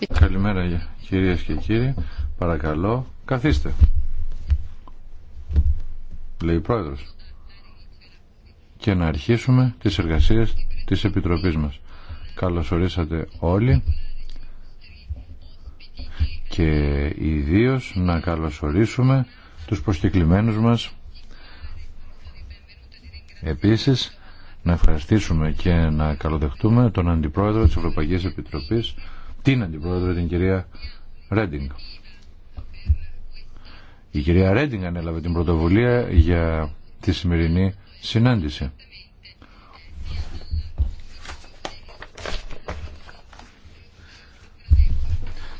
E Καλημέρα κυρίες και κύριοι. Παρακαλώ, καθίστε. Λέει η Πρόεδρος. Και να αρχίσουμε τις εργασίες της Επιτροπής μας. Καλωσορίσατε όλοι και ιδίω να καλωσορίσουμε τους προσκεκλημένους μας. Επίσης, να ευχαριστήσουμε και να καλοδεχτούμε τον Αντιπρόεδρο της Ευρωπαϊκής Επιτροπής, την Αντιπρόεδρο, την κυρία Ρέντινγκ. Η κυρία Ρέντινγκ ανέλαβε την πρωτοβουλία για τη σημερινή συνάντηση.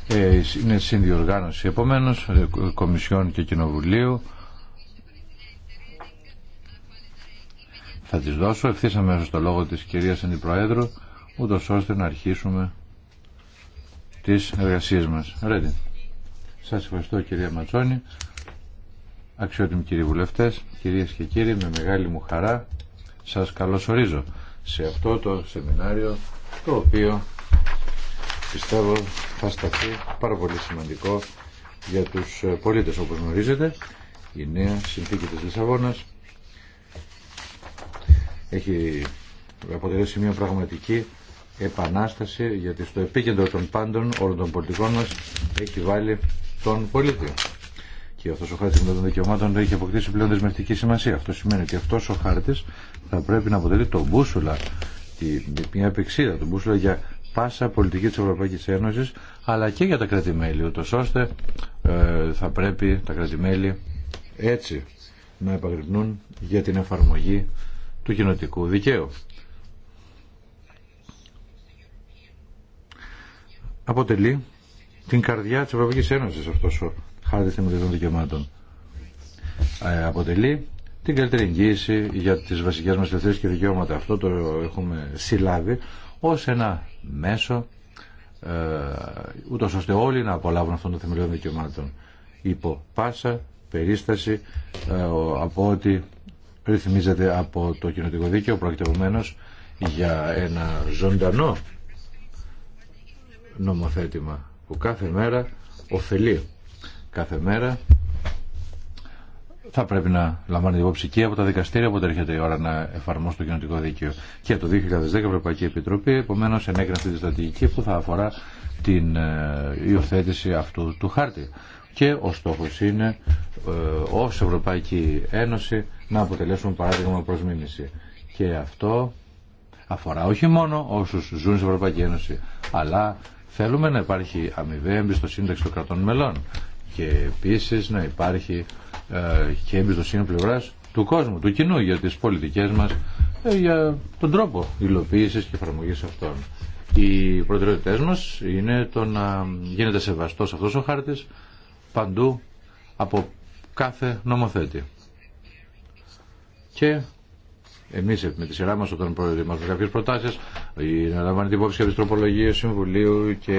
Ε, είναι συνδιοργάνωση επομένως ε, Κομισιόν και Κοινοβουλίου Θα τις δώσω ευθύς αμέσως το λόγο της κυρίας Αντιπροέδρου, ούτω ώστε να αρχίσουμε τις εργασίες μας. Σα Σας ευχαριστώ κυρία Ματσόνη, αξιότιμοι κύριοι βουλευτές, κυρίες και κύριοι, με μεγάλη μου χαρά σας καλωσορίζω σε αυτό το σεμινάριο το οποίο πιστεύω θα σταθεί πάρα πολύ σημαντικό για τους πολίτες όπως γνωρίζετε η νέα συνθήκη της Λισαβόνας έχει αποτελέσει μια πραγματική επανάσταση γιατί στο επίκεντρο των πάντων όλων των πολιτικών μας έχει βάλει τον πολίτη. Και αυτός ο χάρτης των δικαιωμάτων έχει αποκτήσει πλέον δεσμευτική σημασία. Αυτό σημαίνει ότι αυτός ο χάρτης θα πρέπει να αποτελεί τον μπούσουλα, μια επεξίδα τον μπούσουλα για πάσα πολιτική της Ευρωπαϊκής Ένωσης αλλά και για τα κρατημέλη, ούτως ώστε ε, θα πρέπει τα κρατημέλη έτσι να επαγρυπνούν για την εφαρμογή του κοινοτικού δικαίου. Αποτελεί την καρδιά της Ευρωπαϊκής Ένωσης αυτός ο χάρτης θεμελιωδών δικαιωμάτων. Ε, αποτελεί την καλύτερη εγγύηση για τις βασικές μας ελευθερίες και δικαιώματα. Αυτό το έχουμε συλλάβει ως ένα μέσο ε, ούτως ώστε όλοι να απολαύουν αυτόν τον θεμελιών δικαιωμάτων υπό πάσα περίσταση ε, από ό,τι ρυθμίζεται από το κοινωτικό δίκαιο, πρόκειται για ένα ζωντανό νομοθέτημα που κάθε μέρα ωφελεί. Κάθε μέρα θα πρέπει να λαμβάνει υπόψη και από τα δικαστήρια που έρχεται η ώρα να εφαρμόσει το κοινωτικό δίκαιο. Και το 2010 η Ευρωπαϊκή Επιτροπή επομένω ενέκρινε τη στρατηγική που θα αφορά την ε, υιοθέτηση αυτού του χάρτη και ο στόχος είναι ε, ως Ευρωπαϊκή Ένωση να αποτελέσουν παράδειγμα προς μίμηση. Και αυτό αφορά όχι μόνο όσους ζουν στην Ευρωπαϊκή Ένωση, αλλά θέλουμε να υπάρχει αμοιβαία εμπιστοσύνη των κρατών μελών και επίσης να υπάρχει ε, και εμπιστοσύνη πλευρά του κόσμου, του κοινού για τις πολιτικές μας, ε, για τον τρόπο υλοποίησης και εφαρμογής αυτών. Οι προτεραιότητές μας είναι το να γίνεται σεβαστός αυτός ο χάρτης, παντού από κάθε νομοθέτη. Και Εμεί με τη σειρά μα, όταν προετοιμάζουμε κάποιε προτάσει, να λαμβάνει την υπόψη κάποιε τροπολογίε Συμβουλίου και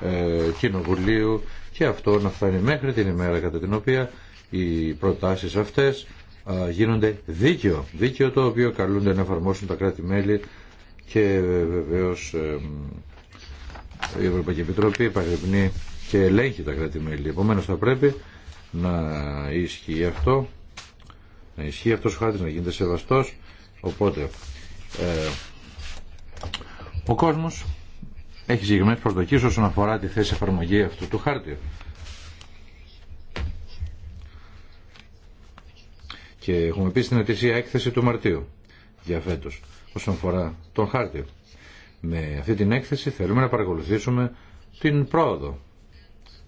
ε, Κοινοβουλίου και αυτό να φτάνει μέχρι την ημέρα κατά την οποία οι προτάσει αυτέ γίνονται δίκαιο. Δίκαιο το οποίο καλούνται να εφαρμόσουν τα κράτη-μέλη και βεβαίω ε, η Ευρωπαϊκή Επιτροπή παρεμπνεί και ελέγχει τα κράτη-μέλη. Επομένω, θα πρέπει να ισχύει αυτό, να ισχύει αυτό ο χάρτη να γίνεται σεβαστό. Οπότε ε, ο κόσμο έχει συγκεκριμένε προσδοκίε όσον αφορά τη θέση εφαρμογή αυτού του χάρτη. Και έχουμε πει στην ετήσια έκθεση του Μαρτίου για φέτο, όσον αφορά τον χάρτη. Με αυτή την έκθεση θέλουμε να παρακολουθήσουμε την πρόοδο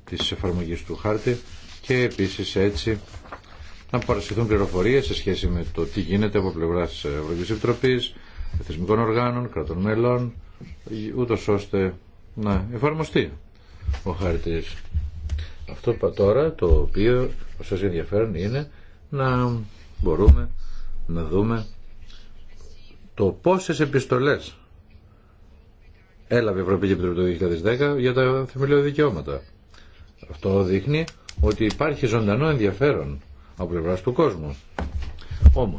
της εφαρμογής του χάρτη και επίσης έτσι να παρασχεθούν πληροφορίες σε σχέση με το τι γίνεται από πλευρά της Ευρωπαϊκής Επιτροπής, θεσμικών οργάνων, κρατών μελών, ούτως ώστε να εφαρμοστεί ο χάρτης. Αυτό τώρα το οποίο σας ενδιαφέρον είναι να μπορούμε να δούμε το πόσες επιστολές έλαβε η Ευρωπαϊκή Επιτροπή το 2010 για τα θεμελιώδη δικαιώματα. Αυτό δείχνει ότι υπάρχει ζωντανό ενδιαφέρον από πλευρά του κόσμου. Όμω,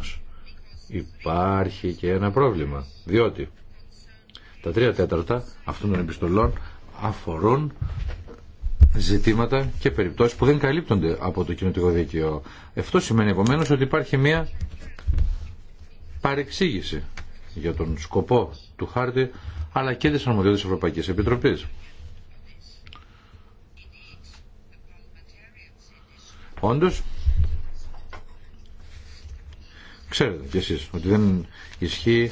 υπάρχει και ένα πρόβλημα, διότι τα τρία τέταρτα αυτών των επιστολών αφορούν ζητήματα και περιπτώσεις που δεν καλύπτονται από το κοινωτικό δίκαιο. Αυτό σημαίνει επομένω ότι υπάρχει μια παρεξήγηση για τον σκοπό του χάρτη αλλά και της αρμοδιότητας Ευρωπαϊκής Επιτροπής. Όντως, ξέρετε κι εσείς ότι δεν ισχύει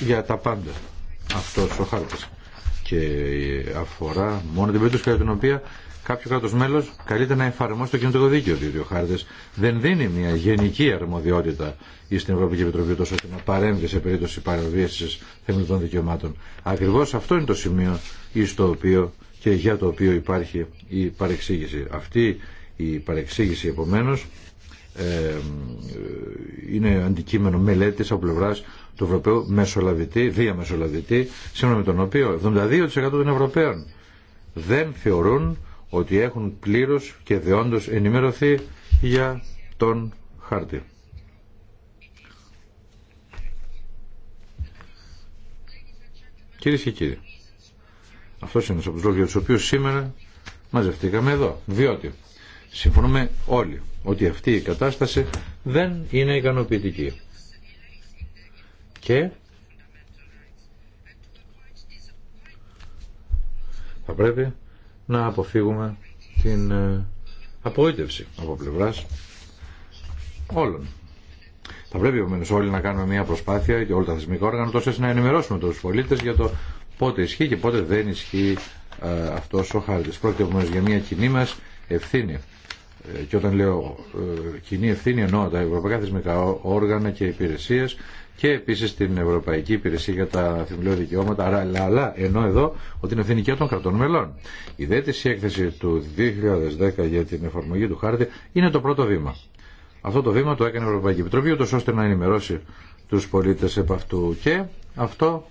για τα πάντα αυτός ο χάρτης και αφορά μόνο την περίπτωση κατά την οποία κάποιο κράτος μέλος καλείται να εφαρμόσει το κοινωτικό δίκαιο διότι ο χάρτης δεν δίνει μια γενική αρμοδιότητα στην Ευρωπαϊκή Επιτροπή τόσο ώστε να παρέμβει σε περίπτωση παραβίασης θεμελιωτών δικαιωμάτων. Ακριβώς αυτό είναι το σημείο στο οποίο και για το οποίο υπάρχει η παρεξήγηση. Αυτή η παρεξήγηση επομένως ε, είναι αντικείμενο μελέτης από πλευρά του Ευρωπαίου μεσολαβητή, διαμεσολαβητή, σύμφωνα με τον οποίο 72% των Ευρωπαίων δεν θεωρούν ότι έχουν πλήρως και δεόντως ενημερωθεί για τον χάρτη. Κυρίε και κύριοι, αυτό είναι ένα από του λόγου για του οποίου σήμερα μαζευτήκαμε εδώ. Διότι Συμφωνούμε όλοι ότι αυτή η κατάσταση δεν είναι ικανοποιητική. Και θα πρέπει να αποφύγουμε την ε, απογοήτευση από πλευράς όλων. Θα πρέπει επομένω όλοι να κάνουμε μια προσπάθεια και όλα τα θεσμικά όργανα τόσο να ενημερώσουμε του πολίτε για το πότε ισχύει και πότε δεν ισχύει ε, αυτό ο χάρτη. Πρόκειται για μια κοινή μα ευθύνη. Ε, και όταν λέω ε, κοινή ευθύνη εννοώ τα ευρωπαϊκά θεσμικά όργανα και υπηρεσίες και επίσης την Ευρωπαϊκή Υπηρεσία για τα Θεμελιώδη Δικαιώματα, αλλά, αλλά ενώ εδώ ότι είναι ευθύνη και των κρατών μελών. Η δέτηση έκθεση του 2010 για την εφαρμογή του χάρτη είναι το πρώτο βήμα. Αυτό το βήμα το έκανε η Ευρωπαϊκή Επιτροπή, ούτως ώστε να ενημερώσει τους πολίτες επ' αυτού και αυτό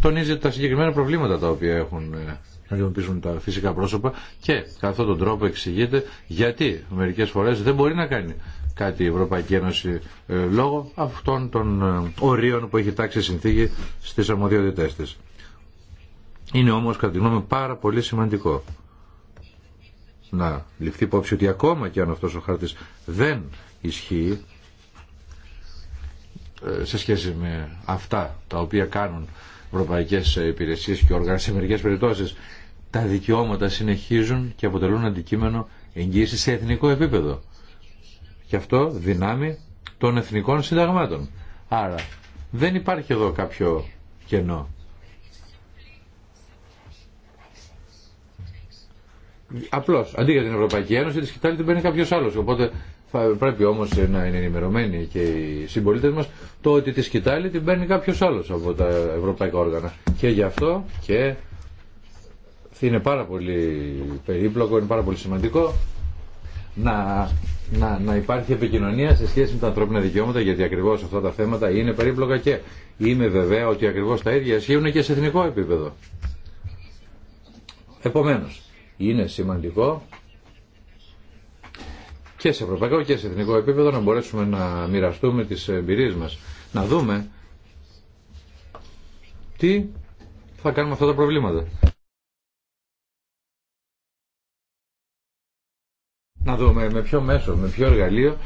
τονίζει τα συγκεκριμένα προβλήματα τα οποία έχουν ε, να αντιμετωπίζουν τα φυσικά πρόσωπα και κατά αυτόν τον τρόπο εξηγείται γιατί μερικές φορές δεν μπορεί να κάνει κάτι η Ευρωπαϊκή Ένωση ε, λόγω αυτών των ε, ορίων που έχει τάξει συνθήκη στις αρμοδιότητές της. Είναι όμως κατά τη γνώμη πάρα πολύ σημαντικό να ληφθεί υπόψη ότι ακόμα και αν αυτός ο χάρτης δεν ισχύει ε, σε σχέση με αυτά τα οποία κάνουν Ευρωπαϊκέ υπηρεσίε και όργανα σε μερικέ περιπτώσει. Τα δικαιώματα συνεχίζουν και αποτελούν αντικείμενο εγγύηση σε εθνικό επίπεδο. Και αυτό δυνάμει των εθνικών συνταγμάτων. Άρα δεν υπάρχει εδώ κάποιο κενό. Απλώ, αντί για την Ευρωπαϊκή Ένωση, τη σκητάλη την παίρνει κάποιο άλλο. Οπότε πρέπει όμως να είναι ενημερωμένοι και οι συμπολίτε μας το ότι τη σκητάλη την παίρνει κάποιος άλλος από τα ευρωπαϊκά όργανα. Και γι' αυτό και είναι πάρα πολύ περίπλοκο, είναι πάρα πολύ σημαντικό να, να, να υπάρχει επικοινωνία σε σχέση με τα ανθρώπινα δικαιώματα γιατί ακριβώς αυτά τα θέματα είναι περίπλοκα και είμαι βεβαία ότι ακριβώς τα ίδια ισχύουν και σε εθνικό επίπεδο. Επομένως, είναι σημαντικό και σε ευρωπαϊκό και σε εθνικό επίπεδο να μπορέσουμε να μοιραστούμε τις εμπειρίες μας. Να δούμε τι θα κάνουμε αυτά τα προβλήματα. Να δούμε με ποιο μέσο, με ποιο εργαλείο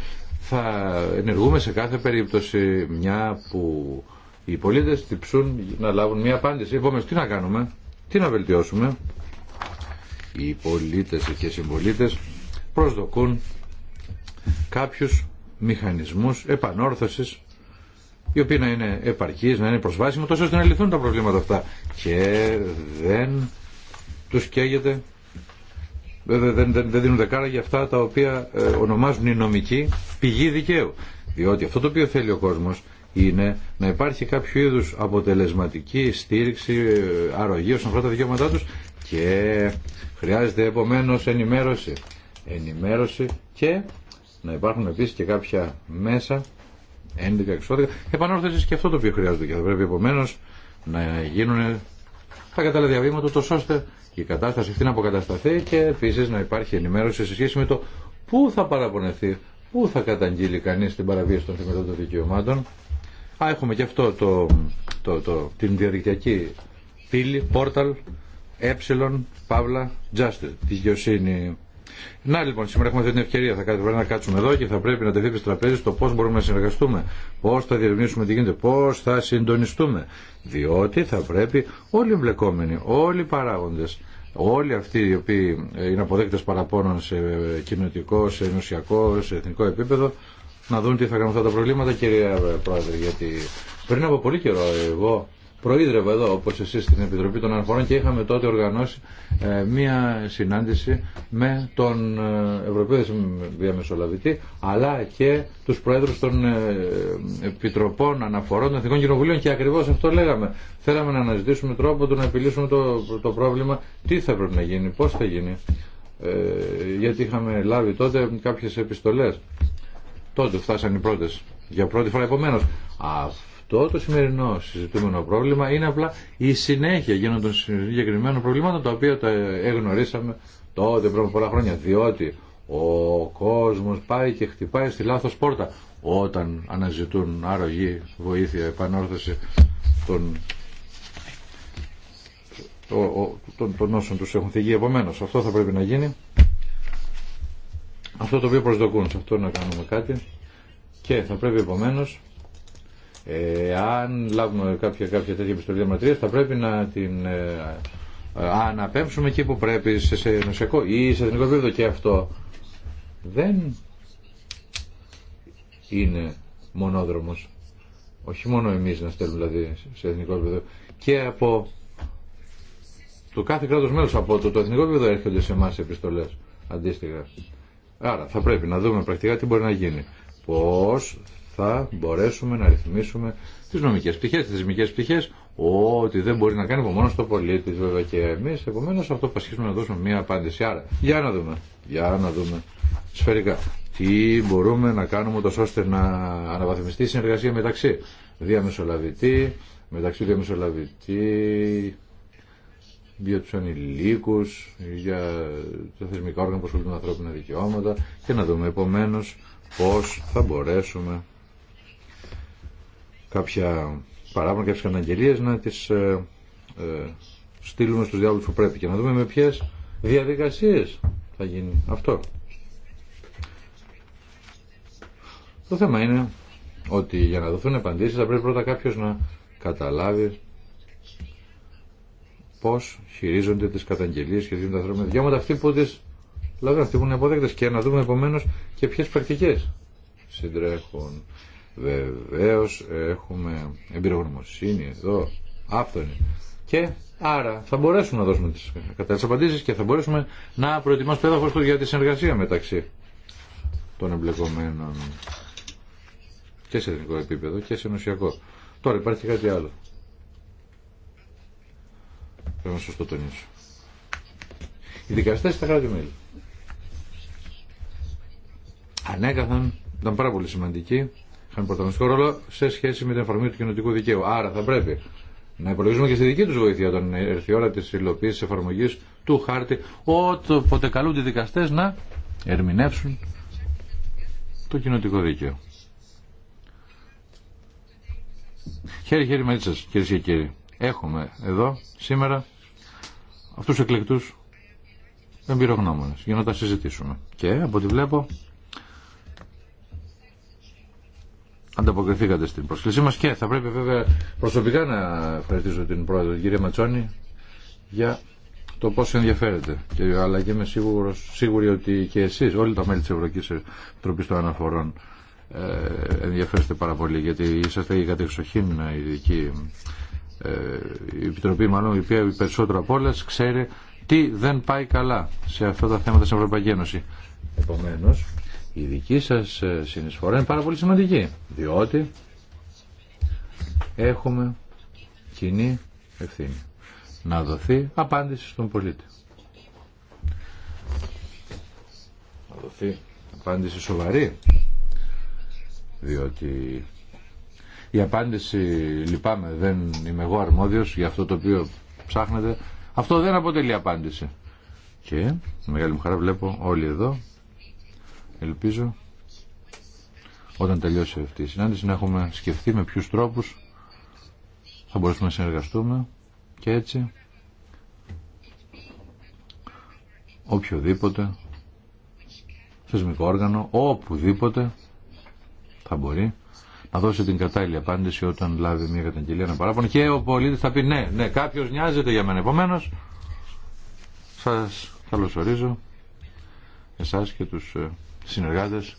θα ενεργούμε σε κάθε περίπτωση μια που οι πολίτες τυψούν να λάβουν μια απάντηση. Επόμενος, τι να κάνουμε, τι να βελτιώσουμε. Οι πολίτες και οι συμπολίτες προσδοκούν κάποιους μηχανισμούς επανόρθωσης οι οποίοι να είναι επαρκείς, να είναι προσβάσιμο τόσο ώστε να λυθούν τα προβλήματα αυτά και δεν τους καίγεται δεν, δεν, δεν δίνουν δεκάρα για αυτά τα οποία ε, ονομάζουν οι νομικοί πηγή δικαίου διότι αυτό το οποίο θέλει ο κόσμος είναι να υπάρχει κάποιο είδους αποτελεσματική στήριξη ε, αρρωγή όσον αφορά τα δικαιώματά τους και χρειάζεται επομένως ενημέρωση ενημέρωση και να υπάρχουν επίση και κάποια μέσα, 11 εξώδικα, Επανόρθωση και αυτό το οποίο χρειάζεται και θα πρέπει επομένω να γίνουν τα κατάλληλα διαβήματα τόσο ώστε η κατάσταση αυτή να αποκατασταθεί και επίση να υπάρχει ενημέρωση σε σχέση με το πού θα παραπονεθεί, πού θα καταγγείλει κανεί την παραβίαση των θεμελιώδων δικαιωμάτων. Α, έχουμε και αυτό το, το, το, την διαδικτυακή πύλη, πόρταλ, ε, παύλα, justice, τη δικαιοσύνη. Να λοιπόν, σήμερα έχουμε αυτή την ευκαιρία. Θα πρέπει να κάτσουμε εδώ και θα πρέπει να τεθεί στο τραπέζι το πώ μπορούμε να συνεργαστούμε, πώ θα διερευνήσουμε τι γίνεται, πώ θα συντονιστούμε. Διότι θα πρέπει όλοι οι εμπλεκόμενοι, όλοι οι παράγοντε, όλοι αυτοί οι οποίοι ε, είναι αποδέκτες παραπώνων σε ε, κοινωτικό, σε ενωσιακό, σε εθνικό επίπεδο να δουν τι θα κάνουν αυτά τα προβλήματα κύριε ε, Πρόεδρε γιατί πριν από πολύ καιρό εγώ προείδρευα εδώ όπως εσείς στην Επιτροπή των Αναφορών και είχαμε τότε οργανώσει ε, μία συνάντηση με τον ε, Ευρωπαίο Διαμεσολαβητή αλλά και τους Προέδρους των ε, Επιτροπών Αναφορών των Εθνικών Κοινοβουλίων και ακριβώς αυτό λέγαμε. Θέλαμε να αναζητήσουμε τρόπο του να επιλύσουμε το, το πρόβλημα τι θα πρέπει να γίνει, πώς θα γίνει. Ε, γιατί είχαμε λάβει τότε κάποιες επιστολές. Τότε φτάσαν οι πρώτες. Για πρώτη φορά επομένως αυτό το σημερινό συζητούμενο πρόβλημα είναι απλά η συνέχεια γίνονται των συγκεκριμένων προβλημάτων τα οποία τα εγνωρίσαμε τότε πριν πολλά χρόνια. Διότι ο κόσμος πάει και χτυπάει στη λάθος πόρτα όταν αναζητούν άρρωγη βοήθεια, επανόρθωση των, των, όσων τους έχουν θυγεί. επομένω. αυτό θα πρέπει να γίνει. Αυτό το οποίο προσδοκούν, σε αυτό να κάνουμε κάτι. Και θα πρέπει επομένω. Ε, αν λάβουμε κάποια, κάποια τέτοια επιστολή διαμαρτυρία, θα πρέπει να την ε, ε, αναπέμψουμε εκεί που πρέπει, σε, νοσιακό ή σε εθνικό επίπεδο. Και αυτό δεν είναι μονόδρομος. Όχι μόνο εμεί να στέλνουμε δηλαδή σε εθνικό επίπεδο. Και από το κάθε κράτος μέλο, από το, το εθνικό επίπεδο έρχονται σε εμά επιστολέ. αντίστοιχα. Άρα θα πρέπει να δούμε πρακτικά τι μπορεί να γίνει. Πώς θα μπορέσουμε να ρυθμίσουμε τι νομικέ πτυχέ, τι θεσμικέ πτυχέ, ότι δεν μπορεί να κάνει από μόνο το πολίτη βέβαια και εμεί επομένω αυτό ασχίσουμε να δώσουμε μια απάντηση. Άρα, για να δούμε, για να δούμε σφαιρικά τι μπορούμε να κάνουμε τόσο ώστε να αναβαθμιστεί η συνεργασία μεταξύ διαμεσολαβητή, μεταξύ διαμεσολαβητή για του ανηλίκους, για τα θεσμικά όργανα που ασχολούνται με ανθρώπινα δικαιώματα και να δούμε επομένως πώς θα μπορέσουμε κάποια παράπονα, κάποιες καταγγελίες να τις ε, ε στείλουμε στους διάλογους που πρέπει και να δούμε με ποιες διαδικασίες θα γίνει αυτό. Το θέμα είναι ότι για να δοθούν απαντήσεις θα πρέπει πρώτα κάποιος να καταλάβει πώς χειρίζονται τις καταγγελίες και τα ανθρώπινα δικαιώματα αυτοί που τις λάβουν, αυτοί που είναι αποδέκτες και να δούμε επομένως και ποιες πρακτικές συντρέχουν. Βεβαίω έχουμε εμπειρογνωμοσύνη εδώ, άφθονη. Και άρα θα μπορέσουμε να δώσουμε τι κατάλληλε και θα μπορέσουμε να προετοιμάσουμε πέρα του για τη συνεργασία μεταξύ των εμπλεκομένων και σε εθνικό επίπεδο και σε ενωσιακό. Τώρα υπάρχει κάτι άλλο. Πρέπει να σα το τονίσω. Οι δικαστέ στα κράτη-μέλη. Ανέκαθαν, ήταν πάρα πολύ σημαντικοί είναι πρωταγωνιστικό ρόλο σε σχέση με την εφαρμογή του κοινοτικού δικαίου. Άρα θα πρέπει να υπολογίζουμε και στη δική του βοήθεια όταν έρθει η ώρα τη υλοποίηση εφαρμογή του χάρτη, όποτε καλούνται οι δικαστέ να ερμηνεύσουν το κοινοτικό δίκαιο. Χέρι χέρι μαζί σα, κυρίε και κύριοι. Έχουμε εδώ σήμερα αυτούς του εκλεκτούς εμπειρογνώμονε για να τα συζητήσουμε. Και από ό,τι βλέπω ανταποκριθήκατε στην πρόσκλησή μας και θα πρέπει βέβαια προσωπικά να ευχαριστήσω την πρόεδρο την κυρία Ματσόνη για το πόσο ενδιαφέρεται και, αλλά και είμαι σίγουρος, σίγουρη ότι και εσείς όλοι τα μέλη της Ευρωπαϊκή Επιτροπής των Αναφορών ε, ενδιαφέρεστε πάρα πολύ γιατί είσαστε η κατεξοχήν ειδική ε, η Επιτροπή μάλλον η οποία περισσότερο από όλες ξέρει τι δεν πάει καλά σε αυτά τα θέματα στην Ευρωπαϊκή Ένωση. Επομένως, η δική σας ε, συνεισφορά είναι πάρα πολύ σημαντική διότι έχουμε κοινή ευθύνη να δοθεί απάντηση στον πολίτη να δοθεί απάντηση σοβαρή διότι η απάντηση λυπάμαι δεν είμαι εγώ αρμόδιος για αυτό το οποίο ψάχνετε αυτό δεν αποτελεί απάντηση και μεγάλη μου χαρά βλέπω όλοι εδώ Ελπίζω όταν τελειώσει αυτή η συνάντηση να έχουμε σκεφτεί με ποιους τρόπους θα μπορέσουμε να συνεργαστούμε και έτσι οποιοδήποτε θεσμικό όργανο, οπουδήποτε θα μπορεί να δώσει την κατάλληλη απάντηση όταν λάβει μια καταγγελία ένα παράπονο και ο πολίτη θα πει ναι, ναι, κάποιος νοιάζεται για μένα. Επομένω, σα καλωσορίζω εσά και του ε, συνεργάτες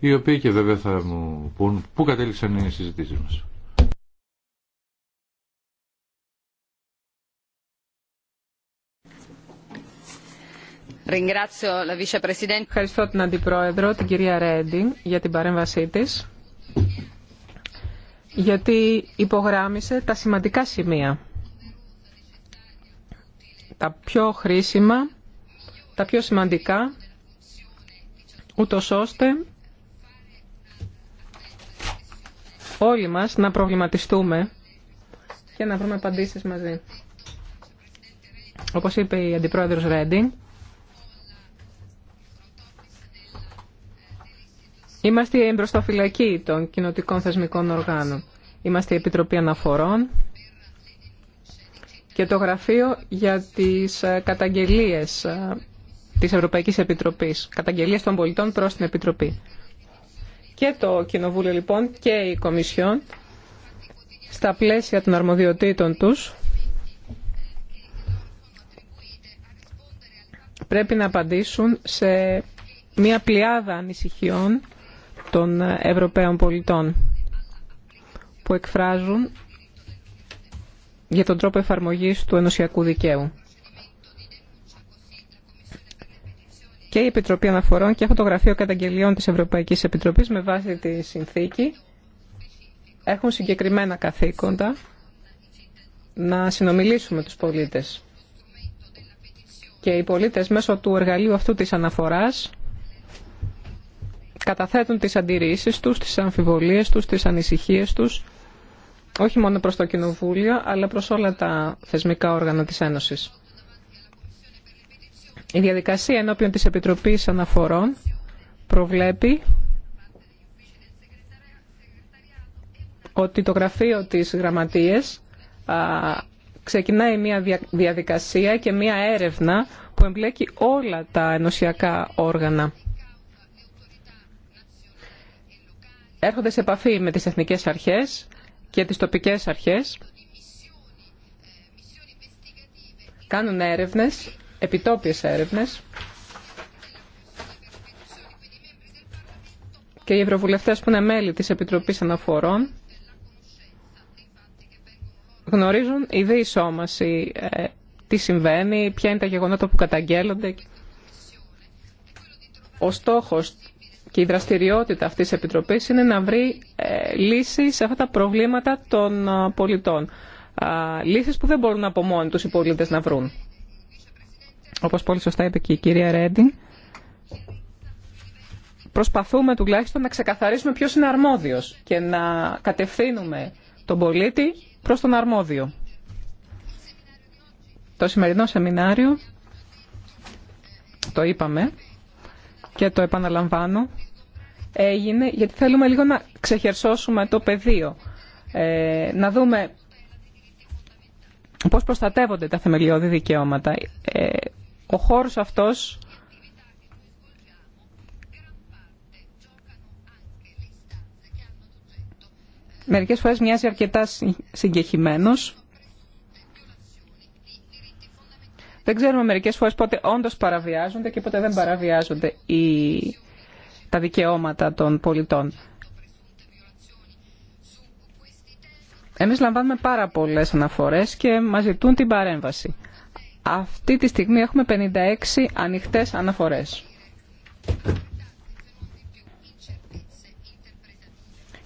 οι οποίοι και βέβαια θα μου πούν πού κατέληξαν οι συζητήσεις μας. Ευχαριστώ την Αντιπρόεδρο, την κυρία Ρέντι για την παρέμβασή της, γιατί υπογράμισε τα σημαντικά σημεία, τα πιο χρήσιμα, τα πιο σημαντικά ούτως ώστε όλοι μας να προβληματιστούμε και να βρούμε απαντήσεις μαζί. Όπως είπε η Αντιπρόεδρος Ρέντινγκ, είμαστε η εμπροστοφυλακή των κοινοτικών θεσμικών οργάνων. Είμαστε η Επιτροπή Αναφορών και το Γραφείο για τις καταγγελίες τη Ευρωπαϊκή Επιτροπή, καταγγελίες των πολιτών προ την Επιτροπή. Και το Κοινοβούλιο λοιπόν και η Κομισιόν στα πλαίσια των αρμοδιοτήτων τους πρέπει να απαντήσουν σε μια πλειάδα ανησυχιών των Ευρωπαίων πολιτών που εκφράζουν για τον τρόπο εφαρμογής του ενωσιακού δικαίου. και η Επιτροπή Αναφορών και έχω το Γραφείο Καταγγελιών της Ευρωπαϊκής Επιτροπής με βάση τη συνθήκη. Έχουν συγκεκριμένα καθήκοντα να συνομιλήσουμε τους πολίτες. Και οι πολίτες μέσω του εργαλείου αυτού της αναφοράς καταθέτουν τις αντιρρήσεις τους, τις αμφιβολίες τους, τις ανησυχίες τους, όχι μόνο προς το Κοινοβούλιο, αλλά προς όλα τα θεσμικά όργανα της Ένωσης. Η διαδικασία ενώπιον της Επιτροπής Αναφορών προβλέπει ότι το γραφείο της γραμματείας ξεκινάει μια διαδικασία και μια έρευνα που εμπλέκει όλα τα ενωσιακά όργανα. Έρχονται σε επαφή με τις εθνικές αρχές και τις τοπικές αρχές, κάνουν έρευνες επιτόπιες έρευνες και οι ευρωβουλευτές που είναι μέλη της Επιτροπής Αναφορών γνωρίζουν η σώμαση, ε, τι συμβαίνει, ποια είναι τα γεγονότα που καταγγέλλονται. Ο στόχος και η δραστηριότητα αυτής της Επιτροπής είναι να βρει ε, λύσει σε αυτά τα προβλήματα των ε, πολιτών. Λύσεις που δεν μπορούν από μόνοι τους οι πολίτες να βρουν όπως πολύ σωστά είπε και η κυρία Ρέντι, προσπαθούμε τουλάχιστον να ξεκαθαρίσουμε ποιος είναι αρμόδιος και να κατευθύνουμε τον πολίτη προς τον αρμόδιο. Το σημερινό σεμινάριο, το είπαμε και το επαναλαμβάνω, έγινε γιατί θέλουμε λίγο να ξεχερσώσουμε το πεδίο, ε, να δούμε πώς προστατεύονται τα θεμελιώδη δικαιώματα. Ε, ο χώρος αυτός μερικές φορές μοιάζει αρκετά συγκεχημένος. Δεν ξέρουμε μερικές φορές πότε όντως παραβιάζονται και πότε δεν παραβιάζονται οι... τα δικαιώματα των πολιτών. Εμείς λαμβάνουμε πάρα πολλές αναφορές και μας ζητούν την παρέμβαση. Αυτή τη στιγμή έχουμε 56 ανοιχτές αναφορές.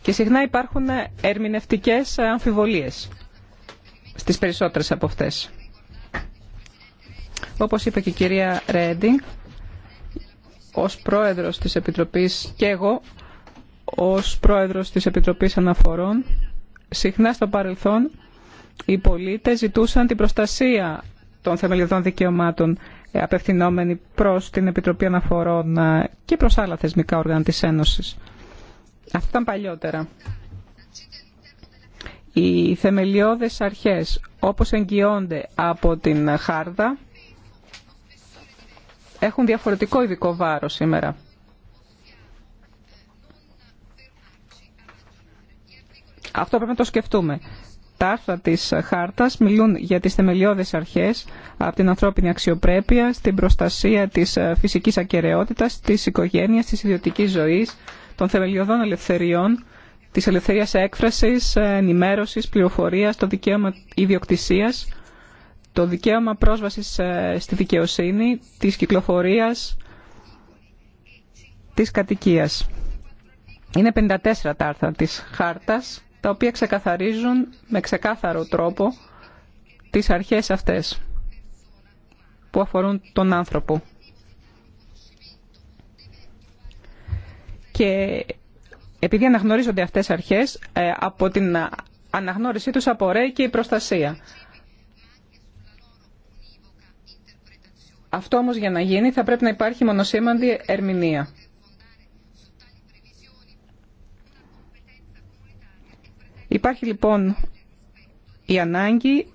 Και συχνά υπάρχουν ερμηνευτικές αμφιβολίες στις περισσότερες από αυτές. Όπως είπε και η κυρία Ρέντινγκ, ως πρόεδρος της Επιτροπής και εγώ, ως πρόεδρος της Επιτροπής Αναφορών, συχνά στο παρελθόν οι πολίτες ζητούσαν την προστασία των θεμελιωδών δικαιωμάτων ε, απευθυνόμενοι προς την Επιτροπή Αναφορών ε, και προς άλλα θεσμικά όργανα της Ένωσης. Αυτά ήταν παλιότερα. Οι θεμελιώδες αρχές όπως εγγυώνται από την Χάρδα έχουν διαφορετικό ειδικό βάρος σήμερα. Αυτό πρέπει να το σκεφτούμε τα άρθρα της χάρτας μιλούν για τις θεμελιώδες αρχές από την ανθρώπινη αξιοπρέπεια, στην προστασία της ε, φυσικής ακαιρεότητα, της οικογένειας, της ιδιωτικής ζωής, των θεμελιωδών ελευθεριών, της ελευθερίας έκφρασης, ε, ενημέρωσης, πληροφορία, το δικαίωμα ιδιοκτησίας, το δικαίωμα πρόσβασης ε, στη δικαιοσύνη, της κυκλοφορίας, της κατοικίας. Είναι 54 τα άρθρα της χάρτας τα οποία ξεκαθαρίζουν με ξεκάθαρο τρόπο τις αρχές αυτές που αφορούν τον άνθρωπο. Και επειδή αναγνωρίζονται αυτές αρχές, ε, από την αναγνώρισή τους απορρέει και η προστασία. Αυτό όμως για να γίνει θα πρέπει να υπάρχει μονοσήμαντη ερμηνεία. Υπάρχει λοιπόν η ανάγκη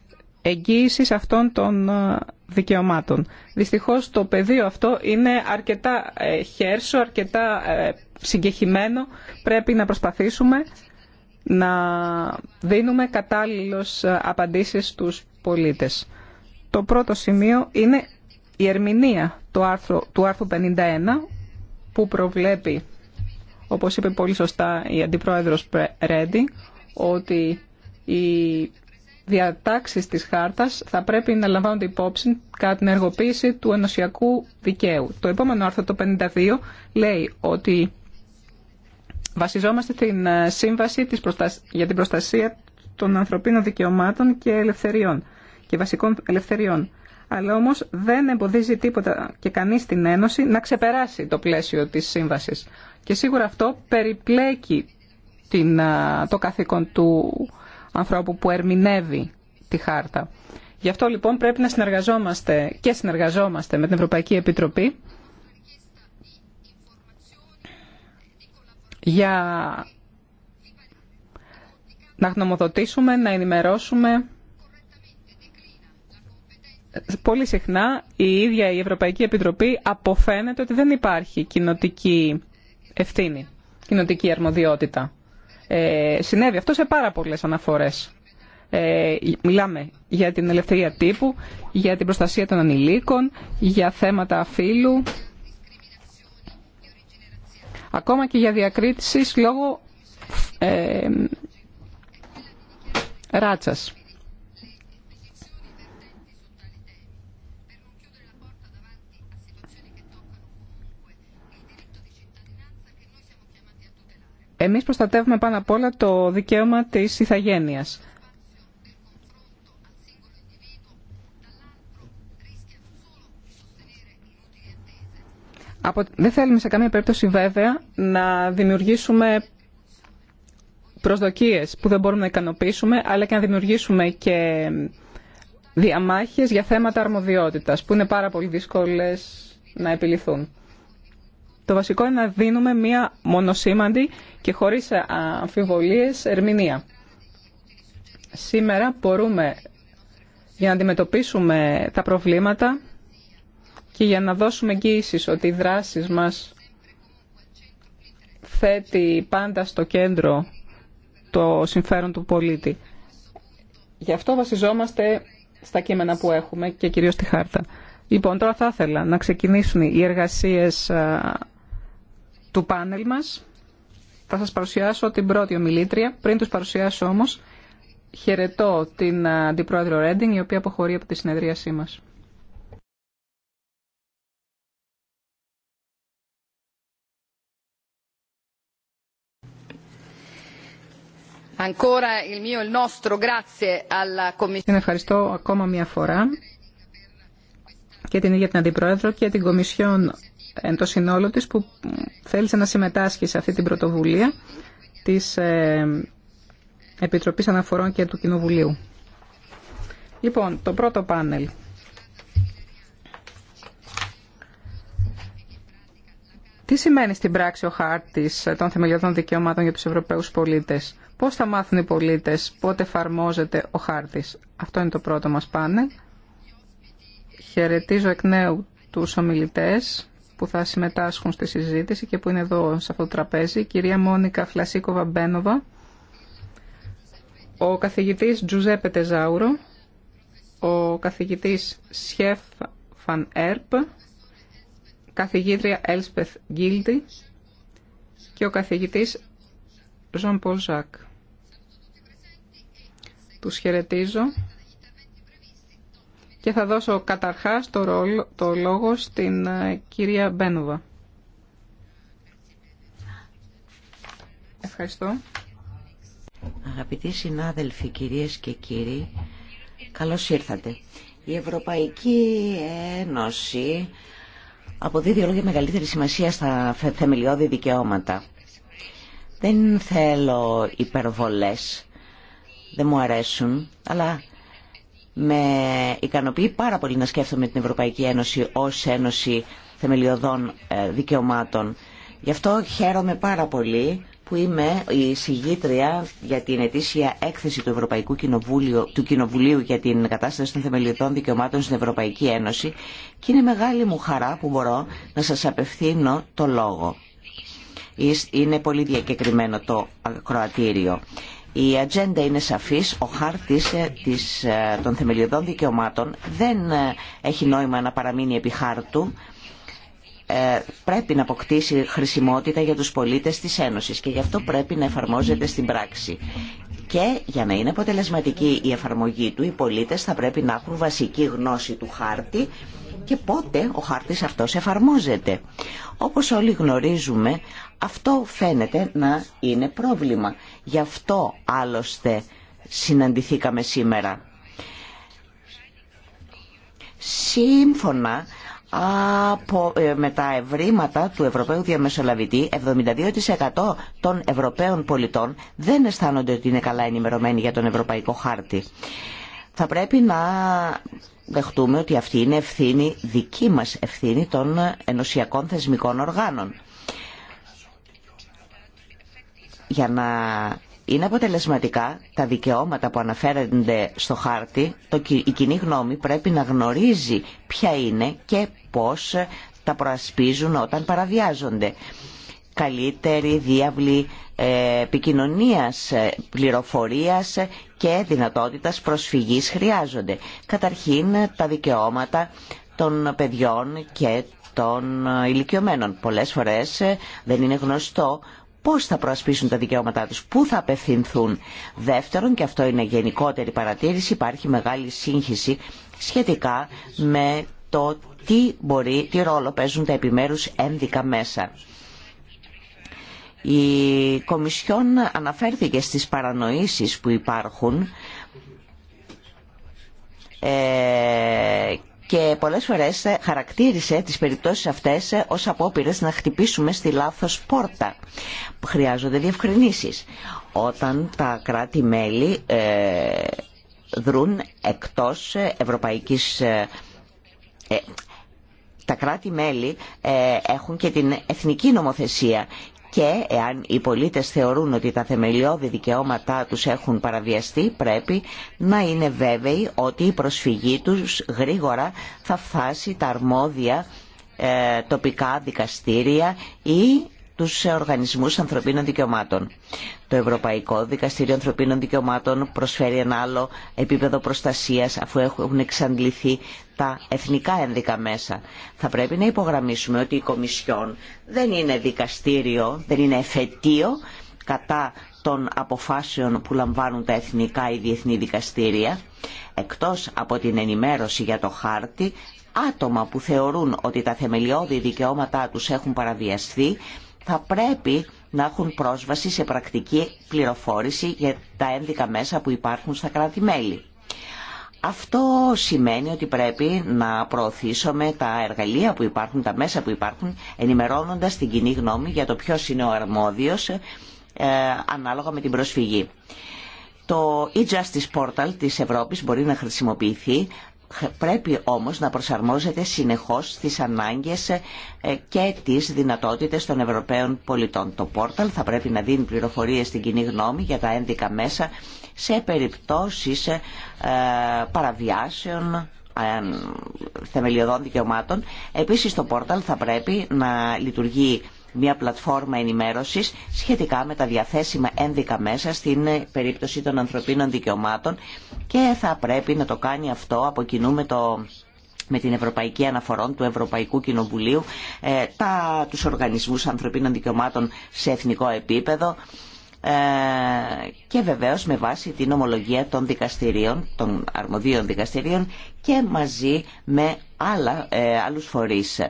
εγγύησης αυτών των ε, δικαιωμάτων. Δυστυχώς το πεδίο αυτό είναι αρκετά ε, χέρσο, αρκετά ε, συγκεχημένο. Πρέπει να προσπαθήσουμε να δίνουμε κατάλληλες απαντήσεις στους πολίτες. Το πρώτο σημείο είναι η ερμηνεία του άρθρου, του άρθρου 51 που προβλέπει, όπως είπε πολύ σωστά η Αντιπρόεδρος Ρέντινγκ, ότι οι διατάξεις της χάρτας θα πρέπει να λαμβάνονται υπόψη κατά την εργοποίηση του ενωσιακού δικαίου. Το επόμενο άρθρο, το 52, λέει ότι βασιζόμαστε την ε, σύμβαση για την προστασία των ανθρωπίνων δικαιωμάτων και ελευθεριών και βασικών ελευθεριών. Αλλά όμως δεν εμποδίζει τίποτα και κανείς την Ένωση να ξεπεράσει το πλαίσιο της σύμβασης. Και σίγουρα αυτό περιπλέκει την, το καθήκον του ανθρώπου που ερμηνεύει τη χάρτα. Γι' αυτό λοιπόν πρέπει να συνεργαζόμαστε και συνεργαζόμαστε με την Ευρωπαϊκή Επιτροπή για να γνωμοδοτήσουμε, να ενημερώσουμε. Πολύ συχνά η ίδια η Ευρωπαϊκή Επιτροπή αποφαίνεται ότι δεν υπάρχει κοινοτική ευθύνη, κοινοτική αρμοδιότητα. Ε, συνέβη αυτό σε πάρα πολλέ αναφορές. Ε, μιλάμε για την ελευθερία τύπου, για την προστασία των ανηλίκων, για θέματα φύλου, ακόμα και για διακρίτηση λόγω ε, ράτσας. Εμείς προστατεύουμε πάνω απ' όλα το δικαίωμα της ηθαγένειας. Δεν θέλουμε σε καμία περίπτωση βέβαια να δημιουργήσουμε προσδοκίες που δεν μπορούμε να ικανοποιήσουμε, αλλά και να δημιουργήσουμε και διαμάχες για θέματα αρμοδιότητας, που είναι πάρα πολύ δύσκολες να επιληθούν. Το βασικό είναι να δίνουμε μία μονοσήμαντη και χωρίς ε, αμφιβολίες ερμηνεία. Σήμερα μπορούμε για να αντιμετωπίσουμε τα προβλήματα και για να δώσουμε εγγύησεις ότι οι δράσεις μας θέτει πάντα στο κέντρο το συμφέρον του πολίτη. Γι' αυτό βασιζόμαστε στα κείμενα που έχουμε και κυρίως στη χάρτα. Λοιπόν, τώρα θα ήθελα να ξεκινήσουν οι εργασίες του πάνελ μας. Θα σας παρουσιάσω την πρώτη ομιλήτρια. Πριν τους παρουσιάσω όμως, χαιρετώ την Αντιπρόεδρο Ρέντινγκ, η οποία αποχωρεί από τη συνεδρίασή μας. Την ευχαριστώ ακόμα μια φορά και την ίδια την Αντιπρόεδρο και την Κομισιόν εν το συνόλο της που θέλησε να συμμετάσχει σε αυτή την πρωτοβουλία της ε, Επιτροπής Αναφορών και του Κοινοβουλίου. Λοιπόν, το πρώτο πάνελ. Τι σημαίνει στην πράξη ο χάρτης των θεμελιωδών δικαιωμάτων για τους Ευρωπαίους πολίτες. Πώς θα μάθουν οι πολίτες, πότε εφαρμόζεται ο χάρτης. Αυτό είναι το πρώτο μας πάνελ. Χαιρετίζω εκ νέου τους ομιλητές που θα συμμετάσχουν στη συζήτηση και που είναι εδώ σε αυτό το τραπέζι, η κυρία Μόνικα Φλασίκοβα Μπένοβα, ο καθηγητής Τζουζέπε Τεζάουρο, ο καθηγητής Σιέφ Φαν Ερπ, καθηγήτρια Έλσπεθ Γκίλτι και ο καθηγητής Ζων Πολζάκ Τους χαιρετίζω και θα δώσω καταρχάς το, ρόλο, το λόγο στην ε, κυρία Μπένουβα. Ευχαριστώ. Αγαπητοί συνάδελφοι, κυρίες και κύριοι, καλώς ήρθατε. Η Ευρωπαϊκή Ένωση αποδίδει όλο και μεγαλύτερη σημασία στα θεμελιώδη δικαιώματα. Δεν θέλω υπερβολές, δεν μου αρέσουν, αλλά με ικανοποιεί πάρα πολύ να σκέφτομαι την Ευρωπαϊκή Ένωση ως Ένωση Θεμελιωδών ε, Δικαιωμάτων. Γι' αυτό χαίρομαι πάρα πολύ που είμαι η συγγήτρια για την ετήσια έκθεση του Ευρωπαϊκού Κοινοβουλίου, του Κοινοβουλίου για την κατάσταση των Θεμελιωδών δικαιωμάτων στην Ευρωπαϊκή Ένωση και είναι μεγάλη μου χαρά που μπορώ να σας απευθύνω το λόγο. Είναι πολύ διακεκριμένο το ακροατήριο. Η ατζέντα είναι σαφής, ο χάρτης ε, της, ε, των θεμελιωδών δικαιωμάτων δεν ε, έχει νόημα να παραμείνει επί χάρτου. Πρέπει να αποκτήσει χρησιμότητα για τους πολίτες της Ένωσης και γι' αυτό πρέπει να εφαρμόζεται στην πράξη. Και για να είναι αποτελεσματική η εφαρμογή του, οι πολίτες θα πρέπει να έχουν βασική γνώση του χάρτη και πότε ο χάρτης αυτός εφαρμόζεται. Όπως όλοι γνωρίζουμε, αυτό φαίνεται να είναι πρόβλημα. Γι' αυτό άλλωστε συναντηθήκαμε σήμερα. Σύμφωνα ε, με τα ευρήματα του Ευρωπαίου Διαμεσολαβητή, 72% των Ευρωπαίων πολιτών δεν αισθάνονται ότι είναι καλά ενημερωμένοι για τον Ευρωπαϊκό Χάρτη. Θα πρέπει να δεχτούμε ότι αυτή είναι ευθύνη, δική μας ευθύνη των ενωσιακών θεσμικών οργάνων για να είναι αποτελεσματικά τα δικαιώματα που αναφέρονται στο χάρτη, το, η κοινή γνώμη πρέπει να γνωρίζει ποια είναι και πώς τα προασπίζουν όταν παραβιάζονται. Καλύτερη διάβλη ε, επικοινωνίας, ε, πληροφορίας και δυνατότητας προσφυγής χρειάζονται. Καταρχήν τα δικαιώματα των παιδιών και των ε, ηλικιωμένων. Πολλές φορές δεν είναι γνωστό πώς θα προασπίσουν τα δικαιώματά τους, πού θα απευθυνθούν. Δεύτερον, και αυτό είναι γενικότερη παρατήρηση, υπάρχει μεγάλη σύγχυση σχετικά με το τι, μπορεί, τι ρόλο παίζουν τα επιμέρους ένδικα μέσα. Η Κομισιόν αναφέρθηκε στις παρανοήσεις που υπάρχουν ε, και πολλές φορές ε, χαρακτήρισε τις περιπτώσεις αυτές ε, ως απόπειρες να χτυπήσουμε στη λάθος πόρτα. Χρειάζονται διευκρινήσεις. Όταν τα κράτη-μέλη ε, δρούν εκτός ευρωπαϊκής... Τα κράτη-μέλη έχουν και την εθνική νομοθεσία και εάν οι πολίτες θεωρούν ότι τα θεμελιώδη δικαιώματά τους έχουν παραβιαστεί πρέπει να είναι βέβαιοι ότι η προσφυγή τους γρήγορα θα φτάσει τα αρμόδια ε, τοπικά δικαστήρια ή τους οργανισμούς ανθρωπίνων δικαιωμάτων. Το Ευρωπαϊκό Δικαστήριο Ανθρωπίνων Δικαιωμάτων προσφέρει ένα άλλο επίπεδο προστασίας αφού έχουν εξαντληθεί τα εθνικά ένδικα μέσα. Θα πρέπει να υπογραμμίσουμε ότι η Κομισιόν δεν είναι δικαστήριο, δεν είναι εφετείο κατά των αποφάσεων που λαμβάνουν τα εθνικά ή διεθνή δικαστήρια, εκτός από την ενημέρωση για το χάρτη, άτομα που θεωρούν ότι τα θεμελιώδη δικαιώματά τους έχουν παραβιαστεί, θα πρέπει να έχουν πρόσβαση σε πρακτική πληροφόρηση για τα ένδικα μέσα που υπάρχουν στα κράτη-μέλη. Αυτό σημαίνει ότι πρέπει να προωθήσουμε τα εργαλεία που υπάρχουν, τα μέσα που υπάρχουν, ενημερώνοντας την κοινή γνώμη για το ποιος είναι ο αρμόδιος ε, ανάλογα με την προσφυγή. Το e-Justice Portal της Ευρώπης μπορεί να χρησιμοποιηθεί, πρέπει όμως να προσαρμόζεται συνεχώς στις ανάγκες ε, και τις δυνατότητες των Ευρωπαίων πολιτών. Το Portal θα πρέπει να δίνει πληροφορίες στην κοινή γνώμη για τα ένδικα μέσα σε περιπτώσεις ε, παραβιάσεων ε, θεμελιωδών δικαιωμάτων. Επίσης το πόρταλ θα πρέπει να λειτουργεί μια πλατφόρμα ενημέρωσης σχετικά με τα διαθέσιμα ένδικα μέσα στην περίπτωση των ανθρωπίνων δικαιωμάτων και θα πρέπει να το κάνει αυτό από κοινού με το με την Ευρωπαϊκή Αναφορών του Ευρωπαϊκού Κοινοβουλίου, ε, τα, τους οργανισμούς ανθρωπίνων δικαιωμάτων σε εθνικό επίπεδο, ε, και βεβαίως με βάση την ομολογία των δικαστηρίων, των αρμοδίων δικαστηρίων και μαζί με άλλα, ε, άλλους φορείς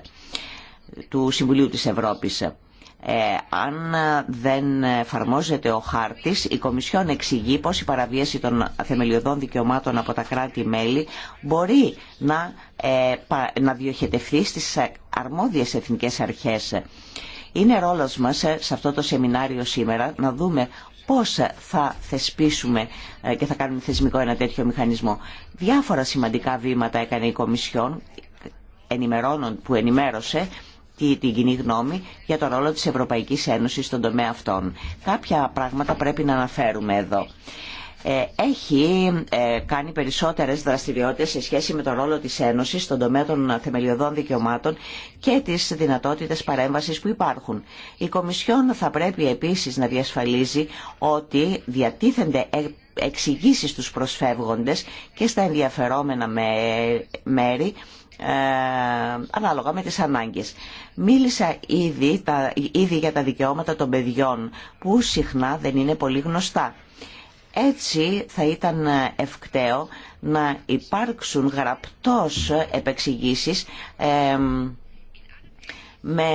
του Συμβουλίου της Ευρώπης. Ε, αν δεν εφαρμόζεται ο χάρτης, η Κομισιόν εξηγεί πως η παραβίαση των θεμελιωδών δικαιωμάτων από τα κράτη-μέλη μπορεί να, ε, να διοχετευθεί στις αρμόδιες εθνικές αρχές. Είναι ρόλος μας ε, σε αυτό το σεμινάριο σήμερα να δούμε πώς θα θεσπίσουμε ε, και θα κάνουμε θεσμικό ένα τέτοιο μηχανισμό. Διάφορα σημαντικά βήματα έκανε η Κομισιόν που ενημέρωσε την κοινή γνώμη για τον ρόλο της Ευρωπαϊκής Ένωσης στον τομέα αυτών. Κάποια πράγματα πρέπει να αναφέρουμε εδώ. Ε, έχει ε, κάνει περισσότερες δραστηριότητες σε σχέση με τον ρόλο της Ένωσης στον τομέα των θεμελιωδών δικαιωμάτων και τις δυνατότητες παρέμβασης που υπάρχουν. Η Κομισιόν θα πρέπει επίσης να διασφαλίζει ότι διατίθενται ε, εξηγήσει στους προσφεύγοντες και στα ενδιαφερόμενα μέρη ανάλογα με τις ανάγκες. Μίλησα ήδη, ήδη για τα δικαιώματα των παιδιών που συχνά δεν είναι πολύ γνωστά. Έτσι θα ήταν ευκταίο να υπάρξουν γραπτός επεξηγήσεις με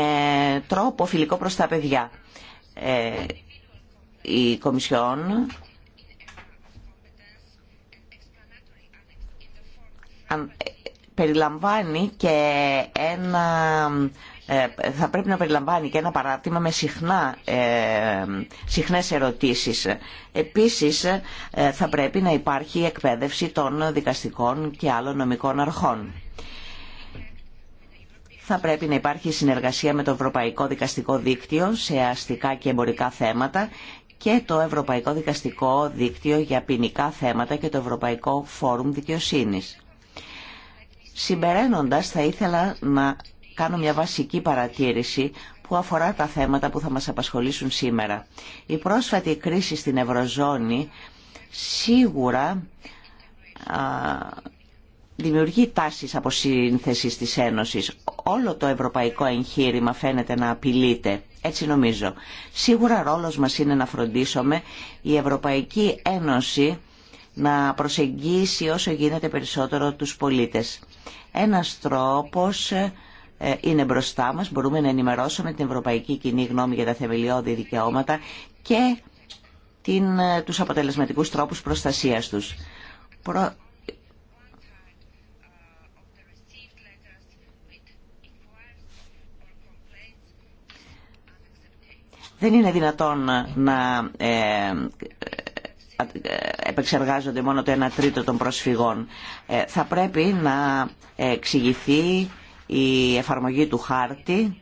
τρόπο φιλικό προς τα παιδιά. Ε, η Κομισιόν ε, περιλαμβάνει και ένα ε, θα πρέπει να περιλαμβάνει και ένα παράρτημα με συχνά, ε, συχνές ερωτήσεις. Επίσης ε, θα πρέπει να υπάρχει εκπαίδευση των δικαστικών και άλλων νομικών αρχών. Θα πρέπει να υπάρχει συνεργασία με το Ευρωπαϊκό Δικαστικό Δίκτυο σε αστικά και εμπορικά θέματα και το Ευρωπαϊκό Δικαστικό Δίκτυο για ποινικά θέματα και το Ευρωπαϊκό Φόρουμ Δικαιοσύνης. Συμπεραίνοντας θα ήθελα να κάνω μια βασική παρατήρηση που αφορά τα θέματα που θα μας απασχολήσουν σήμερα. Η πρόσφατη κρίση στην Ευρωζώνη σίγουρα δημιουργεί τάσεις από σύνθεση της Ένωσης. Όλο το ευρωπαϊκό εγχείρημα φαίνεται να απειλείται. Έτσι νομίζω. Σίγουρα ρόλος μας είναι να φροντίσουμε η Ευρωπαϊκή Ένωση να προσεγγίσει όσο γίνεται περισσότερο τους πολίτες. Ένας τρόπος ε, είναι μπροστά μας, μπορούμε να ενημερώσουμε την ευρωπαϊκή κοινή γνώμη για τα θεμελιώδη δικαιώματα και την, ε, τους αποτελεσματικούς τρόπους προστασίας τους. Δεν είναι δυνατόν να ε, επεξεργάζονται μόνο το 1 τρίτο των προσφυγών. θα πρέπει να εξηγηθεί η εφαρμογή του χάρτη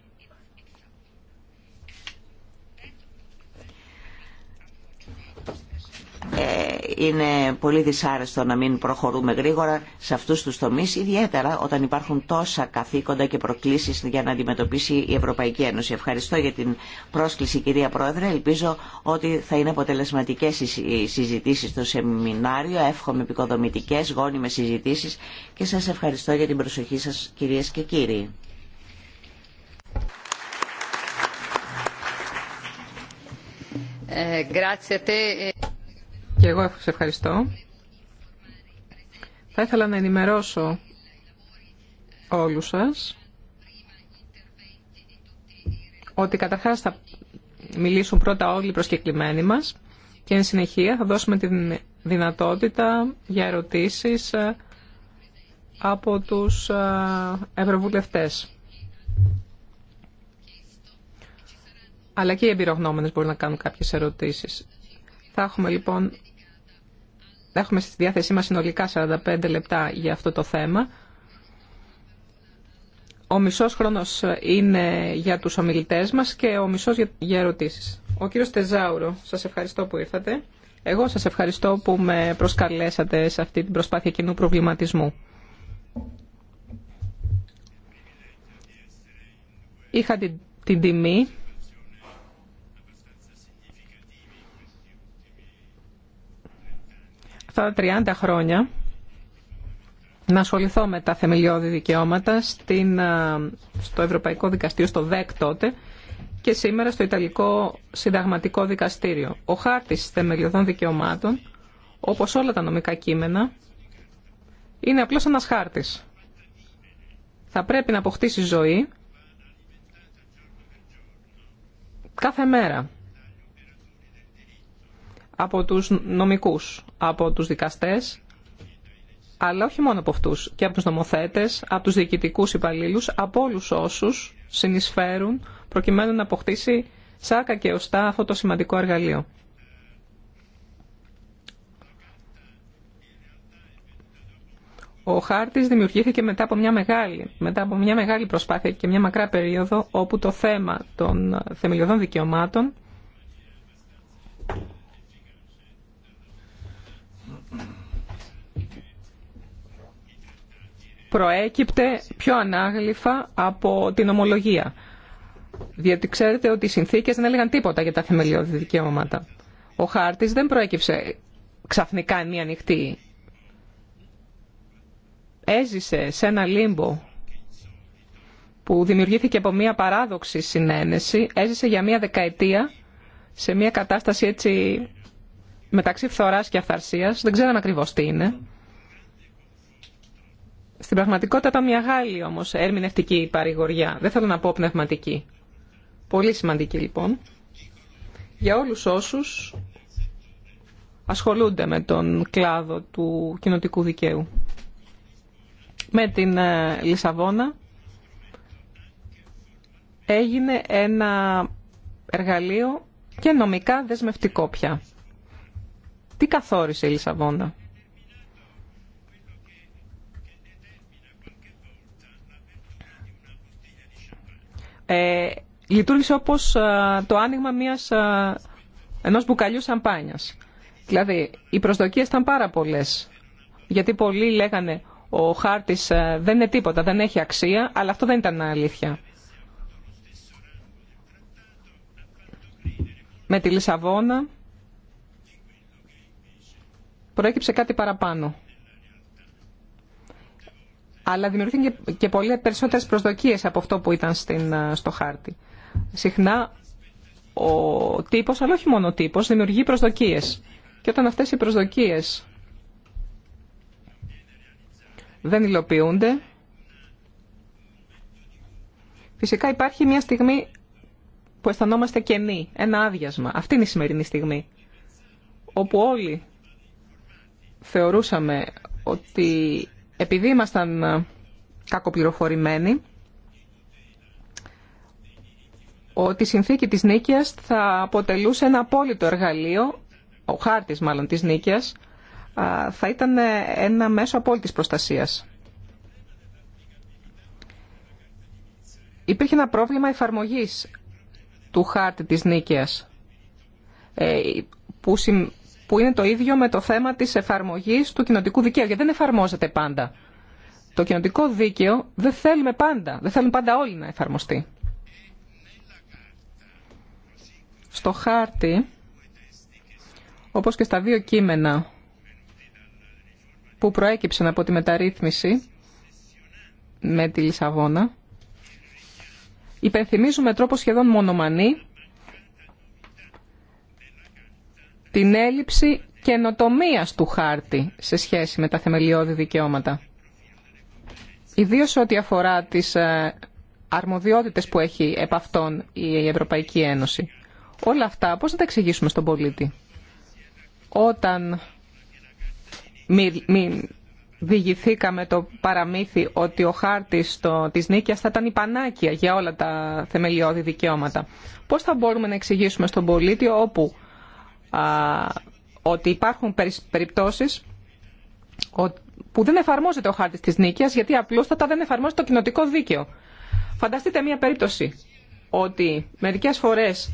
Ε, είναι πολύ δυσάρεστο να μην προχωρούμε γρήγορα σε αυτούς τους τομείς, ιδιαίτερα όταν υπάρχουν τόσα καθήκοντα και προκλήσεις για να αντιμετωπίσει η Ευρωπαϊκή Ένωση. Ευχαριστώ για την πρόσκληση κυρία Πρόεδρε. Ελπίζω ότι θα είναι αποτελεσματικές οι συζητήσεις στο σεμινάριο. Εύχομαι επικοδομητικές, γόνιμες συζητήσεις και σας ευχαριστώ για την προσοχή σας κυρίες και κύριοι. Ε, και εγώ σε ευχαριστώ. Θα ήθελα να ενημερώσω όλους σας ότι καταρχάς θα μιλήσουν πρώτα όλοι οι προσκεκλημένοι μας και εν συνεχεία θα δώσουμε τη δυνατότητα για ερωτήσεις ε, από τους ε, ευρωβουλευτές. Αλλά και οι εμπειρογνώμενες μπορούν να κάνουν κάποιες ερωτήσεις. Θα έχουμε λοιπόν έχουμε στη διάθεσή μας συνολικά 45 λεπτά για αυτό το θέμα. Ο μισός χρόνος είναι για τους ομιλητές μας και ο μισός για ερωτήσεις. Ο κύριος Τεζάουρο, σας ευχαριστώ που ήρθατε. Εγώ σας ευχαριστώ που με προσκαλέσατε σε αυτή την προσπάθεια κοινού προβληματισμού. Είχα την τιμή Στα 30 χρόνια να ασχοληθώ με τα θεμελιώδη δικαιώματα στην, στο Ευρωπαϊκό Δικαστήριο, στο ΔΕΚ τότε και σήμερα στο Ιταλικό Συνταγματικό Δικαστήριο. Ο χάρτης θεμελιωδών δικαιωμάτων, όπως όλα τα νομικά κείμενα, είναι απλώς ένας χάρτης. Θα πρέπει να αποκτήσει ζωή κάθε μέρα από τους νομικούς, από τους δικαστές, αλλά όχι μόνο από αυτούς, και από τους νομοθέτες, από τους διοικητικούς υπαλλήλους, από όλους όσους συνεισφέρουν προκειμένου να αποκτήσει σάκα και οστά αυτό το σημαντικό εργαλείο. Ο χάρτης δημιουργήθηκε μετά από, μια μεγάλη, μετά από μια μεγάλη προσπάθεια και μια μακρά περίοδο όπου το θέμα των θεμελιωδών δικαιωμάτων προέκυπτε πιο ανάγλυφα από την ομολογία. Διότι ξέρετε ότι οι συνθήκε δεν έλεγαν τίποτα για τα θεμελιώδη δικαιώματα. Ο χάρτης δεν προέκυψε ξαφνικά μία νυχτή. Έζησε σε ένα λίμπο που δημιουργήθηκε από μία παράδοξη συνένεση, έζησε για μία δεκαετία σε μία κατάσταση έτσι μεταξύ φθοράς και αυθαρσίας, δεν ξέραμε ακριβώς τι είναι. Στην πραγματικότητα ήταν μια Γάλλη όμω ερμηνευτική παρηγοριά. Δεν θέλω να πω πνευματική. Πολύ σημαντική λοιπόν. Για όλους όσους ασχολούνται με τον κλάδο του κοινοτικού δικαίου. Με την ε, Λισαβόνα έγινε ένα εργαλείο και νομικά δεσμευτικό πια. Τι καθόρισε η Λισαβόνα. Ε, λειτουργήσε όπως ε, το άνοιγμα μιας, ε, ενός μπουκαλιού σαμπάνιας. Δηλαδή, οι προσδοκίες ήταν πάρα πολλές. Γιατί πολλοί λέγανε ο χάρτης δεν είναι τίποτα, δεν έχει αξία, αλλά αυτό δεν ήταν αλήθεια. Με τη Λισαβόνα προέκυψε κάτι παραπάνω αλλά δημιουργούν και πολύ περισσότερες προσδοκίες από αυτό που ήταν ε, στο χάρτη. Συχνά ο τύπος, αλλά όχι μόνο ο τύπος, δημιουργεί προσδοκίες. Και όταν αυτές οι προσδοκίες δεν υλοποιούνται, φυσικά υπάρχει μια στιγμή που αισθανόμαστε κενοί, ένα άδειασμα. Αυτή είναι η σημερινή στιγμή, όπου όλοι θεωρούσαμε ότι επειδή ήμασταν ε, κακοπληροφορημένοι, ότι η συνθήκη της νίκαιας θα αποτελούσε ένα απόλυτο εργαλείο, ο χάρτης μάλλον της νίκαιας, θα ήταν ε, ένα μέσο απόλυτης προστασίας. Υπήρχε ένα πρόβλημα εφαρμογής του χάρτη της νίκαιας, ε, που που είναι το ίδιο με το θέμα της εφαρμογής του κοινοτικού δικαίου, γιατί δεν εφαρμόζεται πάντα. Το κοινοτικό δίκαιο δεν θέλουμε πάντα, δεν θέλουν πάντα όλοι να εφαρμοστεί. Στο χάρτη, όπως και στα δύο κείμενα που προέκυψαν από τη μεταρρύθμιση με τη Λισαβόνα, υπενθυμίζουμε τρόπο σχεδόν μονομανή την έλλειψη καινοτομία του χάρτη σε σχέση με τα θεμελιώδη δικαιώματα. Ιδίως ό,τι αφορά τις ε, αρμοδιότητες που έχει επ' αυτών η Ευρωπαϊκή Ένωση. Όλα αυτά πώς θα τα εξηγήσουμε στον πολίτη. Όταν μη, μη διηγηθήκαμε το παραμύθι ότι ο χάρτης το, της νίκιας θα ήταν η πανάκια για όλα τα θεμελιώδη δικαιώματα. Πώς θα μπορούμε να εξηγήσουμε στον πολίτη όπου ότι υπάρχουν περιπτώσεις που δεν εφαρμόζεται ο χάρτης της νίκης γιατί απλούστατα δεν εφαρμόζεται το κοινοτικό δίκαιο. Φανταστείτε μία περίπτωση ότι μερικές φορές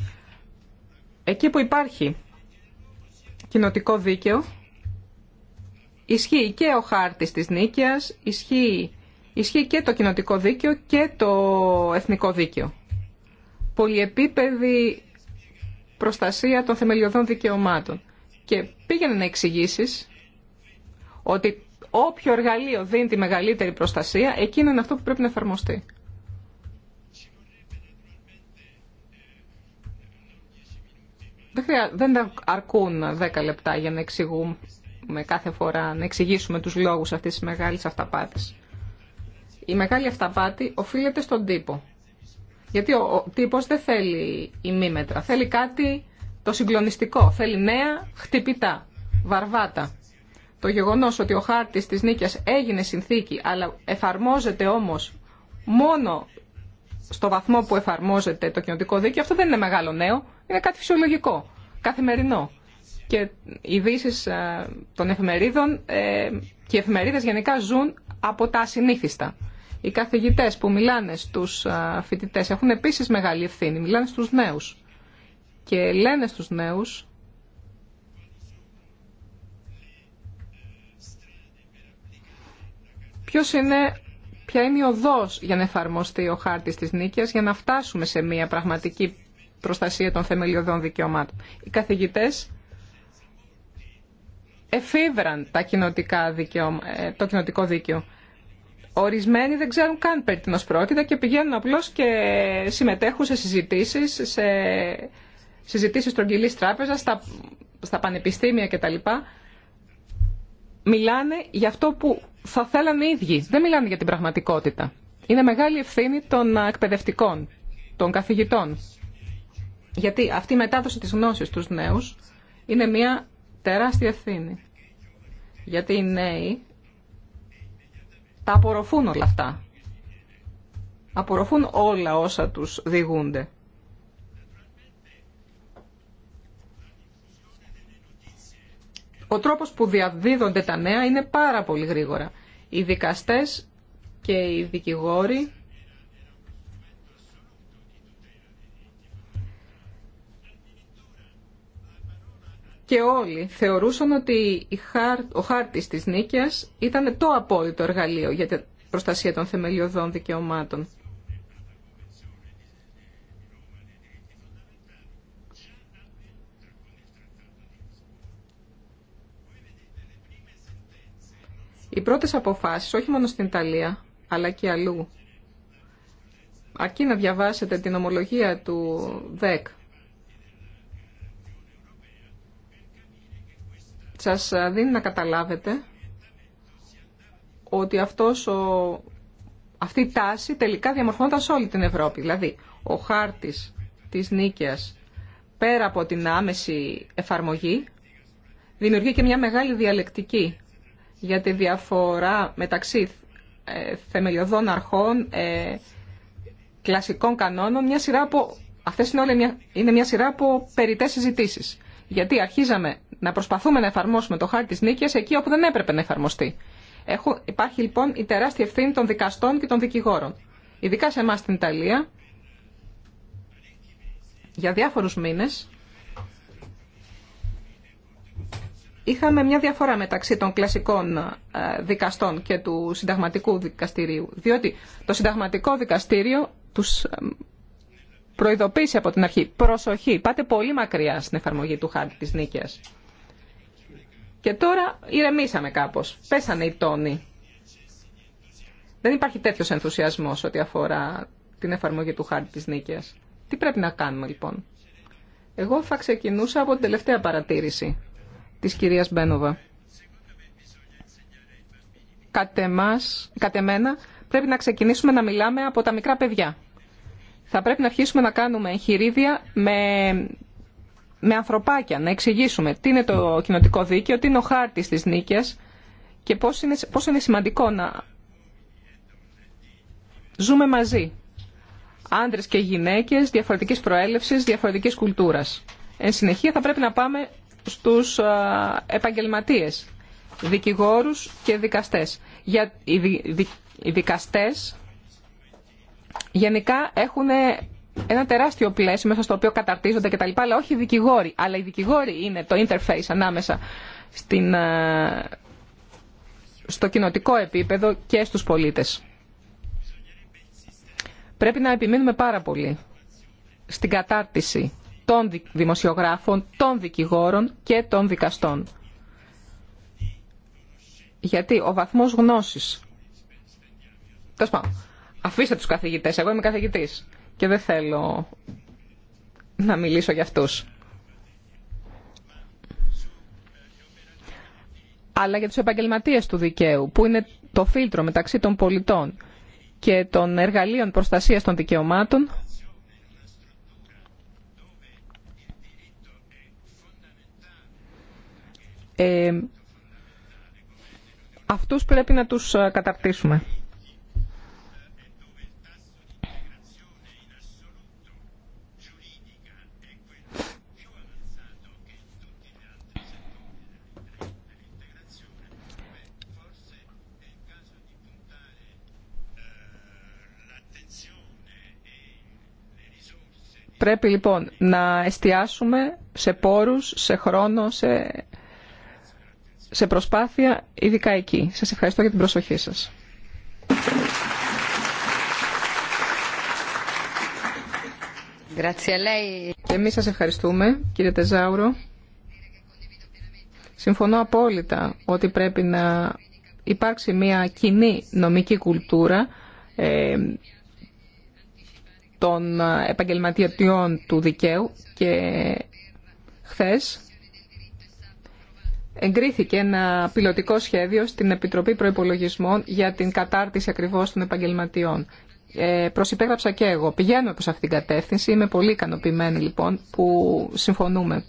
εκεί που υπάρχει κοινοτικό δίκαιο ισχύει και ο χάρτης της νίκης, ισχύει, ισχύει και το κοινοτικό δίκαιο και το εθνικό δίκαιο. Πολυεπίπεδη προστασία των θεμελιωδών δικαιωμάτων. Και πήγαινε να εξηγήσει ότι όποιο εργαλείο δίνει τη μεγαλύτερη προστασία, εκείνο είναι αυτό που πρέπει να εφαρμοστεί. Δεν αρκούν δέκα λεπτά για να εξηγούμε κάθε φορά, να εξηγήσουμε τους λόγους αυτής της μεγάλης αυταπάτης. Η μεγάλη αυταπάτη οφείλεται στον τύπο. Γιατί ο τύπος δεν θέλει ημίμετρα. Θέλει κάτι το συγκλονιστικό. Θέλει νέα χτυπητά, βαρβάτα. Το γεγονός ότι ο χάρτης της νίκης έγινε συνθήκη, αλλά εφαρμόζεται όμως μόνο στο βαθμό που εφαρμόζεται το κοινοτικό δίκαιο, αυτό δεν είναι μεγάλο νέο, είναι κάτι φυσιολογικό, καθημερινό. Και οι ειδήσει ε, των εφημερίδων ε, και οι εφημερίδες γενικά ζουν από τα ασυνήθιστα. Οι καθηγητές που μιλάνε στους φοιτητέ έχουν επίσης μεγάλη ευθύνη, μιλάνε στους νέους και λένε στους νέους ποιος είναι, ποια είναι η οδός για να εφαρμοστεί ο χάρτης της νίκης για να φτάσουμε σε μια πραγματική προστασία των θεμελιωδών δικαιωμάτων. Οι καθηγητές εφήβραν τα ε, το κοινοτικό δίκαιο. Ορισμένοι δεν ξέρουν καν περί τίνος πρόκειται και πηγαίνουν απλώς και συμμετέχουν σε συζητήσεις, σε συζητήσεις στρογγυλής τράπεζας, στα, στα πανεπιστήμια κτλ. Μιλάνε για αυτό που θα θέλανε οι ίδιοι. Δεν μιλάνε για την πραγματικότητα. Είναι μεγάλη ευθύνη των εκπαιδευτικών, των καθηγητών. Γιατί αυτή η μετάδοση της γνώσης στους νέους είναι μια τεράστια ευθύνη. Γιατί οι νέοι τα απορροφούν όλα αυτά. Απορροφούν όλα όσα τους διηγούνται. Ο τρόπος που διαδίδονται τα νέα είναι πάρα πολύ γρήγορα. Οι δικαστές και οι δικηγόροι και όλοι θεωρούσαν ότι ο χάρτης της νίκαιας ήταν το απόλυτο εργαλείο για την προστασία των θεμελιωδών δικαιωμάτων. Οι πρώτες αποφάσεις, όχι μόνο στην Ιταλία, αλλά και αλλού, αρκεί να διαβάσετε την ομολογία του ΔΕΚ σας δίνει να καταλάβετε ότι αυτός ο, αυτή η τάση τελικά διαμορφώνονταν σε όλη την Ευρώπη. Δηλαδή, ο χάρτης της νίκαιας πέρα από την άμεση εφαρμογή δημιουργεί και μια μεγάλη διαλεκτική για τη διαφορά μεταξύ ε, θεμελιωδών αρχών, ε, κλασικών κανόνων, μια σειρά από... Αυτές είναι, μια, είναι μια σειρά από περιττές συζητήσεις. Γιατί αρχίζαμε να προσπαθούμε να εφαρμόσουμε το χάρτη τη νίκη εκεί όπου δεν έπρεπε να εφαρμοστεί. Έχω, υπάρχει λοιπόν η τεράστια ευθύνη των δικαστών και των δικηγόρων. Ειδικά σε εμά στην Ιταλία, για διάφορου μήνε είχαμε μια διαφορά μεταξύ των κλασικών ε, δικαστών και του συνταγματικού δικαστηρίου. Διότι το συνταγματικό δικαστήριο τους ε, προειδοποίησε από την αρχή. Προσοχή, πάτε πολύ μακριά στην εφαρμογή του χάρτη τη νίκη. Και τώρα ηρεμήσαμε κάπως. Πέσανε οι τόνοι. Δεν υπάρχει τέτοιος ενθουσιασμός ό,τι αφορά την εφαρμογή του χάρτη της νίκαιας. Τι πρέπει να κάνουμε λοιπόν. Εγώ θα ξεκινούσα από την τελευταία παρατήρηση της κυρίας Μπένοβα. Κατ, κατ' εμένα πρέπει να ξεκινήσουμε να μιλάμε από τα μικρά παιδιά. Θα πρέπει να αρχίσουμε να κάνουμε εγχειρίδια με με ανθρωπάκια να εξηγήσουμε τι είναι το ναι. κοινοτικό δίκαιο, τι είναι ο χάρτης της νίκης και πώς είναι, είναι σημαντικό να ζούμε μαζί. Άντρες και γυναίκες διαφορετικής προέλευσης, διαφορετικής κουλτούρας. Εν συνεχεία θα πρέπει να πάμε στους επαγγελματίες, δικηγόρους και δικαστές. Για, οι, δικαστές γενικά έχουν ένα τεράστιο πλαίσιο μέσα στο οποίο καταρτίζονται κτλ. Αλλά όχι οι δικηγόροι. Αλλά οι δικηγόροι είναι το interface ανάμεσα στην, ε, στο κοινοτικό επίπεδο και στους πολίτες. Πρέπει να επιμείνουμε πάρα πολύ στην κατάρτιση των δημοσιογράφων, των δικηγόρων και των δικαστών. Γιατί ο βαθμός γνώσης... Τέλος Αφήστε τους καθηγητές, εγώ είμαι καθηγητής και δεν θέλω να μιλήσω για αυτούς. Αλλά για τους επαγγελματίες του δικαίου, που είναι το φίλτρο μεταξύ των πολιτών και των εργαλείων προστασίας των δικαιωμάτων, ε, αυτούς πρέπει να τους ε, καταρτήσουμε. Πρέπει λοιπόν να εστιάσουμε σε πόρους, σε χρόνο, σε, σε προσπάθεια, ειδικά εκεί. Σας ευχαριστώ για την προσοχή σας. Και εμείς σας ευχαριστούμε, κύριε Τεζάουρο. Συμφωνώ απόλυτα ότι πρέπει να υπάρξει μια κοινή νομική κουλτούρα ε, των επαγγελματιών του δικαίου και χθες εγκρίθηκε ένα πιλωτικό σχέδιο στην Επιτροπή Προϋπολογισμών για την κατάρτιση ακριβώς των επαγγελματιών. Ε, προσυπέγραψα και εγώ. Πηγαίνουμε προς αυτήν την κατεύθυνση. Είμαι πολύ ικανοποιημένη λοιπόν που συμφωνούμε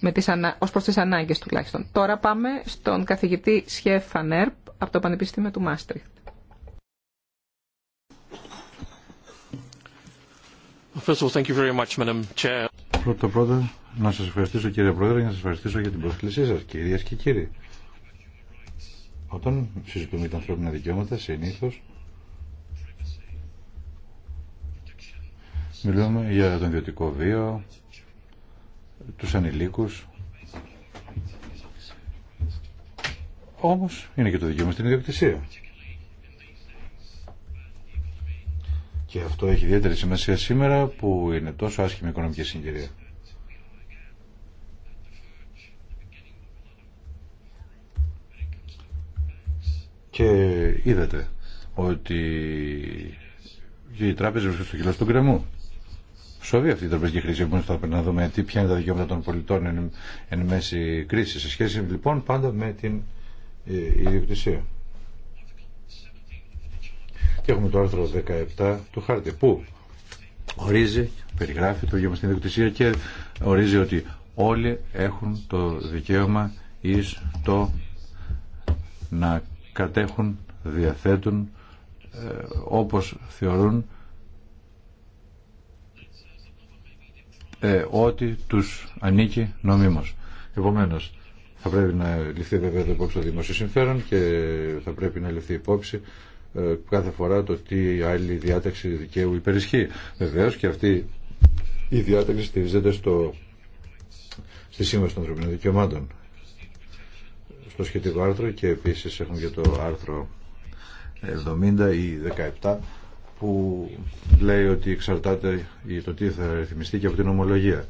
με τις ανα... ως προς τις ανάγκες τουλάχιστον. Τώρα πάμε στον καθηγητή Σιεφ Φανέρπ από το Πανεπιστήμιο του Μάστριχτ. First Πρώτα πρώτα, να σας ευχαριστήσω κύριε Πρόεδρε και να σας ευχαριστήσω για την πρόσκλησή σας, κυρίες και κύριοι. Όταν συζητούμε τα ανθρώπινα δικαιώματα, συνήθω, μιλούμε για τον ιδιωτικό βίο, τους ανηλίκους, όμως είναι και το δικαίωμα στην ιδιοκτησία. Και αυτό έχει ιδιαίτερη σημασία σήμερα που είναι τόσο άσχημη οικονομική συγκυρία. Και είδατε ότι η τράπεζα τράπεζα στο κιλό του γκρεμού. Σοβεί αυτή η τραπεζική χρήση. που θα πρέπει να δούμε τι ποια είναι τα δικαιώματα των πολιτών εν, εν μέση κρίση. Σε σχέση λοιπόν πάντα με την ε, ιδιοκτησία. Και έχουμε το άρθρο 17 του χάρτη που ορίζει, περιγράφει το γεγονός στην ιδιοκτησία και ορίζει ότι όλοι έχουν το δικαίωμα εις το να κατέχουν, διαθέτουν ε, όπως θεωρούν ε, ότι τους ανήκει νομίμως. Επομένως, θα πρέπει να ληφθεί βέβαια το υπόψη το δημόσιο συμφέρον και θα πρέπει να ληφθεί υπόψη ε, κάθε φορά το τι άλλη διάταξη δικαίου υπερισχύει. βεβαίω και αυτή η διάταξη στηρίζεται στο, στη Σύμβαση των Ανθρωπινών Δικαιωμάτων στο σχετικό άρθρο και επίσης έχουμε και το άρθρο 70 ή 17 που λέει ότι εξαρτάται το τι θα ρυθμιστεί και από την ομολογία.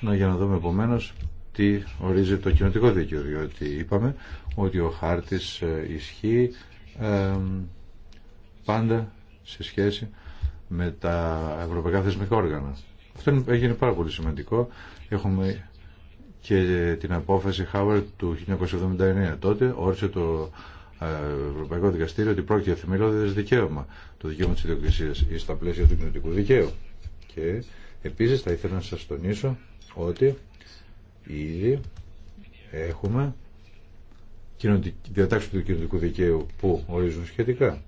Να, για να δούμε επομένω τι ορίζει το κοινοτικό δίκαιο, διότι είπαμε ότι ο χάρτης ε, ισχύει ε, πάντα σε σχέση με τα ευρωπαϊκά θεσμικά όργανα. Αυτό έγινε πάρα πολύ σημαντικό. Έχουμε και την απόφαση Χάουαρτ του 1979. Τότε όρισε το ε, Ευρωπαϊκό Δικαστήριο ότι πρόκειται για δικαίωμα το δικαίωμα τη ιδιοκτησία ή στα πλαίσια του κοινωτικού δικαίου. Και επίση θα ήθελα να σα τονίσω ότι ήδη έχουμε διατάξει του κοινωτικού δικαίου που ορίζουν σχετικά.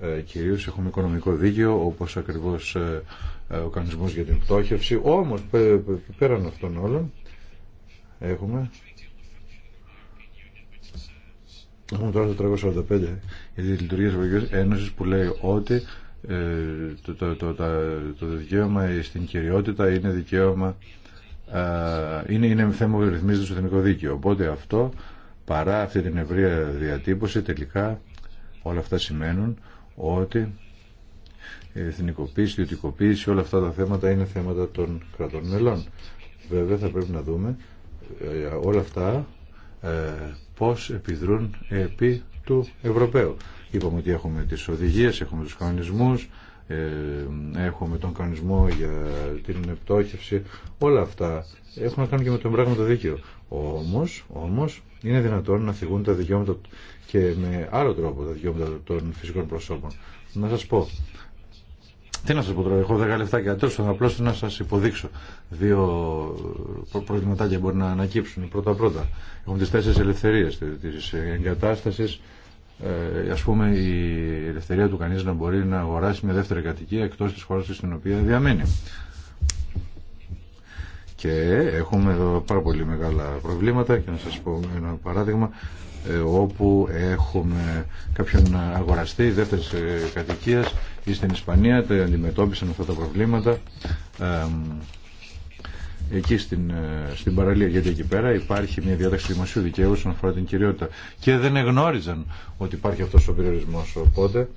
Ε, κυρίως έχουμε οικονομικό δίκαιο όπως ακριβώς ε, ε, ο κανονισμός για την πτώχευση όμως πέραν αυτών όλων έχουμε έχουμε τώρα το 345 για τη λειτουργία της Ευρωπαϊκής Ένωσης που λέει ότι το, το, το, το, δικαίωμα στην κυριότητα είναι δικαίωμα είναι, είναι θέμα που ρυθμίζεται στο εθνικό δίκαιο οπότε αυτό παρά αυτή την ευρεία διατύπωση τελικά όλα αυτά σημαίνουν ότι η εθνικοποίηση, η ιδιωτικοποίηση, όλα αυτά τα θέματα είναι θέματα των κρατών μελών. Βέβαια θα πρέπει να δούμε ε, όλα αυτά ε, πώς επιδρούν επί του Ευρωπαίου. Είπαμε ότι έχουμε τις οδηγίες, έχουμε τους κανονισμούς, ε, έχουμε τον κανονισμό για την επτόχευση. Όλα αυτά έχουν να κάνουν και με το πράγματο δίκαιο. Όμως, όμως είναι δυνατόν να θυγούν τα δικαιώματα και με άλλο τρόπο τα δικαιώματα των φυσικών προσώπων. Να σας πω, τι να σας πω τώρα, έχω 10 λεφτά και θα απλώς να σας υποδείξω δύο προβληματάκια μπορεί να ανακύψουν πρώτα-πρώτα. έχουμε τις τέσσερις ελευθερίες της εγκατάστασης, ε, ας πούμε η ελευθερία του κανείς να μπορεί να αγοράσει μια δεύτερη κατοικία εκτός της χώρας στην οποία διαμένει. Και έχουμε εδώ πάρα πολύ μεγάλα προβλήματα και να σας πω ένα παράδειγμα ε, όπου έχουμε κάποιον αγοραστή δεύτερης ε, κατοικίας ή στην Ισπανία τα αντιμετώπισαν αυτά τα προβλήματα εκεί στην, ε, στην παραλία γιατί εκεί πέρα υπάρχει μια διάταξη δημοσίου δικαίου όσον αφορά την κυριότητα και δεν εγνώριζαν ότι υπάρχει αυτός ο περιορισμός οπότε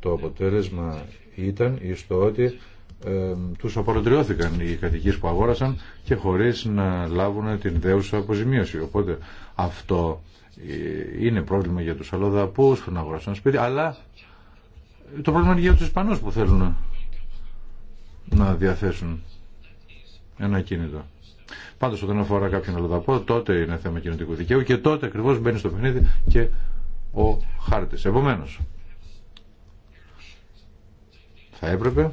το αποτέλεσμα ήταν στο ότι ε, τους απολωτριώθηκαν οι κατοικίες που αγόρασαν και χωρίς να λάβουν την δέουσα αποζημίωση. Οπότε αυτό ε, είναι πρόβλημα για τους αλλοδαπούς που να αγοράσουν σπίτι, αλλά το πρόβλημα είναι για τους Ισπανούς που θέλουν να διαθέσουν ένα κίνητο. Πάντως όταν αφορά κάποιον αλλοδαπό τότε είναι θέμα κοινωτικού δικαίου και τότε ακριβώ μπαίνει στο παιχνίδι και ο χάρτης. Επομένως θα έπρεπε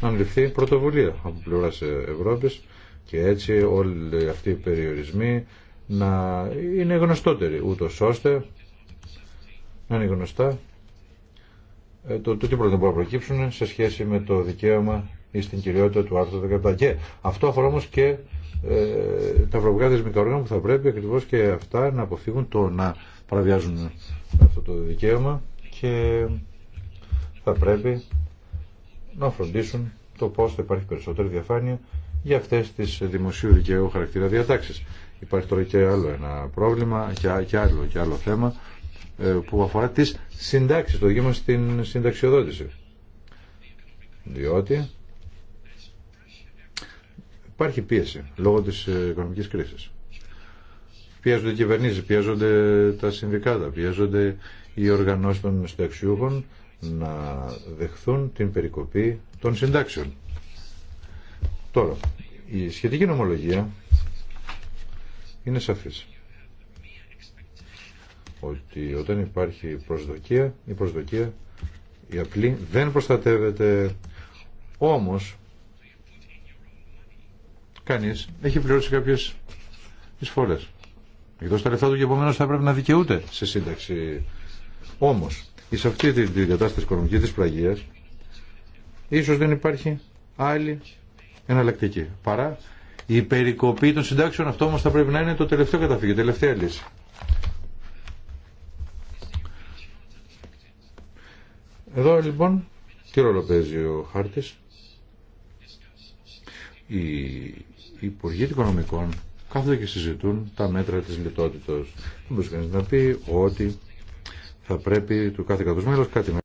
να ληφθεί πρωτοβουλία από πλευρά Ευρώπη και έτσι όλοι αυτοί οι περιορισμοί να είναι γνωστότεροι ούτω ώστε να είναι γνωστά ε, το, το τι πρόβλημα να προκύψουν σε σχέση με το δικαίωμα ή στην κυριότητα του άρθρου 17. Και αυτό αφορά όμω και ε, τα ευρωπαϊκά δεσμικά όργανα που θα πρέπει ακριβώ και αυτά να αποφύγουν το να παραβιάζουν αυτό το δικαίωμα και θα πρέπει να φροντίσουν το πώ θα υπάρχει περισσότερη διαφάνεια για αυτέ τι δημοσίου δικαίου χαρακτήρα διατάξει. Υπάρχει τώρα και άλλο ένα πρόβλημα και, άλλο, και άλλο θέμα ε, που αφορά τι συντάξει το δικαίωμα στην συνταξιοδότηση. Διότι υπάρχει πίεση λόγω τη ε, οικονομική κρίση. Πιέζονται οι κυβερνήσει, πιέζονται τα συνδικάτα, πιέζονται οι οργανώσει των συνταξιούχων να δεχθούν την περικοπή των συντάξεων. Τώρα, η σχετική νομολογία είναι σαφής. Ότι όταν υπάρχει προσδοκία, η προσδοκία, η απλή, δεν προστατεύεται. Όμως, κανείς έχει πληρώσει κάποιες εισφορές. Εκτός τα λεφτά του και επομένως θα πρέπει να δικαιούται σε σύνταξη. Όμως, σε αυτή την κατάσταση οικονομική της πραγίας ίσως δεν υπάρχει άλλη εναλλακτική παρά η περικοπή των συντάξεων αυτό όμως θα πρέπει να είναι το τελευταίο καταφύγιο, τελευταία λύση. Εδώ λοιπόν τι ρόλο παίζει ο χάρτης. Οι Υπουργοί Οικονομικών κάθονται και συζητούν τα μέτρα της λιτότητας Δεν μπορείς να πει ότι θα πρέπει του κάθε κατωσμένου κάτι να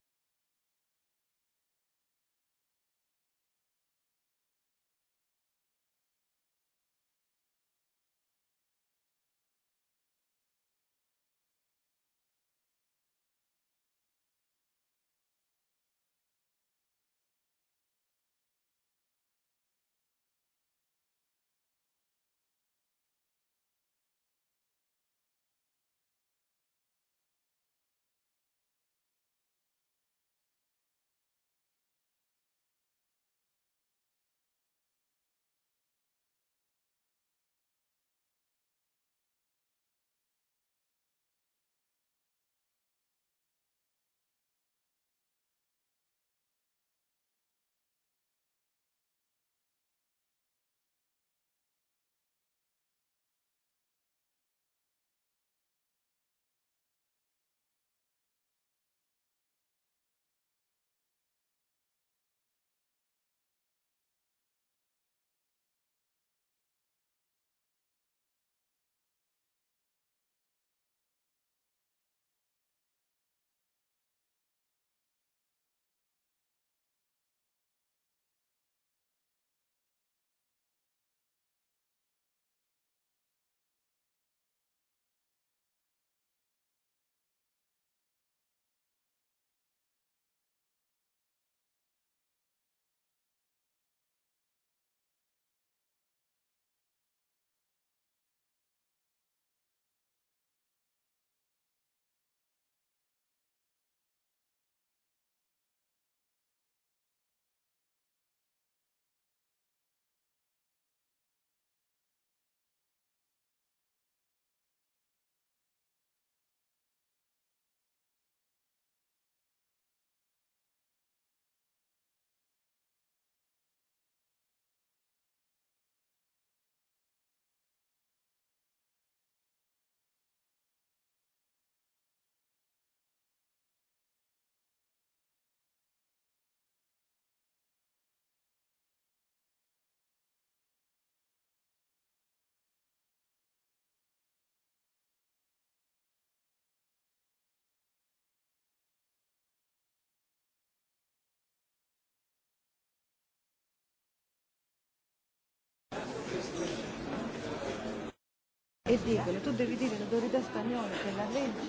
e dicono tu devi dire all'autorità spagnola che la legge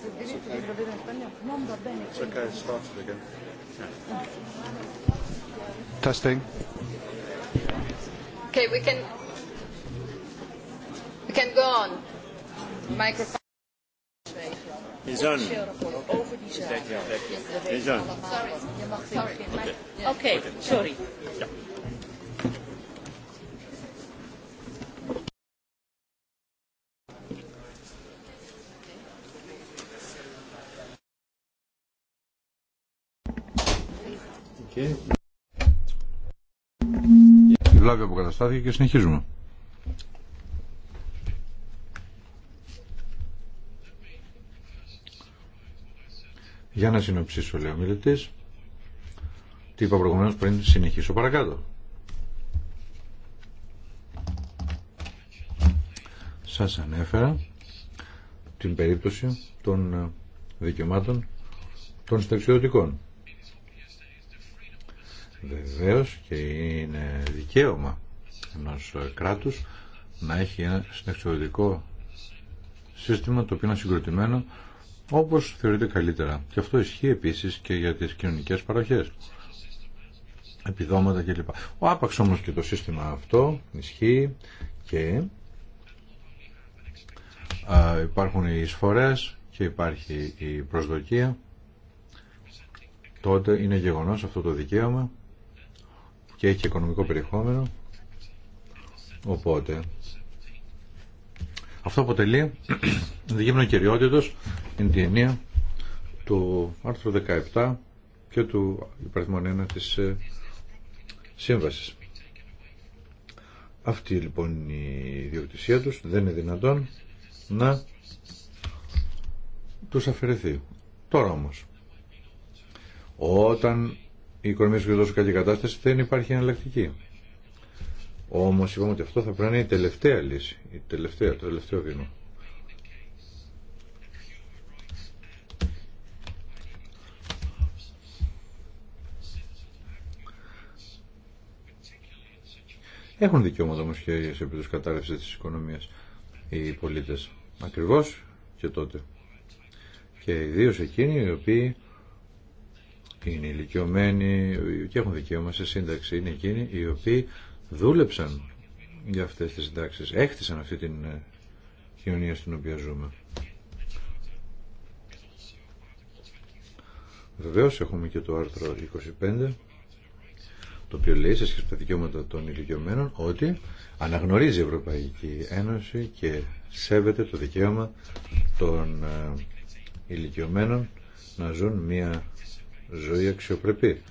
sul diritto di proprietà spagnola non va bene. It's okay, it started again. Testing. Okay, we can, we can go on. Microphone. Is on. Over die zaak. Is on. Sorry. Okay, sorry. και η βλάβη αποκαταστάθηκε και συνεχίζουμε. Για να συνοψίσω, λέει ο μιλητή, τι είπα προηγουμένω πριν συνεχίσω παρακάτω. Σας ανέφερα την περίπτωση των δικαιωμάτων των στεξιωτικών. Βεβαίω και είναι δικαίωμα ενός κράτους να έχει ένα συνεξιωτικό σύστημα το οποίο είναι συγκροτημένο όπως θεωρείται καλύτερα. Και αυτό ισχύει επίσης και για τις κοινωνικές παροχέ, Επιδόματα κλπ. Ο άπαξ όμως και το σύστημα αυτό ισχύει και υπάρχουν οι εισφορές και υπάρχει η προσδοκία τότε είναι γεγονός αυτό το δικαίωμα και έχει οικονομικό περιεχόμενο. Οπότε, αυτό αποτελεί αντικείμενο κυριότητος την ταινία του άρθρου 17 και του υπαριθμών 1 της ε, σύμβασης. Αυτή λοιπόν η ιδιοκτησία του δεν είναι δυνατόν να τους αφαιρεθεί. Τώρα όμως, όταν η οικονομία σου δώσει καλή κατάσταση, δεν υπάρχει εναλλακτική. Όμως είπαμε ότι αυτό θα πρέπει να είναι η τελευταία λύση, η τελευταία, το τελευταίο βήμα. Έχουν δικαιώματα όμω και σε περίπτωση κατάρρευση της οικονομίας οι πολίτες. Ακριβώς και τότε. Και ιδίω εκείνοι οι οποίοι είναι είναι ηλικιωμένοι και έχουν δικαίωμα σε σύνταξη. Είναι εκείνοι οι οποίοι δούλεψαν για αυτές τις συντάξεις, έχτισαν αυτή την ε, κοινωνία στην οποία ζούμε. Βεβαίω έχουμε και το άρθρο 25, το οποίο λέει σε σχέση με τα δικαιώματα των ηλικιωμένων ότι αναγνωρίζει η Ευρωπαϊκή Ένωση και σέβεται το δικαίωμα των ε, ηλικιωμένων να ζουν μια ζωή αξιοπρεπή,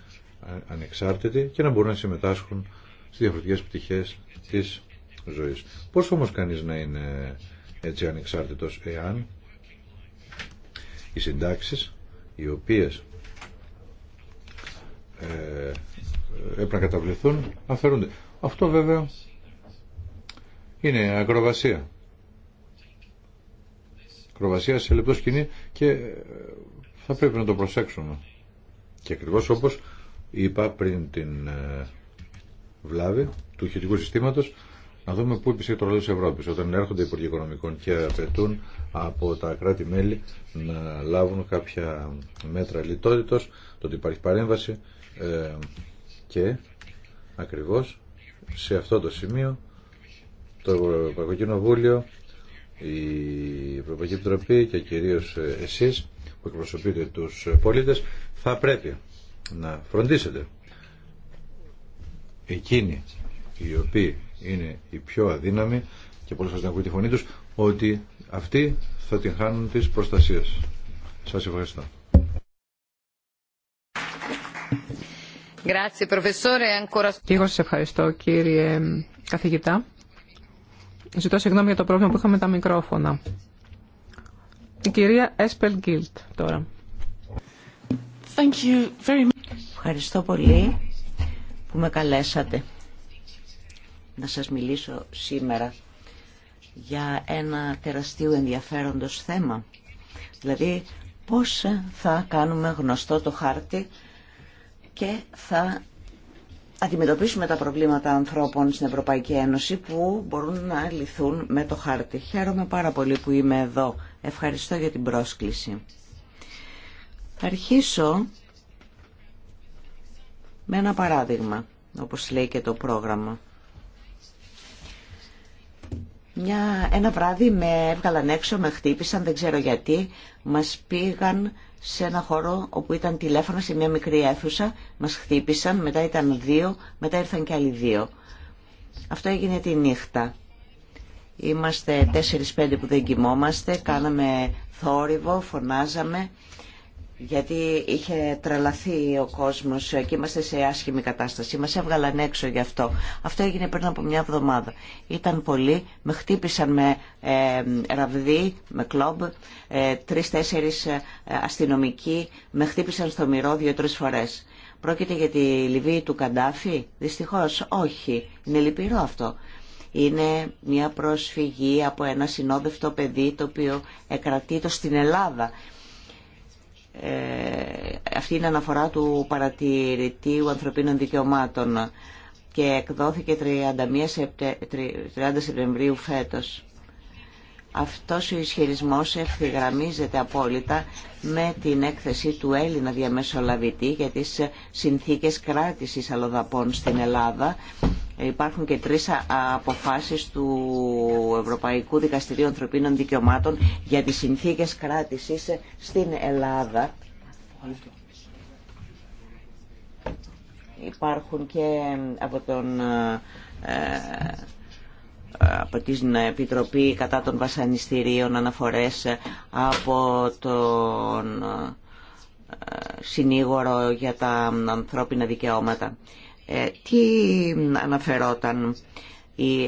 ανεξάρτητη και να μπορούν να συμμετάσχουν στι διαφορετικέ πτυχέ τη ζωή. Πώ όμω κανεί να είναι έτσι ανεξάρτητο, εάν οι συντάξει οι οποίε ε, έπρεπε να καταβληθούν αφαιρούνται. Αυτό βέβαια είναι ακροβασία. Ακροβασία σε λεπτό σκηνή και ε, θα πρέπει να το προσέξουμε. Και ακριβώ όπως είπα πριν την ε, βλάβη του χειρικού συστήματος, να δούμε πού υπήρχε το ρόλο τη Ευρώπη. Όταν έρχονται οι Υπουργοί Οικονομικών και απαιτούν από τα κράτη-μέλη να λάβουν κάποια μέτρα λιτότητα, το ότι υπάρχει παρέμβαση ε, και ακριβώ σε αυτό το σημείο το Ευρωπαϊκό Κοινοβούλιο, η Ευρωπαϊκή Επιτροπή και κυρίω ε, εσεί που εκπροσωπείτε τους πολίτες θα πρέπει να φροντίσετε εκείνοι οι οποίοι είναι οι πιο αδύναμοι και πολλές φορές δεν ακούει τη φωνή τους ότι αυτοί θα την χάνουν τις προστασίες Σας ευχαριστώ. εγώ σας ευχαριστώ κύριε καθηγητά. Ζητώ συγγνώμη για το πρόβλημα που είχαμε τα μικρόφωνα. Η κυρία Έσπελ τώρα. Ευχαριστώ πολύ που με καλέσατε να σας μιλήσω σήμερα για ένα τεραστίο ενδιαφέροντος θέμα. Δηλαδή πώς θα κάνουμε γνωστό το χάρτη και θα αντιμετωπίσουμε τα προβλήματα ανθρώπων στην Ευρωπαϊκή Ένωση που μπορούν να λυθούν με το χάρτη. Χαίρομαι πάρα πολύ που είμαι εδώ Ευχαριστώ για την πρόσκληση. Θα αρχίσω με ένα παράδειγμα, όπως λέει και το πρόγραμμα. Μια, ένα βράδυ με έβγαλαν έξω, με χτύπησαν, δεν ξέρω γιατί. Μας πήγαν σε ένα χώρο όπου ήταν τηλέφωνα σε μια μικρή αίθουσα, μας χτύπησαν, μετά ήταν δύο, μετά ήρθαν και άλλοι δύο. Αυτό έγινε τη νύχτα. Είμαστε 4-5 που δεν κοιμόμαστε, κάναμε θόρυβο, φωνάζαμε, γιατί είχε τρελαθεί ο κόσμος και είμαστε σε άσχημη κατάσταση. Μας έβγαλαν έξω γι' αυτό. Αυτό έγινε πριν από μια εβδομάδα. Ήταν πολλοί, με χτύπησαν με ε, ραβδί, με κλόμπ, ε, τρεις-τέσσερις ε, αστυνομικοί, με χτύπησαν στο μυρό δύο-τρεις φορές. Πρόκειται για τη Λιβύη του Καντάφη, δυστυχώς όχι. Είναι λυπηρό αυτό είναι μια προσφυγή από ένα συνόδευτο παιδί το οποίο το στην Ελλάδα. Ε, αυτή είναι αναφορά του παρατηρητήου ανθρωπίνων δικαιωμάτων και εκδόθηκε 31 30 Σεπτεμβρίου φέτος. Αυτός ο ισχυρισμός ευθυγραμμίζεται απόλυτα με την έκθεση του Έλληνα διαμεσολαβητή για τις συνθήκες κράτησης αλλοδαπών στην Ελλάδα Υπάρχουν και τρεις αποφάσεις του Ευρωπαϊκού Δικαστηρίου Ανθρωπίνων Δικαιωμάτων για τις συνθήκες κράτησης στην Ελλάδα. Υπάρχουν και από τον ε, ε, από την Επιτροπή κατά των βασανιστήριων αναφορές ε, από τον συνήγορο για τα ανθρώπινα δικαιώματα. Ε, τι αναφερόταν ε,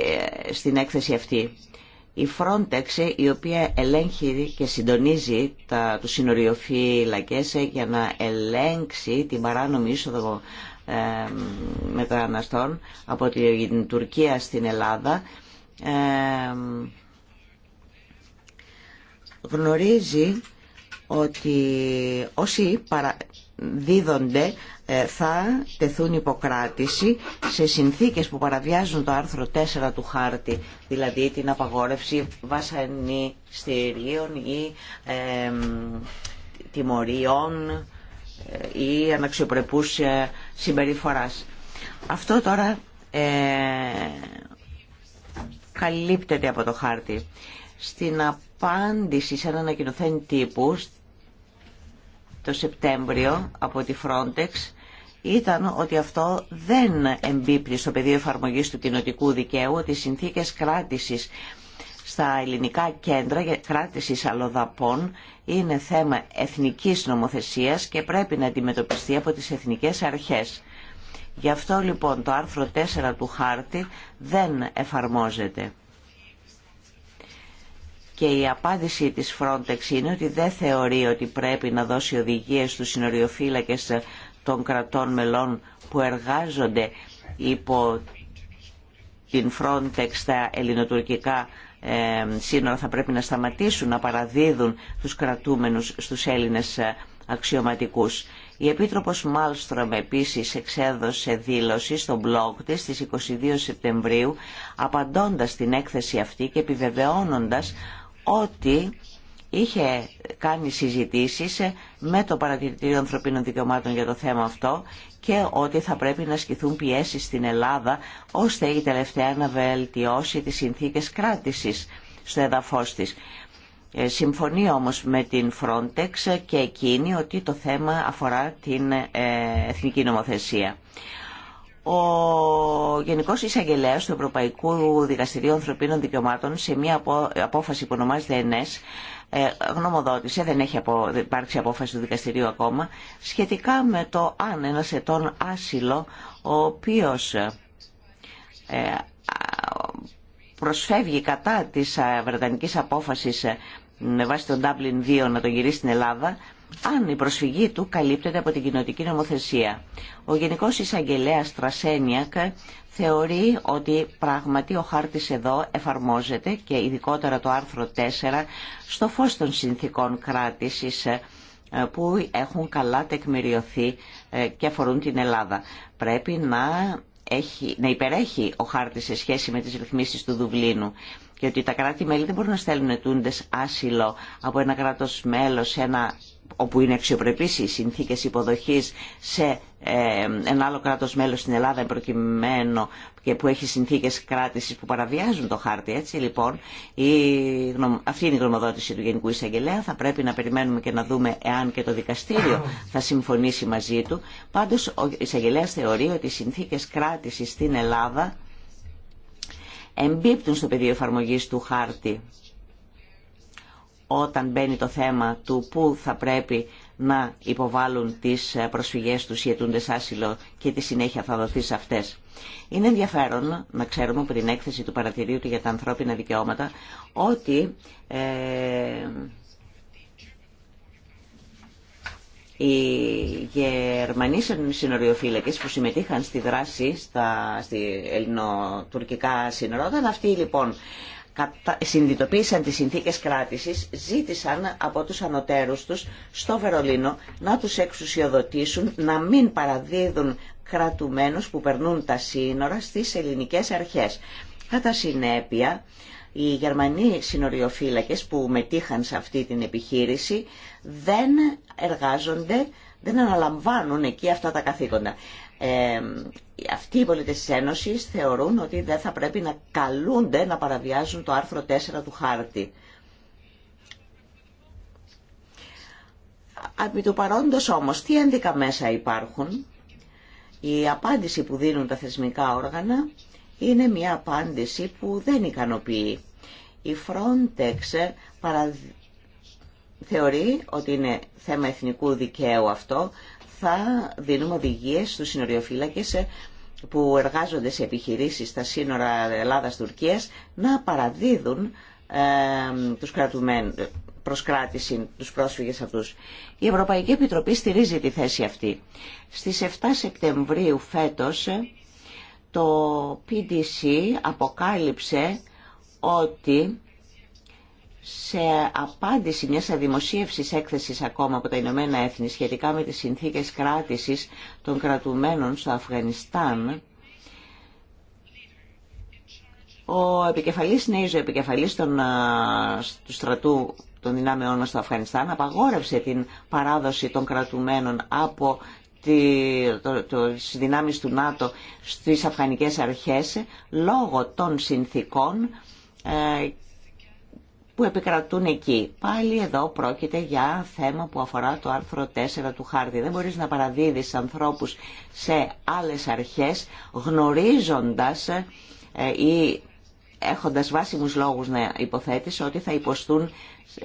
στην έκθεση αυτή. Η Frontex, η οποία ελέγχει και συντονίζει τα, τους συνοριοφύλακες ε, για να ελέγξει την παράνομη είσοδο ε, μεταναστών από την Τουρκία στην Ελλάδα, γνωρίζει ότι όσοι παραδίδονται ε, θα τεθούν υποκράτηση σε συνθήκες που παραβιάζουν το άρθρο 4 του χάρτη, δηλαδή την απαγόρευση βασανιστήριων ή ε, τιμωρίων ή αναξιοπρεπούς ε, συμπεριφοράς. Αυτό τώρα ε, καλύπτεται από το χάρτη. Στην απάντηση σε έναν ανακοινωθέν τύπου το Σεπτέμβριο από τη Frontex ήταν ότι αυτό δεν εμπίπτει στο πεδίο εφαρμογή του κοινοτικού δικαίου, ότι οι συνθήκες κράτησης στα ελληνικά κέντρα κράτηση αλλοδαπών είναι θέμα εθνικής νομοθεσίας και πρέπει να αντιμετωπιστεί από τις εθνικές αρχές. Γι' αυτό λοιπόν το άρθρο 4 του χάρτη δεν εφαρμόζεται. Και η απάντηση της Frontex είναι ότι δεν θεωρεί ότι πρέπει να δώσει οδηγίες στους συνοριοφύλακες των κρατών μελών που εργάζονται υπό την Frontex τα ελληνοτουρκικά ε, σύνορα θα πρέπει να σταματήσουν να παραδίδουν τους κρατούμενους στους Έλληνες ε, αξιωματικούς. Η Επίτροπος Μάλστρομ επίσης εξέδωσε δήλωση στο blog της στις 22 Σεπτεμβρίου απαντώντας την έκθεση αυτή και επιβεβαιώνοντας ότι είχε κάνει συζητήσεις με το Παρατηρητήριο Ανθρωπίνων Δικαιωμάτων για το θέμα αυτό και ότι θα πρέπει να ασκηθούν πιέσεις στην Ελλάδα ώστε η τελευταία να βελτιώσει τις συνθήκες κράτησης στο έδαφος της. Ε, συμφωνεί όμως με την Frontex και εκείνη ότι το θέμα αφορά την ε, εθνική νομοθεσία. Ο Γενικό Εισαγγελέα του Ευρωπαϊκού Δικαστηρίου Ανθρωπίνων Δικαιωμάτων σε μια απόφαση που ονομάζεται ΕΝΕΣ ε, γνωμοδότησε, δεν έχει υπάρξει απόφαση του δικαστηρίου ακόμα, σχετικά με το αν ένας ετών άσυλο, ο οποίος ε, ε, προσφεύγει κατά της βρετανικής απόφασης με βάση τον Dublin 2 να τον γυρίσει στην Ελλάδα, αν η προσφυγή του καλύπτεται από την κοινοτική νομοθεσία. Ο Γενικός Εισαγγελέας Τρασένιακ θεωρεί ότι πράγματι ο χάρτης εδώ εφαρμόζεται και ειδικότερα το άρθρο 4 στο φως των συνθήκων κράτησης ε, που έχουν καλά τεκμηριωθεί ε, και αφορούν την Ελλάδα. Πρέπει να, έχει, να υπερέχει ο χάρτης σε σχέση με τις ρυθμίσεις του Δουβλίνου και ότι τα κράτη-μέλη δεν μπορούν να στέλνουν ετούντες άσυλο από ένα κράτος μέλος ένα όπου είναι αξιοπρεπείς οι συνθήκες υποδοχής σε ε, ένα άλλο κράτος μέλος στην Ελλάδα προκειμένου και που έχει συνθήκες κράτησης που παραβιάζουν το χάρτη. Έτσι λοιπόν η, αυτή είναι η γνωμοδότηση του Γενικού Εισαγγελέα. Θα πρέπει να περιμένουμε και να δούμε εάν και το δικαστήριο θα συμφωνήσει μαζί του. Πάντως ο Εισαγγελέας θεωρεί ότι οι συνθήκες κράτησης στην Ελλάδα εμπίπτουν στο πεδίο εφαρμογή του χάρτη όταν μπαίνει το θέμα του πού θα πρέπει να υποβάλουν τις ε, προσφυγές τους οι αιτούντες άσυλο και τη συνέχεια θα δοθεί σε αυτές. Είναι ενδιαφέρον να ξέρουμε από την έκθεση του παρατηρίου του για τα ανθρώπινα δικαιώματα ότι ε, οι Γερμανοί συνοριοφύλακες που συμμετείχαν στη δράση στα, στη ελληνοτουρκικά σύνορα, όταν αυτοί λοιπόν συνειδητοποίησαν τις συνθήκες κράτησης, ζήτησαν από τους ανωτέρους τους στο Βερολίνο να τους εξουσιοδοτήσουν να μην παραδίδουν κρατουμένους που περνούν τα σύνορα στις ελληνικές αρχές. Κατά συνέπεια, οι Γερμανοί συνοριοφύλακες που μετήχαν σε αυτή την επιχείρηση δεν εργάζονται, δεν αναλαμβάνουν εκεί αυτά τα καθήκοντα. Ε, αυτοί οι πολίτες της Ένωσης θεωρούν ότι δεν θα πρέπει να καλούνται να παραβιάζουν το άρθρο 4 του χάρτη. Από του παρόντος όμως, τι ένδικα μέσα υπάρχουν. Η απάντηση που δίνουν τα θεσμικά όργανα είναι μια απάντηση που δεν ικανοποιεί. Η Frontex θεωρεί ότι είναι θέμα εθνικού δικαίου αυτό θα δίνουμε οδηγίε στους συνοριοφύλακες ε, που εργάζονται σε επιχειρήσει στα σύνορα Ελλάδας-Τουρκίας να παραδίδουν ε, τους κρατουμένους κράτηση τους πρόσφυγες αυτούς. Η Ευρωπαϊκή Επιτροπή στηρίζει τη θέση αυτή. Στις 7 Σεπτεμβρίου φέτος ε, το PDC αποκάλυψε ότι σε απάντηση μιας αδημοσίευσης έκθεσης ακόμα από τα Ηνωμένα Έθνη σχετικά με τις συνθήκες κράτησης των κρατουμένων στο Αφγανιστάν, ο επικεφαλής Νέιζο, επικεφαλής των, του στρατού των δυνάμεών μας στο Αφγανιστάν, απαγόρευσε την παράδοση των κρατουμένων από το, το, τις δυνάμεις του ΝΑΤΟ στις αφγανικές αρχές λόγω των συνθήκων ε, που επικρατούν εκεί. Πάλι εδώ πρόκειται για θέμα που αφορά το άρθρο 4 του χάρτη. Δεν μπορείς να παραδίδεις ανθρώπους σε άλλες αρχές γνωρίζοντας ε, ή έχοντας βάσιμους λόγους να υποθέτεις ότι θα υποστούν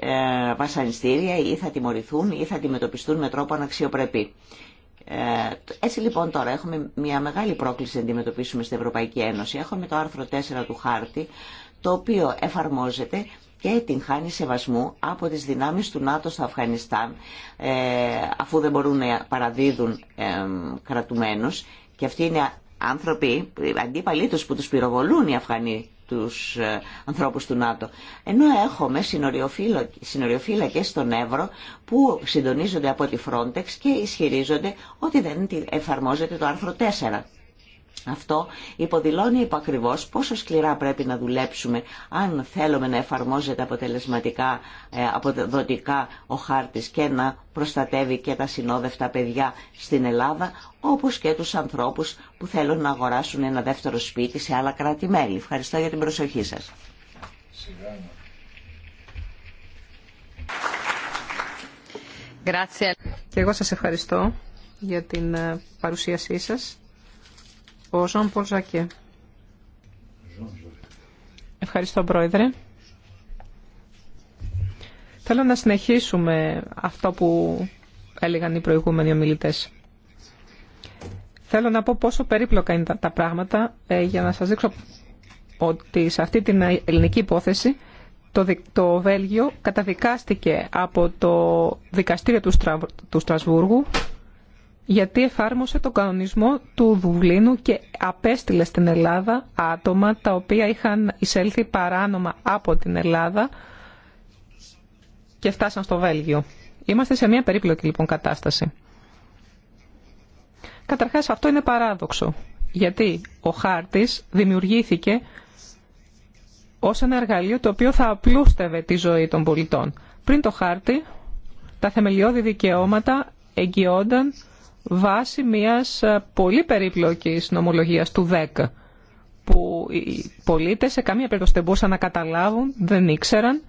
ε, βασανιστήρια ή θα τιμωρηθούν ή θα αντιμετωπιστούν με τρόπο αναξιοπρεπή. Ε, έτσι λοιπόν τώρα έχουμε μια μεγάλη πρόκληση να αντιμετωπίσουμε στην Ευρωπαϊκή Ένωση. Έχουμε το άρθρο 4 του χάρτη το οποίο εφαρμόζεται και την χάνει σεβασμού από τις δυνάμεις του ΝΑΤΟ στο Αφγανιστάν ε, αφού δεν μπορούν να παραδίδουν κρατουμένους και αυτοί είναι άνθρωποι, αντίπαλοι τους που τους πυροβολούν οι Αφγανοί τους ε, ανθρώπους του ΝΑΤΟ. Ενώ έχουμε συνοριοφύλακες στον Εύρο που συντονίζονται από τη Frontex και ισχυρίζονται ότι δεν εφαρμόζεται το άρθρο 4. Αυτό υποδηλώνει υπακριβώς πόσο σκληρά πρέπει να δουλέψουμε αν θέλουμε να εφαρμόζεται αποτελεσματικά, ε, αποδοτικά ο χάρτης και να προστατεύει και τα συνόδευτα παιδιά στην Ελλάδα, όπως και τους ανθρώπους που θέλουν να αγοράσουν ένα δεύτερο σπίτι σε άλλα κράτη-μέλη. Ευχαριστώ για την προσοχή σας. Και εγώ σας ευχαριστώ για την ε, παρουσίασή σας. Ο Ευχαριστώ, Πρόεδρε. Θέλω να συνεχίσουμε αυτό που έλεγαν οι προηγούμενοι ομιλητές. Θέλω να πω πόσο περίπλοκα είναι τα πράγματα ε, για να σας δείξω ότι σε αυτή την ελληνική υπόθεση το Βέλγιο καταδικάστηκε από το δικαστήριο του Στρασβούργου γιατί εφάρμοσε τον κανονισμό του Δουβλίνου και απέστειλε στην Ελλάδα άτομα τα οποία είχαν εισέλθει παράνομα από την Ελλάδα και φτάσαν στο Βέλγιο. Είμαστε σε μια περίπλοκη λοιπόν κατάσταση. Καταρχάς αυτό είναι παράδοξο, γιατί ο χάρτης δημιουργήθηκε ως ένα εργαλείο το οποίο θα απλούστευε τη ζωή των πολιτών. Πριν το χάρτη, τα θεμελιώδη δικαιώματα εγγυόνταν βάσει μιας ε, πολύ περίπλοκης νομολογίας του 10 που οι πολίτες σε καμία περίπτωση δεν μπορούσαν να καταλάβουν, δεν ήξεραν,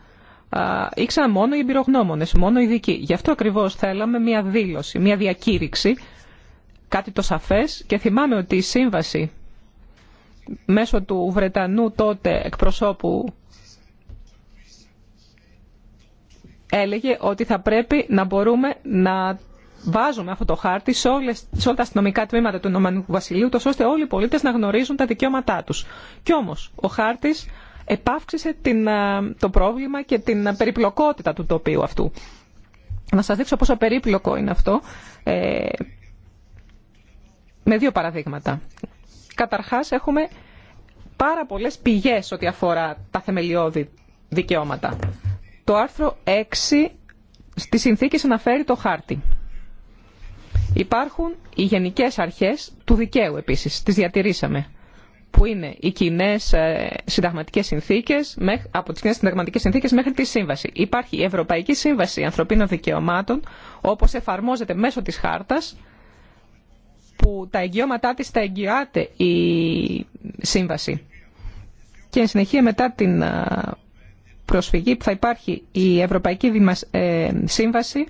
ήξεραν μόνο οι εμπειρογνώμονες, μόνο οι ειδικοί. Γι' αυτό ακριβώς θέλαμε μια δήλωση, μια διακήρυξη, κάτι το σαφές και θυμάμαι ότι η σύμβαση μέσω του Βρετανού τότε εκπροσώπου έλεγε ότι θα πρέπει να μπορούμε να βάζουμε αυτό το χάρτη σε, όλες, όλα τα αστυνομικά τμήματα του Ηνωμένου Βασιλείου, τόσο ώστε όλοι οι πολίτε να γνωρίζουν τα δικαιώματά του. Κι όμω, ο χάρτη επαύξησε την, ε, το πρόβλημα και την περιπλοκότητα του τοπίου αυτού. Να σας δείξω πόσο περίπλοκο είναι αυτό ε, με δύο παραδείγματα. Καταρχάς έχουμε πάρα πολλές πηγές ό,τι αφορά τα θεμελιώδη δικαιώματα. Το άρθρο 6 στη συνθήκη αναφέρει το χάρτη. Υπάρχουν οι γενικέ αρχές του δικαίου επίση, τις διατηρήσαμε, που είναι οι κοινέ ε, συνταγματικές συνθήκες, από τις κοινέ συνταγματικές συνθήκες μέχρι τη σύμβαση. Υπάρχει η Ευρωπαϊκή Σύμβαση Ανθρωπίνων Δικαιωμάτων, όπως εφαρμόζεται μέσω τη χάρτας, που τα εγγυώματά τη τα εγγυάται η σύμβαση. Και εν συνεχεία μετά την ε, προσφυγή που θα υπάρχει η Ευρωπαϊκή ε, Σύμβαση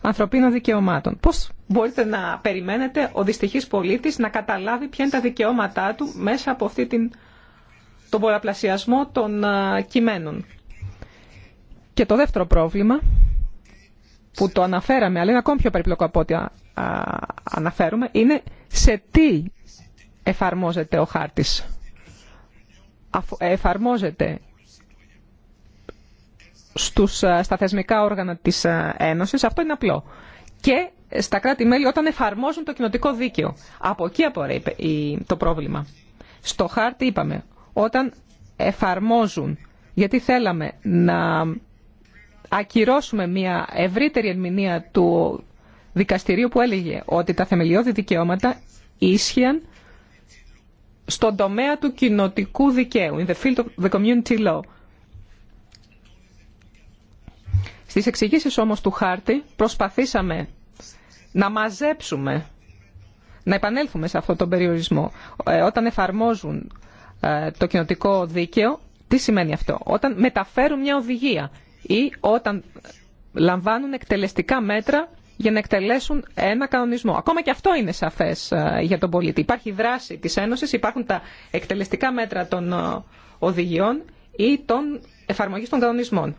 ανθρωπίνων δικαιωμάτων. Πώς μπορείτε να περιμένετε ο δυστυχή πολίτης να καταλάβει ποια είναι τα δικαιώματά του μέσα από αυτή την, τον πολλαπλασιασμό των κειμένων. Και το δεύτερο πρόβλημα που το αναφέραμε, αλλά είναι ακόμη πιο περιπλοκό από ό,τι αναφέρουμε, είναι σε τι εφαρμόζεται ο χάρτης. Εφαρμόζεται στους, ε, στα θεσμικά όργανα της ε, Ένωσης, αυτό είναι απλό. Και στα κράτη-μέλη όταν εφαρμόζουν το κοινοτικό δίκαιο. Από εκεί απορρέει το πρόβλημα. Στο χάρτη είπαμε, όταν εφαρμόζουν, γιατί θέλαμε να ακυρώσουμε μια ευρύτερη ερμηνεία του δικαστηρίου που έλεγε ότι τα θεμελιώδη δικαιώματα ίσχυαν στον τομέα του κοινοτικού δικαίου, in the field of the community law. Στις εξηγήσεις όμως του χάρτη προσπαθήσαμε να μαζέψουμε, να επανέλθουμε σε αυτό τον περιορισμό. Ε, όταν εφαρμόζουν ε, το κοινοτικό δίκαιο, τι σημαίνει αυτό. Όταν μεταφέρουν μια οδηγία ή όταν λαμβάνουν εκτελεστικά μέτρα για να εκτελέσουν ένα κανονισμό. Ακόμα και αυτό είναι σαφές ε, για τον πολίτη. Υπάρχει δράση της Ένωσης, υπάρχουν τα εκτελεστικά μέτρα των οδηγιών ή των εφαρμογής των κανονισμών.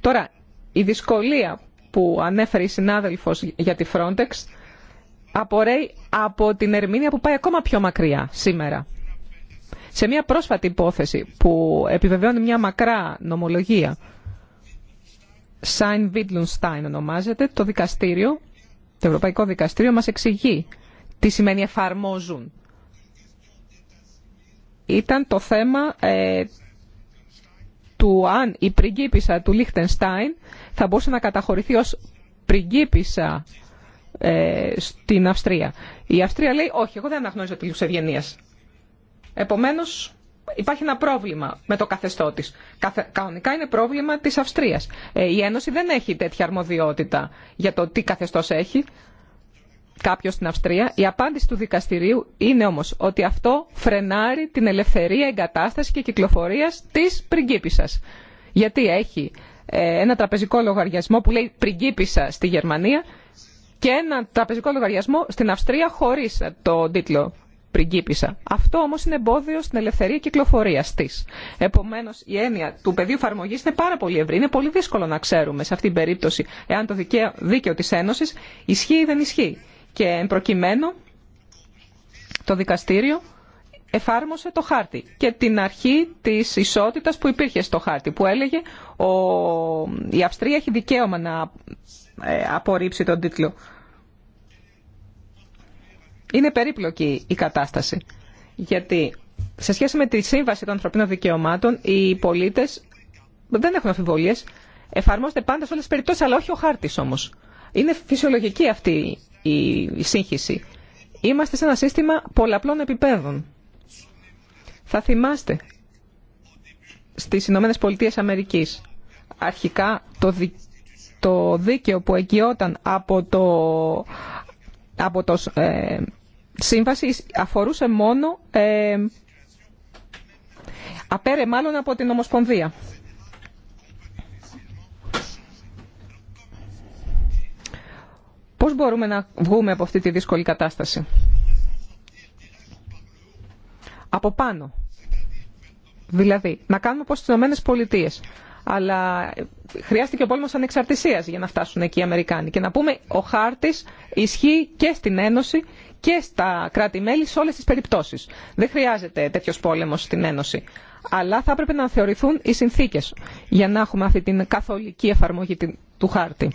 Τώρα, η δυσκολία που ανέφερε η συνάδελφος για τη Frontex απορρέει από την ερμήνεια που πάει ακόμα πιο μακριά σήμερα. Σε μια πρόσφατη υπόθεση που επιβεβαιώνει μια μακρά νομολογία, Σάιν Βίτλουνστάιν ονομάζεται, το δικαστήριο, το Ευρωπαϊκό Δικαστήριο μας εξηγεί τι σημαίνει εφαρμόζουν. Ήταν το θέμα ε, του αν η πριγκίπισσα του Λίχτενστάιν θα μπορούσε να καταχωρηθεί ως πριγκίπισσα ε, στην Αυστρία. Η Αυστρία λέει όχι, εγώ δεν αναγνώριζα τη Λουξεβγενία. Επομένως υπάρχει ένα πρόβλημα με το καθεστώ της. Κανονικά είναι πρόβλημα της Αυστρίας. Ε, η Ένωση δεν έχει τέτοια αρμοδιότητα για το τι καθεστώς έχει. Κάποιο στην Αυστρία. Η απάντηση του δικαστηρίου είναι όμω ότι αυτό φρενάρει την ελευθερία εγκατάσταση και κυκλοφορία τη πριγκίπισσα. Γιατί έχει ε, ένα τραπεζικό λογαριασμό που λέει πριγκίπισσα στη Γερμανία και ένα τραπεζικό λογαριασμό στην Αυστρία χωρί το τίτλο πριγκίπισσα. Αυτό όμω είναι εμπόδιο στην ελευθερία κυκλοφορία τη. Επομένω, η έννοια του πεδίου εφαρμογή είναι πάρα πολύ ευρύ. Είναι πολύ δύσκολο να ξέρουμε σε αυτήν την περίπτωση εάν το δίκαιο τη Ένωση ισχύει ή δεν ισχύει και προκειμένου, το δικαστήριο εφάρμοσε το χάρτη και την αρχή της ισότητας που υπήρχε στο χάρτη που έλεγε ο... η Αυστρία έχει δικαίωμα να ε, απορρίψει τον τίτλο. Είναι περίπλοκη η κατάσταση γιατί σε σχέση με τη Σύμβαση των Ανθρωπίνων Δικαιωμάτων οι πολίτες δεν έχουν αφιβολίες. εφαρμόζεται πάντα σε όλες τις περιπτώσεις αλλά όχι ο χάρτης όμως. Είναι φυσιολογική αυτή η σύγχυση. Είμαστε σε ένα σύστημα πολλαπλών επιπέδων. Θα θυμάστε στις Ηνωμένες Πολιτείες Αμερικής αρχικά το, δι... το δίκαιο που εγγυόταν από το, από το ε, σύμβαση αφορούσε μόνο ε, απέρε μάλλον από την Ομοσπονδία. Πώς μπορούμε να βγούμε από αυτή τη δύσκολη κατάσταση. Από πάνω. Δηλαδή, να κάνουμε όπως στις Ηνωμένες Πολιτείες. Αλλά χρειάστηκε ο πόλεμος ανεξαρτησίας για να φτάσουν εκεί οι Αμερικάνοι. Και να πούμε, ο χάρτης ισχύει και στην Ένωση και στα κράτη-μέλη σε όλες τις περιπτώσεις. Δεν χρειάζεται τέτοιος πόλεμος στην Ένωση. Αλλά θα έπρεπε να θεωρηθούν οι συνθήκες για να έχουμε αυτή την καθολική εφαρμογή του χάρτη.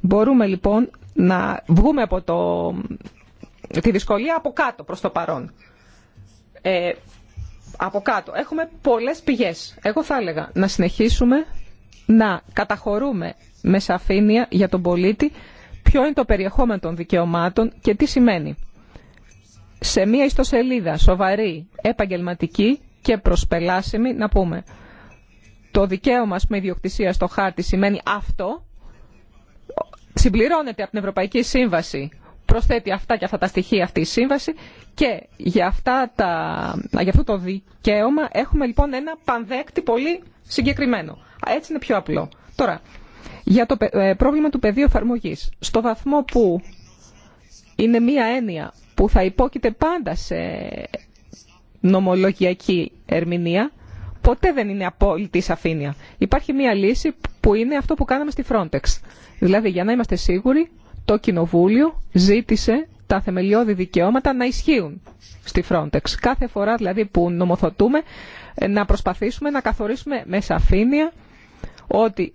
Μπορούμε λοιπόν να βγούμε από το... τη δυσκολία από κάτω προς το παρόν. Ε, από κάτω. Έχουμε πολλές πηγές. Εγώ θα έλεγα να συνεχίσουμε να καταχωρούμε με σαφήνεια για τον πολίτη ποιο είναι το περιεχόμενο των δικαιωμάτων και τι σημαίνει. Σε μία ιστοσελίδα σοβαρή, επαγγελματική και προσπελάσιμη να πούμε το δικαίωμα με ιδιοκτησία στο χάρτη σημαίνει αυτό συμπληρώνεται από την Ευρωπαϊκή Σύμβαση, προσθέτει αυτά και αυτά τα στοιχεία αυτή η σύμβαση και για, αυτά τα, για αυτό το δικαίωμα έχουμε λοιπόν ένα πανδέκτη πολύ συγκεκριμένο. Έτσι είναι πιο απλό. Τώρα, για το ε, πρόβλημα του πεδίου εφαρμογή. Στο βαθμό που είναι μία έννοια που θα υπόκειται πάντα σε νομολογιακή ερμηνεία, ποτέ δεν είναι απόλυτη σαφήνεια. Υπάρχει μία λύση που είναι αυτό που κάναμε στη Frontex. Δηλαδή, για να είμαστε σίγουροι, το Κοινοβούλιο ζήτησε τα θεμελιώδη δικαιώματα να ισχύουν στη Frontex. Κάθε φορά δηλαδή που νομοθετούμε ε, να προσπαθήσουμε να καθορίσουμε με σαφήνεια ότι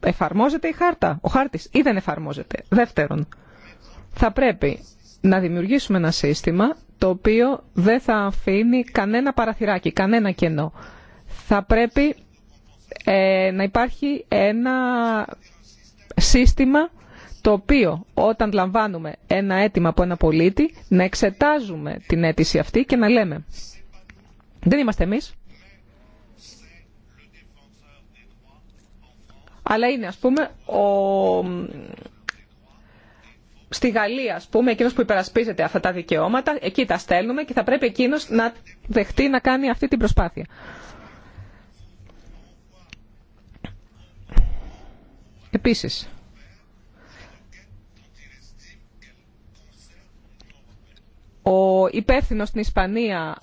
εφαρμόζεται η χάρτα, ο χάρτης ή δεν εφαρμόζεται. Δεύτερον, θα πρέπει να δημιουργήσουμε ένα σύστημα το οποίο δεν θα αφήνει κανένα παραθυράκι, κανένα κενό θα πρέπει ε, να υπάρχει ένα σύστημα το οποίο όταν λαμβάνουμε ένα αίτημα από ένα πολίτη να εξετάζουμε την αίτηση αυτή και να λέμε δεν είμαστε εμείς αλλά είναι ας πούμε ο... στη Γαλλία ας πούμε εκείνος που υπερασπίζεται αυτά τα δικαιώματα εκεί τα στέλνουμε και θα πρέπει εκείνος να δεχτεί να κάνει αυτή την προσπάθεια. Επίσης, ο υπεύθυνο στην Ισπανία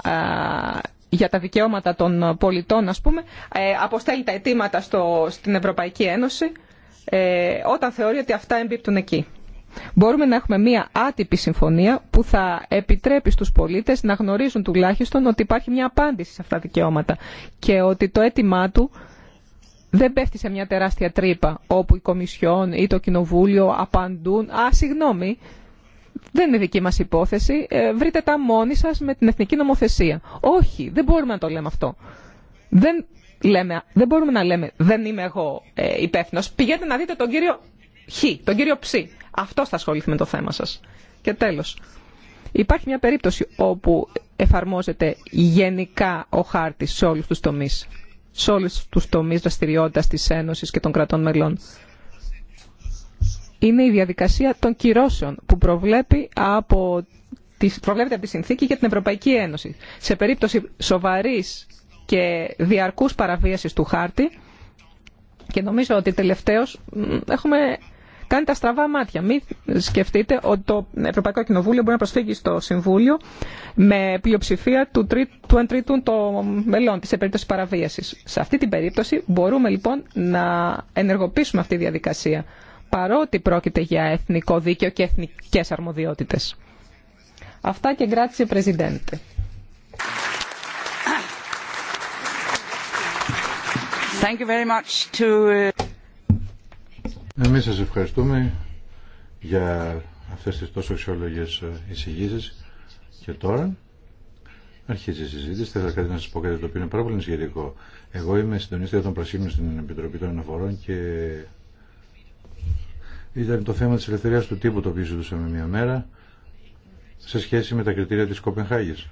για τα δικαιώματα των πολιτών, ας πούμε, ε, αποστέλει τα αιτήματα στο, στην Ευρωπαϊκή Ένωση ε, όταν θεωρεί ότι αυτά εμπίπτουν εκεί. Μπορούμε να έχουμε μία άτυπη συμφωνία που θα επιτρέπει στους πολίτες να γνωρίζουν τουλάχιστον ότι υπάρχει μια απάντηση σε αυτά τα δικαιώματα και ότι το αίτημά του δεν πέφτει σε μια τεράστια τρύπα όπου η Κομισιόν ή το Κοινοβούλιο απαντούν «Α, συγγνώμη, δεν είναι δική μας υπόθεση, ε, βρείτε τα μόνοι σας με την εθνική νομοθεσία». Όχι, δεν μπορούμε να το λέμε αυτό. Δεν, λέμε, δεν μπορούμε να λέμε «Δεν είμαι εγώ ε, υπεύθυνο. Πηγαίνετε να δείτε τον κύριο Χ, τον κύριο Ψ. Αυτό θα ασχοληθεί με το θέμα σας. Και τέλος, υπάρχει μια περίπτωση όπου εφαρμόζεται γενικά ο χάρτης σε όλους τους τομείς σε όλους τους τομείς δραστηριότητας της Ένωσης και των κρατών μελών. Είναι η διαδικασία των κυρώσεων που προβλέπει από προβλέπεται από τη συνθήκη για την Ευρωπαϊκή Ένωση. Σε περίπτωση σοβαρής και διαρκούς παραβίασης του χάρτη, και νομίζω ότι τελευταίως έχουμε κάνει τα στραβά μάτια. Μην σκεφτείτε ότι το Ευρωπαϊκό Κοινοβούλιο μπορεί να προσφύγει στο Συμβούλιο με πλειοψηφία του, τρί, του εν τρίτου των μελών τη σε περίπτωση παραβίαση. Σε αυτή την περίπτωση μπορούμε λοιπόν να ενεργοποιήσουμε αυτή τη διαδικασία παρότι πρόκειται για εθνικό δίκαιο και εθνικές αρμοδιότητες. Αυτά και γράψει Πρεζιντέντε. Thank you very much to... Uh, εμείς σας ευχαριστούμε για αυτές τις τόσο αξιόλογες ε, εισηγήσεις και τώρα αρχίζει η συζήτηση. θέλω κάτι να σας πω κάτι το οποίο είναι πάρα πολύ σχετικό. Εγώ είμαι συντονίστρια των Πρασίνων στην Επιτροπή των Αναφορών και ήταν το θέμα της ελευθερίας του τύπου το οποίο ζητούσαμε μια μέρα σε σχέση με τα κριτήρια της Κοπενχάγης.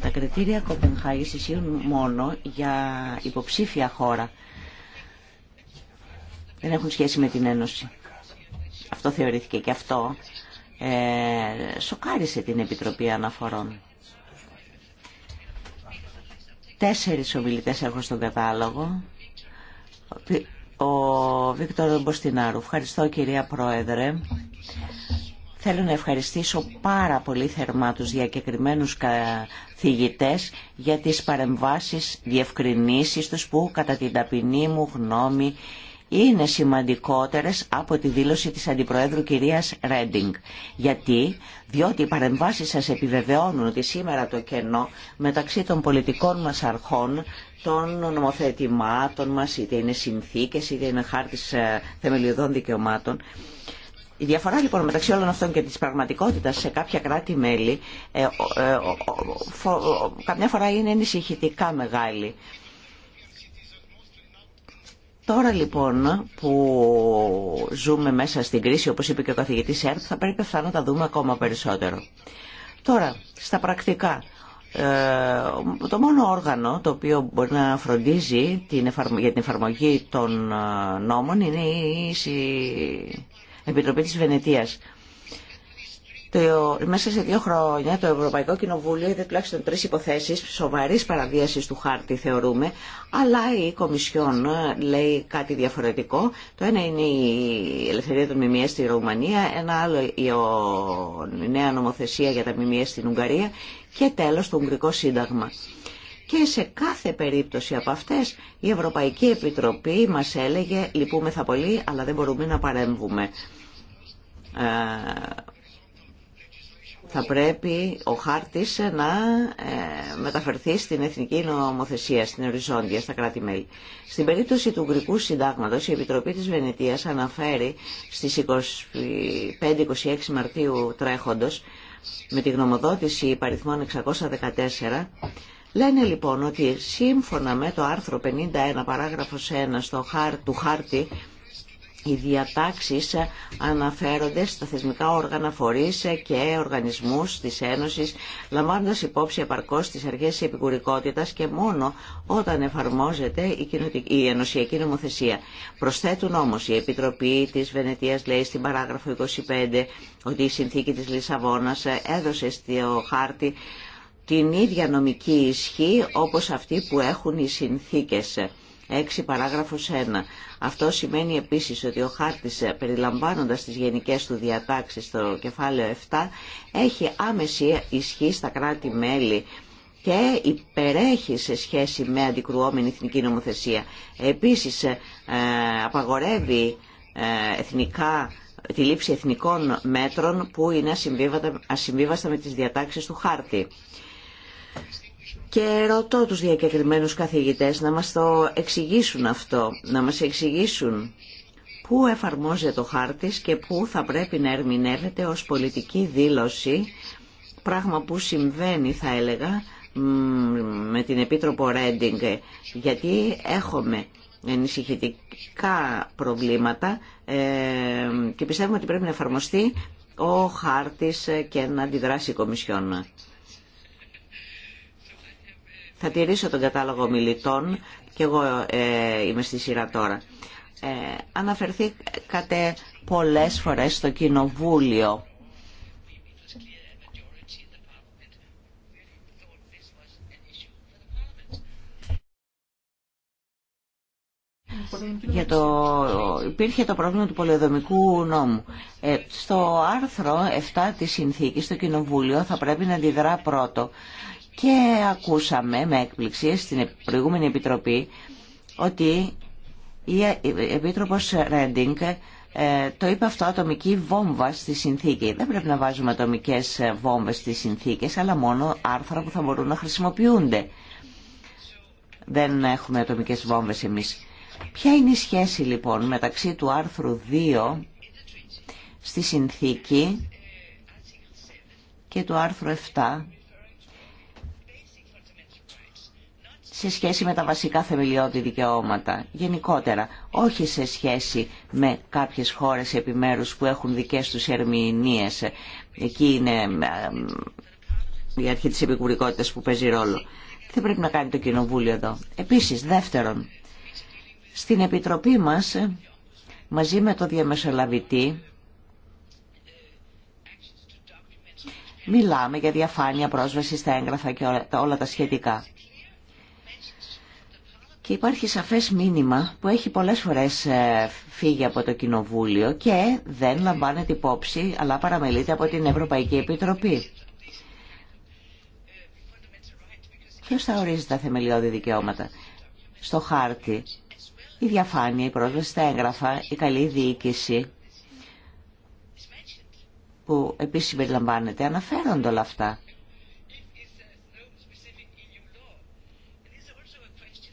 Τα κριτήρια Κοπενχάγης ισχύουν μόνο για υποψήφια χώρα. Δεν έχουν σχέση με την Ένωση. Αυτό θεωρήθηκε και αυτό ε, σοκάρισε την Επιτροπή Αναφορών. Τέσσερις ομιλητές έχω στον κατάλογο ο Βίκτορ Μποστινάρου. Ευχαριστώ κυρία Πρόεδρε. Θέλω να ευχαριστήσω πάρα πολύ θερμά τους διακεκριμένους καθηγητές για τις παρεμβάσεις, διευκρινήσεις τους που κατά την ταπεινή μου γνώμη είναι σημαντικότερες από τη δήλωση της Αντιπροέδρου κυρίας Ρέντινγκ. Γιατί, διότι οι παρεμβάσεις σας επιβεβαιώνουν ότι σήμερα το κενό μεταξύ των πολιτικών μας αρχών, των νομοθετημάτων μας, είτε είναι συνθήκες, είτε είναι χάρτης ε, θεμελιωδών δικαιωμάτων, η διαφορά λοιπόν μεταξύ όλων αυτών και της πραγματικότητας σε κάποια κράτη-μέλη ε, ε καμιά φορά είναι ενισχυτικά μεγάλη. Τώρα λοιπόν που ζούμε μέσα στην κρίση, όπως είπε και ο καθηγητής ΕΡΤ, θα πρέπει αυτά να τα δούμε ακόμα περισσότερο. Τώρα, στα πρακτικά, ε, το μόνο όργανο το οποίο μπορεί να φροντίζει για την εφαρμογή των ε, νόμων είναι η Επιτροπή της Βενετίας μέσα σε δύο χρόνια το Ευρωπαϊκό Κοινοβούλιο είδε τουλάχιστον τρεις υποθέσεις σοβαρής παραβίασης του χάρτη θεωρούμε αλλά η Κομισιόν ε, λέει κάτι διαφορετικό το ένα είναι η ελευθερία των μιμιέ στη Ρουμανία ένα άλλο η, ο, νέα νομοθεσία για τα μιμιέ στην Ουγγαρία και τέλος το Ουγγρικό Σύνταγμα και σε κάθε περίπτωση από αυτές η Ευρωπαϊκή Επιτροπή μας έλεγε λυπούμεθα πολύ αλλά δεν μπορούμε να παρέμβουμε. Ε, θα πρέπει ο χάρτης να ε, μεταφερθεί στην Εθνική Νομοθεσία, στην οριζόντια, στα κράτη-μέλη. Στην περίπτωση του Γκρικού Συντάγματος, η Επιτροπή της Βενετίας αναφέρει στις 25-26 Μαρτίου τρέχοντος, με τη γνωμοδότηση υπαριθμών 614, Λένε λοιπόν ότι σύμφωνα με το άρθρο 51 παράγραφος 1 στο του χάρτη οι διατάξεις αναφέρονται στα θεσμικά όργανα φορείς και οργανισμούς της Ένωσης, λαμβάνοντας υπόψη επαρκώς τις αρχές της επικουρικότητας και μόνο όταν εφαρμόζεται η ενωσιακή νομοθεσία. Προσθέτουν όμως η Επιτροπή της Βενετίας λέει στην παράγραφο 25 ότι η συνθήκη της Λισαβόνας έδωσε στη χάρτη την ίδια νομική ισχύ όπως αυτή που έχουν οι συνθήκες 6 παράγραφος 1. Αυτό σημαίνει επίσης ότι ο χάρτης ε, περιλαμβάνοντας τις γενικές του διατάξεις στο κεφάλαιο 7 έχει άμεση ισχύ στα κράτη-μέλη και υπερέχει σε σχέση με αντικρουόμενη εθνική νομοθεσία. Επίσης ε, ε, απαγορεύει εθνικά τη λήψη εθνικών μέτρων που είναι ασυμβίβαστα με τις διατάξεις του χάρτη και ρωτώ τους διακεκριμένους καθηγητές να μας το εξηγήσουν αυτό, να μας εξηγήσουν πού εφαρμόζεται ο χάρτης και πού θα πρέπει να ερμηνεύεται ως πολιτική δήλωση, πράγμα που εφαρμοζεται το χαρτης και που θα έλεγα με την Επίτροπο Ρέντινγκ, γιατί έχουμε ενισχυτικά προβλήματα ε, και πιστεύουμε ότι πρέπει να εφαρμοστεί ο χάρτης και να αντιδράσει η Κομισιόν. Θα τηρήσω τον κατάλογο μιλητών και εγώ ε, είμαι στη σειρά τώρα. Ε, αναφερθήκατε πολλές φορές στο Κοινοβούλιο για το... υπήρχε το πρόβλημα του πολεοδομικού νόμου. Ε, στο άρθρο 7 της συνθήκης το Κοινοβούλιο θα πρέπει να αντιδρά πρώτο και ακούσαμε με έκπληξη στην προηγούμενη Επιτροπή ότι η Επίτροπος Ρέντινγκ ε, το είπε αυτό ατομική βόμβα στη συνθήκη. Δεν πρέπει να βάζουμε ατομικέ βόμβες στις συνθήκες, αλλά μόνο άρθρα που θα μπορούν να χρησιμοποιούνται. Δεν έχουμε ατομικέ βόμβες εμείς. Ποια είναι η σχέση λοιπόν μεταξύ του άρθρου 2 στη συνθήκη και του άρθρου 7 σε σχέση με τα βασικά θεμελιώδη δικαιώματα γενικότερα, όχι σε σχέση με κάποιες χώρες επιμέρους που έχουν δικές τους ερμηνείες. Εκεί είναι ε, η αρχή της επικουρικότητας που παίζει ρόλο. Τι πρέπει να κάνει το Κοινοβούλιο εδώ. Επίσης, δεύτερον, στην Επιτροπή μας, μαζί με το διαμεσολαβητή, μιλάμε για διαφάνεια πρόσβαση στα έγγραφα και όλα τα σχετικά. Και υπάρχει σαφές μήνυμα που έχει πολλές φορές ε, φύγει από το Κοινοβούλιο και δεν λαμβάνεται υπόψη, αλλά παραμελείται από την Ευρωπαϊκή Επιτροπή. Ποιος θα ορίζει τα θεμελιώδη δικαιώματα. Στο χάρτη, η διαφάνεια, η πρόσβαση στα έγγραφα, η καλή διοίκηση, που επίσης συμπεριλαμβάνεται, αναφέρονται όλα αυτά.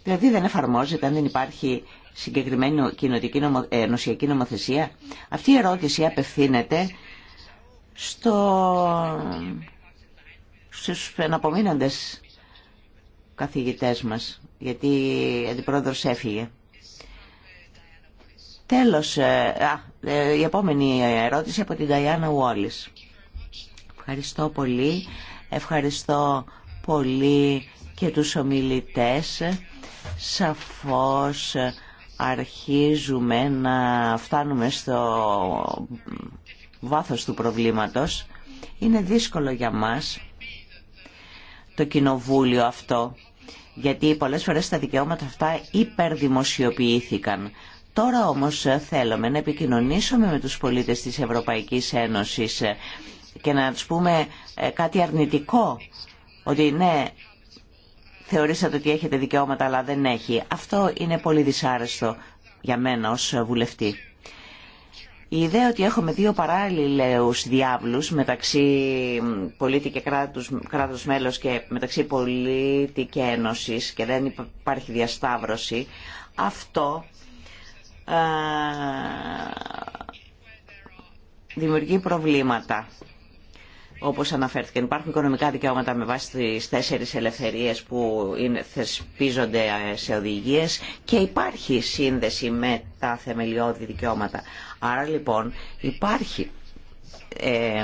Δηλαδή δεν εφαρμόζεται αν δεν υπάρχει συγκεκριμένη κοινωτική νομο, ε, νομοθεσία. Αυτή η ερώτηση απευθύνεται στο, στους εναπομείνοντες καθηγητές μας, γιατί η αντιπρόεδρος έφυγε. Τέλος, ε, ε, η επόμενη ερώτηση από την Ταϊάννα Wallis. Ευχαριστώ πολύ. Ευχαριστώ πολύ και τους ομιλητές σαφώς αρχίζουμε να φτάνουμε στο βάθος του προβλήματος. Είναι δύσκολο για μας το κοινοβούλιο αυτό, γιατί πολλές φορές τα δικαιώματα αυτά υπερδημοσιοποιήθηκαν. Τώρα όμως θέλουμε να επικοινωνήσουμε με τους πολίτες της Ευρωπαϊκής Ένωσης και να τους πούμε ε, κάτι αρνητικό, ότι ναι, θεωρήσατε ότι έχετε δικαιώματα αλλά δεν έχει. Αυτό είναι πολύ δυσάρεστο για μένα ως βουλευτή. Η ιδέα ότι έχουμε δύο παράλληλους διάβλους μεταξύ πολίτη και κράτους, κράτους μέλος και μεταξύ πολίτη και ένωσης και δεν υπάρχει διασταύρωση, αυτό ε, δημιουργεί προβλήματα όπως αναφέρθηκε. Υπάρχουν οικονομικά δικαιώματα με βάση τις τέσσερι ελευθερίες που είναι, θεσπίζονται ε, σε οδηγίες και υπάρχει σύνδεση με τα θεμελιώδη δικαιώματα. Άρα λοιπόν υπάρχει ε,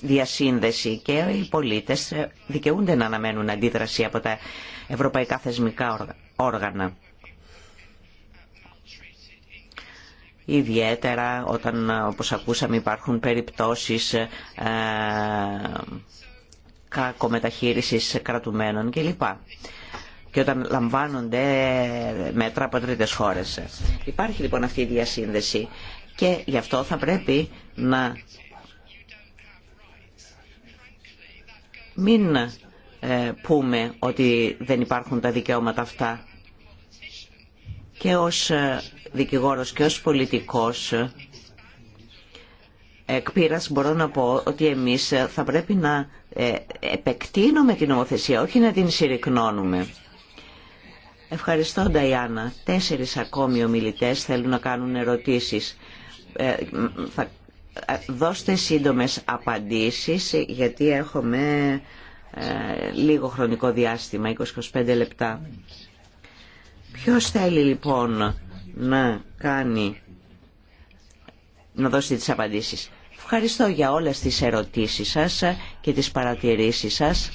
διασύνδεση και οι πολίτες ε, δικαιούνται να αναμένουν αντίδραση από τα ευρωπαϊκά θεσμικά όργανα. ιδιαίτερα όταν όπως ακούσαμε υπάρχουν περιπτώσεις ε, κακομεταχείρισης κρατουμένων κλπ. Και όταν λαμβάνονται μέτρα από τρίτες χώρες. Υπάρχει λοιπόν αυτή η διασύνδεση και γι' αυτό θα πρέπει να μην ε, πούμε ότι δεν υπάρχουν τα δικαιώματα αυτά και ως ε, δικηγόρος και ως πολιτικός εκπήρας μπορώ να πω ότι εμείς θα πρέπει να ε, επεκτείνουμε την νομοθεσία, όχι να την συρρυκνώνουμε. Ευχαριστώ, Νταϊάννα. Τέσσερις ακόμη ομιλητές θέλουν να κάνουν ερωτήσεις. Ε, θα ε, δώστε σύντομες απαντήσεις, γιατί έχουμε λίγο χρονικό 20-25 λεπτά. Ποιος θέλει λοιπόν να κάνει να δώσει τις απαντήσεις. Ευχαριστώ για όλες τις ερωτήσεις σας και τις παρατηρήσεις σας.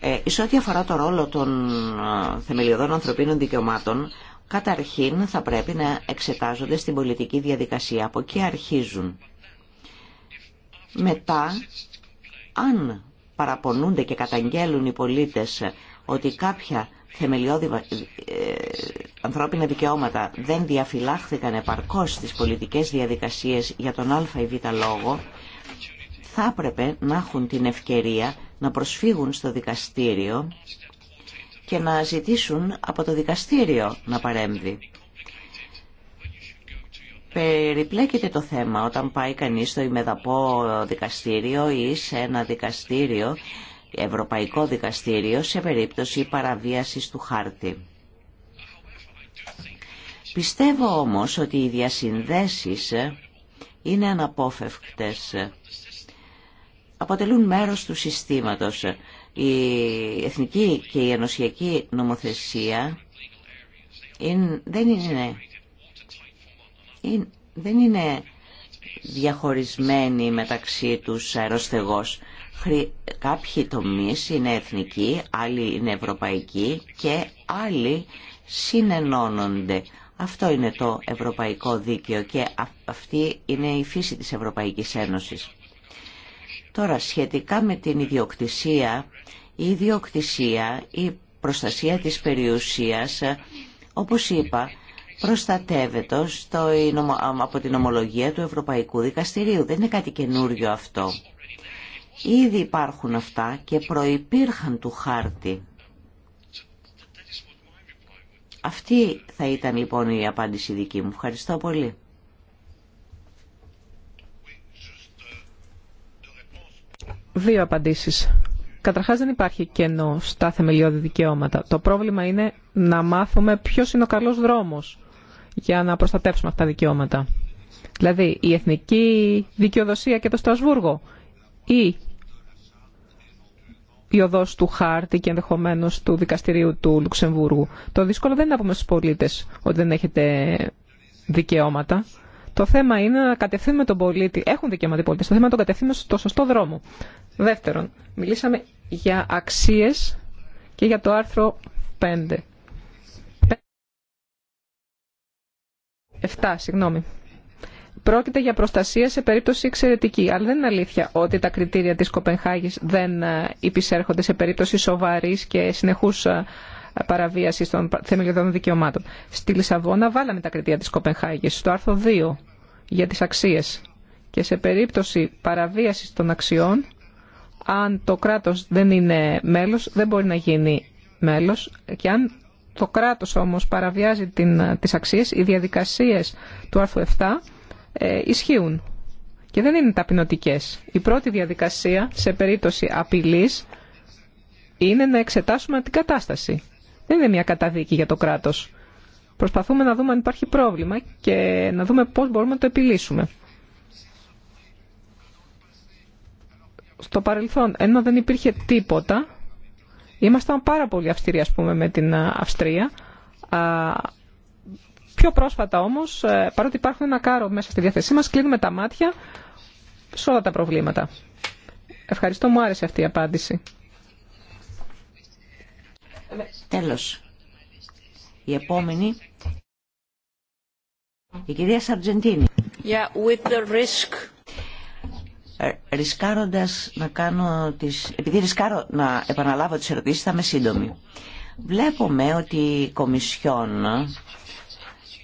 Ε, σε ό,τι αφορά το ρόλο των ε, θεμελιωδών ανθρωπίνων δικαιωμάτων, καταρχήν θα πρέπει να εξετάζονται στην πολιτική διαδικασία. Από εκεί αρχίζουν. Μετά, αν παραπονούνται και καταγγέλουν οι πολίτες ότι κάποια θεμελιώδη ε, ανθρώπινα δικαιώματα δεν διαφυλάχθηκαν επαρκώς στις πολιτικές διαδικασίες για τον α ή β λόγο, θα έπρεπε να έχουν την ευκαιρία να προσφύγουν στο δικαστήριο και να ζητήσουν από το δικαστήριο να παρέμβει. Περιπλέκεται το θέμα όταν πάει κανείς στο ημεδαπό δικαστήριο ή σε ένα δικαστήριο Ευρωπαϊκό Δικαστήριο σε περίπτωση παραβίασης του χάρτη. Πιστεύω όμως ότι οι διασυνδέσεις είναι αναπόφευκτες. Αποτελούν μέρος του συστήματος. Η εθνική και η ενωσιακή νομοθεσία δεν είναι, διαχωρισμένη δεν είναι διαχωρισμένη μεταξύ τους αεροστεγός. Κάποιοι τομείς είναι εθνικοί, άλλοι είναι ευρωπαϊκοί και άλλοι συνενώνονται. Αυτό είναι το ευρωπαϊκό δίκαιο και αυτή είναι η φύση της Ευρωπαϊκής Ένωσης. Τώρα, σχετικά με την ιδιοκτησία, η ιδιοκτησία, η προστασία της περιουσίας, όπως είπα, προστατεύεται από την ομολογία του Ευρωπαϊκού Δικαστηρίου. Δεν είναι κάτι καινούριο αυτό. Ήδη υπάρχουν αυτά και προϋπήρχαν του χάρτη. Αυτή θα ήταν λοιπόν η απάντηση δική μου. Ευχαριστώ πολύ. Δύο απαντήσεις. Καταρχάς δεν υπάρχει κενό στα θεμελιώδη δικαιώματα. Το πρόβλημα είναι να μάθουμε ποιος είναι ο καλός δρόμος για να προστατεύσουμε αυτά τα δικαιώματα. Δηλαδή η εθνική δικαιοδοσία και το Στρασβούργο ή η οδός του χάρτη και ενδεχομένω του δικαστηρίου του Λουξεμβούργου. Το δύσκολο δεν είναι να πούμε στου πολίτες ότι δεν έχετε δικαιώματα. Το θέμα είναι να κατευθύνουμε τον πολίτη. Έχουν δικαιώματα οι πολίτε. Το θέμα είναι να τον κατευθύνουμε στο σωστό δρόμο. Δεύτερον, μιλήσαμε για αξίες και για το άρθρο 5. 7, συγγνώμη. Πρόκειται για προστασία σε περίπτωση εξαιρετική. Αλλά δεν είναι αλήθεια ότι τα κριτήρια της Κοπενχάγης δεν ε, υπησέρχονται σε περίπτωση σοβαρής και συνεχούς ε, παραβίαση των θεμελιωδών δικαιωμάτων. Στη Λισαβόνα βάλαμε τα κριτήρια της Κοπενχάγης στο άρθρο 2 για τις αξίες. Και σε περίπτωση παραβίασης των αξιών, αν το κράτος δεν είναι μέλος, δεν μπορεί να γίνει μέλος. Και αν το κράτος όμως παραβιάζει την, ε, τις αξίες, οι διαδικασίες του άρθρου 7 ε, ισχύουν και δεν είναι ταπεινωτικές. Η πρώτη διαδικασία σε περίπτωση απειλής είναι να εξετάσουμε την κατάσταση. Δεν είναι μια καταδίκη για το κράτος. Προσπαθούμε να δούμε αν υπάρχει πρόβλημα και να δούμε πώς μπορούμε να το επιλύσουμε. Στο παρελθόν, ενώ δεν υπήρχε τίποτα, ήμασταν πάρα πολύ αυστηροί, ας πούμε, με την ε, Αυστρία, Πιο πρόσφατα όμως, ε, παρότι υπάρχουν ένα κάρο μέσα στη διάθεσή μα κλείνουμε τα μάτια σε όλα τα προβλήματα. Ευχαριστώ, μου άρεσε αυτή η απάντηση. Τέλος. Η επόμενη. Η κυρία Σαρτζεντίνη. Yeah, with the risk. Ε, ρισκάροντας να κάνω τις... Επειδή ρισκάρω να επαναλάβω τις ερωτήσεις θα είμαι σύντομη. Βλέπουμε ότι η Κομισιόν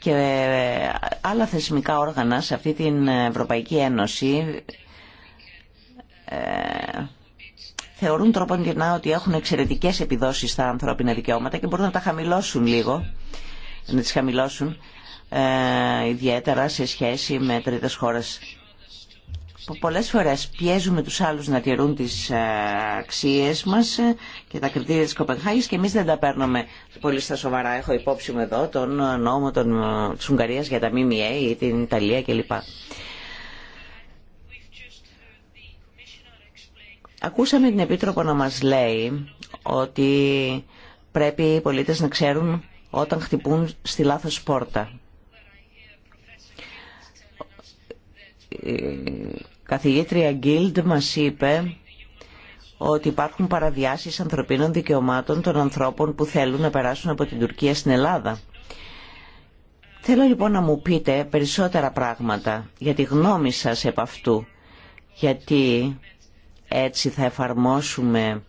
και ε, άλλα θεσμικά όργανα σε αυτή την Ευρωπαϊκή Ένωση ε, θεωρούν τρόπον να ότι έχουν εξαιρετικές επιδόσεις στα ανθρώπινα δικαιώματα και μπορούν να τα χαμηλώσουν λίγο, να τις χαμηλώσουν ε, ιδιαίτερα σε σχέση με τρίτες χώρες πολλές φορές πιέζουμε τους άλλους να τηρούν τις ε, αξίες μας ε, και τα κριτήρια της Κοπενχάγης και εμείς δεν τα παίρνουμε πολύ στα σοβαρά. Έχω υπόψη μου εδώ τον νόμο των, ε, της Ουγγαρίας για τα ΜΜΕ ή την Ιταλία κλπ. Ακούσαμε την Επίτροπο να μας λέει ότι πρέπει οι πολίτες να ξέρουν όταν χτυπούν στη λάθος πόρτα καθηγήτρια Γκίλντ μας είπε ότι υπάρχουν παραβιάσεις ανθρωπίνων δικαιωμάτων των ανθρώπων που θέλουν να περάσουν από την Τουρκία στην Ελλάδα. Θέλω λοιπόν να μου πείτε περισσότερα πράγματα για τη γνώμη σας επ' αυτού, γιατί έτσι θα εφαρμόσουμε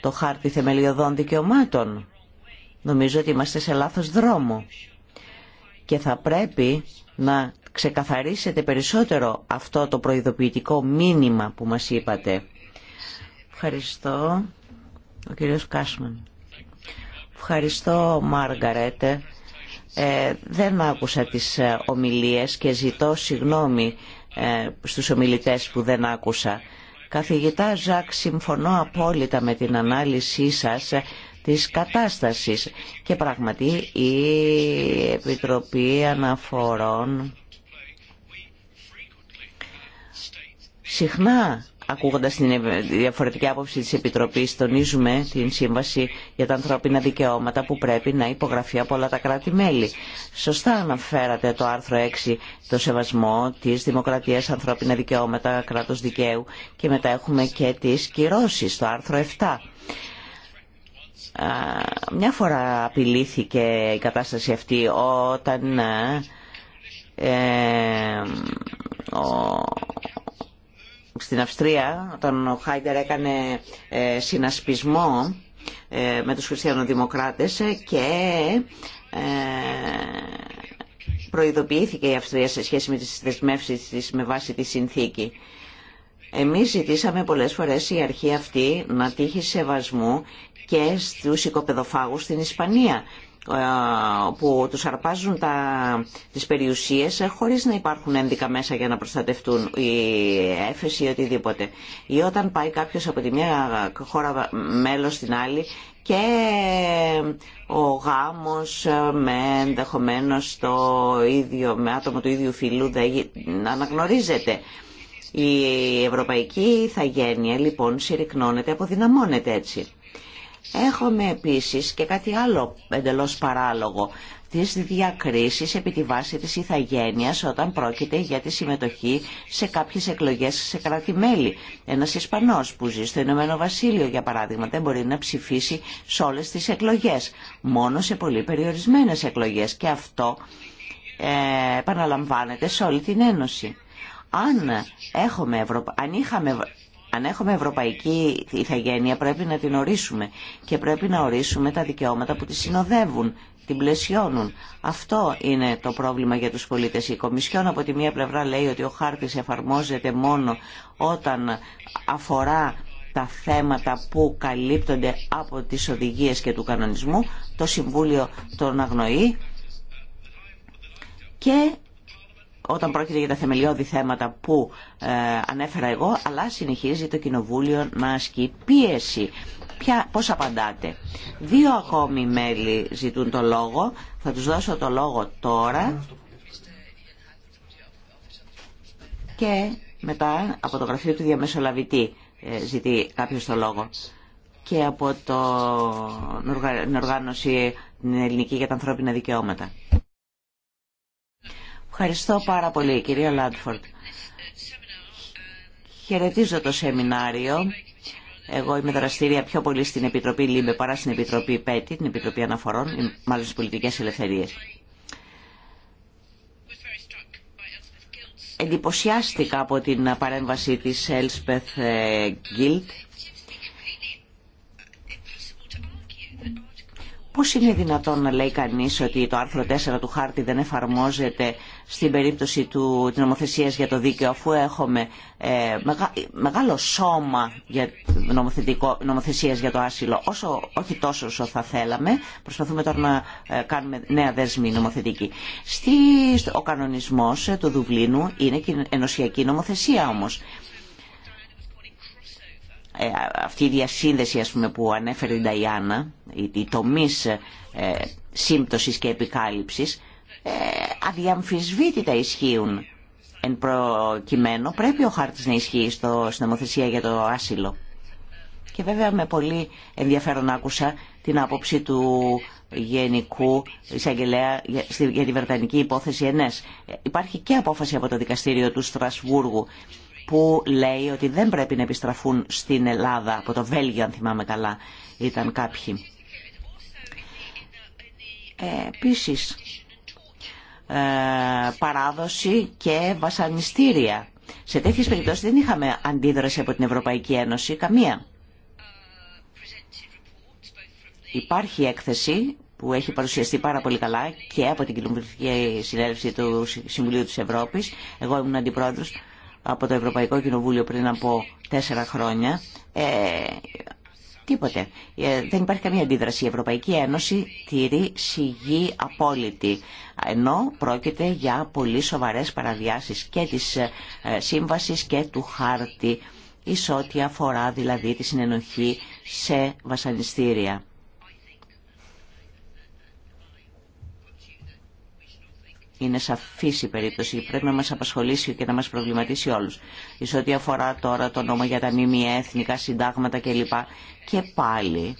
το χάρτη θεμελιωδών δικαιωμάτων. Νομίζω ότι είμαστε σε λάθος δρόμο και θα πρέπει να ξεκαθαρίσετε περισσότερο αυτό το προειδοποιητικό μήνυμα που μας είπατε. Ευχαριστώ. Ο κύριος Κάσμαν. Ευχαριστώ Μάργαρετ. Ε, δεν άκουσα τις ε, ομιλίες και ζητώ συγγνώμη ε, στους ομιλητές που δεν άκουσα. Καθηγητά Ζακ, συμφωνώ απόλυτα με την ανάλυση σας ε, της κατάστασης και πραγματι η Επιτροπή Αναφορών Συχνά ακούγοντα την διαφορετική άποψη τη Επιτροπής τονίζουμε την Σύμβαση για τα ανθρώπινα δικαιώματα που πρέπει να υπογραφεί από όλα τα κράτη-μέλη. Σωστά αναφέρατε το άρθρο 6, το σεβασμό της δημοκρατίας, ανθρώπινα δικαιώματα, κράτο δικαίου και μετά έχουμε και τι κυρώσει, το άρθρο 7. Μια φορά απειλήθηκε η κατάσταση αυτή όταν ε, ο, στην Αυστρία όταν ο Χάιντερ έκανε ε, συνασπισμό ε, με τους χριστιανοδημοκράτες και ε, προειδοποιήθηκε η Αυστρία σε σχέση με τις δεσμεύσεις της με βάση τη συνθήκη. Εμείς ζητήσαμε πολλές φορές η αρχή αυτή να τύχει σεβασμού και στους οικοπεδοφάγους στην Ισπανία ε, που τους αρπάζουν τα, τις περιουσίες ε, χωρίς να υπάρχουν ένδικα μέσα για να προστατευτούν η έφεση ή οτιδήποτε. Ή όταν πάει κάποιος από τη μια χώρα μέλος στην άλλη και ο γάμος ε, με ενδεχομένω το ίδιο, με άτομο του ίδιου φιλού δεν αναγνωρίζεται. Η ευρωπαϊκή ηθαγένεια λοιπόν συρρυκνώνεται, αποδυναμώνεται έτσι. Έχουμε επίσης και κάτι άλλο εντελώς παράλογο τις διακρίσεις επί τη βάση της Ιθαγένειας όταν πρόκειται για τη συμμετοχή σε κάποιες εκλογές σε κράτη-μέλη. Ένας Ισπανός που ζει στο Ηνωμένο Βασίλειο, για παράδειγμα, δεν μπορεί να ψηφίσει σε όλες τις εκλογές, μόνο σε πολύ περιορισμένες εκλογές και αυτό ε, επαναλαμβάνεται σε όλη την Ένωση. Αν, έχουμε, αν είχαμε αν έχουμε ευρωπαϊκή ηθαγένεια πρέπει να την ορίσουμε και πρέπει να ορίσουμε τα δικαιώματα που τη συνοδεύουν, την πλαισιώνουν. Αυτό είναι το πρόβλημα για τους πολίτες. Η Κομισιόν από τη μία πλευρά λέει ότι ο χάρτης εφαρμόζεται μόνο όταν αφορά τα θέματα που καλύπτονται από τις οδηγίες και του κανονισμού. Το Συμβούλιο τον αγνοεί και όταν πρόκειται για τα θεμελιώδη θέματα που ε, ανέφερα εγώ, αλλά συνεχίζει το Κοινοβούλιο να ασκεί πίεση. Ποια, πώς απαντάτε. Δύο ακόμη μέλη ζητούν το λόγο. Θα τους δώσω το λόγο τώρα. Και μετά από το γραφείο του διαμεσολαβητή ε, ζητεί κάποιος το λόγο. Και από το, την οργάνωση την Ελληνική για τα Ανθρώπινα Δικαιώματα. Ευχαριστώ πάρα πολύ κυρία Λάντφορντ. Χαιρετίζω το σεμινάριο. Εγώ είμαι δραστήρια πιο πολύ στην Επιτροπή Λίμπε παρά στην Επιτροπή ΠΕΤΗ, την Επιτροπή Αναφορών, μάλλον στις πολιτικές ελευθερίες. Εντυπωσιάστηκα από την παρέμβαση της Elspeth ε, Guild Πώς είναι δυνατόν να λέει κανείς ότι το άρθρο 4 του χάρτη δεν εφαρμόζεται στην περίπτωση του, της νομοθεσίας για το δίκαιο αφού έχουμε ε, μεγάλο σώμα για νομοθετικό, νομοθεσίας για το άσυλο όσο, όχι τόσο όσο θα θέλαμε προσπαθούμε τώρα να ε, κάνουμε νέα δέσμη νομοθετική Στη, ο κανονισμός του Δουβλίνου είναι και ενωσιακή νομοθεσία όμως ε, αυτή η διασύνδεση ας πούμε, που ανέφερε η Νταϊάννα, οι τομείς ε, σύμπτωση και επικάλυψης, ε, αδιαμφισβήτητα ισχύουν εν προκειμένου. Πρέπει ο χάρτη να ισχύει στο, στην νομοθεσία για το άσυλο. Και βέβαια με πολύ ενδιαφέρον άκουσα την άποψη του Γενικού Εισαγγελέα για τη Βρετανική υπόθεση ΕΝΕΣ. Υπάρχει και απόφαση από το Δικαστήριο του Στρασβούργου που λέει ότι δεν πρέπει να επιστραφούν στην Ελλάδα, από το Βέλγιο αν θυμάμαι καλά ήταν κάποιοι. Ε, επίσης, ε, παράδοση και βασανιστήρια. Σε τέτοιες περιπτώσεις δεν είχαμε αντίδραση από την Ευρωπαϊκή Ένωση, καμία. Υπάρχει έκθεση που έχει παρουσιαστεί πάρα πολύ καλά και από την Κοινοβουλευτική Συνέλευση του Συμβουλίου της Ευρώπης. Εγώ ήμουν αντιπρόεδρος από το Ευρωπαϊκό Κοινοβούλιο πριν από τέσσερα χρόνια. Ε, τίποτε. Ε, δεν υπάρχει καμία αντίδραση. Η Ευρωπαϊκή Ένωση τηρεί σιγή απόλυτη. Ενώ πρόκειται για πολύ σοβαρές παραδιάσεις και της ε, σύμβασης και του χάρτη εις ό,τι αφορά δηλαδή τη συνενοχή σε βασανιστήρια. είναι σαφή η περίπτωση. Πρέπει να μα απασχολήσει και να μα προβληματίσει όλου. Εις ό,τι αφορά τώρα το νόμο για τα ΜΜΕ, εθνικά συντάγματα κλπ. Και πάλι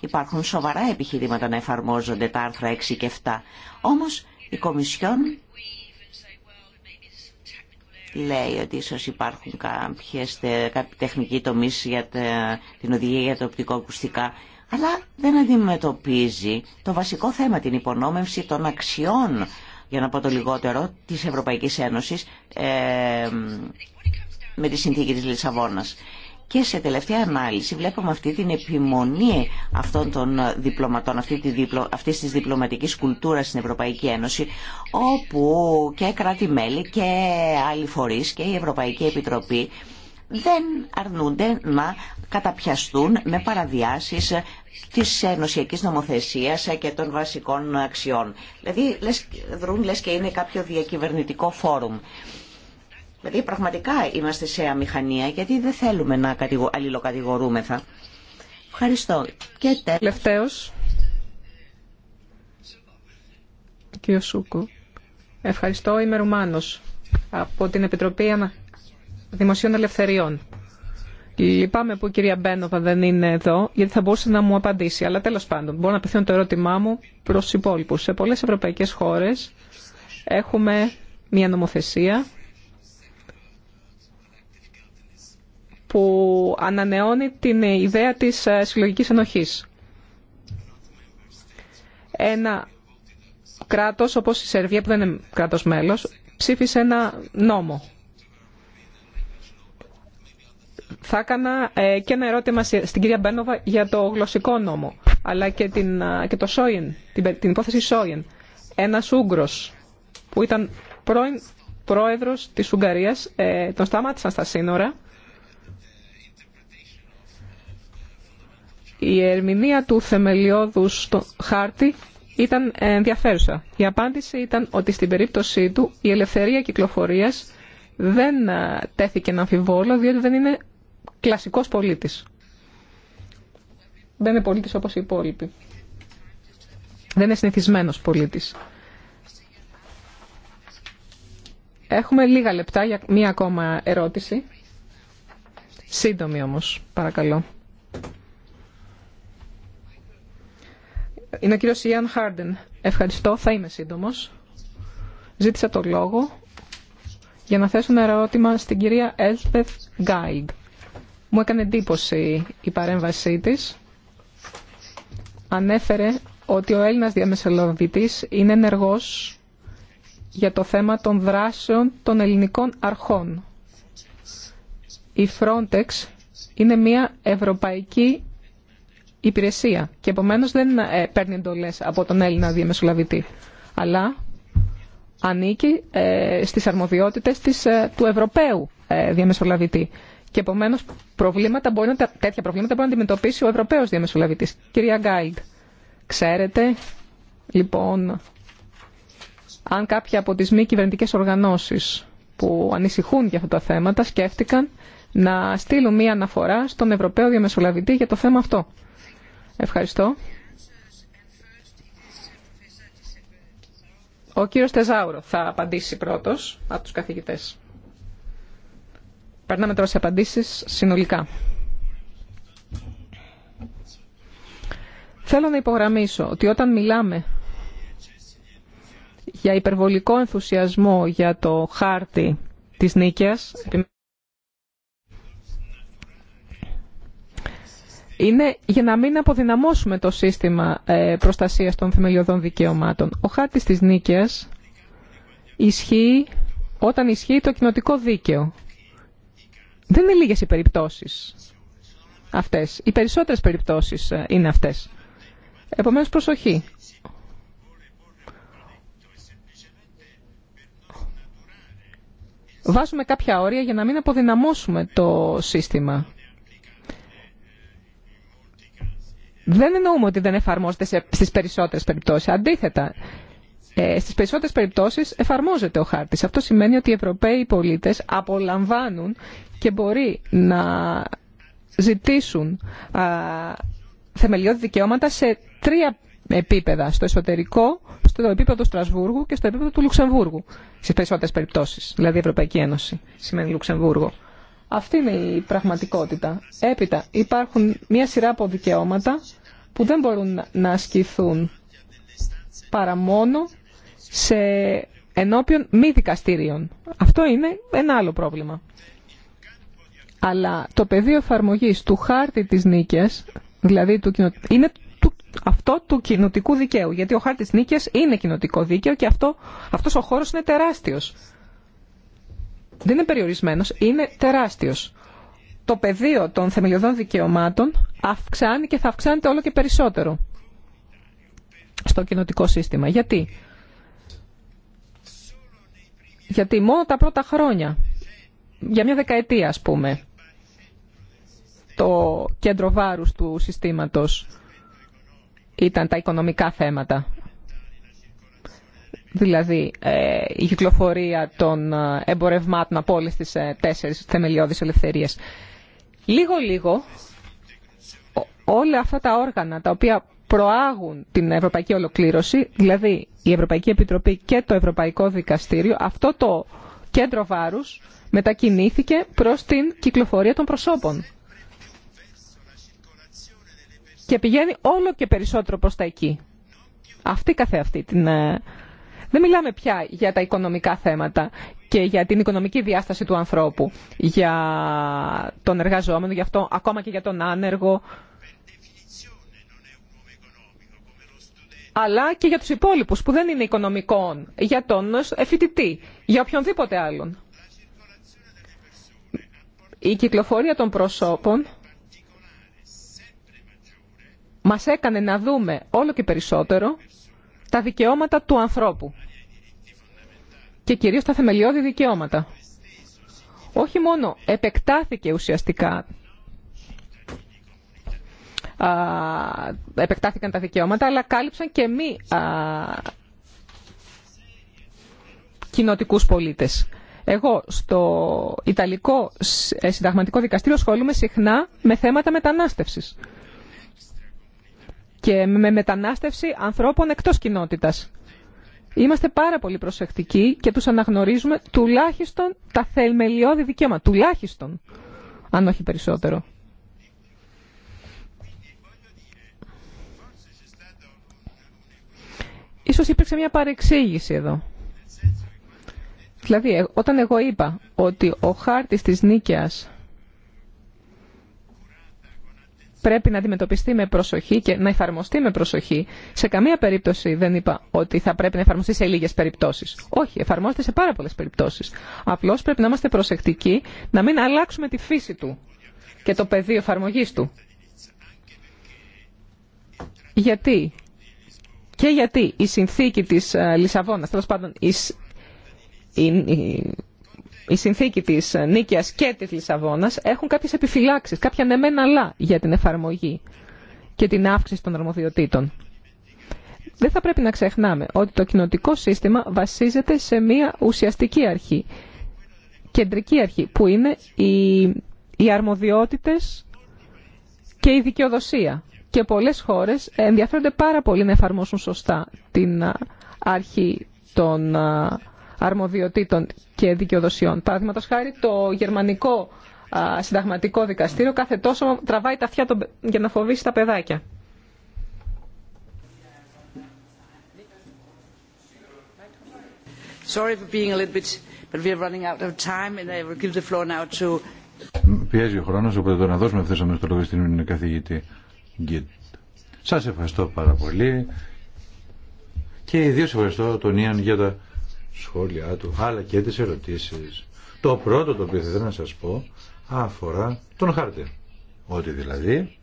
υπάρχουν σοβαρά επιχειρήματα να εφαρμόζονται τα άρθρα 6 και 7. Όμω η Κομισιόν λέει ότι ίσως υπάρχουν κάποιες τεχνικοί τομείς για την οδηγία για τα οπτικοακουστικά αλλά δεν αντιμετωπίζει το βασικό θέμα, την υπονόμευση των αξιών για να πω το λιγότερο, της Ευρωπαϊκής Ένωσης ε, με τη συνθήκη της Λισαβόνας. Και σε τελευταία ανάλυση βλέπουμε αυτή την επιμονή αυτών των διπλωματών, αυτή τη διπλω, αυτής της διπλωματικής κουλτούρας στην Ευρωπαϊκή Ένωση, όπου και κράτη-μέλη και άλλοι φορείς και η Ευρωπαϊκή Επιτροπή δεν αρνούνται να καταπιαστούν με παραδιάσεις της ενωσιακής νομοθεσίας και των βασικών αξιών. Δηλαδή λες, δρούν λες και είναι κάποιο διακυβερνητικό φόρουμ. Δηλαδή πραγματικά είμαστε σε αμηχανία γιατί δεν θέλουμε να αλληλοκατηγορούμεθα. Ευχαριστώ. Και τέλος. Κύριο Σούκου. Ευχαριστώ. Είμαι Ρουμάνος από την Επιτροπή Δημοσίων Ελευθεριών. Λυπάμαι που η κυρία Μπένοβα δεν είναι εδώ, γιατί θα μπορούσε να μου απαντήσει. Αλλά τέλος πάντων, μπορώ να απευθύνω το ερώτημά μου προς υπόλοιπους. υπόλοιπου. Σε πολλές ευρωπαϊκές χώρες έχουμε μια νομοθεσία που ανανεώνει την ιδέα της ε, συλλογικής ενοχής. Ένα κράτος όπως η Σερβία που δεν είναι κράτος μέλος ψήφισε ένα νόμο θα έκανα ε, και ένα ερώτημα στην κυρία Μπένοβα για το γλωσσικό νόμο, αλλά και, την, και το Σόιεν, την, την υπόθεση Σόιεν. Ένας Ούγγρος που ήταν πρώην πρόεδρος της Ουγγαρίας, ε, τον σταμάτησαν στα σύνορα. Η ερμηνεία του θεμελιώδους στο χάρτη ήταν ενδιαφέρουσα. Η απάντηση ήταν ότι στην περίπτωσή του η ελευθερία κυκλοφορίας δεν ε, τέθηκε να αμφιβόλο διότι δεν είναι κλασικός πολίτης. Δεν είναι πολίτης όπως οι υπόλοιποι. Δεν είναι συνηθισμένο πολίτης. Έχουμε λίγα λεπτά για μία ακόμα ερώτηση. Σύντομη όμως, παρακαλώ. Είναι ο κύριος Ιαν Χάρντεν. Ευχαριστώ, θα είμαι σύντομος. Ζήτησα το λόγο για να θέσω ένα ερώτημα στην κυρία Έλσπεθ Γκάιγκ. Μου έκανε εντύπωση η παρέμβασή της. Ανέφερε ότι ο Έλληνας διαμεσολαβητής είναι ενεργός για το θέμα των δράσεων των ελληνικών αρχών. Η Frontex είναι μια ευρωπαϊκή υπηρεσία και επομένως δεν ε, παίρνει εντολές από τον Έλληνα διαμεσολαβητή, αλλά ανήκει ε, στις αρμοδιότητες ε, του Ευρωπαίου διαμεσολαβητή. Και επομένω τέτοια προβλήματα μπορεί να αντιμετωπίσει ο Ευρωπαίο Διαμεσολαβητή. Κυρία Γκάιντ, ξέρετε, λοιπόν, αν κάποια από τι μη κυβερνητικέ οργανώσει που ανησυχούν για αυτά τα θέματα σκέφτηκαν να στείλουν μία αναφορά στον Ευρωπαίο Διαμεσολαβητή για το θέμα αυτό. Ευχαριστώ. Ο κύριος Τεζάουρο θα απαντήσει πρώτος από τους καθηγητές. Περνάμε τώρα σε απαντήσεις συνολικά. Θέλω να υπογραμμίσω ότι όταν μιλάμε για υπερβολικό ενθουσιασμό για το χάρτη της νίκαιας, είναι για να μην αποδυναμώσουμε το σύστημα ε, προστασίας των θεμελιωδών δικαιωμάτων. Ο χάρτης της νίκαιας ισχύει όταν ισχύει το κοινοτικό δίκαιο δεν είναι λίγες οι περιπτώσεις αυτές. Οι περισσότερες περιπτώσεις ε, είναι αυτές. Επομένως, προσοχή. Βάζουμε κάποια όρια για να μην αποδυναμώσουμε το σύστημα. Δεν εννοούμε ότι δεν εφαρμόζεται στις περισσότερες περιπτώσεις. Αντίθετα, ε, στις περισσότερες περιπτώσεις εφαρμόζεται ο χάρτης. Αυτό σημαίνει ότι οι Ευρωπαίοι πολίτες απολαμβάνουν και μπορεί να ζητήσουν α, θεμελιώδη δικαιώματα σε τρία επίπεδα. Στο εσωτερικό, στο επίπεδο του Στρασβούργου και στο επίπεδο του Λουξεμβούργου. Στις περισσότερες περιπτώσεις, δηλαδή η Ευρωπαϊκή Ένωση σημαίνει Λουξεμβούργο. Αυτή είναι η πραγματικότητα. Έπειτα υπάρχουν μια σειρά από δικαιώματα που δεν μπορούν να ασκηθούν παρά μόνο σε ενώπιον μη δικαστήριων. Αυτό είναι ένα άλλο πρόβλημα. Αλλά το πεδίο εφαρμογή του χάρτη της νίκης, δηλαδή του είναι αυτό του κοινοτικού δικαίου, γιατί ο χάρτης νίκης είναι κοινοτικό δίκαιο και αυτό... αυτός ο χώρος είναι τεράστιος. Δεν είναι περιορισμένος, είναι τεράστιος. Το πεδίο των θεμελιωδών δικαιωμάτων αυξάνει και θα αυξάνεται όλο και περισσότερο στο κοινοτικό σύστημα. Γιατί γιατί μόνο τα πρώτα χρόνια, για μια δεκαετία ας πούμε, το κέντρο βάρους του συστήματος ήταν τα οικονομικά θέματα. Δηλαδή ε, η κυκλοφορία των ε, εμπορευμάτων από όλες τις ε, τέσσερις θεμελιώδεις ελευθερίες. Λίγο-λίγο όλα αυτά τα όργανα τα οποία προάγουν την ευρωπαϊκή ολοκλήρωση, δηλαδή η Ευρωπαϊκή Επιτροπή και το Ευρωπαϊκό Δικαστήριο, αυτό το κέντρο βάρους μετακινήθηκε προς την κυκλοφορία των προσώπων. Και πηγαίνει όλο και περισσότερο προς τα εκεί. Αυτή καθεαυτή την... Ε, δεν μιλάμε πια για τα οικονομικά θέματα και για την οικονομική διάσταση του ανθρώπου, για τον εργαζόμενο, για αυτό, ακόμα και για τον άνεργο, αλλά και για τους υπόλοιπους που δεν είναι οικονομικών, για τον φοιτητή, για οποιονδήποτε άλλον. Η κυκλοφορία των προσώπων μας έκανε να δούμε όλο και περισσότερο τα δικαιώματα του ανθρώπου και κυρίως τα θεμελιώδη δικαιώματα. Όχι μόνο επεκτάθηκε ουσιαστικά επεκτάθηκαν τα δικαιώματα, αλλά κάλυψαν και μη κοινοτικούς πολίτες. Εγώ στο Ιταλικό ε, Συνταγματικό Δικαστήριο ασχολούμαι συχνά με θέματα μετανάστευσης και με μετανάστευση ανθρώπων εκτός κοινότητας. Είμαστε πάρα πολύ προσεκτικοί και τους αναγνωρίζουμε τουλάχιστον τα θεμελιώδη δικαιώματα, Τουλάχιστον, αν όχι περισσότερο. Ίσως υπήρξε μια παρεξήγηση εδώ. Δηλαδή, ε, όταν εγώ είπα ότι ο χάρτης της νίκαιας πρέπει να αντιμετωπιστεί με προσοχή και να εφαρμοστεί με προσοχή. Σε καμία περίπτωση δεν είπα ότι θα πρέπει να εφαρμοστεί σε λίγες περιπτώσεις. Όχι, εφαρμόζεται σε πάρα πολλές περιπτώσεις. Απλώς πρέπει να είμαστε προσεκτικοί να μην αλλάξουμε τη φύση του και το πεδίο εφαρμογή του. Γιατί και γιατί η συνθήκη της ε, Λισαβόνας, τέλος πάντων η, συνθήκη της Νίκαιας και της Λισαβόνας έχουν κάποιες επιφυλάξεις, κάποια νεμένα αλλά για την εφαρμογή και την αύξηση των αρμοδιοτήτων. Δεν θα πρέπει να ξεχνάμε ότι το κοινοτικό σύστημα βασίζεται σε μια ουσιαστική αρχή, κεντρική αρχή, που είναι οι, οι αρμοδιότητες και η δικαιοδοσία και πολλές χώρες ενδιαφέρονται πάρα πολύ να εφαρμόσουν σωστά την αρχή των αρμοδιοτήτων και δικαιοδοσιών. Παραδείγματο χάρη το γερμανικό συνταγματικό δικαστήριο κάθε τόσο τραβάει τα αυτιά για να φοβήσει τα παιδάκια. Sorry for being a little bit, but we are running out of time and I will give the floor now to... Πιέζει ο χρόνος, οπότε να δώσουμε αυτές αμέσως το καθηγητή. Σα Σας ευχαριστώ πάρα πολύ και ιδίω ευχαριστώ τον Ιαν για τα σχόλιά του αλλά και τις ερωτήσεις. Το πρώτο το οποίο θέλω να σας πω αφορά τον χάρτη. Ότι δηλαδή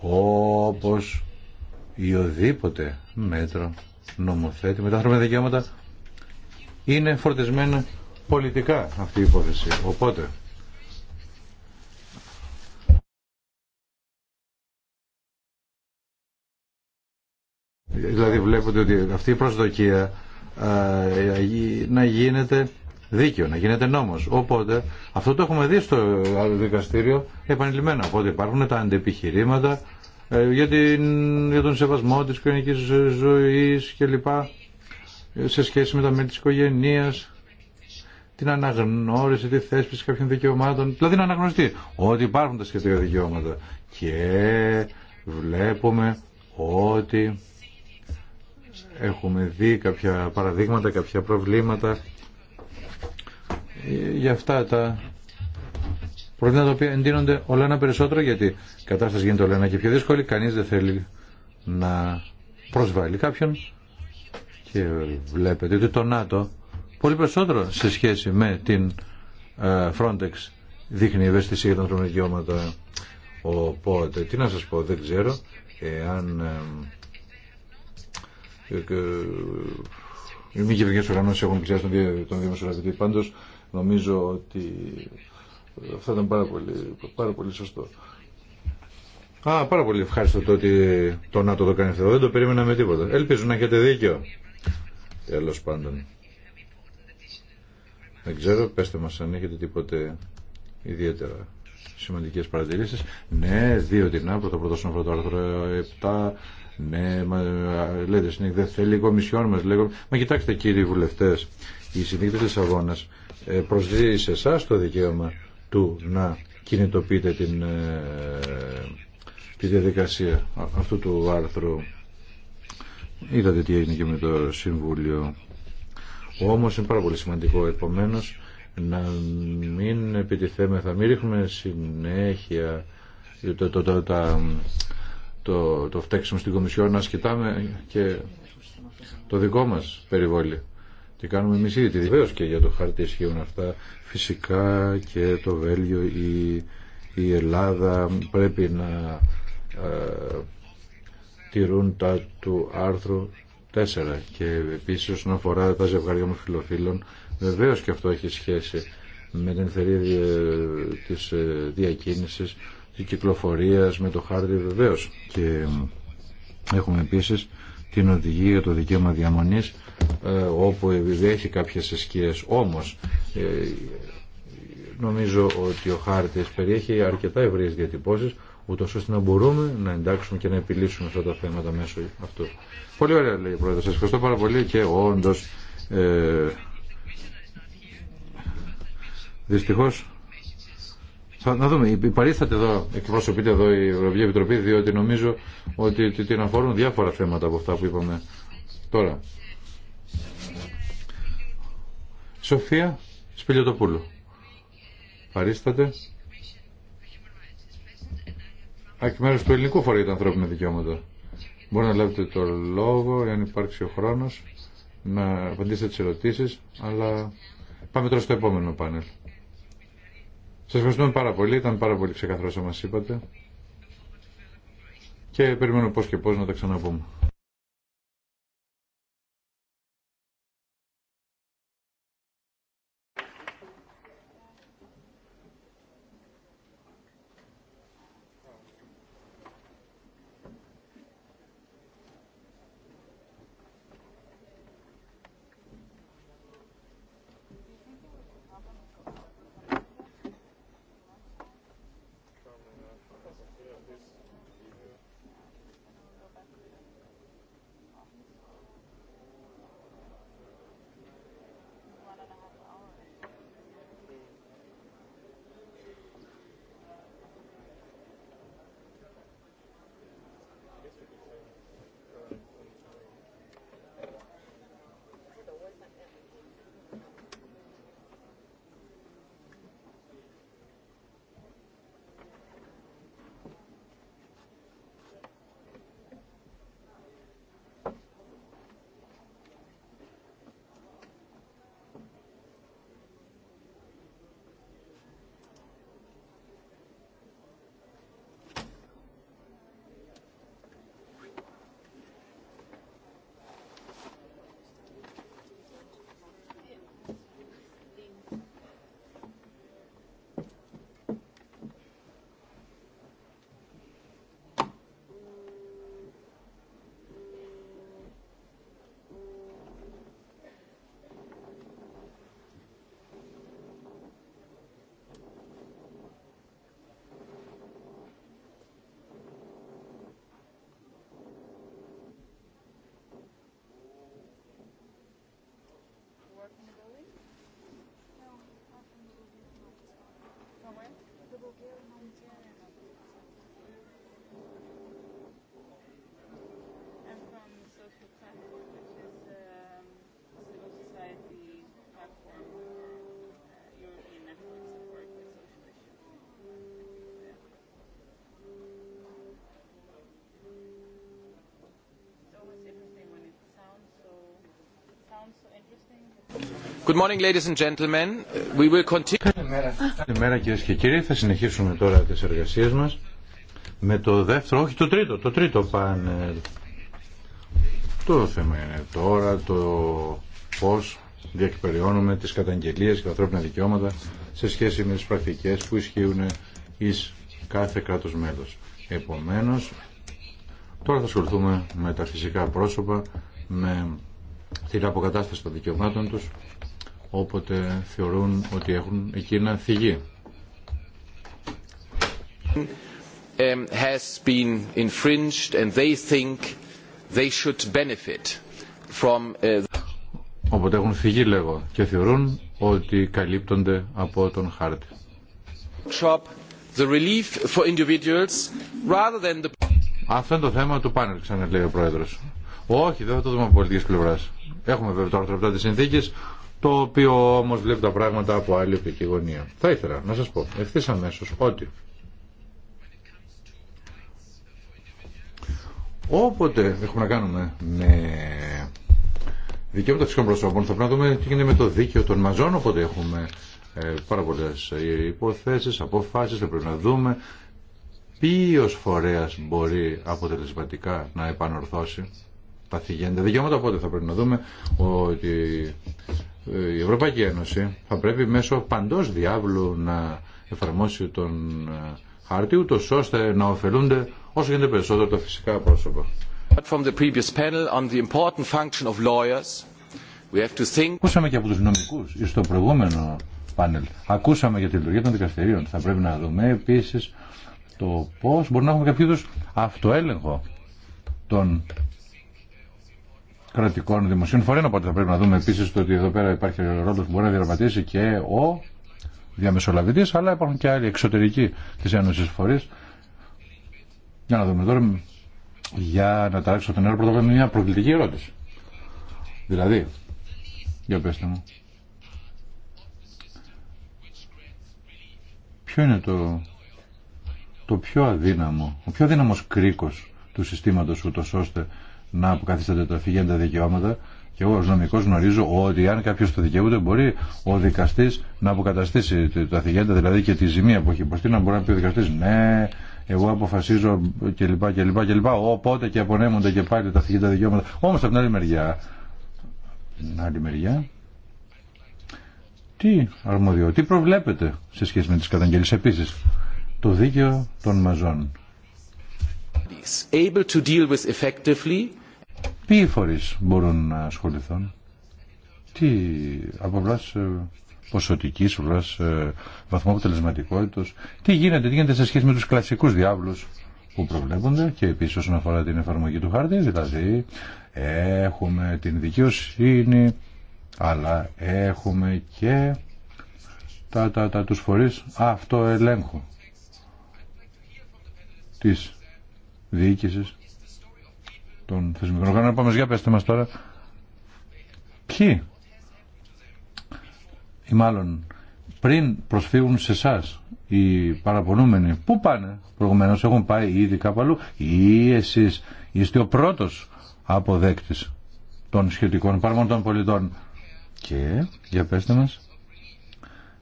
όπως ή οδήποτε μέτρο νομοθέτη με τα χρωματικά δικαιώματα είναι φορτισμένα πολιτικά αυτή η υπόθεση. Οπότε Δηλαδή βλέπετε ότι αυτή η προσδοκία να γίνεται δίκαιο, να γίνεται νόμος. Οπότε αυτό το έχουμε δει στο δικαστήριο επανειλημμένα. Οπότε υπάρχουν τα αντεπιχειρήματα ε, για, για τον σεβασμό της κοινωνικής ζωής κλπ. Σε σχέση με τα μέλη της οικογένειας, την αναγνώριση, τη θέσπιση κάποιων δικαιωμάτων. Δηλαδή να αναγνωριστεί ότι υπάρχουν τα σχετικά δικαιώματα. Και βλέπουμε ότι Έχουμε δει κάποια παραδείγματα, κάποια προβλήματα για αυτά τα προβλήματα τα οποία εντείνονται όλα ένα περισσότερο γιατί η κατάσταση γίνεται όλα ένα και πιο δύσκολη κανείς δεν θέλει να προσβάλλει κάποιον και βλέπετε ότι το ΝΑΤΟ πολύ περισσότερο σε σχέση με την ε, Frontex δείχνει ευαίσθηση για τα ανθρώπινα δικαιώματα οπότε τι να σας πω δεν ξέρω εάν ε, ε, ε, οι μη κυβερνικέ οργανώσει έχουν πλησιάσει τον δημοσιογραφητή. Πάντω, νομίζω ότι ε, αυτό ήταν πάρα πολύ, πάρα πολύ σωστό. Α, πάρα πολύ ευχάριστο το ότι το ΝΑΤΟ το κάνει αυτό. Δεν το περίμενα με τίποτα. Ελπίζω να έχετε δίκιο. Τέλο πάντων. Δεν ξέρω, πέστε μας αν έχετε τίποτε ιδιαίτερα σημαντικές παρατηρήσεις. Ναι, δύο την πρώτα Το αυτό πρώτο άρθρο 7 ναι, μα λέτε συνήθω δεν θέλει η Κομισιόν μα. Λέγω, μα κοιτάξτε κύριοι βουλευτέ, η συνθήκη τη αγώνα ε, προσδίδει σε εσά το δικαίωμα του να κινητοποιείτε την, ε, τη διαδικασία αυτού του άρθρου. Είδατε τι έγινε και με το Συμβούλιο. Όμως είναι πάρα πολύ σημαντικό επομένως να μην επιτιθέμεθα, μην ρίχνουμε συνέχεια το, το, το, το φταίξιμο στην Κομισιόν να σκητάμε και το δικό μας περιβόλιο. Τι κάνουμε εμείς ήδη. βεβαίω και για το χαρτί ισχύουν αυτά. Φυσικά και το Βέλγιο, η, η Ελλάδα πρέπει να ε, τηρούν τα του άρθρου 4 και επίσης όσον αφορά τα ζευγάρια μου φιλοφίλων βεβαίως και αυτό έχει σχέση με την θερίδη ε, της ε, διακίνησης κυκλοφορίας με το χάρτη βεβαίως και έχουμε επίσης την οδηγία για το δικαίωμα διαμονής ε, όπου έχει κάποιες εσκίες όμως ε, νομίζω ότι ο χάρτης περιέχει αρκετά ευρείες διατυπώσεις ούτως ώστε να μπορούμε να εντάξουμε και να επιλύσουμε αυτά τα θέματα μέσω αυτού. Πολύ ωραία λέει η Πρόεδρε. Σας ευχαριστώ πάρα πολύ και όντως ε, θα, να δούμε, παρίσταται εδώ, εκπροσωπείται εδώ η Ευρωπαϊκή Επιτροπή, διότι νομίζω ότι την αφορούν διάφορα θέματα από αυτά που είπαμε τώρα. Σοφία Σπηλιοτοπούλου. Παρίσταται. Εκ του ελληνικού φορέα για τα ανθρώπινα δικαιώματα. Μπορεί να λάβετε το λόγο, αν υπάρξει ο χρόνο, να απαντήσετε τι ερωτήσει, αλλά πάμε τώρα στο επόμενο πάνελ. Σας ευχαριστούμε πάρα πολύ. Ήταν πάρα πολύ ξεκαθρό όσο μας είπατε. Και περιμένω πώς και πώς να τα ξαναπούμε. Good Καλημέρα κυρίε και κύριοι. Θα συνεχίσουμε τώρα τις εργασίες μα με το δεύτερο, όχι το τρίτο, το τρίτο πάνελ. Το θέμα είναι τώρα το πώ διακυπεριώνουμε τι καταγγελίε και τα ανθρώπινα δικαιώματα σε σχέση με τι πρακτικέ που ισχύουν ει κάθε κράτο μέλο. Επομένω, τώρα θα ασχοληθούμε με τα φυσικά πρόσωπα, με την αποκατάσταση των δικαιωμάτων τους όποτε θεωρούν ότι έχουν εκείνα θυγή. Has been infringed and they think they should benefit from... Uh, όποτε έχουν φυγεί λέγω και θεωρούν ότι καλύπτονται από τον χάρτη. Shop The relief for individuals, rather than the... Αυτό είναι το θέμα του πάνελ, ξαναλέει ο Πρόεδρος. Όχι, δεν θα το δούμε από πολιτική πλευράς. Έχουμε βέβαια το άρθρο 7 το οποίο όμως βλέπει τα πράγματα από άλλη οπτική γωνία. Θα ήθελα να σας πω ευθύ αμέσω ότι όποτε έχουμε να κάνουμε με δικαιώματα φυσικών προσώπων θα πρέπει να δούμε τι γίνεται με το δίκαιο των μαζών όποτε έχουμε ε, πάρα πολλέ υποθέσεις, αποφάσεις θα πρέπει να δούμε ποιος φορέας μπορεί αποτελεσματικά να επανορθώσει τα θυγέντα δικαιώματα οπότε θα πρέπει να δούμε ότι η Ευρωπαϊκή Ένωση θα πρέπει μέσω παντός διάβλου να εφαρμόσει τον ε, χάρτη ούτως ώστε να ωφελούνται όσο γίνεται περισσότερο τα φυσικά πρόσωπα. Ακούσαμε και από τους νομικούς στο προηγούμενο πάνελ. Ακούσαμε για τη λειτουργία των δικαστηρίων. Θα πρέπει να δούμε επίσης το πώς μπορούμε να έχουμε κάποιο αυτοέλεγχο των κρατικών δημοσίων φορέων. Οπότε θα πρέπει να δούμε επίση ότι εδώ πέρα υπάρχει ρόλο που μπορεί να διαρματίσει και ο διαμεσολαβητή, αλλά υπάρχουν και άλλοι εξωτερικοί τη Ένωση Φορεί. Για να δούμε τώρα, για να ταράξω τον έργο, πρώτα μια προκλητική ερώτηση. Δηλαδή, για πέστε μου, ποιο είναι το, το πιο αδύναμο, ο πιο αδύναμος κρίκος του συστήματος ούτως ώστε να αποκαθίσταται τα φυγέντα δικαιώματα και εγώ ω νομικό γνωρίζω ότι αν κάποιο το δικαιούται μπορεί ο δικαστή να αποκαταστήσει τα θηγέντα δηλαδή και τη ζημία που έχει υποστεί να μπορεί να πει ο δικαστή. ναι εγώ αποφασίζω κλπ κλπ κλπ οπότε και απονέμονται και πάλι τα θηγέντα δικαιώματα Όμω από την άλλη μεριά την άλλη μεριά τι αρμοδιό, τι προβλέπετε σε σχέση με τι καταγγελίε επίση, το δίκαιο των μαζών able to deal with effectively Ποιοι φορείς μπορούν να ασχοληθούν. Τι από πλάς ε, ποσοτική, από ε, βαθμό αποτελεσματικότητα, Τι γίνεται, τι γίνεται σε σχέση με τους κλασικού διάβλους που προβλέπονται και επίσης όσον αφορά την εφαρμογή του χάρτη, δηλαδή έχουμε την δικαιοσύνη, αλλά έχουμε και τα, τα, τα, τους φορείς αυτοελέγχου της διοίκησης των θεσμικών οργάνων. Πάμε για πέστε μας τώρα ποιοι ή μάλλον πριν προσφύγουν σε εσά οι παραπονούμενοι πού πάνε προηγουμένως έχουν πάει ήδη κάπου αλλού ή εσείς είστε ο πρώτος αποδέκτης των σχετικών παρμών των πολιτών και για πέστε μας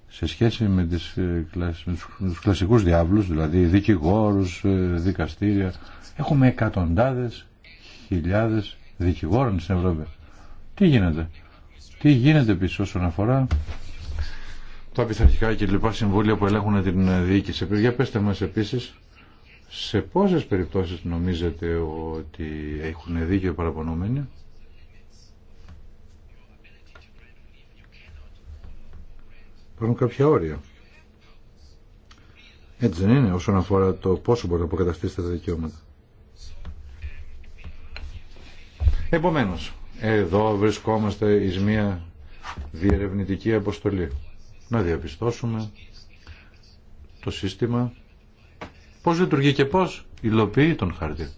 σε σχέση με, τις, ε, με τους κλασικούς διάβλους, δηλαδή δικηγόρους, ε, δικαστήρια, έχουμε εκατοντάδες χιλιάδες δικηγόρων στην Ευρώπη. Τι γίνεται. Τι γίνεται επίση όσον αφορά τα πειθαρχικά και λοιπά συμβούλια που ελέγχουν την διοίκηση. Για πέστε μας επίσης σε πόσες περιπτώσεις νομίζετε ότι έχουν δίκιο οι παραπονωμένοι. Υπάρχουν κάποια όρια. Έτσι δεν είναι όσον αφορά το πόσο μπορεί να αποκαταστήσετε τα δικαιώματα. Επομένως, εδώ βρισκόμαστε εις μια διερευνητική αποστολή. Να διαπιστώσουμε το σύστημα, πώς λειτουργεί και πώς υλοποιεί τον χάρτη.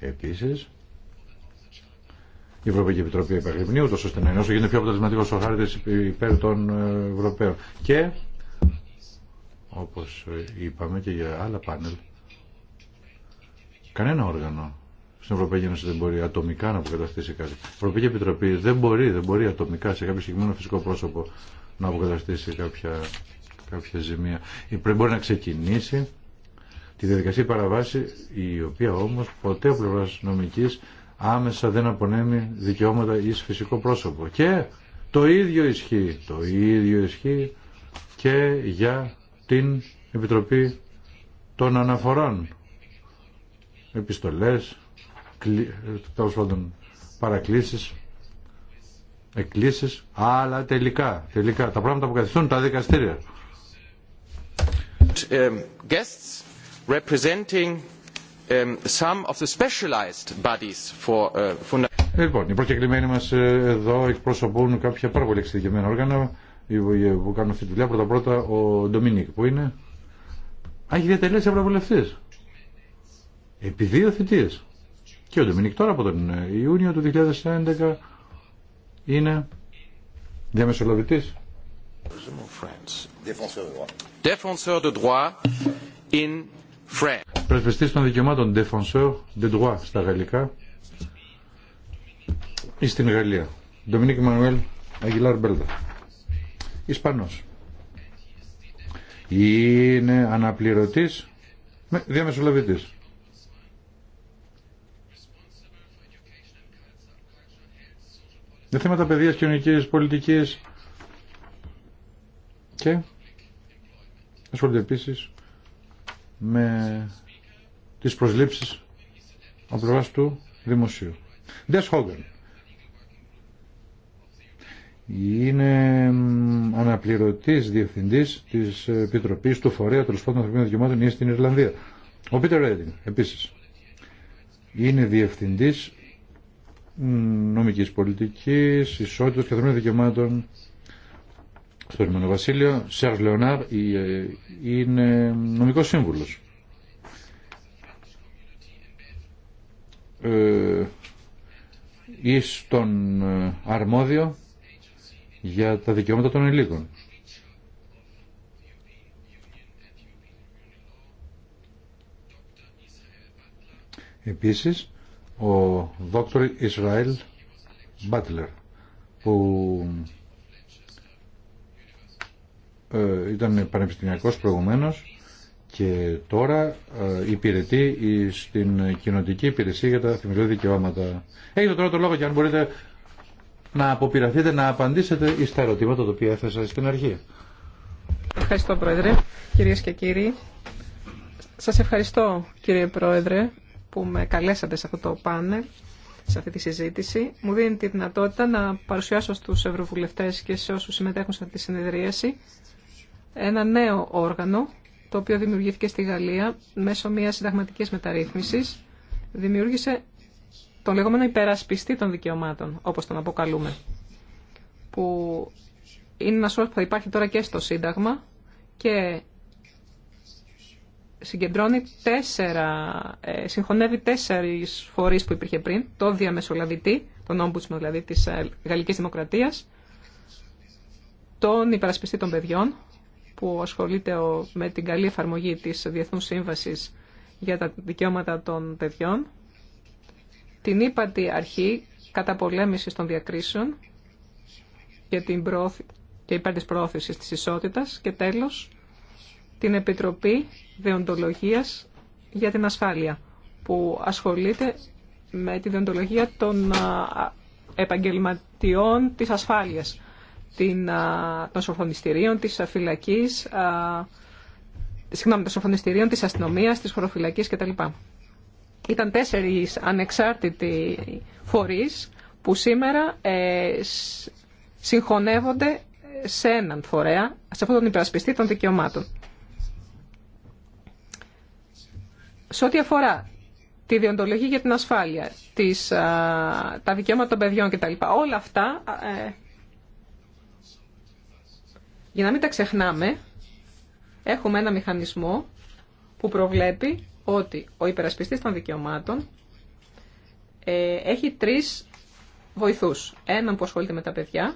Επίσης, η Ευρωπαϊκή Επιτροπή επαγρυπνεί, ούτως ώστε να είναι όσο γίνεται πιο αποτελεσματικό ο χάρτης υπέρ των ε, Ευρωπαίων. Και, όπως είπαμε και για άλλα πάνελ, κανένα όργανο στην Ευρωπαϊκή Ένωση δεν μπορεί ατομικά να αποκαταστήσει κάτι. Η Ευρωπαϊκή Επιτροπή δεν μπορεί, δεν μπορεί ατομικά σε κάποιο συγκεκριμένο φυσικό πρόσωπο να αποκαταστήσει κάποια, κάποια ζημία. Πρέπει μπορεί να ξεκινήσει τη διαδικασία παραβάση, η οποία όμω ποτέ από πλευρά νομικής άμεσα δεν απονέμει δικαιώματα ει φυσικό πρόσωπο. Και το ίδιο ισχύει, το ίδιο ισχύει και για την Επιτροπή των Αναφορών. Επιστολές, τέλο πάντων παρακλήσεις, εκκλήσεις, αλλά τελικά, τελικά τα πράγματα που καθιστούν τα δικαστήρια. Um, guests representing um, some of the specialized bodies for uh, Λοιπόν, οι προκεκλημένοι μας ε, εδώ εκπροσωπούν κάποια πάρα πολύ εξειδικευμένα όργανα που κάνουν αυτή τη δουλειά. Πρώτα-πρώτα ο Ντομινίκ που είναι. έχει διατελέσει ευρωβουλευτής. Επί δύο θητείες. Και ο Ντομινίκ τώρα από τον Ιούνιο του 2011 είναι διαμεσολαβητής. Défenseur de droit in France. των δικαιωμάτων Défenseur de droit στα γαλλικά ή στην Γαλλία. Ντομινίκ Μανουέλ Αγγιλάρ Μπέλδα. Ισπανός. Είναι αναπληρωτής διαμεσολαβητής για θέματα παιδεία, κοινωνικής, πολιτικής και ασχολείται επίση με τις προσλήψεις από πλευράς του δημοσίου. Ντε Χόγκαν είναι αναπληρωτής διευθυντής της Επιτροπής του Φορέα των Ανθρωπίνων Δικαιωμάτων στην Ιρλανδία. Ο Πίτερ Ρέντιν επίσης είναι διευθυντής νομικής πολιτική, ισότητα και δεδομένων δικαιωμάτων στο Ηνωμένο Βασίλειο. Σερβ Λεωνάρ ε, είναι νομικός σύμβουλος. Ε, ή στον ε, αρμόδιο για τα δικαιώματα των ελλήνων. Επίσης, ο δόκτωρ Ισραήλ Μπάτλερ που ε, ήταν πανεπιστημιακός προηγουμένως και τώρα ε, υπηρετεί στην κοινοτική υπηρεσία για τα θεμελιώδη δικαιώματα. Έχετε τώρα το λόγο και αν μπορείτε να αποπειραθείτε να απαντήσετε στα ερωτήματα τα οποία έθεσα στην αρχή. Ευχαριστώ Πρόεδρε, κυρίες και κύριοι. Σας ευχαριστώ κύριε Πρόεδρε που με καλέσατε σε αυτό το πάνελ, σε αυτή τη συζήτηση. Μου δίνει τη δυνατότητα να παρουσιάσω στους ευρωβουλευτές και σε όσους συμμετέχουν σε αυτή τη συνεδρίαση ένα νέο όργανο, το οποίο δημιουργήθηκε στη Γαλλία μέσω μιας συνταγματικής μεταρρύθμισης. Δημιούργησε τον λεγόμενο υπερασπιστή των δικαιωμάτων, όπως τον αποκαλούμε, που είναι ένα όρος που θα υπάρχει τώρα και στο Σύνταγμα και συγκεντρώνει τέσσερα, ε, συγχωνεύει τέσσερι φορεί που υπήρχε πριν, το διαμεσολαβητή, τον όμπουτσμα δηλαδή της ε, Γαλλική Δημοκρατίας, τον υπερασπιστή των παιδιών, που ασχολείται με την καλή εφαρμογή της Διεθνούς Σύμβασης για τα δικαιώματα των παιδιών, την ύπατη αρχή καταπολέμησης των διακρίσεων και, την και υπέρ της προώθησης της ισότητας και τέλος την Επιτροπή Δεοντολογίας για την Ασφάλεια, που ασχολείται με τη δεοντολογία των επαγγελματιών της ασφάλειας, των σορφωνιστηρίων, της φυλακής, συγγνώμη, των της αστυνομίας, της χωροφυλακής κτλ. Ήταν τέσσερις ανεξάρτητοι φορείς που σήμερα ε, συγχωνεύονται σε έναν φορέα, σε αυτόν τον υπερασπιστή των δικαιωμάτων. Σε ό,τι αφορά τη διοντολογία για την ασφάλεια, τις, τα δικαιώματα των παιδιών κτλ. Όλα αυτά, ε, για να μην τα ξεχνάμε, έχουμε ένα μηχανισμό που προβλέπει ότι ο υπερασπιστής των δικαιωμάτων ε, έχει τρεις βοηθούς. Έναν που ασχολείται με τα παιδιά,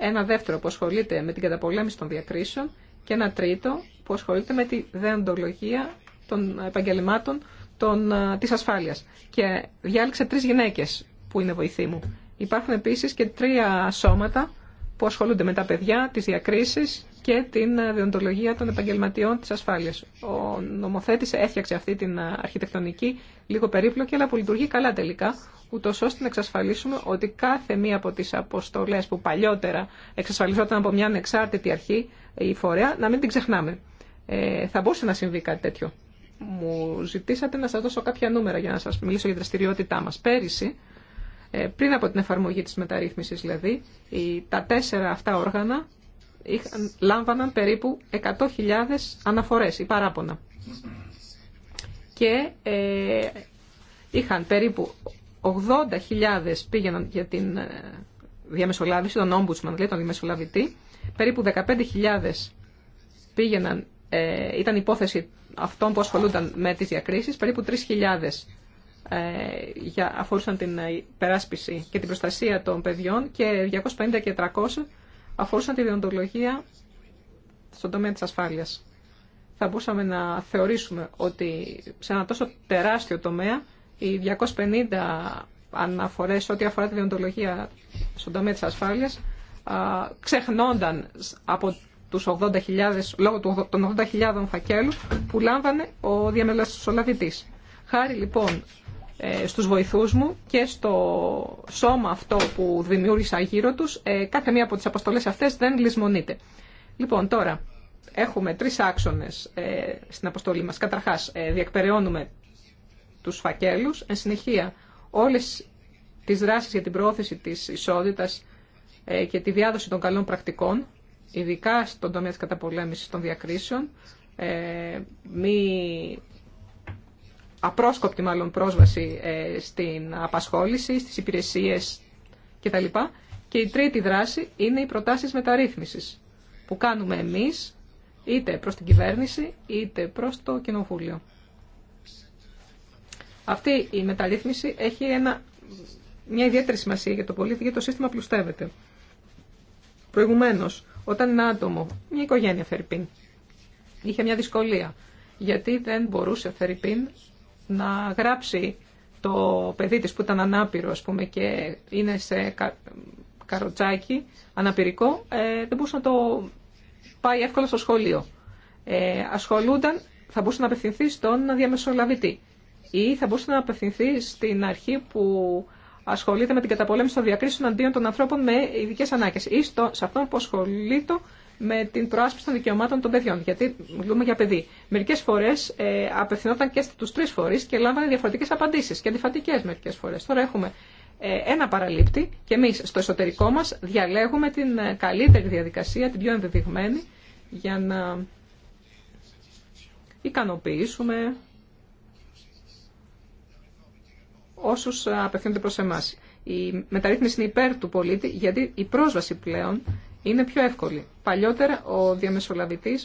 ένα δεύτερο που ασχολείται με την καταπολέμηση των διακρίσεων και ένα τρίτο που ασχολείται με τη δεοντολογία των επαγγελμάτων τη ε, της ασφάλειας. Και διάλεξε τρεις γυναίκες που είναι βοηθοί μου. Υπάρχουν επίσης και τρία σώματα που ασχολούνται με τα παιδιά, τις διακρίσεις και την ε, διοντολογία των επαγγελματιών της ασφάλειας. Ο νομοθέτης έφτιαξε αυτή την ε, αρχιτεκτονική λίγο περίπλοκη, αλλά που λειτουργεί καλά τελικά, ούτω ώστε να εξασφαλίσουμε ότι κάθε μία από τις αποστολές που παλιότερα εξασφαλιζόταν από μια ανεξάρτητη αρχή ή φορέα, να μην την ξεχνάμε. Ε, θα μπορούσε να συμβεί κάτι τέτοιο μου ζητήσατε να σας δώσω κάποια νούμερα για να σας μιλήσω για δραστηριότητά μας. Πέρυσι, ε, πριν από την εφαρμογή της μεταρρύθμισης δηλαδή, τα τέσσερα αυτά όργανα είχαν, λάμβαναν περίπου 100.000 αναφορές ή παράπονα. Και ε, είχαν περίπου 80.000 πήγαιναν για την ε, διαμεσολάβηση, τον ombudsman, δηλαδή τον διαμεσολαβητή, περίπου 15.000 πήγαιναν, ε, ήταν υπόθεση αυτών που ασχολούνταν με τις διακρίσεις, περίπου 3.000 ε, για, αφορούσαν την ε, υπεράσπιση και την προστασία των παιδιών και 250 και 300 αφορούσαν τη διοντολογία στον τομέα της ασφάλειας. Θα μπορούσαμε να θεωρήσουμε ότι σε ένα τόσο τεράστιο τομέα οι 250 αναφορές ό,τι αφορά τη διοντολογία στον τομέα της ασφάλειας ξεχνόνταν από τους 80.000, λόγω των 80.000 φακέλου που λάμβανε ο διαμελασσολαβητής. Χάρη λοιπόν ε, στους βοηθούς μου και στο σώμα αυτό που δημιούργησα γύρω τους, ε, κάθε μία από τις αποστολές αυτές δεν λησμονείται. Λοιπόν, τώρα έχουμε τρεις άξονες ε, στην αποστολή μας. Καταρχάς, διεκπεραιώνουμε τους φακέλους. Εν συνεχεία, όλες τις δράσεις για την προώθηση της ισότητας και τη διάδοση των καλών πρακτικών ειδικά στον τομέα της καταπολέμησης των διακρίσεων, ε, μη απρόσκοπτη μάλλον πρόσβαση ε, στην απασχόληση, στις υπηρεσίες κτλ. Και η τρίτη δράση είναι οι προτάσεις μεταρρύθμισης που κάνουμε εμείς είτε προς την κυβέρνηση είτε προς το κοινοβούλιο. Αυτή η μεταρρύθμιση έχει ένα, μια ιδιαίτερη σημασία για το πολίτη γιατί το σύστημα πλουστεύεται. Προηγουμένως, όταν ένα άτομο, μια οικογένεια Φερρυπίν, είχε μια δυσκολία, γιατί δεν μπορούσε Φερρυπίν να γράψει το παιδί της που ήταν ανάπηρο, ας πούμε, και είναι σε καροτσάκι αναπηρικό, ε, δεν μπορούσε να το πάει εύκολα στο σχολείο. Ε, ασχολούνταν, θα μπορούσε να απευθυνθεί στον διαμεσολαβητή ή θα μπορούσε να απευθυνθεί στην αρχή που ασχολείται με την καταπολέμηση των διακρίσεων αντίον των ανθρώπων με ειδικέ ανάγκε ή στο, σε αυτόν που ασχολείται με την προάσπιση των δικαιωμάτων των παιδιών. Γιατί μιλούμε για παιδί. Μερικέ φορέ ε, απευθυνόταν και στου τρει φορεί και λάμβανε διαφορετικέ απαντήσει και αντιφατικέ μερικέ φορέ. Τώρα έχουμε ε, ένα παραλήπτη και εμεί στο εσωτερικό μα διαλέγουμε την ε, καλύτερη διαδικασία, την πιο ενδεδειγμένη για να ικανοποιήσουμε όσου απευθύνονται προ εμά. Η μεταρρύθμιση είναι υπέρ του πολίτη γιατί η πρόσβαση πλέον είναι πιο εύκολη. Παλιότερα ο διαμεσολαβητή,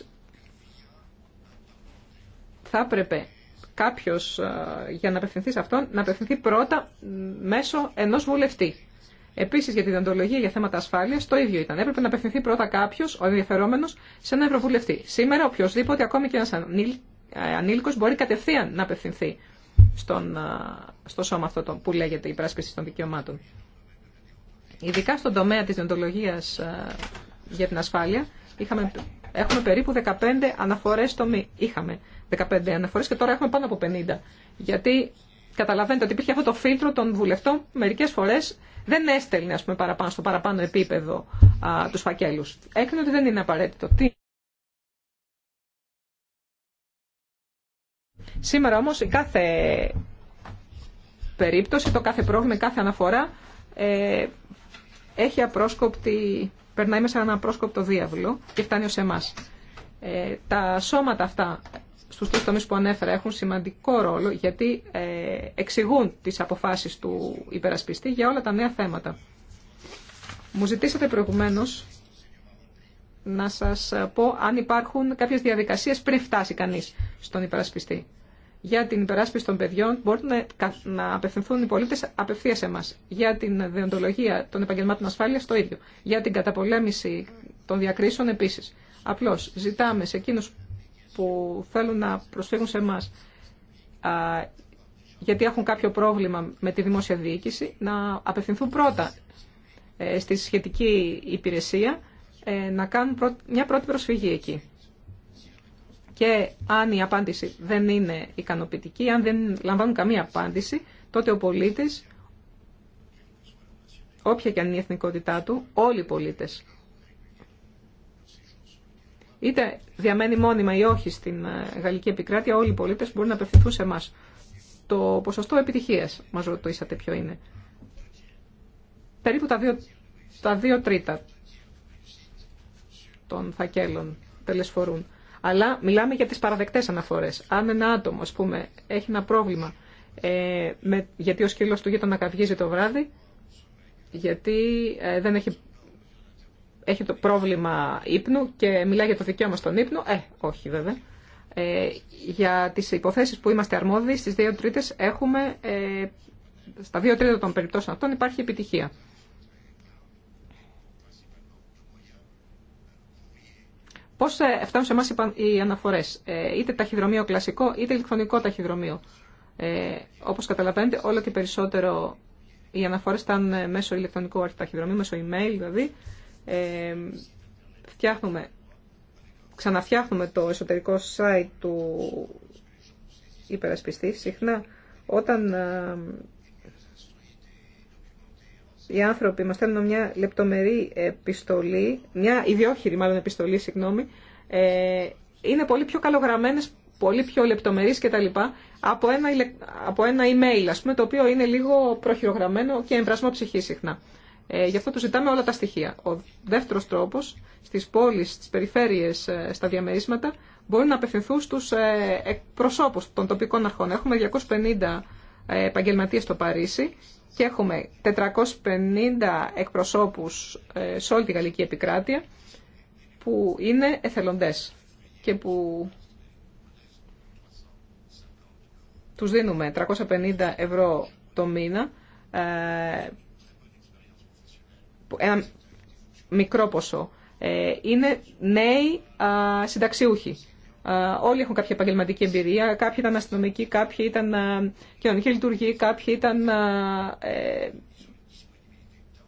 θα έπρεπε κάποιο για να απευθυνθεί σε αυτόν να απευθυνθεί πρώτα μέσω ενό βουλευτή. Επίση για την διοντολογία για θέματα ασφάλεια το ίδιο ήταν. Έπρεπε να απευθυνθεί πρώτα κάποιο, ο ενδιαφερόμενο, σε ένα ευρωβουλευτή. Σήμερα οποιοδήποτε, ακόμη και ένα ε, ανήλικο, μπορεί κατευθείαν να απευθυνθεί στον στο σώμα αυτό που λέγεται η πράσπιση των δικαιωμάτων. Ειδικά στον τομέα της διοντολογίας ε, για την ασφάλεια, είχαμε, έχουμε περίπου 15 αναφορές στο μη. Είχαμε 15 αναφορές και τώρα έχουμε πάνω από 50. Γιατί καταλαβαίνετε ότι υπήρχε αυτό το φίλτρο των βουλευτών μερικές φορές δεν έστελνε ας πούμε, παραπάνω, στο παραπάνω επίπεδο α, τους φακέλους. Έκρινε ότι δεν είναι απαραίτητο. Σήμερα όμως κάθε περίπτωση, το κάθε πρόβλημα, κάθε αναφορά ε, έχει απρόσκοπτη, περνάει μέσα ένα απρόσκοπτο διάβολο και φτάνει ως εμάς. Ε, τα σώματα αυτά στους τρεις τομείς που ανέφερα έχουν σημαντικό ρόλο γιατί ε, εξηγούν τις αποφάσεις του υπερασπιστή για όλα τα νέα θέματα. Μου ζητήσατε προηγουμένως να σας πω αν υπάρχουν κάποιες διαδικασίες πριν φτάσει κανείς στον υπερασπιστή για την υπεράσπιση των παιδιών μπορούν να απευθυνθούν οι πολίτε απευθεία σε εμά. Για την διοντολογία των επαγγελμάτων ασφάλεια το ίδιο. Για την καταπολέμηση των διακρίσεων επίση. Απλώ ζητάμε σε εκείνου που θέλουν να προσφύγουν σε εμά γιατί έχουν κάποιο πρόβλημα με τη δημόσια διοίκηση να απευθυνθούν πρώτα ε, στη σχετική υπηρεσία ε, να κάνουν μια πρώτη προσφυγή εκεί. Και αν η απάντηση δεν είναι ικανοποιητική, αν δεν λαμβάνουν καμία απάντηση, τότε ο πολίτης, όποια και αν είναι η εθνικότητά του, όλοι οι πολίτες, είτε διαμένει μόνιμα ή όχι στην ε, γαλλική επικράτεια, όλοι οι πολίτες μπορούν να απευθυνθούν σε εμά. Το ποσοστό επιτυχίας, μας ρωτήσατε ποιο είναι. Περίπου τα δύο, τα δύο τρίτα των φακέλων τελεσφορούν. Αλλά μιλάμε για τις παραδεκτές αναφορές. Αν ένα άτομο, ας πούμε, έχει ένα πρόβλημα ε, με, γιατί ο σκύλος του γείτονα καυγίζει το βράδυ, γιατί ε, δεν έχει, έχει το πρόβλημα ύπνου και μιλάει για το δικαίωμα στον ύπνο, ε, όχι βέβαια. Ε, για τις υποθέσεις που είμαστε αρμόδιοι, στις δύο τρίτες έχουμε, ε, στα δύο τρίτα των περιπτώσεων αυτών υπάρχει επιτυχία. πώ ε, φτάνουν σε εμά οι αναφορές, ε, είτε ταχυδρομείο κλασικό είτε ηλεκτρονικό ταχυδρομείο. Ε, όπως καταλαβαίνετε, όλο και περισσότερο οι αναφορές ήταν ε, μέσω ηλεκτρονικού ταχυδρομείου, μέσω email δηλαδή. Ε, φτιάχνουμε, ξαναφτιάχνουμε το εσωτερικό site του υπερασπιστή συχνά όταν οι άνθρωποι μας στέλνουν μια λεπτομερή επιστολή, μια ιδιόχειρη μάλλον επιστολή, συγγνώμη, ε, είναι πολύ πιο καλογραμμένες, πολύ πιο λεπτομερείς κτλ. Από ένα, από ένα email, ας πούμε, το οποίο είναι λίγο προχειρογραμμένο και εμβρασμό ψυχή συχνά. Ε, γι' αυτό του ζητάμε όλα τα στοιχεία. Ο δεύτερο τρόπο, στι πόλει, στι περιφέρειε, ε, στα διαμερίσματα, μπορεί να απευθυνθούν στου ε, προσώπους των τοπικών αρχών. Έχουμε 250 ε, επαγγελματίε στο Παρίσι και έχουμε 450 εκπροσώπους ε, σε όλη τη Γαλλική επικράτεια που είναι εθελοντές και που τους δίνουμε 350 ευρώ το μήνα ε, ένα μικρό ποσό. Ε, είναι νέοι συνταξιούχοι. Όλοι έχουν κάποια επαγγελματική εμπειρία. Κάποιοι ήταν αστυνομικοί, κάποιοι ήταν κοινωνικοί λειτουργοί, κάποιοι ήταν ε,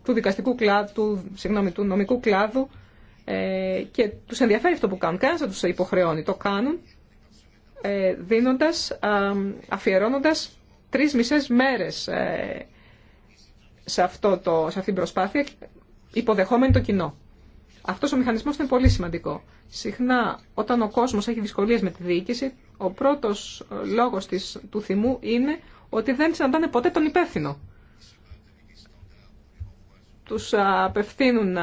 του δικαστικού κλάδου, του, συγγνώμη, του νομικού κλάδου ε, και τους ενδιαφέρει αυτό που κάνουν. Κανένας δεν τους υποχρεώνει. Το κάνουν ε, δίνοντας, αφιερώνοντας τρεις μισές μέρες ε, σε, αυτό το, σε αυτή την προσπάθεια υποδεχόμενοι το κοινό. Αυτό ο μηχανισμός είναι πολύ σημαντικό. Συχνά όταν ο κόσμος έχει δυσκολίες με τη διοίκηση, ο πρώτος ε, λόγος του θυμού είναι ότι δεν συναντάνε ποτέ τον υπεύθυνο. Τους απευθύνουν ε,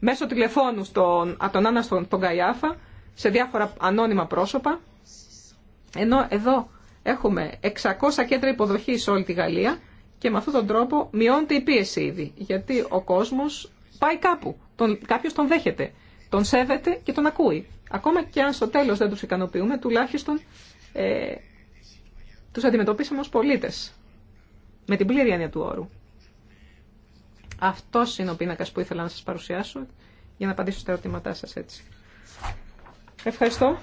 μέσω τηλεφώνου στον Άννα στον τον Καϊάφα, σε διάφορα ανώνυμα πρόσωπα, ενώ εδώ έχουμε 600 κέντρα υποδοχή σε όλη τη Γαλλία και με αυτόν τον τρόπο μειώνεται η πίεση ήδη, γιατί ο κόσμο πάει κάπου τον, κάποιος τον δέχεται, τον σέβεται και τον ακούει. Ακόμα και αν στο τέλος δεν τους ικανοποιούμε, τουλάχιστον ε, τους αντιμετωπίσαμε ως πολίτες, με την πλήρη έννοια του όρου. Αυτός είναι ο πίνακα που ήθελα να σας παρουσιάσω για να απαντήσω στα ερωτήματά σας έτσι. Ευχαριστώ.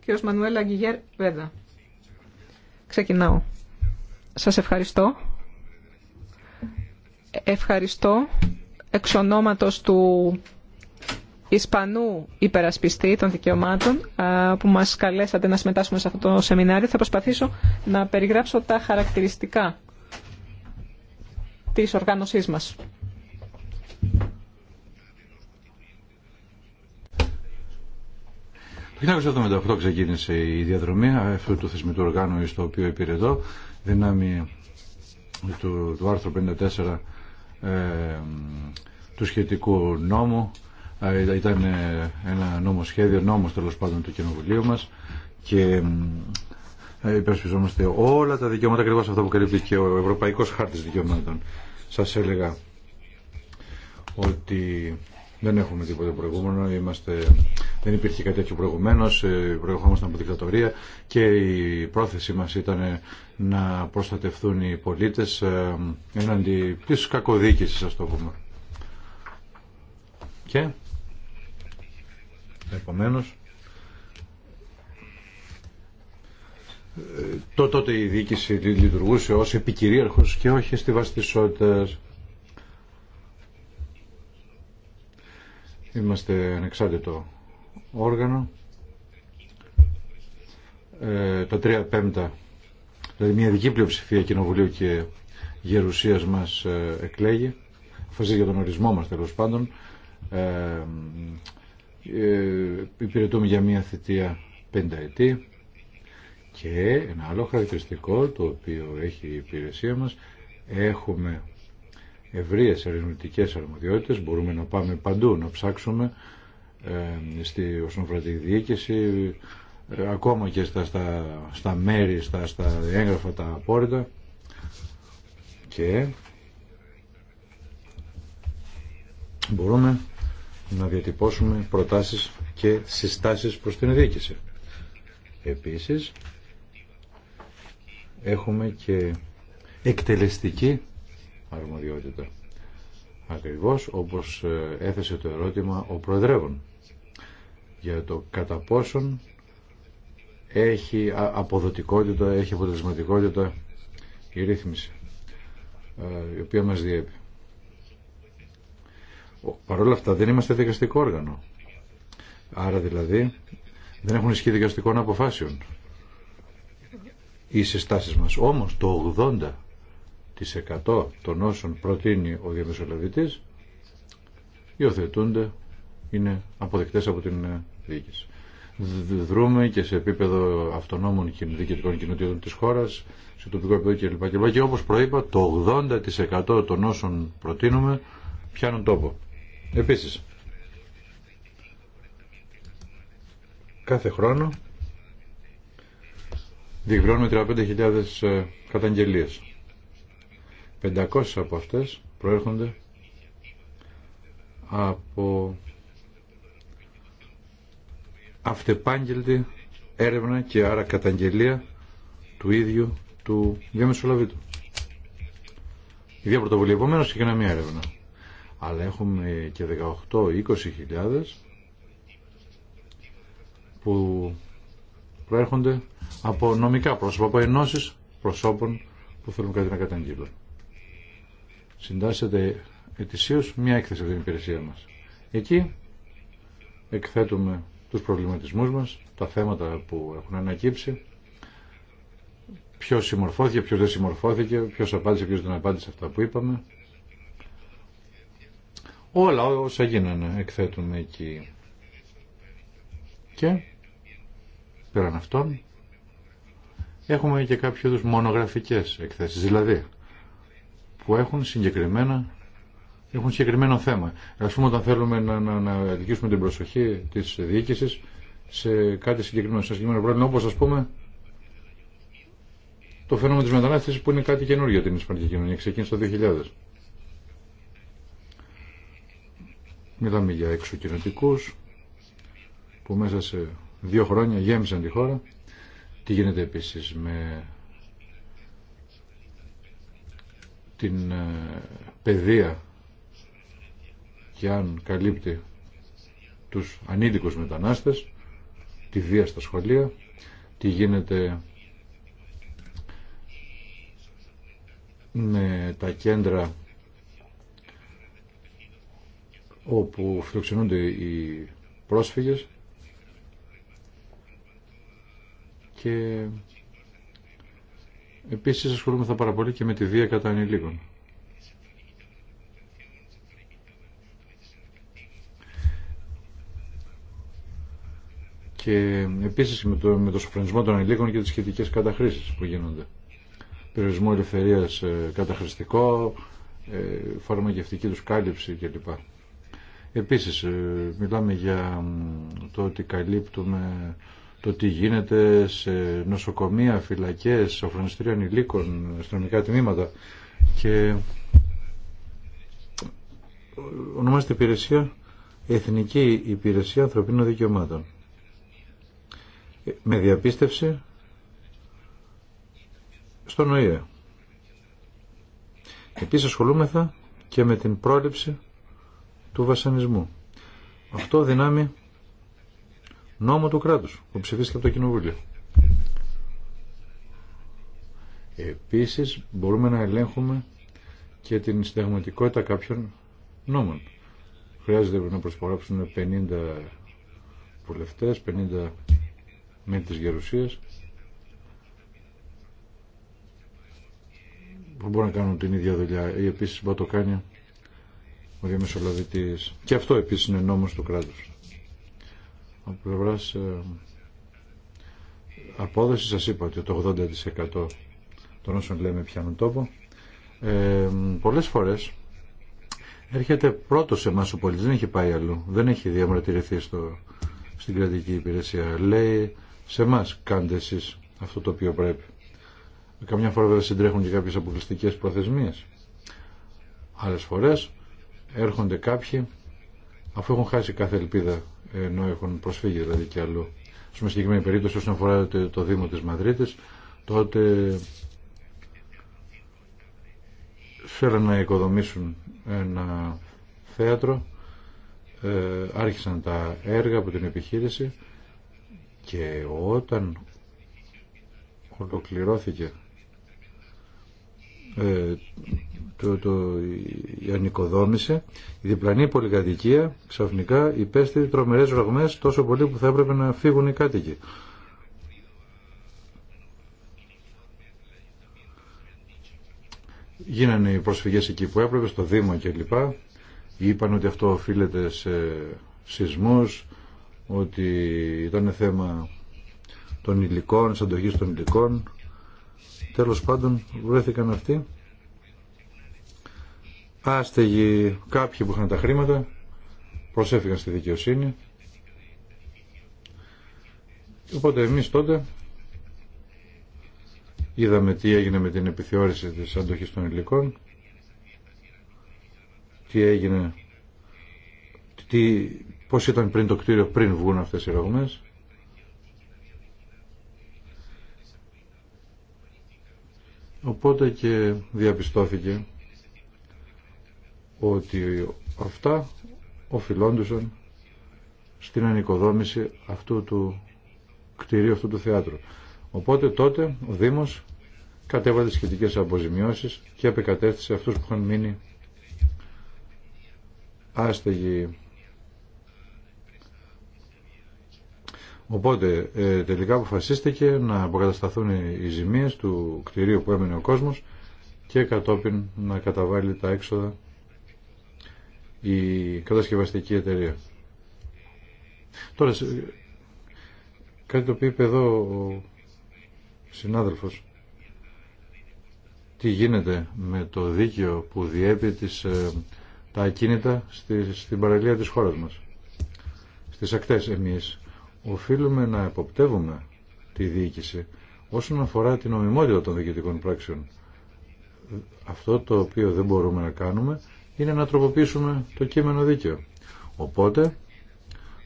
Κύριος Μανουέλα Αγγιγέρ Βέδα. Ξεκινάω. Σας ευχαριστώ Ευχαριστώ εξ ονόματος του Ισπανού υπερασπιστή των δικαιωμάτων που μας καλέσατε να συμμετάσχουμε σε αυτό το σεμινάριο. Θα προσπαθήσω να περιγράψω τα χαρακτηριστικά της οργάνωσής μας. Το 1978 ξεκίνησε η διαδρομή αυτού του θεσμικού οργάνωση το οποίο υπηρετώ δυνάμει του, του άρθρου 54 ε, του σχετικού νόμου. Ε, ήταν ε, ένα νομοσχέδιο, νόμος τέλο πάντων του Κοινοβουλίου μας και υπερασπιζόμαστε όλα τα δικαιώματα ακριβώ αυτό που καλύπτει και ο Ευρωπαϊκός Χάρτης Δικαιωμάτων. Σας έλεγα ότι δεν έχουμε τίποτα προηγούμενο. Είμαστε... Δεν υπήρχε κάτι τέτοιο προηγουμένω. Ε, προερχόμασταν από δικτατορία και η πρόθεσή μα ήταν να προστατευτούν οι πολίτε ε, έναντι τη κακοδίκηση, α το πούμε. Και επομένω. Ε, το τότε η διοίκηση λειτουργούσε ως επικυρίαρχος και όχι στη βαστισότητα. Είμαστε ανεξάρτητο όργανο. Ε, τα τρία πέμπτα, δηλαδή μια ειδική πλειοψηφία κοινοβουλίου και γερουσίας μας ε, εκλέγει. Φασίζει για τον ορισμό μας τέλος πάντων. Ε, ε υπηρετούμε για μια θητεία ετή. και ένα άλλο χαρακτηριστικό το οποίο έχει η υπηρεσία μας έχουμε ευρείες ερευνητικές αρμοδιότητες, μπορούμε να πάμε παντού, να ψάξουμε ε, στη, Οσνοφρατική διοίκηση, ε, ακόμα και στα, στα, στα μέρη, στα, στα έγγραφα τα απόρριτα και μπορούμε να διατυπώσουμε προτάσεις και συστάσεις προς την διοίκηση. Επίσης, έχουμε και εκτελεστική αρμοδιότητα. Ακριβώς όπως ε, έθεσε το ερώτημα ο Προεδρεύων για το κατά πόσον έχει αποδοτικότητα, έχει αποτελεσματικότητα η ρύθμιση ε, η οποία μας διέπει. Παρ' όλα αυτά δεν είμαστε δικαστικό όργανο. Άρα δηλαδή δεν έχουν ισχύ δικαστικών αποφάσεων οι συστάσεις μας. Όμως το 90% των όσων προτείνει ο διαμεσολαβητής υιοθετούνται, είναι αποδεκτές από την ε, διοίκηση. Δρούμε και σε επίπεδο αυτονόμων και διοικητικών κοινοτήτων της χώρας, σε τοπικό επίπεδο κλπ. Και, και όπως προείπα, το 80% των όσων προτείνουμε πιάνουν τόπο. Επίσης, κάθε χρόνο διεκπληρώνουμε 35.000 ε, καταγγελίες. 500 από αυτές προέρχονται από αυτεπάγγελτη έρευνα και άρα καταγγελία του ίδιου του διαμεσολαβήτου. Η ίδια πρωτοβουλία επομένω και μία έρευνα. Αλλά έχουμε και 18-20 χιλιάδες που προέρχονται από νομικά πρόσωπα, από ενώσεις προσώπων που θέλουν κάτι να καταγγείλουν συντάσσεται ετησίω μια έκθεση από την υπηρεσία μας. Εκεί εκθέτουμε τους προβληματισμού μα, τα θέματα που έχουν ανακύψει, ποιο συμμορφώθηκε, ποιο δεν συμμορφώθηκε, ποιος απάντησε, ποιο δεν απάντησε αυτά που είπαμε. Όλα όσα γίνανε εκθέτουμε εκεί. Και πέραν αυτών έχουμε και κάποιο είδους μονογραφικές εκθέσεις, δηλαδή που έχουν συγκεκριμένα έχουν συγκεκριμένο θέμα. Α πούμε όταν θέλουμε να, να, την προσοχή τη διοίκηση σε κάτι συγκεκριμένο, σε συγκεκριμένο πρόβλημα, όπω α πούμε το φαινόμενο τη μετανάστευση που είναι κάτι καινούργιο για την Ισπανική κοινωνία, ξεκίνησε το 2000. Μιλάμε για εξωκοινωτικού που μέσα σε δύο χρόνια γέμισαν τη χώρα. Τι γίνεται επίση με την ε, παιδεία και αν καλύπτει τους ανήλικους μετανάστες, τη βία στα σχολεία, τι γίνεται με τα κέντρα όπου φιλοξενούνται οι πρόσφυγες και Επίσης ασχολούμεθα πάρα πολύ και με τη βία κατά ανηλίκων. Και επίσης με το, με το σοφρονισμό των ανηλίκων και τις σχετικές καταχρήσεις που γίνονται. Περιορισμό ελευθερίας ε, καταχρηστικό, ε, φαρμακευτική τους κάλυψη κλπ. Επίσης ε, μιλάμε για το ότι καλύπτουμε το τι γίνεται σε νοσοκομεία, φυλακές, σοφρονιστήρια ανηλίκων, αστυνομικά τμήματα και ονομάζεται υπηρεσία Εθνική Υπηρεσία Ανθρωπίνων Δικαιωμάτων ε, με διαπίστευση στον ΟΗΕ. Επίσης ασχολούμεθα και με την πρόληψη του βασανισμού. Αυτό δυνάμει νόμο του κράτους που ψηφίστηκε από το Κοινοβούλιο. Επίσης μπορούμε να ελέγχουμε και την συνταγματικότητα κάποιων νόμων. Χρειάζεται να προσπογράψουν 50 βουλευτές, 50 μέλη της Γερουσίας που μπορούν να κάνουν την ίδια δουλειά ή επίσης μπορεί να το κάνει ο διαμεσολαβητής. Και αυτό επίσης είναι νόμος του κράτους από πλευρά ε, απόδοση σας είπα ότι το 80% των όσων λέμε πιάνουν τόπο. Ε, πολλές φορές έρχεται πρώτος σε εμάς ο πολίτης, δεν έχει πάει αλλού, δεν έχει διαμαρτυρηθεί στο, στην κρατική υπηρεσία. Λέει σε εμά κάντε εσείς αυτό το οποίο πρέπει. Καμιά φορά βέβαια συντρέχουν και κάποιες αποκλειστικές προθεσμίες. Άλλες φορές έρχονται κάποιοι αφού έχουν χάσει κάθε ελπίδα ενώ έχουν προσφύγει δηλαδή και αλλού. Στην συγκεκριμένη περίπτωση όσον αφορά το Δήμο της Μαδρίτης, τότε θέλαν να οικοδομήσουν ένα θέατρο, ε, άρχισαν τα έργα από την επιχείρηση και όταν ολοκληρώθηκε ε, το, το, η ανοικοδόμηση, η διπλανή πολυκατοικία ξαφνικά υπέστη τρομερές ρογμές τόσο πολύ που θα έπρεπε να φύγουν οι κάτοικοι. Γίνανε οι προσφυγές εκεί που έπρεπε, στο Δήμο κλπ. Είπαν ότι αυτό οφείλεται σε σεισμούς, ότι ήταν θέμα των υλικών, της των υλικών. Τέλος πάντων βρέθηκαν αυτοί άστεγοι κάποιοι που είχαν τα χρήματα προσέφηκαν στη δικαιοσύνη οπότε εμείς τότε είδαμε τι έγινε με την επιθεώρηση της αντοχής των υλικών τι έγινε τι, πώς ήταν πριν το κτίριο πριν βγουν αυτές οι ρογμές Οπότε και διαπιστώθηκε ότι αυτά οφειλόντουσαν στην ανοικοδόμηση αυτού του κτηρίου, αυτού του θεάτρου. Οπότε τότε ο Δήμος κατέβαλε σχετικές αποζημιώσεις και επεκατέστησε αυτούς που είχαν μείνει άστεγοι Οπότε ε, τελικά αποφασίστηκε να αποκατασταθούν οι ζημίες του κτηρίου που έμεινε ο κόσμος και κατόπιν να καταβάλει τα έξοδα η κατασκευαστική εταιρεία. Τώρα, κάτι το οποίο είπε εδώ ο συνάδελφος, τι γίνεται με το δίκαιο που διέπει τις, ε, τα ακίνητα στη, στην παραλία της χώρας μας. Στις ακτές εμείς οφείλουμε να εποπτεύουμε τη διοίκηση όσον αφορά την ομιμότητα των διοικητικών πράξεων. Αυτό το οποίο δεν μπορούμε να κάνουμε είναι να τροποποιήσουμε το κείμενο δίκαιο. Οπότε,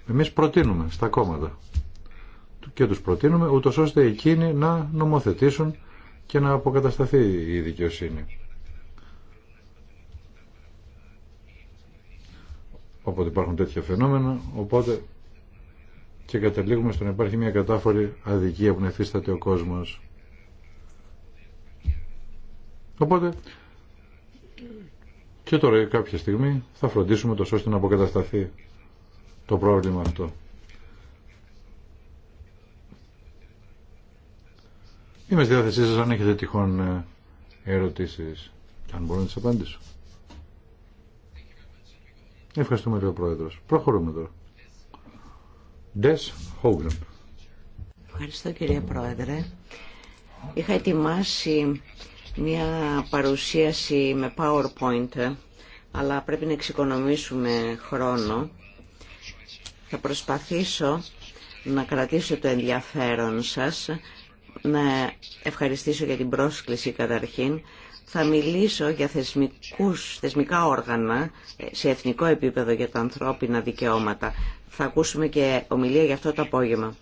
εμείς προτείνουμε στα κόμματα και τους προτείνουμε ούτως ώστε εκείνοι να νομοθετήσουν και να αποκατασταθεί η δικαιοσύνη. Οπότε υπάρχουν τέτοια φαινόμενα, οπότε και καταλήγουμε στο να υπάρχει μια κατάφορη αδικία που νεφίσταται ο κόσμος. Οπότε και τώρα κάποια στιγμή θα φροντίσουμε το ώστε να αποκατασταθεί το πρόβλημα αυτό. Είμαι στη διάθεσή σας αν έχετε τυχόν ε, ερωτήσεις, αν μπορώ να τις απαντήσω. Ευχαριστούμε λέει ο Πρόεδρος. Προχωρούμε τώρα. Ευχαριστώ κύριε Πρόεδρε. Είχα ετοιμάσει μια παρουσίαση με PowerPoint, αλλά πρέπει να εξοικονομήσουμε χρόνο. Θα προσπαθήσω να κρατήσω το ενδιαφέρον σας, να ευχαριστήσω για την πρόσκληση καταρχήν. Θα μιλήσω για θεσμικούς, θεσμικά όργανα σε εθνικό επίπεδο για τα ανθρώπινα δικαιώματα θα ακούσουμε και ομιλία για αυτό το απόγευμα.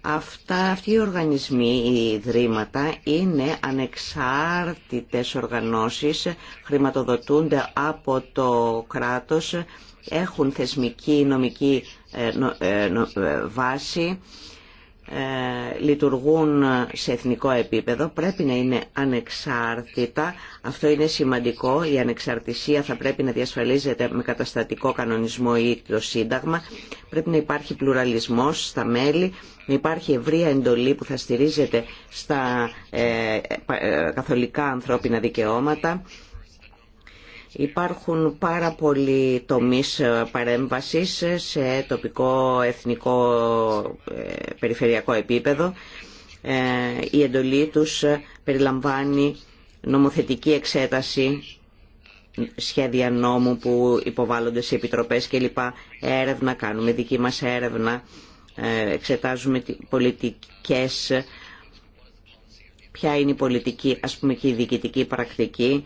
Αυτά, αυτοί οι οργανισμοί, οι ιδρύματα, είναι ανεξάρτητες οργανώσεις, χρηματοδοτούνται από το κράτος, έχουν θεσμική νομική ε, ε, ε, βάση, ε, λειτουργούν σε εθνικό επίπεδο πρέπει να είναι ανεξάρτητα. Αυτό είναι σημαντικό. Η ανεξαρτησία θα πρέπει να διασφαλίζεται με καταστατικό κανονισμό ή το Σύνταγμα. Πρέπει να υπάρχει πλουραλισμός στα μέλη, να υπάρχει ευρεία εντολή που θα στηρίζεται στα ε, ε, καθολικά ανθρώπινα δικαιώματα Υπάρχουν πάρα πολλοί τομείς ε, παρέμβασης σε τοπικό, εθνικό, ε, περιφερειακό επίπεδο. Ε, η εντολή τους περιλαμβάνει νομοθετική εξέταση, σχέδια νόμου που υποβάλλονται σε επιτροπές κλπ. Έρευνα, κάνουμε δική μας έρευνα, εξετάζουμε πολιτικές, ποια είναι η πολιτική, ας πούμε και η διοικητική πρακτική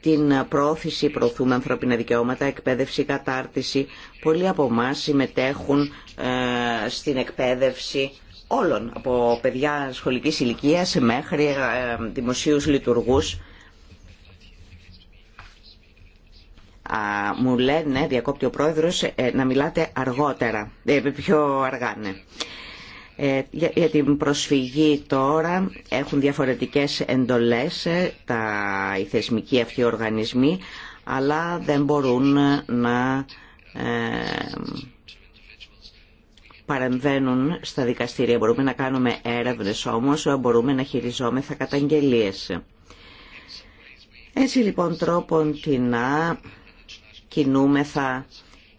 την πρόθεση, προωθούμε ανθρώπινα δικαιώματα, εκπαίδευση, κατάρτιση. Πολλοί από εμά συμμετέχουν ε, στην εκπαίδευση όλων, από παιδιά σχολικής ηλικίας μέχρι ε, δημοσίους λειτουργούς. μου λένε, διακόπτει ο πρόεδρος, ε, να μιλάτε αργότερα, πιο αργά, ναι. Ε, για την προσφυγή τώρα έχουν διαφορετικές εντολές ε, τα, οι θεσμικοί αυτοί οργανισμοί αλλά δεν μπορούν να ε, παρεμβαίνουν στα δικαστήρια. Μπορούμε να κάνουμε έρευνες όμως, μπορούμε να χειριζόμεθα καταγγελίες. Έτσι λοιπόν τρόπον την κινούμεθα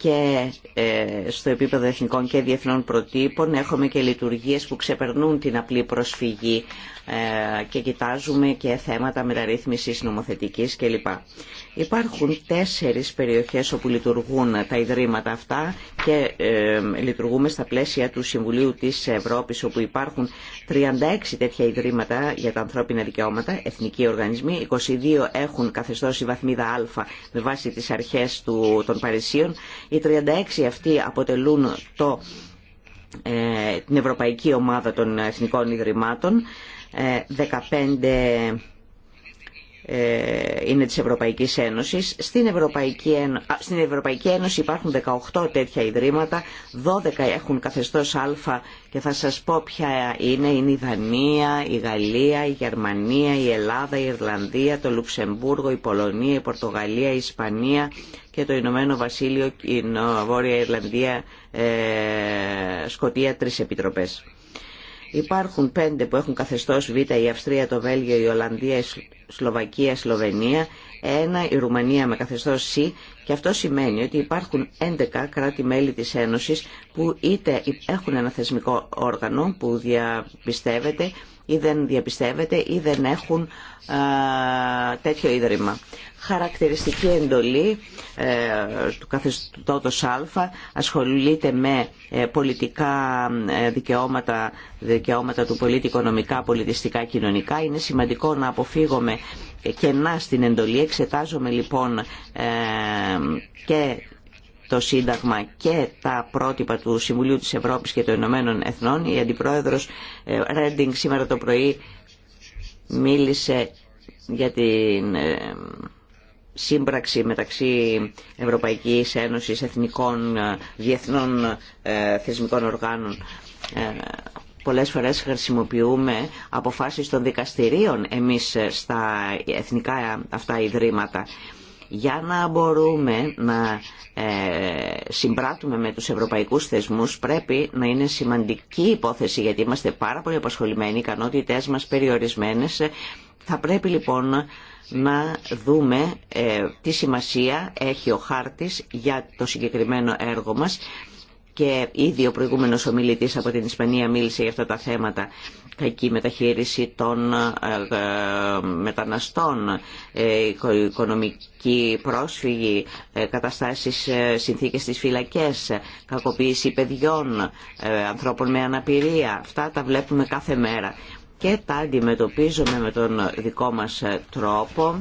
και ε, στο επίπεδο εθνικών και διεθνών προτύπων έχουμε και λειτουργίες που ξεπερνούν την απλή προσφυγή ε, και κοιτάζουμε και θέματα μεταρρύθμισης νομοθετικής κλπ. Υπάρχουν τέσσερις περιοχές όπου λειτουργούν τα ιδρύματα αυτά και ε, λειτουργούμε στα πλαίσια του Συμβουλίου της Ευρώπης όπου υπάρχουν 36 τέτοια ιδρύματα για τα ανθρώπινα δικαιώματα, εθνικοί οργανισμοί, 22 έχουν καθεστώς βαθμίδα Α με βάση τις αρχές του, των Παρισίων. Οι 36 αυτοί αποτελούν το, ε, την Ευρωπαϊκή Ομάδα των Εθνικών Ιδρυμάτων 15 ε, είναι της Ευρωπαϊκής Ένωσης. Στην Ευρωπαϊκή, στην Ευρωπαϊκή Ένωση υπάρχουν 18 τέτοια ιδρύματα, 12 έχουν καθεστώς Α και θα σας πω ποια είναι. Είναι η Δανία, η Γαλλία, η Γερμανία, η Ελλάδα, η Ιρλανδία, το Λουξεμβούργο, η Πολωνία, η Πορτογαλία, η Ισπανία και το Ηνωμένο Βασίλειο, η Βόρεια Ιρλανδία, ε, Σκοτία, τρεις επιτροπές. Υπάρχουν πέντε που έχουν καθεστώς Β, η Αυστρία, το Βέλγιο, η Ολλανδία, η Σλοβακία, η Σλοβενία, ένα η Ρουμανία με καθεστώς Σ και αυτό σημαίνει ότι υπάρχουν 11 κράτη-μέλη της Ένωσης που είτε έχουν ένα θεσμικό όργανο που διαπιστεύεται ή δεν διαπιστεύεται ή δεν έχουν τέτοιο ίδρυμα. Χαρακτηριστική εντολή ε, του καθεστώτος Α ασχολείται με ε, πολιτικά ε, δικαιώματα, δικαιώματα του πολίτη, οικονομικά, πολιτιστικά, κοινωνικά. Είναι σημαντικό να αποφύγουμε κενά στην εντολή. Εξετάζομαι λοιπόν και το Σύνταγμα και τα πρότυπα του Συμβουλίου της Ευρώπης και των Ηνωμένων Εθνών. Η Αντιπρόεδρος ε, Ρέντινγκ σήμερα το πρωί μίλησε για την ε, σύμπραξη μεταξύ Ευρωπαϊκής Ένωσης Εθνικών ε, Διεθνών Θεσμικών Οργάνων πολλές φορές χρησιμοποιούμε αποφάσεις των δικαστηρίων εμείς στα εθνικά αυτά ιδρύματα. Για να μπορούμε να ε, συμπράττουμε με τους ευρωπαϊκούς θεσμούς πρέπει να είναι σημαντική υπόθεση γιατί είμαστε πάρα πολύ απασχολημένοι, οι ικανότητές μας περιορισμένες. Θα πρέπει λοιπόν να δούμε ε, τι σημασία έχει ο χάρτης για το συγκεκριμένο έργο μας και ήδη ο προηγούμενος ομιλητής από την Ισπανία μίλησε για αυτά τα θέματα κακή μεταχείριση των ε, ε, μεταναστών, ε, οικονομική πρόσφυγη, καταστάσεις, συνθήκες στις φυλακές, κακοποίηση παιδιών, ανθρώπων με αναπηρία. Αυτά τα βλέπουμε κάθε μέρα και τα αντιμετωπίζουμε με τον δικό μας τρόπο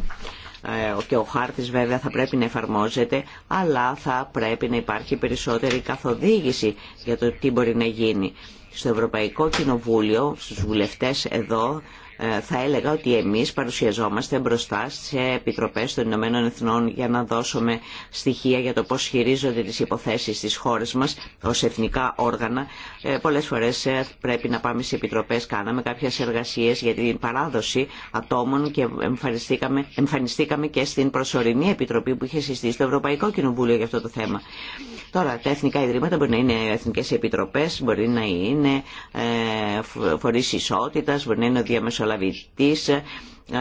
ε, και ο χάρτης βέβαια θα πρέπει να εφαρμόζεται, αλλά θα πρέπει να υπάρχει περισσότερη καθοδήγηση για το τι μπορεί να γίνει. Στο Ευρωπαϊκό Κοινοβούλιο, στους βουλευτές εδώ, ε, θα έλεγα ότι εμείς παρουσιαζόμαστε μπροστά σε επιτροπές των Ηνωμένων Εθνών για να δώσουμε στοιχεία για το πώς χειρίζονται τις υποθέσεις στις χώρε μας ως εθνικά όργανα. Ε, πολλές φορές ε, πρέπει να πάμε σε επιτροπές, κάναμε κάποιες εργασίες για την παράδοση ατόμων και εμφανιστήκαμε, εμφανιστήκαμε και στην προσωρινή επιτροπή που είχε συστήσει το Ευρωπαϊκό Κοινοβούλιο για αυτό το θέμα. Τώρα, τα εθνικά ιδρύματα μπορεί να είναι εθνικές επιτροπές, μπορεί να είναι φορείς ισότητας, μπορεί να είναι ο ε,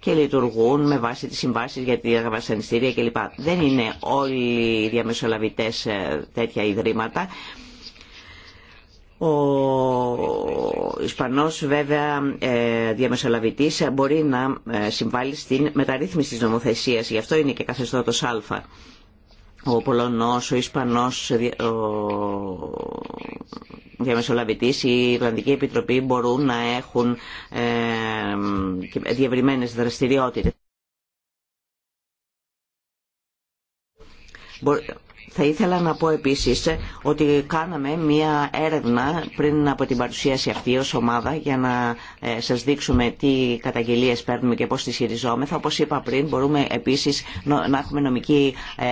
και λειτουργούν με βάση τις συμβάσεις για τη βασανιστήρια κλπ. Δεν είναι όλοι οι διαμεσολαβητές ε, τέτοια ιδρύματα. Ο Ισπανός βέβαια ε, διαμεσολαβητής μπορεί να συμβάλλει στην μεταρρύθμιση της νομοθεσίας. Γι' αυτό είναι και καθεστώτος Α. Ο Πολωνός, ο Ισπανός, διαμεσολαβητής, η Ιρλανδική Επιτροπή μπορούν να έχουν ε, διευρυμένες δραστηριότητες. Θα ήθελα να πω επίσης ότι κάναμε μία έρευνα πριν από την παρουσίαση αυτή ως ομάδα για να ε, σας δείξουμε τι καταγγελίες παίρνουμε και πώς τις χειριζόμεθα. Όπως είπα πριν μπορούμε επίσης να έχουμε νομική ε,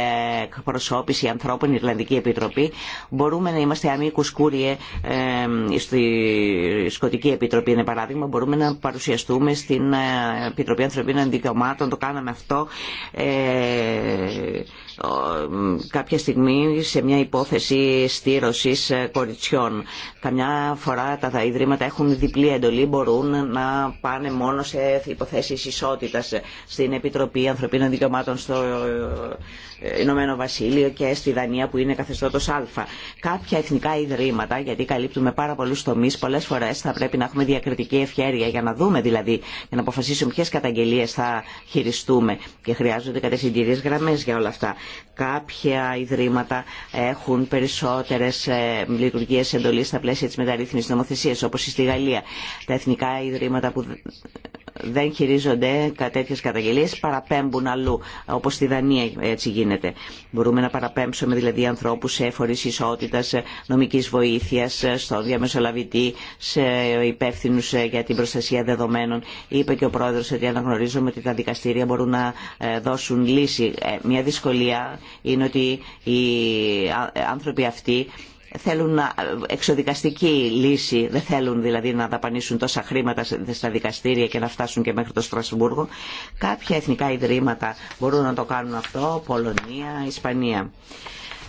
προσώπηση ανθρώπων, Ιρλανδική Επιτροπή. Μπορούμε να είμαστε αμήκους κούριε στη Σκοτική Επιτροπή είναι παράδειγμα. Μπορούμε να παρουσιαστούμε στην ε, Επιτροπή Ανθρωπίνων Δικαιωμάτων. Το κάναμε αυτό κάποια στιγμή σε μια υπόθεση στήρωση ε, κοριτσιών. Καμιά φορά τα ιδρύματα έχουν διπλή εντολή, μπορούν να πάνε μόνο σε υποθέσει ισότητα ε, στην Επιτροπή Ανθρωπίνων Δικαιωμάτων στο ε, Ηνωμένο Βασίλειο και στη Δανία που είναι καθεστώτο Α. Κάποια εθνικά ιδρύματα, γιατί καλύπτουμε πάρα πολλού τομεί, πολλέ φορέ θα πρέπει να έχουμε διακριτική ευχέρεια για να δούμε δηλαδή, για να αποφασίσουμε ποιε καταγγελίε θα χειριστούμε και χρειάζονται κατευθυντηρίε γραμμέ για όλα αυτά. Κάποια ιδρύματα έχουν περισσότερες ε, λειτουργίες εντολής στα πλαίσια της μεταρρύθμισης νομοθεσία, όπως στη Γαλλία. Τα εθνικά ιδρύματα που δεν χειρίζονται τέτοιε καταγγελίες, παραπέμπουν αλλού, όπως στη Δανία έτσι γίνεται. Μπορούμε να παραπέμψουμε δηλαδή ανθρώπους σε εφορείς ισότητας, νομικής βοήθειας, στο διαμεσολαβητή, σε υπεύθυνου ε, για την προστασία δεδομένων. Είπε και ο πρόεδρο ότι αναγνωρίζουμε ότι τα δικαστήρια μπορούν να ε, δώσουν λύση. Ε, μια δυσκολία είναι ότι οι άνθρωποι αυτοί θέλουν εξοδικαστική λύση, δεν θέλουν δηλαδή να δαπανίσουν τόσα χρήματα στα δικαστήρια και να φτάσουν και μέχρι το Στρασβούργο. Κάποια εθνικά ιδρύματα μπορούν να το κάνουν αυτό, Πολωνία, Ισπανία.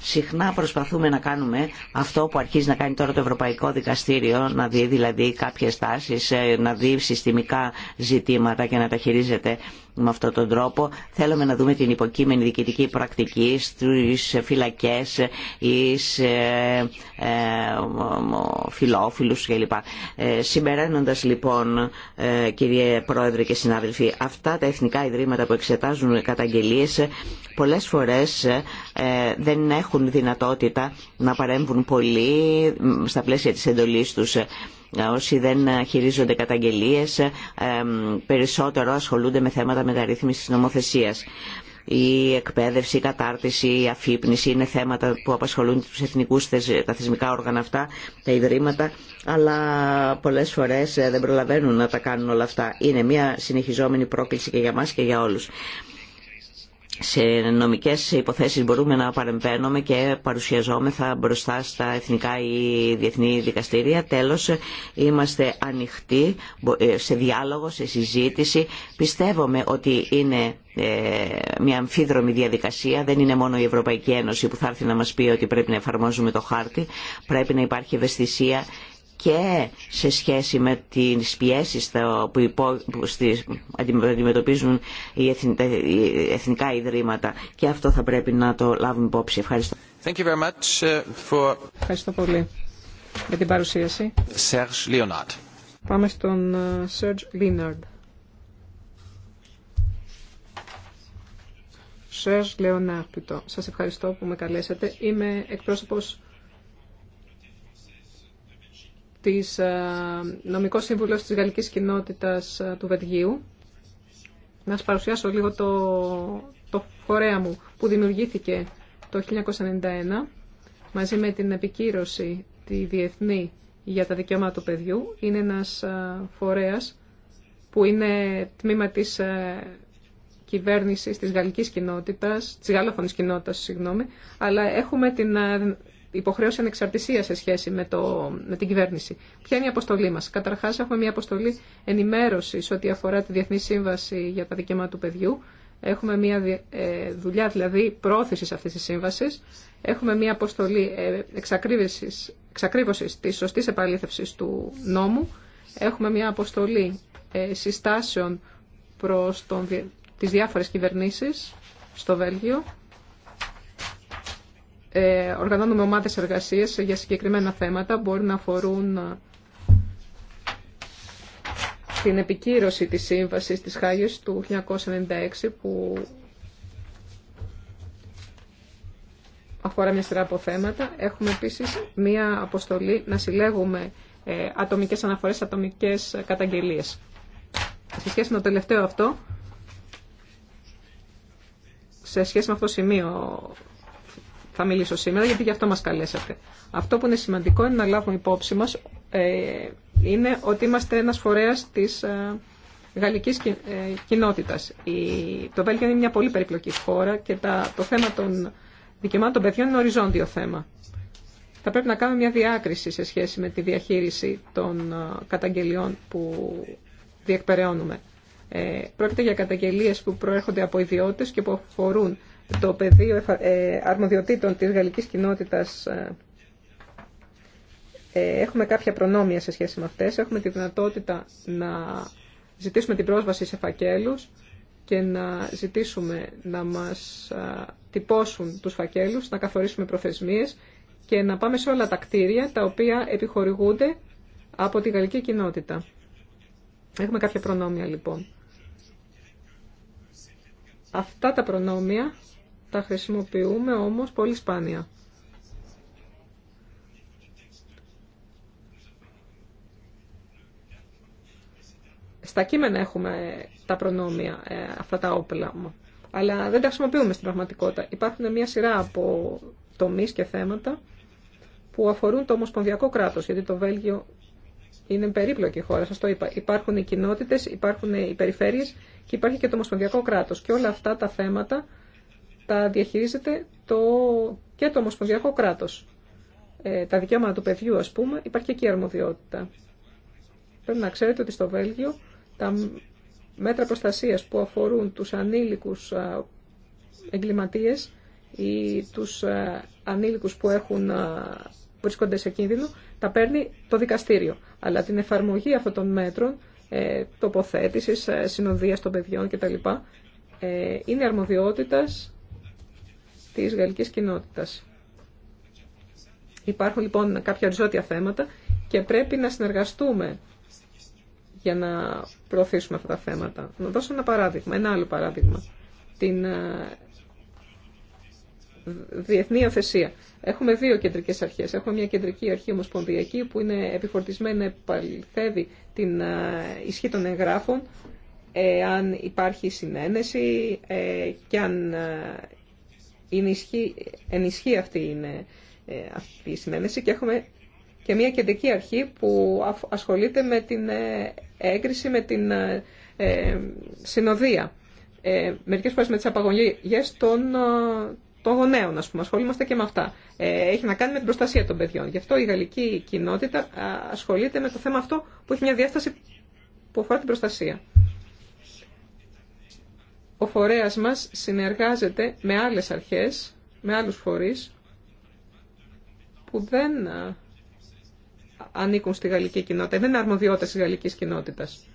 Συχνά προσπαθούμε να κάνουμε αυτό που αρχίζει να κάνει τώρα το Ευρωπαϊκό Δικαστήριο, να δει δηλαδή κάποιες τάσεις, ε, να δει συστημικά ζητήματα και να τα χειρίζεται με αυτόν τον τρόπο. Θέλουμε να δούμε την υποκείμενη διοικητική πρακτική στις φυλακές ή σε ε, ε, φιλόφιλους κλπ. Ε, συμπεραίνοντας λοιπόν κύριε Πρόεδρε και συνάδελφοι αυτά τα εθνικά ιδρύματα που εξετάζουν καταγγελίες πολλές φορές δεν έχουν δυνατότητα να παρέμβουν πολύ στα πλαίσια της εντολής τους όσοι δεν ε, χειρίζονται καταγγελίες ε, περισσότερο ασχολούνται με θέματα μεταρρύθμισης νομοθεσίας. Η εκπαίδευση, η κατάρτιση, η αφύπνιση είναι θέματα που απασχολούν τους εθνικούς τα θεσμικά όργανα αυτά, τα ιδρύματα, αλλά πολλές φορές ε, δεν προλαβαίνουν να τα κάνουν όλα αυτά. Είναι μια συνεχιζόμενη πρόκληση και για μας και για όλους σε νομικές υποθέσεις μπορούμε να παρεμβαίνουμε και παρουσιαζόμεθα μπροστά στα εθνικά ή διεθνή δικαστήρια. Τέλος, είμαστε ανοιχτοί ε, σε διάλογο, σε συζήτηση. Πιστεύουμε ότι είναι ε, μια αμφίδρομη διαδικασία. Δεν είναι μόνο η Ευρωπαϊκή Ένωση που θα έρθει να μας πει ότι πρέπει να εφαρμόζουμε το χάρτη. Πρέπει να υπάρχει ευαισθησία και σε σχέση με τις πιέσεις που αντιμετωπίζουν οι εθνικά ιδρύματα και αυτό θα πρέπει να το λάβουμε υπόψη. Ευχαριστώ. Thank you very much uh, for... Ευχαριστώ πολύ για την παρουσίαση. Serge Leonard. Πάμε στον ε, Serge Leonard. Serge Leonard, Σας ευχαριστώ που με καλέσατε. Είμαι εκπρόσωπος της ε, Νομικός Σύμβουλος της Γαλλικής Κοινότητας ε, του Βετγίου. Να σας παρουσιάσω λίγο το, το φορέα μου που δημιουργήθηκε το 1991 μαζί με την επικύρωση τη Διεθνή για τα Δικαιώματα του Παιδιού. Είναι ένας ε, φορέας που είναι τμήμα της κυβέρνησης της γαλλικής κοινότητας, της γαλλόφωνης κοινότητας, συγγνώμη, αλλά έχουμε την υποχρέωση ανεξαρτησία σε σχέση με, το, με την κυβέρνηση. Ποια είναι η αποστολή μα. Καταρχά, έχουμε μια αποστολή ενημέρωση ό,τι αφορά τη Διεθνή Σύμβαση για τα Δικαιώματα του Παιδιού. Έχουμε μια ε, δουλειά δηλαδή πρόθεση αυτή τη σύμβαση. Έχουμε μια αποστολή ε, εξακρίβωση τη σωστή επαλήθευση του νόμου. Έχουμε μια αποστολή ε, συστάσεων προ τι διάφορε κυβερνήσει στο Βέλγιο ε, οργανώνουμε ομάδες εργασίες για συγκεκριμένα θέματα. Μπορεί να αφορούν ε, την επικύρωση της σύμβασης της Χάγης του 1996 που αφορά μια σειρά από θέματα. Έχουμε επίσης μια αποστολή να συλλέγουμε ε, ατομικές αναφορές, ατομικές καταγγελίες. Σε σχέση με το τελευταίο αυτό, σε σχέση με αυτό το σημείο θα μιλήσω σήμερα, γιατί γι' αυτό μας καλέσατε. Αυτό που είναι σημαντικό είναι να λάβουμε υπόψη μας ε, είναι ότι είμαστε ένας φορέας της ε, γαλλικής ε, κοινότητας. Η, το Βέλγιο είναι μια πολύ περιπλοκή χώρα και τα, το θέμα των δικαιωμάτων των παιδιών είναι οριζόντιο θέμα. Θα πρέπει να κάνουμε μια διάκριση σε σχέση με τη διαχείριση των ε, καταγγελιών που διεκπεραιώνουμε. Ε, πρόκειται για καταγγελίες που προέρχονται από ιδιώτες και που αφορούν το πεδίο ε, αρμοδιοτήτων της γαλλικής κοινότητας ε, ε, έχουμε κάποια προνόμια σε σχέση με αυτές. Έχουμε τη δυνατότητα να ζητήσουμε την πρόσβαση σε φακέλους και να ζητήσουμε να μας τυπώσουν τους φακέλους, να καθορίσουμε προθεσμίες και να πάμε σε όλα τα κτίρια τα οποία επιχορηγούνται από τη γαλλική κοινότητα. Έχουμε κάποια προνόμια λοιπόν. Αυτά τα προνόμια τα χρησιμοποιούμε όμως πολύ σπάνια. Στα κείμενα έχουμε τα προνόμια, ε, αυτά τα όπλα, αλλά δεν τα χρησιμοποιούμε στην πραγματικότητα. Υπάρχουν μια σειρά από τομείς και θέματα που αφορούν το Ομοσπονδιακό κράτος, γιατί το Βέλγιο είναι περίπλοκη χώρα, σας το είπα. Υπάρχουν οι κοινότητες, υπάρχουν οι περιφέρειες και υπάρχει και το Ομοσπονδιακό κράτος. Και όλα αυτά τα θέματα τα διαχειρίζεται το, και το Ομοσπονδιακό κράτος. Ε, τα δικαιώματα του παιδιού, ας πούμε, υπάρχει και εκεί αρμοδιότητα. Πρέπει να ξέρετε ότι στο Βέλγιο τα μέτρα προστασίας που αφορούν τους ανήλικους εγκληματίες ή τους ανήλικους που έχουν βρίσκονται σε κίνδυνο, τα παίρνει το δικαστήριο. Αλλά την εφαρμογή αυτών των μέτρων, ε, τοποθέτησης, ε, συνοδείας των παιδιών κτλ. Ε, είναι αρμοδιότητας της γαλλικής κοινότητας. Υπάρχουν λοιπόν κάποια οριζόντια θέματα και πρέπει να συνεργαστούμε για να προωθήσουμε αυτά τα θέματα. Να δώσω ένα παράδειγμα, ένα άλλο παράδειγμα. Την ε, διεθνή οθεσία. Έχουμε δύο κεντρικέ αρχέ. Έχουμε μια κεντρική αρχή ομοσπονδιακή που είναι επιφορτισμένη να επαληθεύει την ε, ισχύ των εγγράφων, αν υπάρχει συνένεση ε, και αν ενισχύει, αυτή, είναι, ε, αυτή η συνένεση και έχουμε και μια κεντρική αρχή που ασχολείται με την ε, έγκριση, με την ε, ε, συνοδεία. Ε, μερικές φορές με τις απαγωγές των, των γονέων, ας πούμε, ασχολούμαστε και με αυτά. Ε, έχει να κάνει με την προστασία των παιδιών. Γι' αυτό η γαλλική κοινότητα ασχολείται με το θέμα αυτό που έχει μια διάσταση που αφορά την προστασία ο φορέας μας συνεργάζεται με άλλες αρχές, με άλλους φορείς που δεν ανήκουν στη γαλλική κοινότητα, δεν είναι αρμοδιότητα της γαλλικής κοινότητας.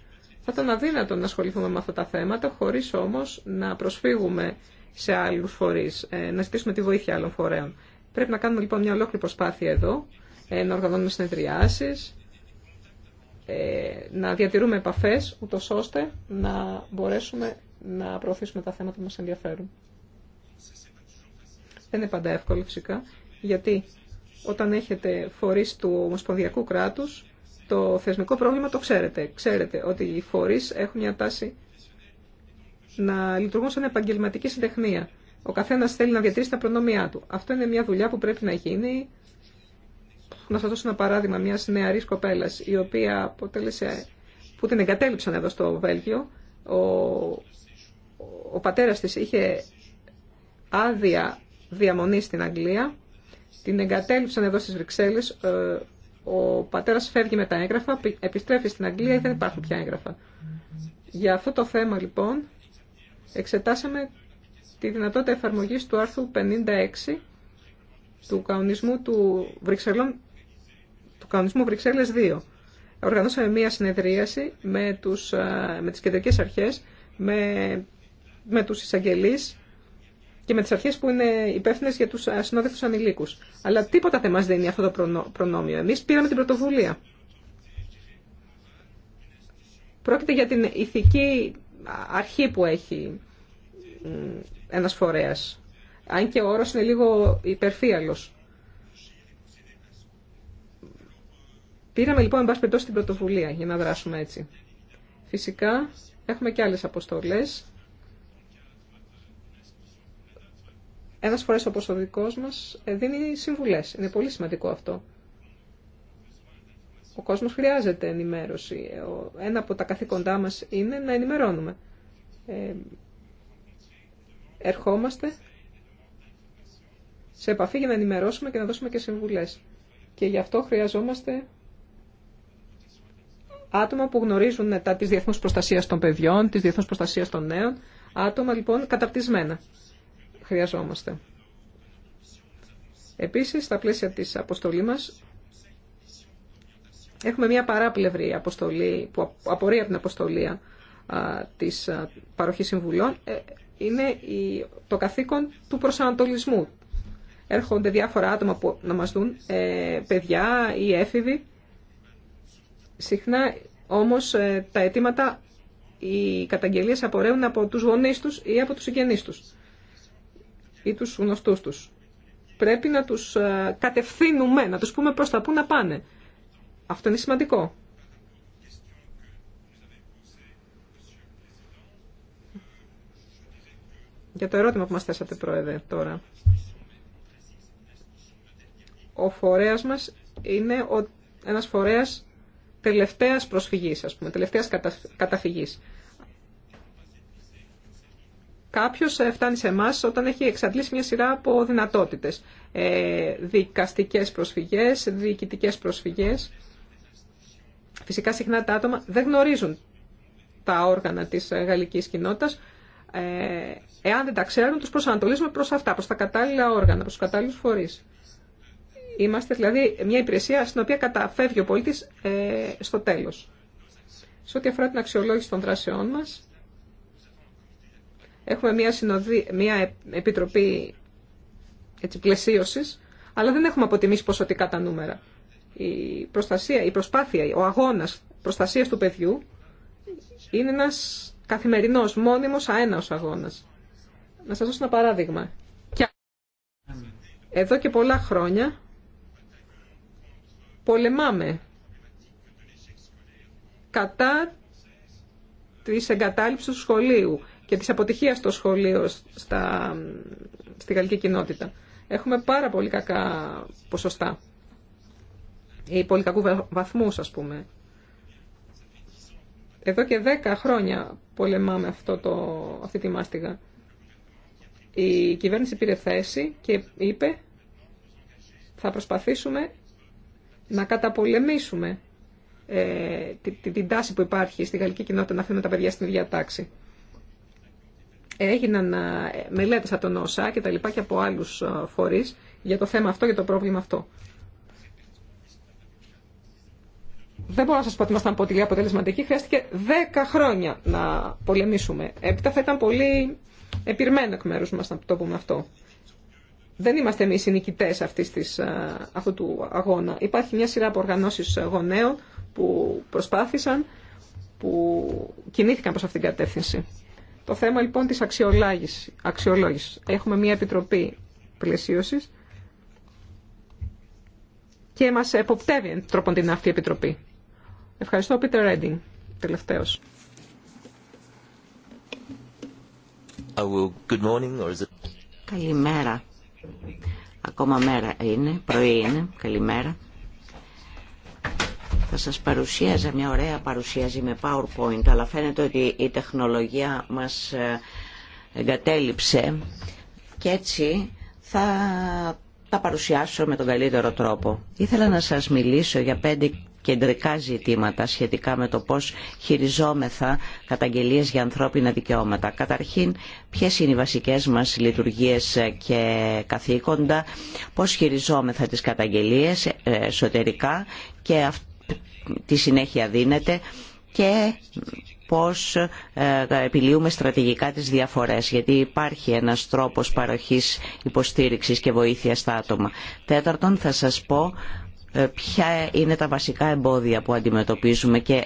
Θα ήταν αδύνατο να ασχοληθούμε με αυτά τα θέματα, χωρίς όμως να προσφύγουμε σε άλλους φορείς, ε, να ζητήσουμε τη βοήθεια άλλων φορέων. Πρέπει να κάνουμε λοιπόν μια ολόκληρη προσπάθεια εδώ, ε, να οργανώνουμε συνεδριάσεις, ε, να διατηρούμε επαφές, ούτως ώστε να μπορέσουμε να προωθήσουμε τα θέματα που μας ενδιαφέρουν. Δεν είναι πάντα εύκολο φυσικά, γιατί όταν έχετε φορείς του ομοσπονδιακού κράτους, το θεσμικό πρόβλημα το ξέρετε. Ξέρετε ότι οι φορείς έχουν μια τάση να λειτουργούν σαν επαγγελματική συντεχνία. Ο καθένας θέλει να διατηρήσει τα προνομιά του. Αυτό είναι μια δουλειά που πρέπει να γίνει. Να σας δώσω ένα παράδειγμα μια νεαρής κοπέλα, η οποία αποτέλεσε, που την εγκατέλειψαν εδώ στο Βέλγιο, ο ο πατέρας της είχε άδεια διαμονή στην Αγγλία, την εγκατέλειψαν εδώ στις Βρυξέλλες, ε, ο πατέρας φεύγει με τα έγγραφα, επιστρέφει στην Αγγλία, δεν υπάρχουν πια έγγραφα. Για αυτό το θέμα λοιπόν εξετάσαμε τη δυνατότητα εφαρμογής του άρθρου 56 του κανονισμού του, Βρυξελών, του κανονισμού Βρυξέλλες 2. Οργανώσαμε μία συνεδρίαση με, τους, ε, με τις κεντρικές αρχές, με με τους εισαγγελείς και με τις αρχές που είναι υπεύθυνε για τους ασυνόδευτους ανηλίκους. Αλλά τίποτα δεν μας δίνει αυτό το προνόμιο. Εμείς πήραμε την πρωτοβουλία. Πρόκειται για την ηθική αρχή που έχει ένας φορέας. Αν και ο όρος είναι λίγο υπερφύαλος. Πήραμε λοιπόν, εν πάση την πρωτοβουλία για να δράσουμε έτσι. Φυσικά, έχουμε και άλλες αποστολές ένας φορές ο δικός μας ε, δίνει συμβουλές. Είναι πολύ σημαντικό αυτό. Ο κόσμος χρειάζεται ενημέρωση. Ένα από τα καθήκοντά μας είναι να ενημερώνουμε. Ε, ερχόμαστε σε επαφή για να ενημερώσουμε και να δώσουμε και συμβουλές. Και γι' αυτό χρειαζόμαστε άτομα που γνωρίζουν ε, τα τις διεθνούς προστασίας των παιδιών, τις διεθνούς προστασίας των νέων, άτομα λοιπόν καταπτυσμένα χρειαζόμαστε. Επίσης, στα πλαίσια της αποστολή μας, έχουμε μια παράπλευρη αποστολή, που απορρεί από την αποστολή της παροχής συμβουλών, ε, είναι το καθήκον του προσανατολισμού. Έρχονται διάφορα άτομα που να μας δουν, ε, παιδιά ή έφηβοι. Συχνά όμως ε, τα αιτήματα, οι καταγγελίες απορρέουν από τους γονείς τους ή από τους συγγενείς τους ή τους γνωστούς τους. Πρέπει να τους ε, κατευθύνουμε, να τους πούμε προς τα πού να πάνε. Αυτό είναι σημαντικό. Για το ερώτημα που μας θέσατε, Πρόεδρε, τώρα. Ο φορέας μας είναι ο, ένας φορέας τελευταίας προσφυγής, ας πούμε, τελευταίας καταφυγής. Κάποιο ε, φτάνει σε εμά όταν έχει εξαντλήσει μια σειρά από δυνατότητε. Ε, δικαστικέ προσφυγέ, διοικητικέ προσφυγέ. Φυσικά συχνά τα άτομα δεν γνωρίζουν τα όργανα της ε, γαλλικής κοινότητα, Ε, εάν δεν τα ξέρουν, τους προσανατολίζουμε προς αυτά, προ τα κατάλληλα όργανα, προ του κατάλληλους φορείς. Είμαστε δηλαδή μια υπηρεσία στην οποία καταφεύγει ο πολιτή ε, στο τέλο. Σε ό,τι αφορά την αξιολόγηση των δράσεών μας, Έχουμε μια, συνοδή, μια επιτροπή έτσι, πλαισίωσης, αλλά δεν έχουμε αποτιμήσει ποσοτικά τα νούμερα. Η προστασία, η προσπάθεια, ο αγώνας προστασίας του παιδιού είναι ένας καθημερινός, μόνιμος, αέναος αγώνας. Να σας δώσω ένα παράδειγμα. Εδώ και πολλά χρόνια πολεμάμε κατά της εγκατάλειψης του σχολείου, και της αποτυχίας στο σχολείο στα, στη γαλλική κοινότητα. Έχουμε πάρα πολύ κακά ποσοστά ή πολύ κακού βαθμούς ας πούμε. Εδώ και δέκα χρόνια πολεμάμε αυτό το, αυτή τη μάστιγα. Η κυβέρνηση πήρε θέση και είπε θα προσπαθήσουμε να καταπολεμήσουμε ε, την, την τάση που υπάρχει στη γαλλική κοινότητα να αφήνουμε τα παιδιά στην ίδια τάξη έγιναν ε, μελέτες από τον ΩΣΑ και τα λοιπά και από άλλους ε, φορείς για το θέμα αυτό, για το πρόβλημα αυτό. Δεν μπορώ να σας πω ότι ήμασταν πολύ αποτελεσματική. Χρειάστηκε 10 χρόνια να πολεμήσουμε. Έπειτα θα ήταν πολύ επιρμένο εκ μέρους μας να το πούμε αυτό. Δεν είμαστε εμείς οι νικητές ε, αυτού του αγώνα. Υπάρχει μια σειρά από οργανώσεις γονέων που προσπάθησαν, που κινήθηκαν προς αυτήν την κατεύθυνση. Το θέμα λοιπόν της αξιολόγησης. Έχουμε μια επιτροπή πλαισίωσης και μας εποπτεύει τρόπον την αυτή επιτροπή. Ευχαριστώ, Πίτερ Ρέντινγκ, τελευταίος. Καλημέρα. Ακόμα μέρα είναι, πρωί είναι, καλημέρα. Θα σας παρουσίαζα μια ωραία παρουσίαση με PowerPoint, αλλά φαίνεται ότι η τεχνολογία μας ε, εγκατέλειψε και έτσι θα τα παρουσιάσω με τον καλύτερο τρόπο. Ήθελα να σας μιλήσω για πέντε κεντρικά ζητήματα σχετικά με το πώς χειριζόμεθα καταγγελίες για ανθρώπινα δικαιώματα. Καταρχήν, ποιες είναι οι βασικές μας λειτουργίες και καθήκοντα, πώς χειριζόμεθα τις καταγγελίες ε, εσωτερικά και αυτό τι συνέχεια δίνεται και πώς ε, επιλύουμε στρατηγικά τις διαφορές, γιατί υπάρχει ένας τρόπος παροχής υποστήριξης και βοήθειας στα άτομα. Τέταρτον, θα σας πω ε, ποια είναι τα βασικά εμπόδια που αντιμετωπίζουμε και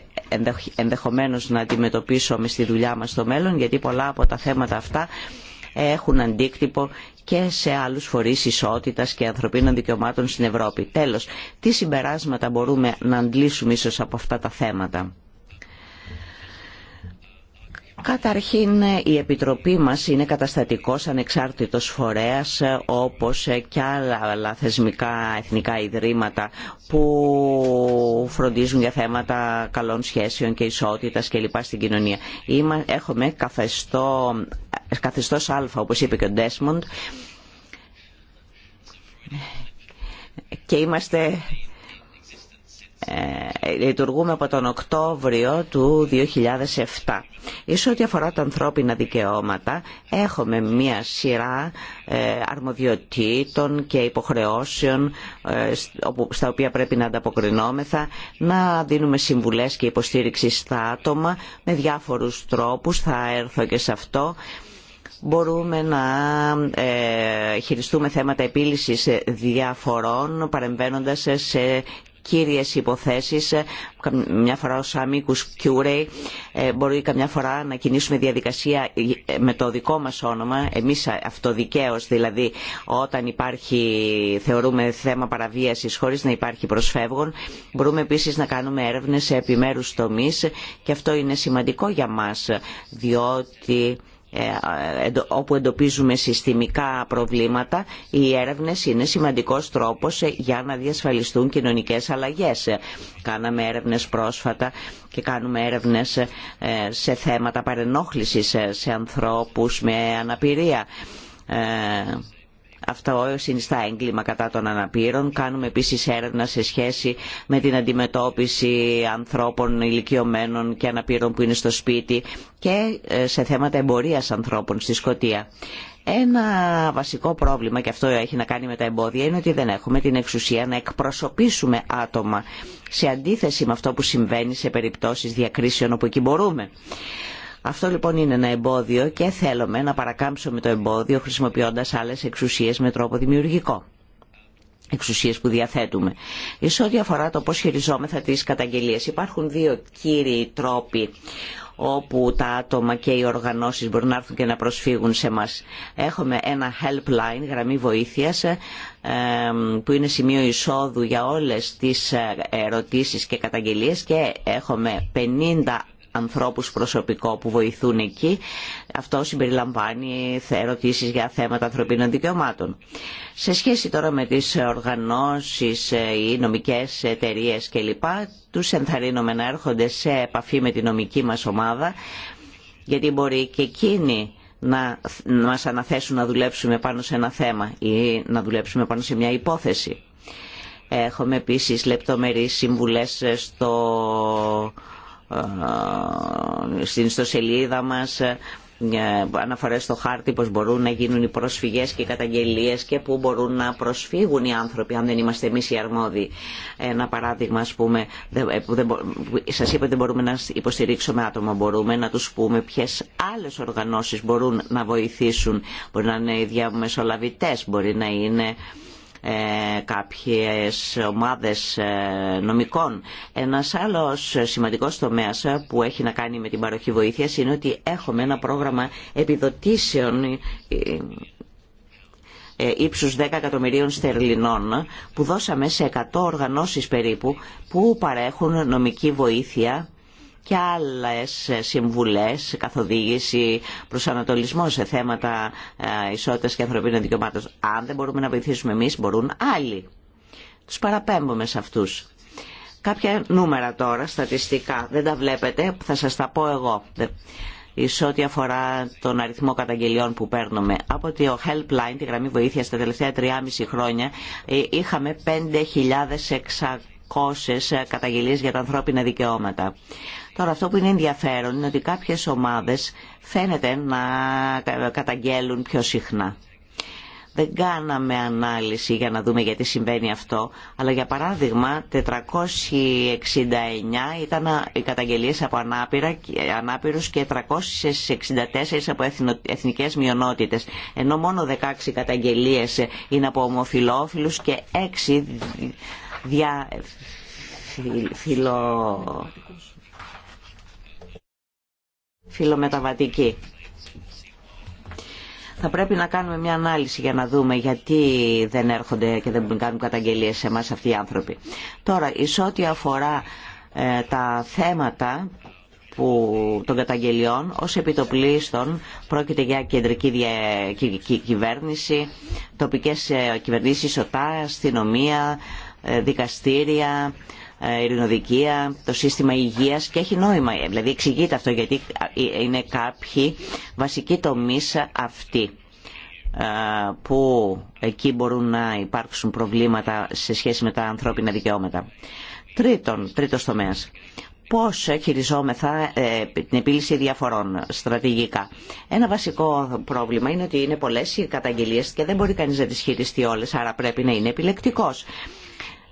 ενδεχομένως να αντιμετωπίσουμε στη δουλειά μας στο μέλλον, γιατί πολλά από τα θέματα αυτά έχουν αντίκτυπο και σε άλλους φορείς ισότητας και ανθρωπίνων δικαιωμάτων στην Ευρώπη. Τέλος, τι συμπεράσματα μπορούμε να αντλήσουμε ίσως από αυτά τα θέματα. Καταρχήν η Επιτροπή μας είναι καταστατικός ανεξάρτητος φορέας όπως και άλλα θεσμικά εθνικά ιδρύματα που φροντίζουν για θέματα καλών σχέσεων και ισότητας και λοιπά στην κοινωνία. Είμα, έχουμε καθεστώ καθιστός α όπως είπε και ο Ντέσμοντ και είμαστε ε, λειτουργούμε από τον Οκτώβριο του 2007. Ίσως ό,τι αφορά τα ανθρώπινα δικαιώματα έχουμε μία σειρά ε, αρμοδιοτήτων και υποχρεώσεων ε, στα οποία πρέπει να ανταποκρινόμεθα, να δίνουμε συμβουλές και υποστήριξη στα άτομα με διάφορους τρόπους, θα έρθω και σε αυτό μπορούμε να ε, χειριστούμε θέματα επίλυσης διαφορών παρεμβαίνοντας σε κύριες υποθέσεις, μια φορά ως αμίκους κιούρεϊ, ε, μπορεί καμιά φορά να κινήσουμε διαδικασία με το δικό μας όνομα, εμείς αυτοδικαίως δηλαδή, όταν υπάρχει, θεωρούμε θέμα παραβίασης χωρίς να υπάρχει προσφεύγων, μπορούμε επίσης να κάνουμε έρευνες σε επιμέρους τομείς και αυτό είναι σημαντικό για μας, διότι ε, όπου εντοπίζουμε συστημικά προβλήματα, οι έρευνες είναι σημαντικός τρόπος ε, για να διασφαλιστούν κοινωνικές αλλαγές. Ε, κάναμε έρευνες πρόσφατα και κάνουμε έρευνες σε θέματα παρενόχλησης σε ανθρώπους με αναπηρία αυτό συνιστά έγκλημα κατά των αναπήρων. Κάνουμε επίσης έρευνα σε σχέση με την αντιμετώπιση ανθρώπων ηλικιωμένων και αναπήρων που είναι στο σπίτι και ε, σε θέματα εμπορίας ανθρώπων στη Σκωτία. Ένα βασικό πρόβλημα, και αυτό έχει να κάνει με τα εμπόδια, είναι ότι δεν έχουμε την εξουσία να εκπροσωπήσουμε άτομα σε αντίθεση με αυτό που συμβαίνει σε περιπτώσεις διακρίσεων όπου εκεί μπορούμε. Αυτό λοιπόν είναι ένα εμπόδιο και θέλουμε να παρακάμψουμε το εμπόδιο χρησιμοποιώντας άλλες εξουσίες με τρόπο δημιουργικό εξουσίες που διαθέτουμε. Σε ό,τι αφορά το πώς χειριζόμεθα τις καταγγελίες, υπάρχουν δύο κύριοι τρόποι όπου τα άτομα και οι οργανώσεις μπορούν να έρθουν και να προσφύγουν σε μας. Έχουμε ένα helpline, γραμμή βοήθειας, ε, που είναι σημείο εισόδου για όλες τις ε, ερωτήσεις και καταγγελίες και έχουμε 50 ανθρώπους προσωπικό που βοηθούν εκεί. Αυτό συμπεριλαμβάνει ερωτήσεις για θέματα ανθρωπίνων δικαιωμάτων. Σε σχέση τώρα με τις οργανώσεις ή ε, νομικές εταιρείε κλπ, τους ενθαρρύνουμε να έρχονται σε επαφή με τη νομική μας ομάδα, γιατί μπορεί και εκείνοι να μας αναθέσουν να δουλέψουμε πάνω σε ένα θέμα ή να δουλέψουμε πάνω σε μια υπόθεση. Έχουμε επίσης λεπτομερείς συμβουλές στο ε, στην ιστοσελίδα μας ε, ε, αναφορές στο χάρτη πως μπορούν να γίνουν οι προσφυγές και οι καταγγελίες και που μπορούν να προσφύγουν οι άνθρωποι αν δεν είμαστε εμείς οι αρμόδιοι. Ένα παράδειγμα ας πούμε, που δεν, σας είπα ότι δεν μπορούμε να υποστηρίξουμε άτομα, μπορούμε να τους πούμε ποιες άλλες οργανώσεις μπορούν να βοηθήσουν, μπορεί να είναι οι διαμεσολαβητές, μπορεί να είναι ε, κάποιες ομάδες ε, νομικών. Ένας άλλος σημαντικός τομέας που έχει να κάνει με την παροχή βοήθειας είναι ότι έχουμε ένα πρόγραμμα επιδοτήσεων ε, ύψους 10 εκατομμυρίων στερλινών που δώσαμε σε 100 οργανώσεις περίπου που παρέχουν νομική βοήθεια και άλλες συμβουλές, καθοδήγηση, ανατολισμό σε θέματα ε, ισότητας και ανθρωπίνων δικαιωμάτων. Αν δεν μπορούμε να βοηθήσουμε εμείς, μπορούν άλλοι. Τους παραπέμπουμε σε αυτούς. Κάποια νούμερα τώρα, στατιστικά, δεν τα βλέπετε, θα σας τα πω εγώ. Ε, σε ό,τι αφορά τον αριθμό καταγγελιών που παίρνουμε, από το Helpline, τη γραμμή βοήθεια, τα τελευταία 3,5 χρόνια ε, είχαμε 5.600 ε, καταγγελίες για τα ανθρώπινα δικαιώματα. Τώρα αυτό που είναι ενδιαφέρον είναι ότι κάποιες ομάδες φαίνεται να καταγγέλουν πιο συχνά. Δεν κάναμε ανάλυση για να δούμε γιατί συμβαίνει αυτό, αλλά για παράδειγμα 469 ήταν οι καταγγελίες από ανάπηρα, ε, ανάπηρους και 364 από εθνικές μειονότητες, ενώ μόνο 16 καταγγελίες είναι από ομοφιλόφιλους και 6 δια, φιλο, φιλομεταβατική. Θα πρέπει να κάνουμε μια ανάλυση για να δούμε γιατί δεν έρχονται και δεν κάνουν καταγγελίες σε εμάς αυτοί οι άνθρωποι. Τώρα, εις ό,τι αφορά ε, τα θέματα που, των καταγγελιών, ως επιτοπλίστων πρόκειται για κεντρική δια, κυβέρνηση, τοπικές ε, κυβερνήσεις, ΟΤΑ, αστυνομία, ε, δικαστήρια, ε, ειρηνοδικεία, το σύστημα υγείας και έχει νόημα. Δηλαδή εξηγείται αυτό γιατί ε, είναι κάποιοι βασικοί τομείς αυτοί που εκεί μπορούν να υπάρξουν προβλήματα σε σχέση με τα ανθρώπινα δικαιώματα. Τρίτον, τρίτος τομέας. Πώς χειριζόμεθα την επίλυση διαφορών στρατηγικά. Ένα βασικό πρόβλημα είναι ότι είναι πολλές οι καταγγελίες και δεν μπορεί κανείς να τις χειριστεί όλες, άρα πρέπει να είναι επιλεκτικός.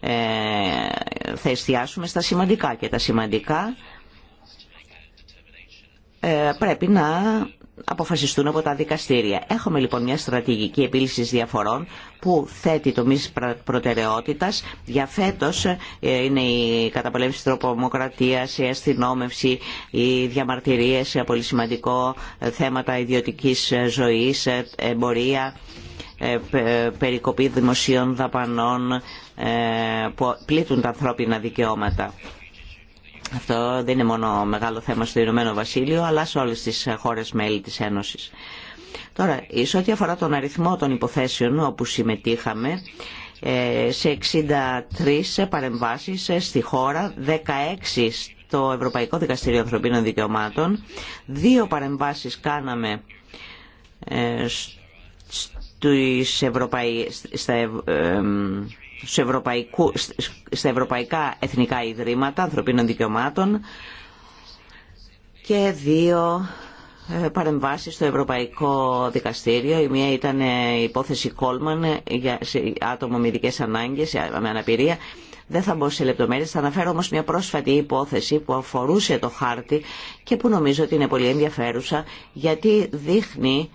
Ε, θα εστιάσουμε στα σημαντικά και τα σημαντικά ε, πρέπει να αποφασιστούν από τα δικαστήρια. Έχουμε λοιπόν μια στρατηγική επίλυση διαφορών που θέτει το τομεί προτεραιότητας. Για φέτος ε, είναι η καταπολέμηση τροπομοκρατία, η αστυνόμευση, οι διαμαρτυρίε, πολύ σημαντικό θέματα ιδιωτικής ζωής, εμπορία. Ε, περικοπή δημοσίων δαπανών ε, που πλήττουν τα ανθρώπινα δικαιώματα. Αυτό δεν είναι μόνο μεγάλο θέμα στο Ηνωμένο Βασίλειο, αλλά σε όλες τις χώρες μέλη της Ένωσης. Τώρα, σε ό,τι αφορά τον αριθμό των υποθέσεων όπου συμμετείχαμε, ε, σε 63 παρεμβάσεις στη χώρα, 16 στο Ευρωπαϊκό Δικαστήριο Ανθρωπίνων Δικαιωμάτων, δύο παρεμβάσεις κάναμε στα ευρωπαϊκά εθνικά ιδρύματα ανθρωπίνων δικαιωμάτων και δύο ε, παρεμβάσεις στο Ευρωπαϊκό Δικαστήριο. Η μία ήταν ε, η υπόθεση Κόλμαν για άτομο με ειδικέ ανάγκες, με αναπηρία. Δεν θα μπω σε λεπτομέρειες, θα αναφέρω όμως μια πρόσφατη υπόθεση που αφορούσε το χάρτη και που νομίζω ότι είναι πολύ ενδιαφέρουσα γιατί δείχνει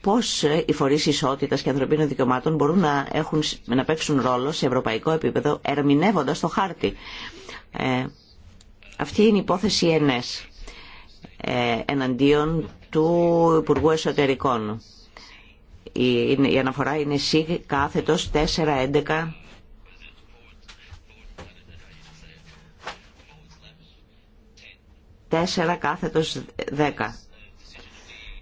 Πώ οι φορείς ισότητα και ανθρωπίνων δικαιωμάτων μπορούν να, έχουν, να παίξουν ρόλο σε ευρωπαϊκό επίπεδο ερμηνεύοντας το χάρτη. Ε, αυτή είναι η υπόθεση ΕΝΕΣ ε, εναντίον του Υπουργού Εσωτερικών. Η, η αναφορά είναι ΣΥΓ κάθετος 411 τέσσερα κάθετος 10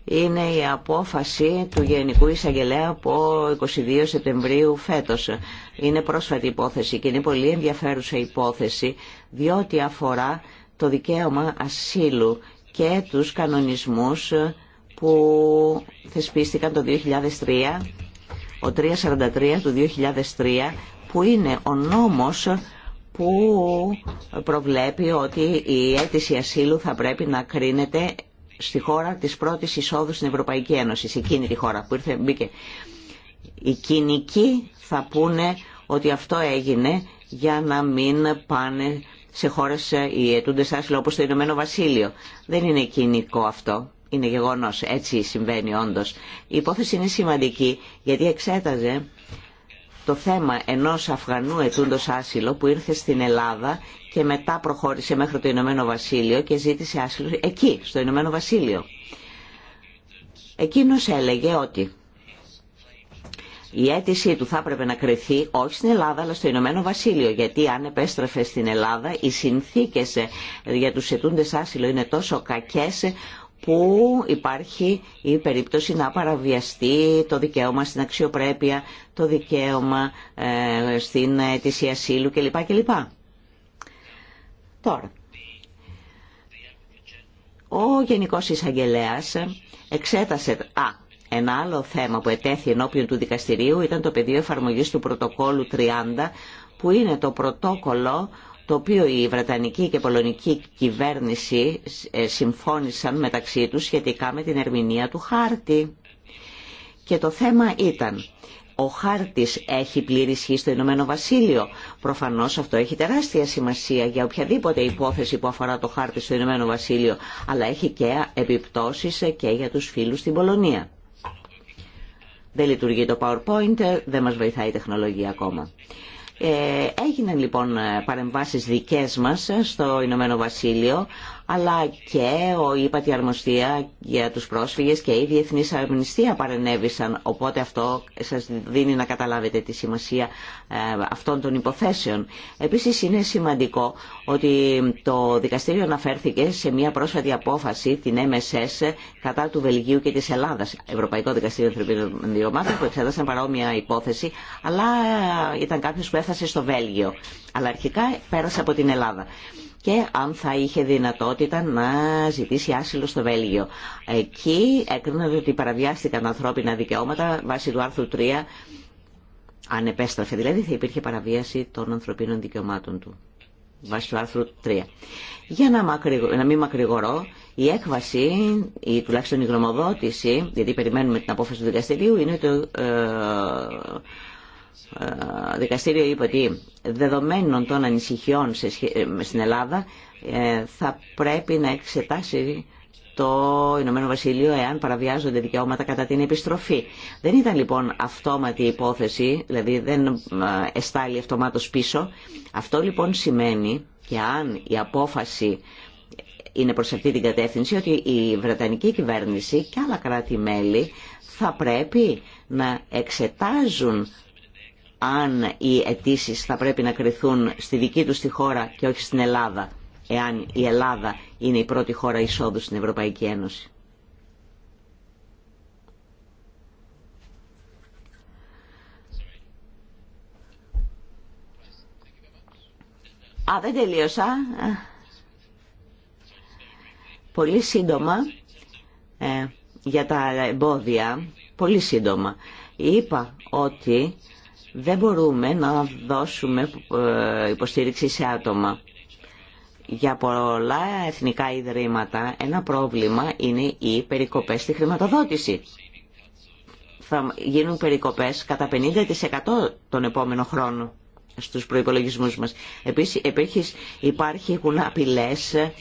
είναι η απόφαση του Γενικού Εισαγγελέα από 22 Σεπτεμβρίου φέτος. Είναι πρόσφατη υπόθεση και είναι πολύ ενδιαφέρουσα υπόθεση διότι αφορά το δικαίωμα ασύλου και τους κανονισμούς που θεσπίστηκαν το 2003, ο 343 του 2003, που είναι ο νόμος που προβλέπει ότι η αίτηση ασύλου θα πρέπει να κρίνεται στη χώρα της πρώτης εισόδου στην Ευρωπαϊκή Ένωση, σε εκείνη τη χώρα που ήρθε, μπήκε. Οι κοινικοί θα πούνε ότι αυτό έγινε για να μην πάνε σε χώρες ε, οι αιτούντες άσυλο όπως το Ηνωμένο Βασίλειο. Δεν είναι κοινικό αυτό. Είναι γεγονός. Έτσι συμβαίνει όντως. Η υπόθεση είναι σημαντική γιατί εξέταζε το θέμα ενός Αφγανού ετούντος άσυλο που ήρθε στην Ελλάδα και μετά προχώρησε μέχρι το Ηνωμένο Βασίλειο και ζήτησε άσυλο εκεί, στο Ηνωμένο Βασίλειο. Εκείνος έλεγε ότι η αίτησή του θα έπρεπε να κρυθεί όχι στην Ελλάδα αλλά στο Ηνωμένο Βασίλειο γιατί αν επέστρεφε στην Ελλάδα οι συνθήκες ε, για τους ετούντες άσυλο είναι τόσο κακές που υπάρχει η περίπτωση να παραβιαστεί το δικαίωμα στην αξιοπρέπεια, το δικαίωμα ε, στην αίτηση ασύλου κλπ. κλπ. Τώρα, ο Γενικός Εισαγγελέας εξέτασε... Α, ένα άλλο θέμα που ετέθη ενώπιον του δικαστηρίου ήταν το πεδίο εφαρμογής του πρωτοκόλου 30, που είναι το πρωτόκολλο το οποίο η Βρετανική και Πολωνική κυβέρνηση ε, συμφώνησαν μεταξύ τους σχετικά με την ερμηνεία του χάρτη. Και το θέμα ήταν ο χάρτης έχει πλήρη ισχύ στο Ηνωμένο Βασίλειο. Προφανώς αυτό έχει τεράστια σημασία για οποιαδήποτε υπόθεση που αφορά το χάρτη στο Ηνωμένο Βασίλειο, αλλά έχει και επιπτώσεις και για τους φίλους στην Πολωνία. Δεν λειτουργεί το PowerPoint, δεν μας βοηθάει η τεχνολογία ακόμα. Ε, έγιναν λοιπόν παρεμβάσεις δικές μας στο Ηνωμένο Βασίλειο αλλά και ο τη Αρμοστία για τους πρόσφυγες και η Διεθνή Αμνηστία παρενέβησαν, οπότε αυτό σας δίνει να καταλάβετε τη σημασία ε, αυτών των υποθέσεων. Επίσης είναι σημαντικό ότι το δικαστήριο αναφέρθηκε σε μια πρόσφατη απόφαση, την MSS, κατά του Βελγίου και της Ελλάδας, Ευρωπαϊκό Δικαστήριο Ανθρωπίνων Δικαιωμάτων, που εξέτασαν παρόμοια υπόθεση, αλλά ε, ήταν κάποιο που έφτασε στο Βέλγιο, αλλά αρχικά πέρασε από την Ελλάδα και αν θα είχε δυνατότητα να ζητήσει άσυλο στο Βέλγιο. Εκεί έκριναν ότι παραβιάστηκαν ανθρώπινα δικαιώματα βάσει του άρθρου 3 αν επέστρεφε δηλαδή θα υπήρχε παραβίαση των ανθρωπίνων δικαιωμάτων του βάσει του άρθρου 3. Για να, να μην μακρηγορώ, η έκβαση, ή τουλάχιστον η γνωμοδότηση, γιατί περιμένουμε την απόφαση του δικαστηρίου, είναι το, ε, ε, δικαστήριο είπε ότι δεδομένων των ανησυχιών ε, στην Ελλάδα ε, θα πρέπει να εξετάσει το Ηνωμένο Βασίλειο εάν παραβιάζονται δικαιώματα κατά την επιστροφή. Δεν ήταν λοιπόν αυτόματη υπόθεση, δηλαδή δεν εστάλει αυτομάτως πίσω. Αυτό λοιπόν σημαίνει και αν η απόφαση είναι προς αυτή την κατεύθυνση ότι η Βρετανική κυβέρνηση και άλλα κράτη-μέλη θα πρέπει να εξετάζουν αν οι αιτήσει θα πρέπει να κρυθούν στη δική του τη χώρα και όχι στην Ελλάδα, εάν η Ελλάδα είναι η πρώτη χώρα εισόδου στην Ευρωπαϊκή Ένωση. Α, δεν τελείωσα. Πολύ σύντομα ε, για τα εμπόδια. Πολύ σύντομα. Είπα ότι δεν μπορούμε να δώσουμε ε, υποστήριξη σε άτομα. Για πολλά εθνικά ιδρύματα ένα πρόβλημα είναι οι περικοπές στη χρηματοδότηση. Θα γίνουν περικοπές κατά 50% τον επόμενο χρόνο στους προϋπολογισμούς μας. Επίσης υπάρχουν απειλές ε,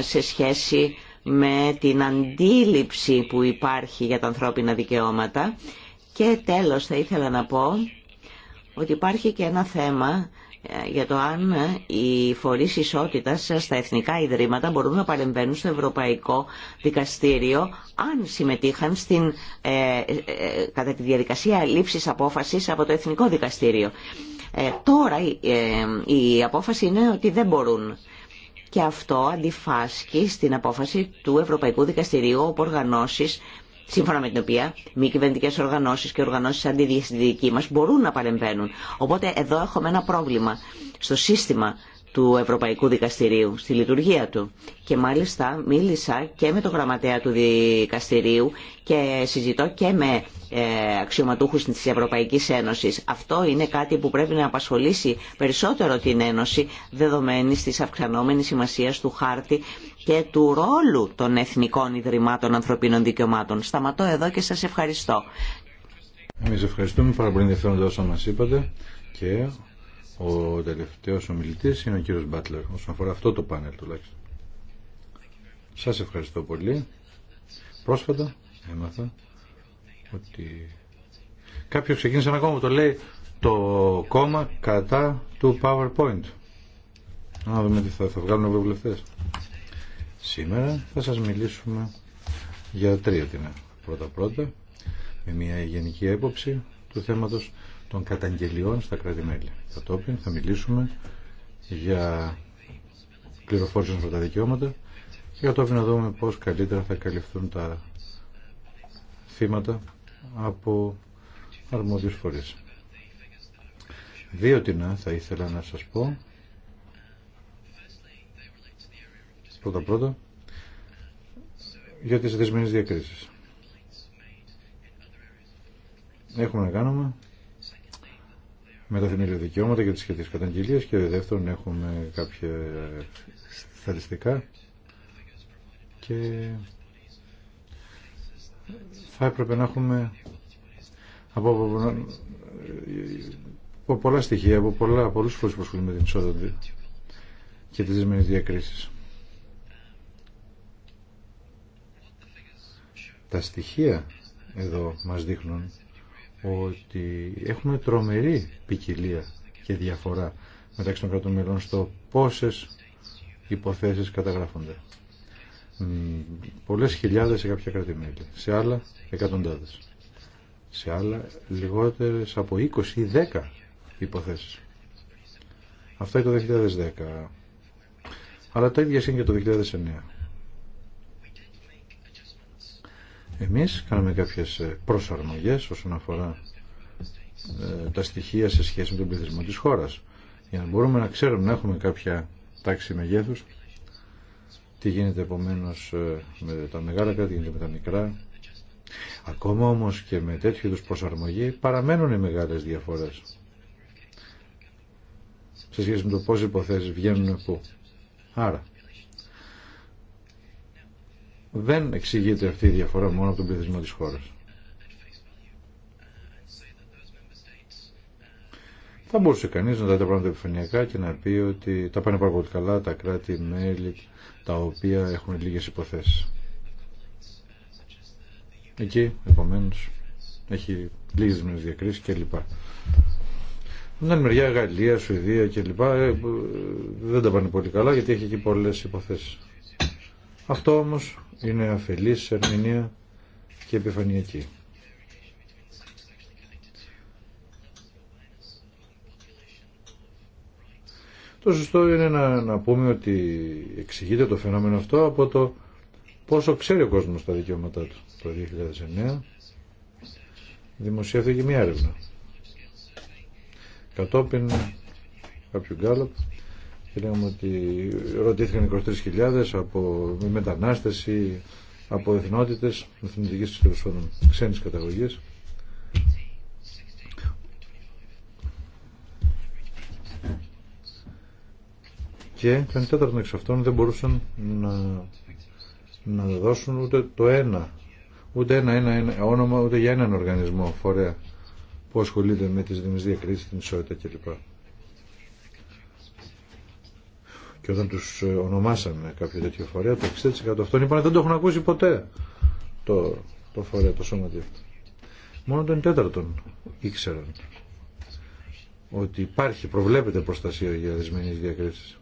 σε σχέση με την αντίληψη που υπάρχει για τα ανθρώπινα δικαιώματα και τέλος θα ήθελα να πω ότι υπάρχει και ένα θέμα ε, για το αν ε, οι φορείς ισότητας στα εθνικά ιδρύματα μπορούν να παρεμβαίνουν στο Ευρωπαϊκό Δικαστήριο αν συμμετείχαν στην, ε, κατά τη διαδικασία λήψης απόφασης από το Εθνικό Δικαστήριο. τώρα η απόφαση είναι ότι δεν μπορούν. Και αυτό αντιφάσκει στην απόφαση του Ευρωπαϊκού Δικαστηρίου όπου οργανώσεις σύμφωνα με την οποία μη κυβερνητικέ οργανώσει και οργανώσει σαν τη δική μα μπορούν να παρεμβαίνουν. Οπότε εδώ έχουμε ένα πρόβλημα στο σύστημα του Ευρωπαϊκού Δικαστηρίου, στη λειτουργία του. Και μάλιστα μίλησα και με το γραμματέα του Δικαστηρίου και συζητώ και με ε, αξιωματούχους της Ευρωπαϊκής Ένωσης. Αυτό είναι κάτι που πρέπει να απασχολήσει περισσότερο την Ένωση δεδομένης της αυξανόμενης σημασίας του χάρτη και του ρόλου των Εθνικών Ιδρυμάτων Ανθρωπίνων Δικαιωμάτων. Σταματώ εδώ και σας ευχαριστώ. Εμείς ευχαριστούμε πάρα πολύ ενδιαφέροντα όσα είπατε και ο τελευταίος ομιλητής είναι ο κύριο Μπάτλερ όσον αφορά αυτό το πάνελ τουλάχιστον. Σας ευχαριστώ πολύ. Πρόσφατα έμαθα ότι κάποιο ξεκίνησε ένα κόμμα που το λέει το κόμμα κατά του PowerPoint. Να δούμε τι θα, θα βγάλουν οι βουλευτέ. Σήμερα θα σας μιλήσουμε για τρία ειναι πρώτα πρώτα με μια γενική έποψη του θέματος των καταγγελιών στα κράτη-μέλη. Κατόπιν θα μιλήσουμε για πληροφόρηση από τα δικαιώματα και κατόπιν να δούμε πώς καλύτερα θα καλυφθούν τα θύματα από αρμόδιους φορείς. Δύο τινά θα ήθελα να σας πω. Πρώτα-πρώτα για τις δεσμενείς διακρίσεις. Έχουμε να κάνουμε με τα θεμελιώδη δικαιώματα και τις σχετικές καταγγελίες και δεύτερον έχουμε κάποια στατιστικά και θα έπρεπε να έχουμε από, από πολλά στοιχεία, από πολλά, πολλούς που ασχολούνται με την εισόδο και τις δεσμένες διακρίσεις. Τα στοιχεία εδώ μας δείχνουν ότι έχουμε τρομερή ποικιλία και διαφορά μεταξύ των κρατών μελών στο πόσες υποθέσεις καταγράφονται. Πολλές χιλιάδες σε κάποια κρατημέλη, σε άλλα εκατοντάδες, σε άλλα λιγότερες από 20 ή 10 υποθέσεις. Αυτό είναι το 2010. Αλλά τα ίδια είναι και το 2009. Εμείς κάναμε κάποιες ε, προσαρμογές όσον αφορά ε, τα στοιχεία σε σχέση με τον πληθυσμό της χώρας για να μπορούμε να ξέρουμε να έχουμε κάποια τάξη μεγέθους τι γίνεται επομένω ε, με τα μεγάλα κράτη, τι γίνεται με τα μικρά. Ακόμα όμως και με τέτοιου είδου προσαρμογή παραμένουν οι μεγάλες διαφορές σε σχέση με το πώ υποθέσει βγαίνουν πού. Άρα δεν εξηγείται αυτή η διαφορά μόνο από τον πληθυσμό της χώρας. Θα μπορούσε κανείς να δει τα πράγματα επιφανειακά και να πει ότι τα πάνε πάρα πολύ καλά τα κράτη-μέλη τα οποία έχουν λίγες υποθέσεις. Εκεί, επομένως, έχει λίγες δυσμένες διακρίσεις κλπ. Μια άλλη μεριά, Γαλλία, Σουηδία κλπ. Ε, ε, δεν τα πάνε πολύ καλά γιατί έχει εκεί πολλές υποθέσεις. Αυτό όμως είναι αφελής, ερμηνεία και επιφανειακή. Το σωστό είναι να, να πούμε ότι εξηγείται το φαινόμενο αυτό από το πόσο ξέρει ο κόσμος τα δικαιώματά του. Το 2009 δημοσιεύθηκε μια έρευνα. Κατόπιν κάποιου γκάλωπ λέγαμε ότι ρωτήθηκαν 23.000 από μετανάστες ή από εθνότητες, του τέλο ξένης καταγωγής. Και τον τέταρτον εξ αυτών δεν μπορούσαν να, να δώσουν ούτε το ένα, ούτε ένα, ένα, όνομα, ούτε για έναν οργανισμό φορέα που ασχολείται με τις δημιουργίες διακρίσεις, την ισότητα κλπ. και όταν του ε, ονομάσαμε κάποιο τέτοιο φορέα το 60% αυτών είπαν δεν το έχουν ακούσει ποτέ το, το φορέα, το σώμα αυτό. Μόνο τον τέταρτον ήξεραν ότι υπάρχει, προβλέπεται προστασία για δεσμενείς διακρίσεις.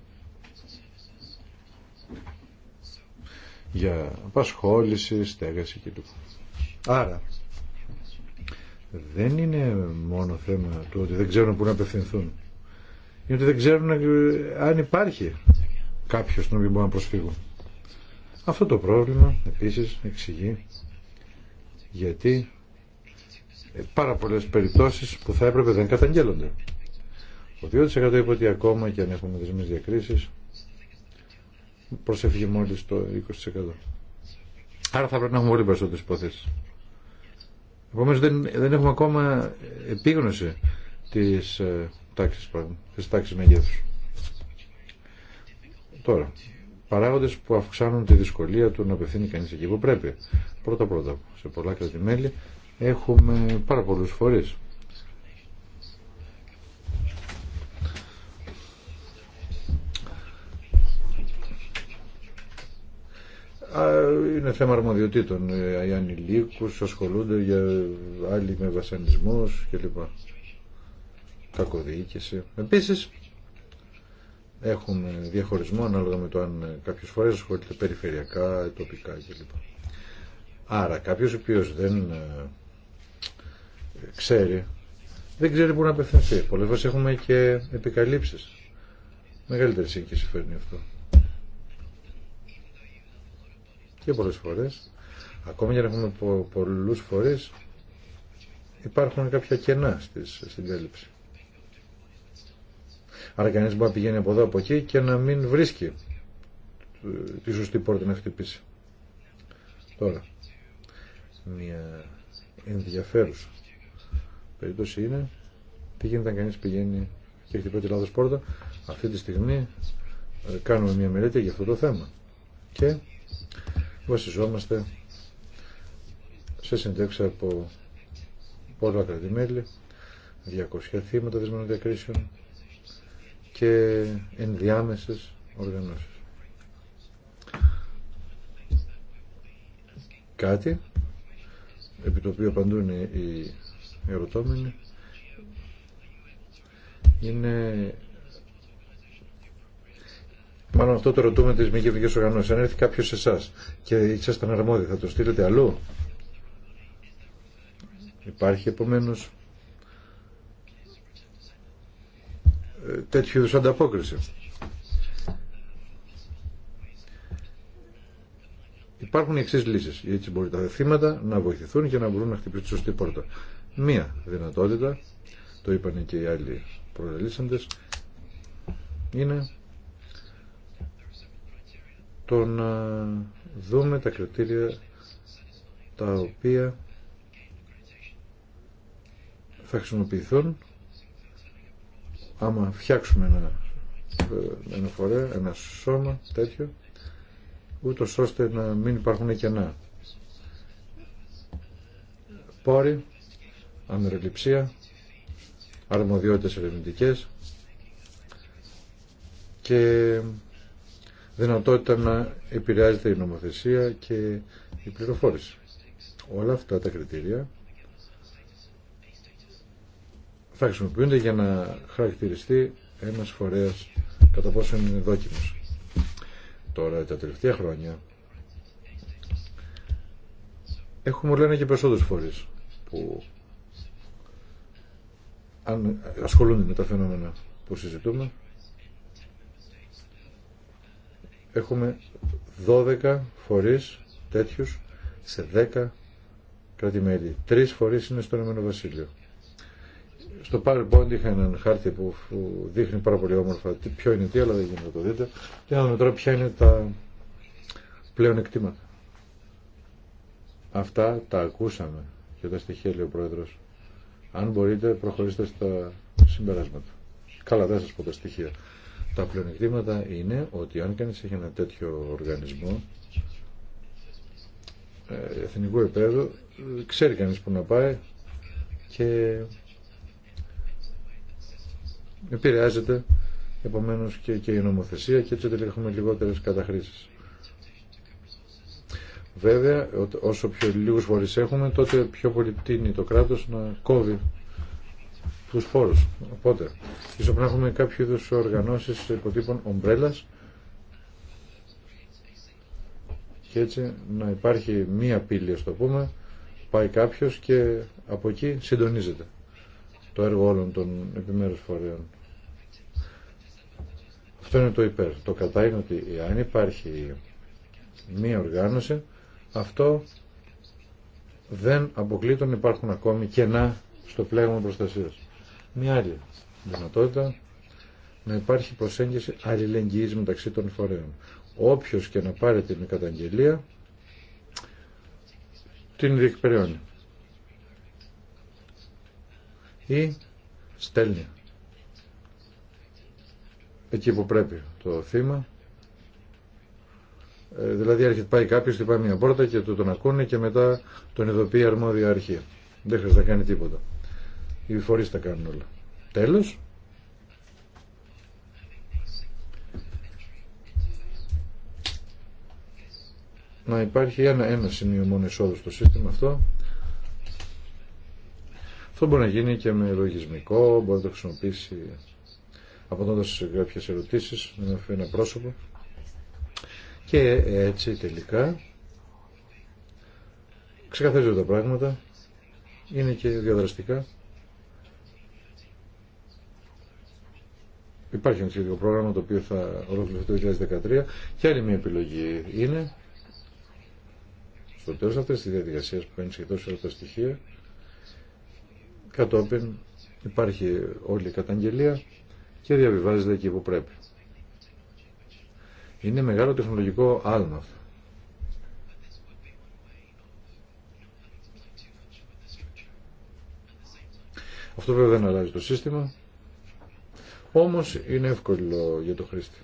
Για απασχόληση, στέγαση κλπ. Άρα, δεν είναι μόνο θέμα του ότι δεν ξέρουν πού να απευθυνθούν γιατί δεν ξέρουν ε, αν υπάρχει κάποιος τον οποίο μπορούν να προσφύγουν. Αυτό το πρόβλημα επίσης εξηγεί γιατί ε, πάρα πολλές περιπτώσεις που θα έπρεπε δεν καταγγέλλονται. Ο 2% είπε ότι ακόμα και αν έχουμε δεσμείς διακρίσεις προσεύγει μόλις το 20%. Άρα θα πρέπει να έχουμε όλοι περισσότερες υποθέσεις. Επομένως δεν, δεν έχουμε ακόμα επίγνωση της ε, τάξης πάντων, της τάξης μεγέθους. Τώρα, παράγοντες που αυξάνουν τη δυσκολία του να απευθύνει κανείς εκεί που πρέπει. Πρώτα πρώτα, σε πολλά κρατημέλη έχουμε πάρα πολλούς φορείς. είναι θέμα αρμοδιοτήτων. Ε, οι ανηλίκους ασχολούνται για άλλοι με βασανισμού κλπ κακοδιοίκηση. Επίσης, έχουμε διαχωρισμό ανάλογα με το αν κάποιες φορές ασχολείται περιφερειακά, τοπικά κλπ. Άρα κάποιος ο οποίος δεν ε, ξέρει, δεν ξέρει πού να απευθυνθεί. Πολλές φορές έχουμε και επικαλύψεις. Μεγαλύτερη σύγκριση φέρνει αυτό. Και πολλές φορές, ακόμη και να έχουμε πολλούς φορείς, υπάρχουν κάποια κενά στις, στην κάλυψη. Άρα κανείς μπορεί να πηγαίνει από εδώ από εκεί και να μην βρίσκει τη σωστή πόρτα να χτυπήσει. Τώρα, μια ενδιαφέρουσα περίπτωση είναι τι γίνεται αν κανείς πηγαίνει και χτυπάει τη λάθος πόρτα. Αυτή τη στιγμή ε, κάνουμε μια μελέτη για αυτό το θέμα και βασιζόμαστε σε συντέξει από πολλά κρατημέλη, 200 θύματα δεσμενών διακρίσεων, και ενδιάμεσες οργανώσεις. Κάτι επί το οποίο απαντούν οι ερωτώμενοι είναι Μάλλον αυτό το ρωτούμε τι μη κυβερνητικέ οργανώσει. Αν έρθει κάποιο σε εσά και ήσασταν αρμόδιοι, θα το στείλετε αλλού. Υπάρχει επομένω τέτοιου είδους ανταπόκριση. Υπάρχουν οι εξή λύσει. Έτσι μπορεί τα θύματα να βοηθηθούν και να μπορούν να χτυπήσουν τη σωστή πόρτα. Μία δυνατότητα, το είπαν και οι άλλοι προελίσσαντε, είναι το να δούμε τα κριτήρια τα οποία θα χρησιμοποιηθούν άμα φτιάξουμε ένα, ε, ένα φορέα, ένα σώμα τέτοιο, ούτω ώστε να μην υπάρχουν κενά. Πόροι, αμεροληψία, αρμοδιότητες ερευνητικέ και δυνατότητα να επηρεάζεται η νομοθεσία και η πληροφόρηση. Όλα αυτά τα κριτήρια θα χρησιμοποιούνται για να χαρακτηριστεί ένας φορέας κατά πόσο είναι δόκιμος. Τώρα τα τελευταία χρόνια έχουμε λένε, και περισσότερου φορείς που ασχολούνται με τα φαινόμενα που συζητούμε έχουμε 12 φορείς τέτοιους σε 10 κράτη-μέλη. Τρεις φορείς είναι στο Ηνωμένο Βασίλειο. Στο PowerPoint είχα έναν χάρτη που δείχνει πάρα πολύ όμορφα τι, ποιο είναι τι, αλλά δεν γίνεται να το δείτε. Και να δούμε τώρα ποια είναι τα πλέον εκτίματα. Αυτά τα ακούσαμε και τα στοιχεία λέει ο Πρόεδρος. Αν μπορείτε προχωρήστε στα συμπεράσματα. Καλά δεν σας πω τα στοιχεία. Τα πλεονεκτήματα είναι ότι αν κανείς έχει ένα τέτοιο οργανισμό ε, εθνικού επέδου ξέρει κανείς που να πάει και επηρεάζεται επομένω και, και η νομοθεσία και έτσι τελικά έχουμε λιγότερες καταχρήσει. Βέβαια, όσο πιο λίγους φορεί έχουμε, τότε πιο πολύ τίνει το κράτος να κόβει τους φόρους. Οπότε, ίσω να έχουμε κάποιο είδου οργανώσει υποτύπων ομπρέλας και έτσι να υπάρχει μία πύλη, ας το πούμε, πάει κάποιος και από εκεί συντονίζεται το έργο όλων των επιμέρους φορέων. Αυτό είναι το υπέρ. Το κατά είναι ότι αν υπάρχει μία οργάνωση, αυτό δεν αποκλείτων υπάρχουν ακόμη κενά στο πλέγμα προστασίας. Μια οργανωση αυτο δεν τον υπαρχουν ακομη κενα δυνατότητα να υπάρχει προσέγγιση αλληλεγγύης μεταξύ των φορέων. Όποιος και να πάρει την καταγγελία την διεκπεριώνει ή στέλνει εκεί που πρέπει το θύμα ε, δηλαδή έρχεται πάει κάποιος πάει μια πόρτα και το τον ακούνε και μετά τον ειδοποιεί αρμόδια αρχή δεν χρειάζεται να κάνει τίποτα οι φορείς τα κάνουν όλα τέλος να υπάρχει ένα, ένα σημείο μόνο εισόδου στο σύστημα αυτό αυτό μπορεί να γίνει και με λογισμικό, μπορεί να το χρησιμοποιήσει σε κάποιες ερωτήσεις με ένα πρόσωπο. Και έτσι τελικά ξεκαθαρίζονται τα πράγματα, είναι και διαδραστικά. Υπάρχει ένα σχετικό πρόγραμμα το οποίο θα ολοκληρωθεί το 2013 και άλλη μια επιλογή είναι στο τέλος αυτής της διαδικασίας που είναι σχεδόν σε όλα τα στοιχεία Κατόπιν υπάρχει όλη η καταγγελία και διαβιβάζεται εκεί που πρέπει. Είναι μεγάλο τεχνολογικό άλμα αυτό. Αυτό βέβαια δεν αλλάζει το σύστημα, όμως είναι εύκολο για το χρήστη.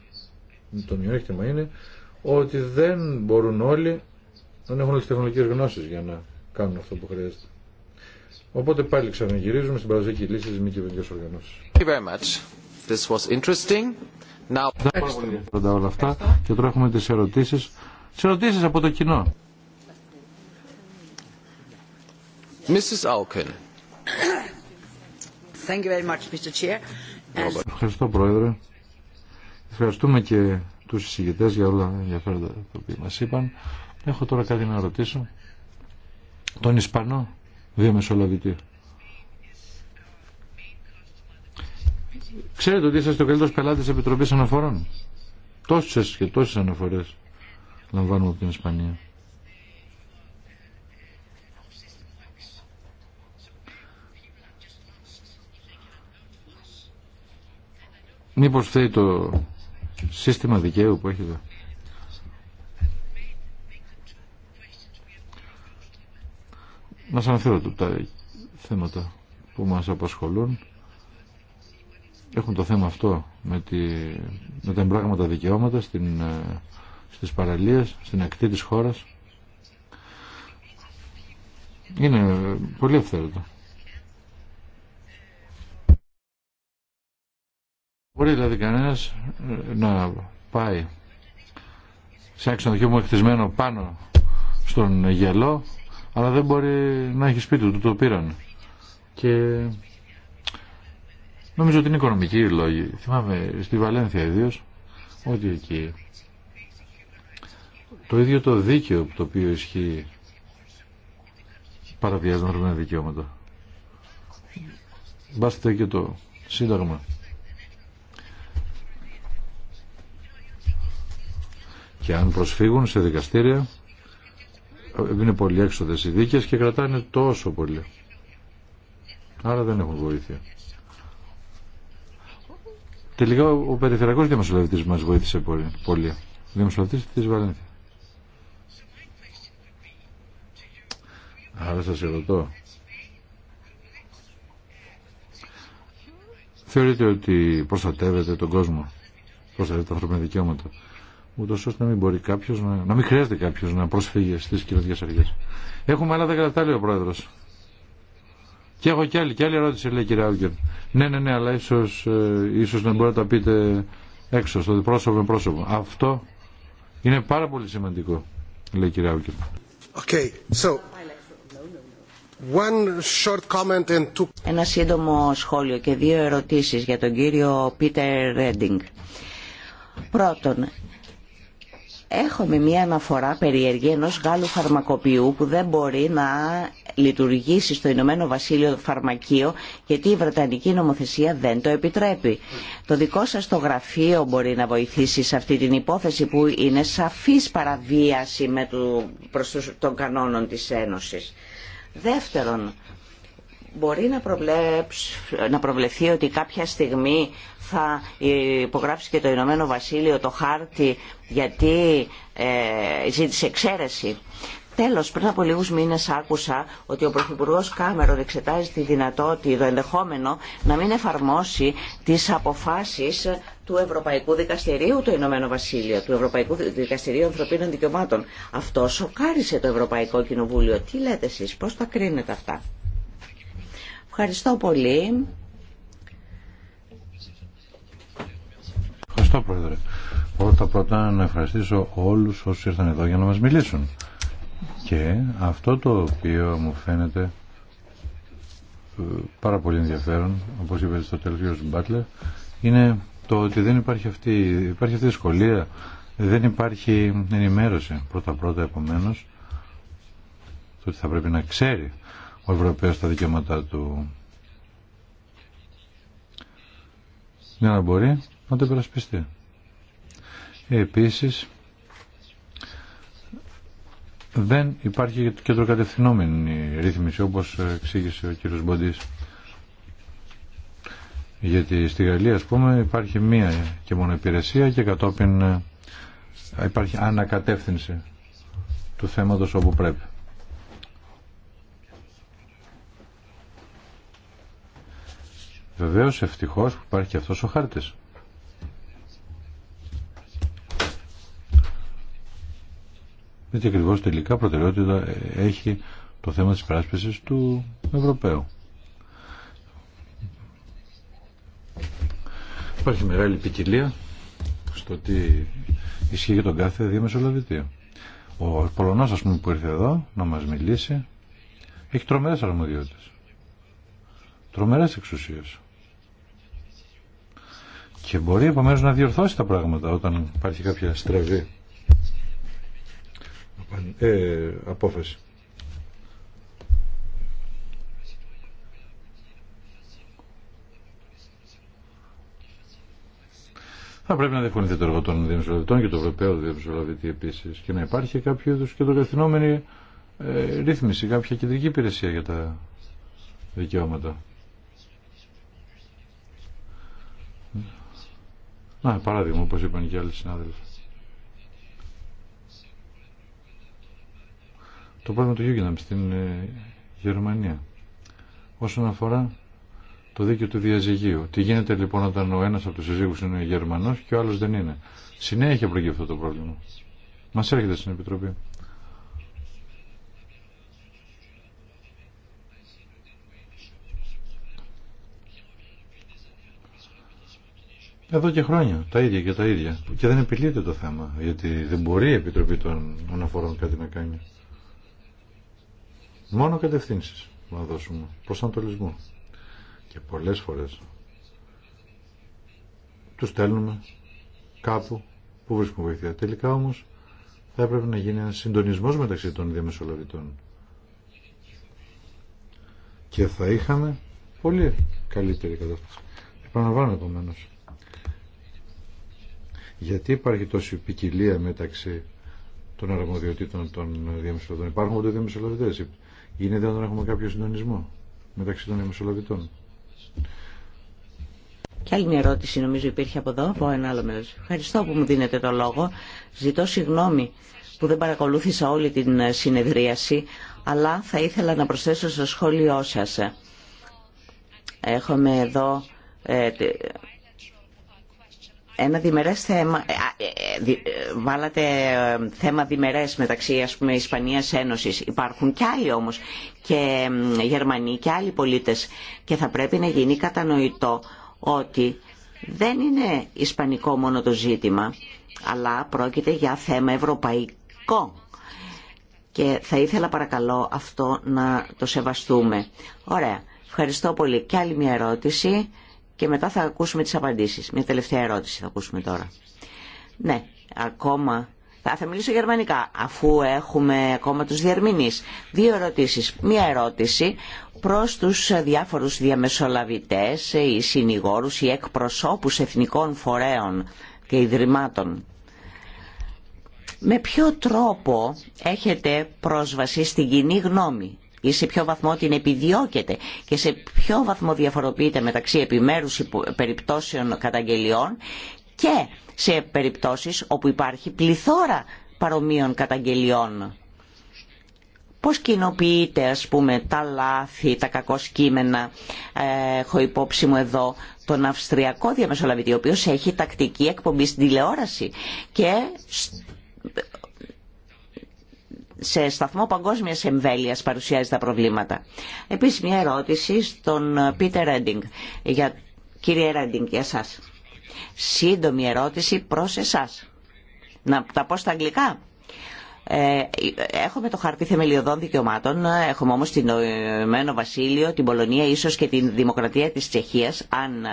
Το μειονέκτημα είναι ότι δεν μπορούν όλοι, δεν έχουν όλες τις τεχνολογικές γνώσεις για να κάνουν αυτό που χρειάζεται. Οπότε πάλι ξαναγυρίζουμε στην παραδοσιακή λύση της μη κυβερνητικής much. This was interesting. Now... Πάρα πολύ όλα αυτά και τώρα έχουμε τις ερωτήσεις. Τις ερωτήσεις από το κοινό. Mrs. Auken. Thank you very much, Mr. Chair. And... Ευχαριστώ, Πρόεδρε. Ευχαριστούμε και τους συζητητές για όλα τα ενδιαφέροντα που μας είπαν. Έχω τώρα κάτι να ρωτήσω. Τον Ισπανό διαμεσολαβητή. Ξέρετε ότι είσαστε ο καλύτερο πελάτη τη Επιτροπή Αναφορών. Τόσε και τόσε αναφορέ λαμβάνουμε από την Ισπανία. Μήπως θέει το σύστημα δικαίου που έχετε. Να σας αναφέρω τα θέματα που μας απασχολούν. Έχουν το θέμα αυτό με, τη, με τα εμπράγματα δικαιώματα στην, ε, στις παραλίες, στην ακτή της χώρας. Είναι πολύ ευθέρετο. Μπορεί δηλαδή κανένας ε, να πάει σε ένα δοχείο μου εκτισμένο πάνω στον γελό αλλά δεν μπορεί να έχει σπίτι του, το πήραν. Και νομίζω ότι είναι οικονομική η λόγη. Θυμάμαι στη Βαλένθια ιδίω ότι εκεί το ίδιο το δίκαιο που το οποίο ισχύει παραβιάζει ορμένα δικαιώματα. Μπάστε και το σύνταγμα. Και αν προσφύγουν σε δικαστήρια είναι πολύ έξοδες οι δίκες και κρατάνε τόσο πολύ. Άρα δεν έχουν βοήθεια. Τελικά ο περιφερειακός διαμεσολαβητής μας βοήθησε πολύ. πολύ. Ο διαμεσολαβητής της Βαλένθια. Άρα σας ερωτώ. Θεωρείτε ότι προστατεύετε τον κόσμο, προστατεύετε τα ανθρώπινα δικαιώματα ούτως ώστε να μην, μπορεί κάποιος, να, να μην χρειάζεται κάποιος να προσφύγει στις κοινωνικές αρχές. Έχουμε άλλα λεπτά, λέει ο Πρόεδρος. Και έχω κι άλλη, κι άλλη ερώτηση, λέει κύριε Άουγκερ. Ναι, ναι, ναι, αλλά ίσως, ε, ίσως να μπορείτε να τα πείτε έξω, στο πρόσωπο με πρόσωπο. Αυτό είναι πάρα πολύ σημαντικό, λέει κύριε κυρία Okay, so... One short comment and two... Ένα σύντομο σχόλιο και δύο ερωτήσεις για τον κύριο Πίτερ Ρέντινγκ. Πρώτον, Έχουμε μία αναφορά περίεργη ενό Γάλλου φαρμακοποιού που δεν μπορεί να λειτουργήσει στο Ηνωμένο Βασίλειο φαρμακείο γιατί η Βρετανική νομοθεσία δεν το επιτρέπει. Το δικό σα το γραφείο μπορεί να βοηθήσει σε αυτή την υπόθεση που είναι σαφής παραβίαση με το, προς τους, των κανόνων της Ένωσης. Δεύτερον, μπορεί να, προβλέψ, να προβλεφθεί ότι κάποια στιγμή θα υπογράψει και το Ηνωμένο Βασίλειο το χάρτη γιατί ε, ζήτησε εξαίρεση. Τέλος, πριν από λίγους μήνες άκουσα ότι ο Πρωθυπουργό Κάμερον εξετάζει τη δυνατότητα, το ενδεχόμενο, να μην εφαρμόσει τις αποφάσεις του Ευρωπαϊκού Δικαστηρίου του Ηνωμένου Βασίλειο, του Ευρωπαϊκού Δικαστηρίου Ανθρωπίνων Δικαιωμάτων. Αυτό σοκάρισε το Ευρωπαϊκό Κοινοβούλιο. Τι λέτε εσείς, πώς τα κρίνετε αυτά. Ευχαριστώ πολύ. Ευχαριστώ Πρόεδρε. Πρώτα πρώτα να ευχαριστήσω όλους όσους ήρθαν εδώ για να μας μιλήσουν. Και αυτό το οποίο μου φαίνεται ε, πάρα πολύ ενδιαφέρον, όπως είπε στο τέλος ο Μπάτλερ, είναι το ότι δεν υπάρχει αυτή, υπάρχει αυτή η δυσκολία, δεν υπάρχει ενημέρωση πρώτα πρώτα επομένω. το ότι θα πρέπει να ξέρει ο Ευρωπαίος τα δικαιώματά του για μπορεί να το υπερασπιστεί. Επίσης, δεν υπάρχει κεντροκατευθυνόμενη ρύθμιση, όπως εξήγησε ο κύριος Μποντής. Γιατί στη Γαλλία, ας πούμε, υπάρχει μία και μόνο υπηρεσία και κατόπιν ε, υπάρχει ανακατεύθυνση του θέματος όπου πρέπει. Βεβαίως, ευτυχώς, που υπάρχει και αυτός ο χάρτης. γιατί ακριβώ τελικά προτεραιότητα έχει το θέμα της πράσπισης του Ευρωπαίου. Υπάρχει μεγάλη ποικιλία στο τι ισχύει για τον κάθε διαμεσολαβητή. Ο Πολωνός ας πούμε που ήρθε εδώ να μας μιλήσει έχει τρομερές αρμοδιότητες. Τρομερές εξουσίες. Και μπορεί επομένως να διορθώσει τα πράγματα όταν υπάρχει κάποια στρεβή ε, απόφαση. Θα πρέπει να διευκολυνθεί το έργο των διαμεσολαβητών και του Ευρωπαίου διαμεσολαβητή επίση και να υπάρχει κάποιο είδου και το καθινόμενη ε, ρύθμιση, κάποια κεντρική υπηρεσία για τα δικαιώματα. Να, παράδειγμα, όπως είπαν και άλλοι συνάδελφοι. το πρόβλημα του Γιούγκεναμ στην ε, Γερμανία όσον αφορά το δίκαιο του διαζυγίου. Τι γίνεται λοιπόν όταν ο ένας από τους συζύγους είναι Γερμανός και ο άλλος δεν είναι. Συνέχεια προκύπτει αυτό το πρόβλημα. Μας έρχεται στην Επιτροπή. Εδώ και χρόνια, τα ίδια και τα ίδια. Και δεν επιλύεται το θέμα, γιατί δεν μπορεί η Επιτροπή των Αναφορών κάτι να κάνει. Μόνο κατευθύνσεις να δώσουμε, αντολισμό. Και πολλές φορές τους στέλνουμε κάπου που βρίσκουν βοήθεια. Τελικά όμως θα έπρεπε να γίνει ένας συντονισμός μεταξύ των διαμεσολαβητών. Και θα είχαμε πολύ καλύτερη κατάσταση. Επαναλαμβάνω επομένω. Γιατί υπάρχει τόση ποικιλία μεταξύ των αρμοδιοτήτων των διαμεσολαβητών. Υπάρχουν ούτε διαμεσολαβητές. Γίνεται όταν έχουμε κάποιο συντονισμό μεταξύ των μεσολαβητών. Και άλλη μια ερώτηση νομίζω υπήρχε από εδώ, από ένα άλλο μέρος. Ευχαριστώ που μου δίνετε το λόγο. Ζητώ συγγνώμη που δεν παρακολούθησα όλη την ε, συνεδρίαση, αλλά θα ήθελα να προσθέσω στο σχόλιο σας. Έχουμε εδώ ε, ένα διμερές θέμα, ε, ε, ε, βάλατε θέμα διμερές μεταξύ ας πούμε Ισπανίας Ένωσης. Υπάρχουν κι άλλοι όμως και Γερμανοί και άλλοι πολίτες και θα πρέπει να γίνει κατανοητό ότι δεν είναι ισπανικό μόνο το ζήτημα, αλλά πρόκειται για θέμα ευρωπαϊκό. Και θα ήθελα παρακαλώ αυτό να το σεβαστούμε. Ωραία. Ευχαριστώ πολύ. Και άλλη μια ερώτηση και μετά θα ακούσουμε τις απαντήσεις. Μια τελευταία ερώτηση θα ακούσουμε τώρα. Ναι, ακόμα θα, θα μιλήσω γερμανικά, αφού έχουμε ακόμα τους διερμηνείς. Δύο ερωτήσεις. Μία ερώτηση προς τους διάφορους διαμεσολαβητές, οι συνηγόρους, οι εκπροσώπους εθνικών φορέων και ιδρυμάτων. Με ποιο τρόπο έχετε πρόσβαση στην κοινή γνώμη σε ποιο βαθμό την επιδιώκεται και σε ποιο βαθμό διαφοροποιείται μεταξύ επιμέρους περιπτώσεων καταγγελιών και σε περιπτώσεις όπου υπάρχει πληθώρα παρομοίων καταγγελιών. Πώς κοινοποιείται ας πούμε τα λάθη, τα κακό σκήμενα, ε, έχω υπόψη μου εδώ τον Αυστριακό διαμεσολαβητή, ο οποίος έχει τακτική εκπομπή στην τηλεόραση και σε σταθμό παγκόσμιας εμβέλειας παρουσιάζει τα προβλήματα. Επίσης μια ερώτηση στον Πίτερ Ρέντινγκ. Για... Κύριε Ρέντινγκ, για εσάς. Σύντομη ερώτηση προς εσάς. Να τα πω στα αγγλικά. Ε, έχουμε το χαρτί θεμελιωδών δικαιωμάτων, έχουμε όμως την Ηνωμένο ε, Βασίλειο, την Πολωνία, ίσως και την Δημοκρατία της Τσεχίας, αν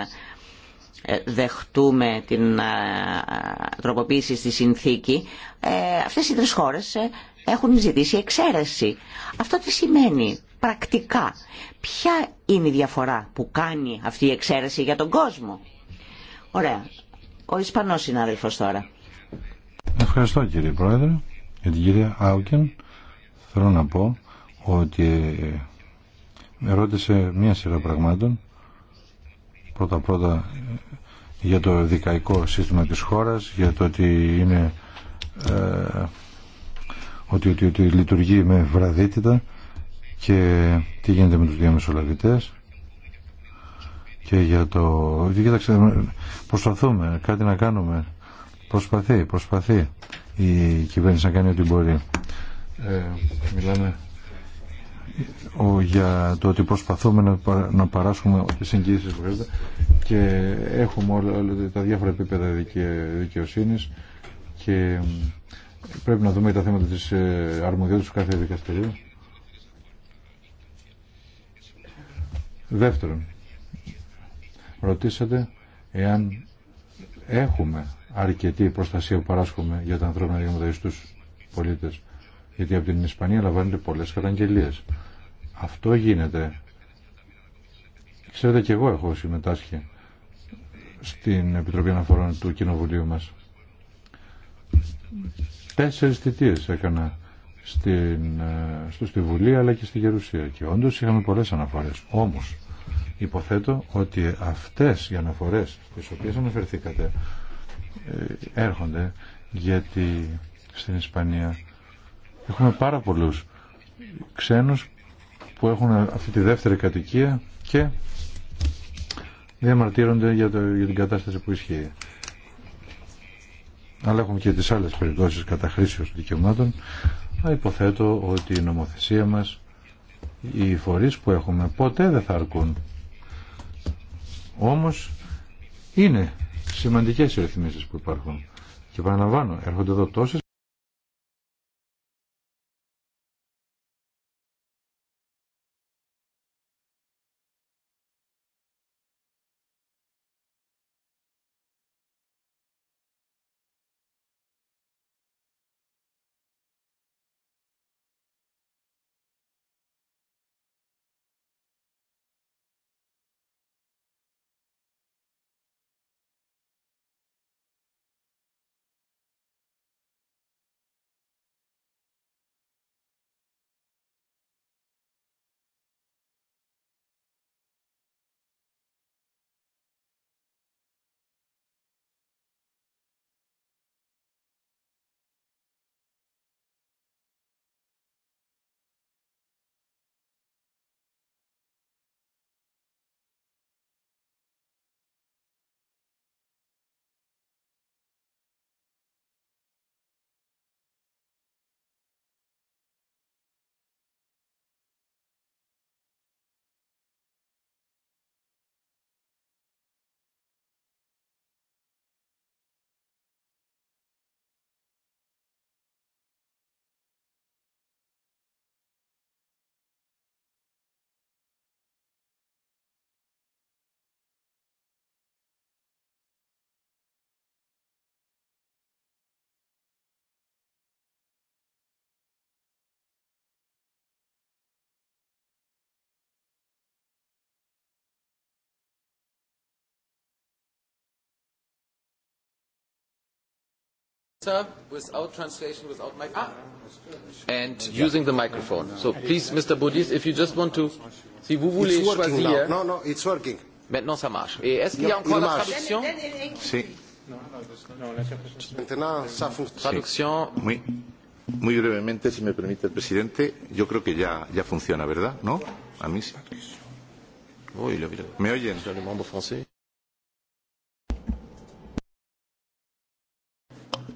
ε, δεχτούμε την τροποποίηση στη συνθήκη. Ε, αυτές οι τρεις χώρες έχουν ζητήσει εξαίρεση. Αυτό τι σημαίνει πρακτικά. Ποια είναι η διαφορά που κάνει αυτή η εξαίρεση για τον κόσμο. Ωραία. Ο Ισπανός συνάδελφος τώρα. Ευχαριστώ κύριε Πρόεδρε για την κυρία Άουκεν. Θέλω να πω ότι με ρώτησε μία σειρά πραγμάτων. Πρώτα-πρώτα ε, για το δικαϊκό σύστημα της χώρας, για το ότι είναι ε, ότι, ότι, ότι λειτουργεί με βραδίτητα και τι γίνεται με τους διαμεσολαβητές και για το... προσπαθούμε, κάτι να κάνουμε. Προσπαθεί, προσπαθεί η κυβέρνηση να κάνει ό,τι μπορεί. Ε, μιλάμε ο, για το ότι προσπαθούμε να, να παράσχουμε τις εγγύησεις που και έχουμε όλα, τα διάφορα επίπεδα δικαι, δικαιοσύνης και πρέπει να δούμε τα θέματα της ε, αρμοδιότητας του κάθε δικαστηρίου. Δεύτερον, ρωτήσατε εάν έχουμε αρκετή προστασία που παράσχουμε για τα ανθρώπινα δικαιώματα στους πολίτες. Γιατί από την Ισπανία λαμβάνεται πολλές καταγγελίες. Αυτό γίνεται. Ξέρετε και εγώ έχω συμμετάσχει στην Επιτροπή Αναφορών του Κοινοβουλίου μας Τέσσερις θητείες έκανα στην, ε, στο, στη Βουλή αλλά και στη Γερουσία και όντως είχαμε πολλές αναφορές. Όμως υποθέτω ότι αυτές οι αναφορές στις οποίες αναφερθήκατε ε, έρχονται γιατί στην Ισπανία έχουμε πάρα πολλούς ξένους που έχουν αυτή τη δεύτερη κατοικία και διαμαρτύρονται για, το, για την κατάσταση που ισχύει αλλά έχουμε και τις άλλες περιπτώσεις καταχρήσεως δικαιωμάτων, υποθέτω ότι η νομοθεσία μας, οι φορείς που έχουμε, ποτέ δεν θα αρκούν. Όμως, είναι σημαντικές οι ρυθμίσεις που υπάρχουν. Και παραλαμβάνω, έρχονται εδώ τόσες without translation, without mic. Ah, and using the microphone. So please, Mr. Boudis, if you just want to, si vous voulez choisir. Non, no, it's working. Maintenant, ça marche. Et est-ce qu'il y a encore la traduction Si. Maintenant, ça fonctionne. Traduction. Oui. Muy brevemente, si me permite el presidente, yo creo que ya, ya funciona, ¿verdad? ¿No? A mí sí. ¿Me oyen? français.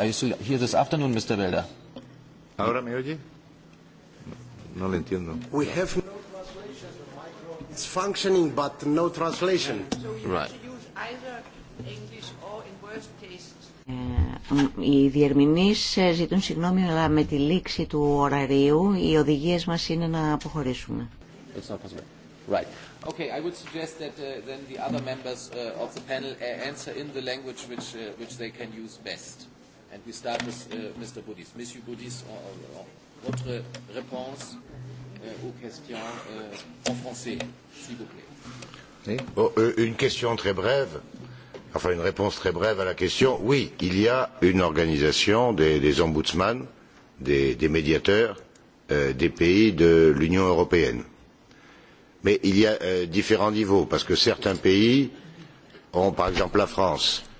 Are you this afternoon, Mr. Ahora me No entiendo. We have no translation. It's functioning, but no translation. Right. Οι διερμηνείς ζητούν συγγνώμη, αλλά με τη λήξη του ωραρίου οι οδηγίες μας είναι να not possible. Right. Okay, I would suggest that then the other members of the panel answer in the language which, which they can use best. And we start with Mr. Boudis. Monsieur Boudis, votre réponse aux questions en français, s'il vous plaît. Une question très brève, enfin une réponse très brève à la question. Oui, il y a une organisation des ombudsman, des médiateurs des pays de l'Union européenne. Mais il y a différents niveaux, parce que certains pays ont, par exemple la France,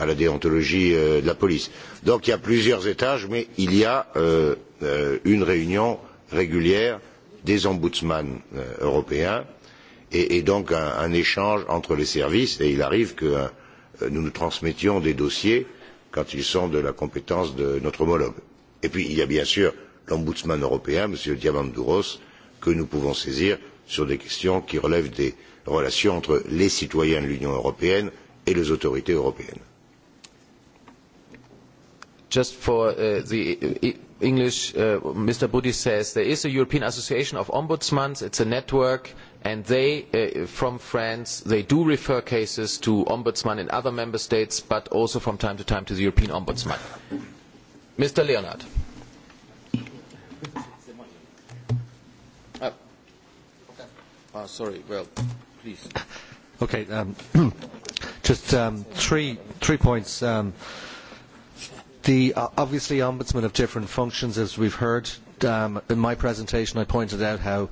à la déontologie de la police. Donc il y a plusieurs étages, mais il y a une réunion régulière des ombudsman européens et donc un échange entre les services et il arrive que nous nous transmettions des dossiers quand ils sont de la compétence de notre homologue. Et puis il y a bien sûr l'ombudsman européen, M. Diamandouros, que nous pouvons saisir sur des questions qui relèvent des relations entre les citoyens de l'Union européenne et les autorités européennes just for the English, Mr. Budi says, there is a European Association of Ombudsmans. It's a network, and they, from France, they do refer cases to ombudsmen in other member states, but also from time to time to the European Ombudsman. Mr. Leonard. Sorry. Well, please. Okay. Just three points Obviously, ombudsmen have different functions, as we've heard. In my presentation, I pointed out how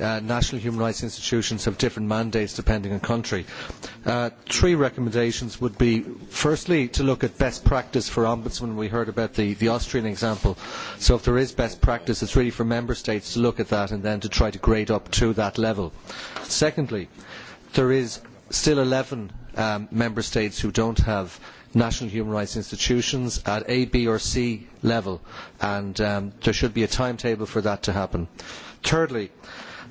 national human rights institutions have different mandates depending on country. Three recommendations would be, firstly, to look at best practice for ombudsmen. We heard about the Austrian example. So if there is best practice, it's really for member states to look at that and then to try to grade up to that level. Secondly, there is still 11 member states who don't have national human rights institutions at A, B or C level, and there should be a timetable for that to happen. Thirdly,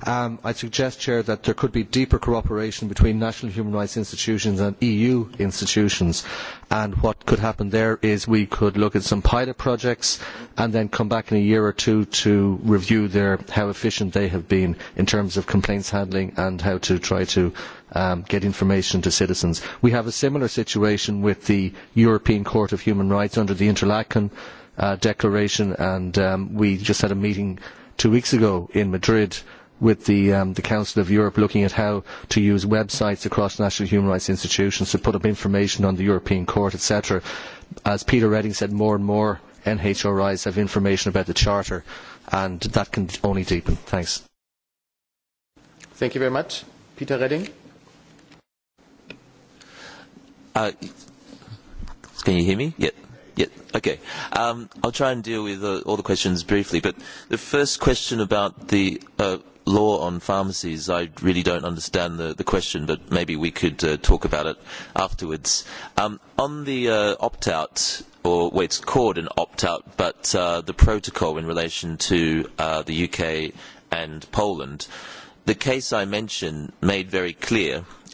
I suggest, Chair, that there could be deeper cooperation between national human rights institutions and EU institutions, and what could happen there is we could look at some pilot projects and then come back in a year or two to review how efficient they have been in terms of complaints handling and how to try to get information to citizens. We have a similar situation with the European Court of Human Rights under the Interlaken Declaration, and we just had a meeting two weeks ago in Madrid with the Council of Europe looking at how to use websites across national human rights institutions to put up information on the European Court, etc. As Peter Redding said, more and more NHRIs have information about the Charter, and that can only deepen. Thanks. Thank you very much. Peter Redding. Can you hear me? Yeah. Yeah. Okay. I'll try and deal with all the questions briefly, but the first question about the law on pharmacies, I really don't understand the question, but maybe we could talk about it afterwards. On the opt-out, or well, it's called an opt-out, but the protocol in relation to the UK and Poland, the case I mentioned made very clear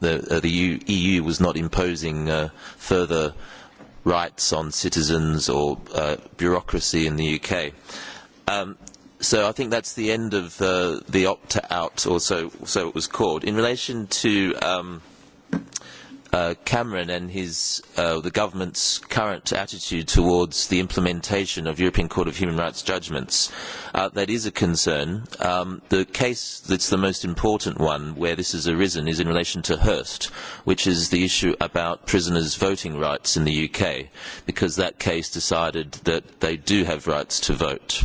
the EU was not imposing further rights on citizens or bureaucracy in the UK. So I think that's the end of the opt-out, or so it was called. In relation to Cameron and his the government's current attitude towards the implementation of European Court of Human Rights judgments. That is a concern. The case that's the most important one where this has arisen is in relation to Hearst, which is the issue about prisoners' voting rights in the UK, because that case decided that they do have rights to vote.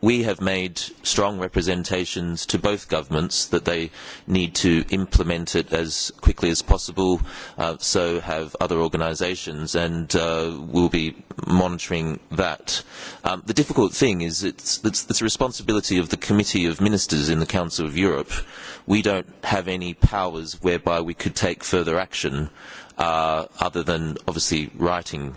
We have made strong representations to both governments that they need to implement it as quickly as possible, so have other organisations, and we'll be monitoring that. The difficult thing is it's the responsibility of the Committee of Ministers in the Council of Europe. We don't have any powers whereby we could take further action other than obviously writing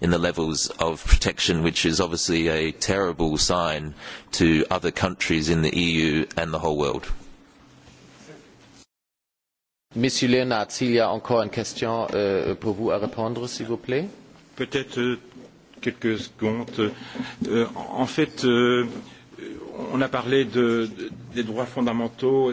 in the levels of protection, which is obviously a terrible sign to other countries in the EU and the whole world. Monsieur Léonard, s'il y a encore une question pour vous à répondre, s'il vous plaît. Peut-être quelques secondes. En fait, on a parlé de des droits fondamentaux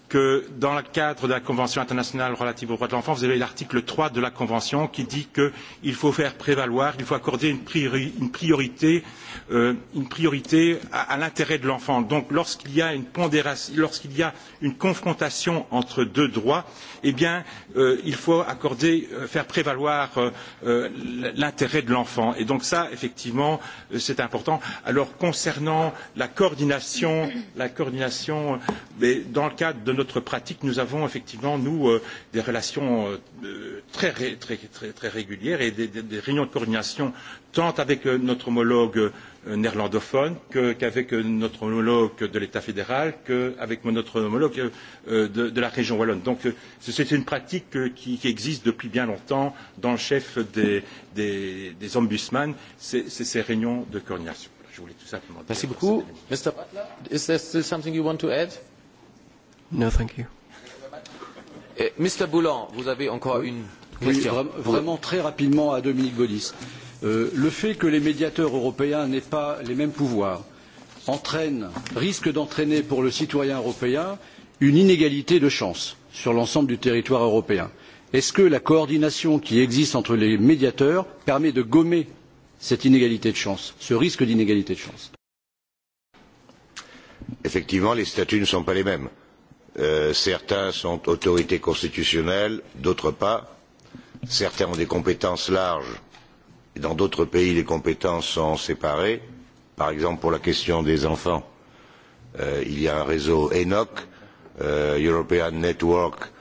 que dans le cadre de la Convention internationale relative aux droits de l'enfant, vous avez l'article 3 de la Convention qui dit qu'il faut faire prévaloir, il faut accorder une priorité à l'intérêt de l'enfant. Donc lorsqu'il y a une confrontation entre deux droits, eh bien, il faut accorder, faire prévaloir l'intérêt de l'enfant. Et donc ça, effectivement, c'est important. Alors concernant la coordination, dans le cadre de notre pratique, nous avons effectivement, nous, des relations très régulières et des réunions de coordination tant avec notre homologue néerlandophone qu'avec notre homologue de l'État fédéral, qu'avec notre homologue de la région wallonne. Donc c'est une pratique qui existe depuis bien longtemps dans le chef des ombudsman, ces réunions de coordination. Je voulais tout simplement dire. Merci beaucoup. Mr. Butler, is there something you want to add? No, thank you. Mr. Boulan, vous avez encore une question. Vraiment très rapidement à Dominique Baudis. Le fait que les médiateurs européens n'aient pas les mêmes pouvoirs risque d'entraîner pour le citoyen européen une inégalité de chance sur l'ensemble du territoire européen. Est-ce que la coordination qui existe entre les médiateurs permet de gommer cette inégalité de chance, ce risque d'inégalité de chance Effectivement, les statuts ne sont pas les mêmes certains sont autorités constitutionnelles d'autres pas certains ont des compétences larges et dans d'autres pays les compétences sont séparées par exemple pour la question des enfants il y a un réseau ENOC european network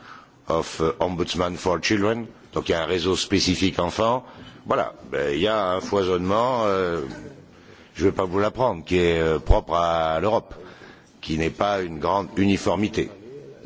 of ombudsman for children donc il y a un réseau spécifique enfants voilà il y a un foisonnement je ne vais pas vous l'apprendre qui est propre à l'europe qui n'est pas une grande uniformité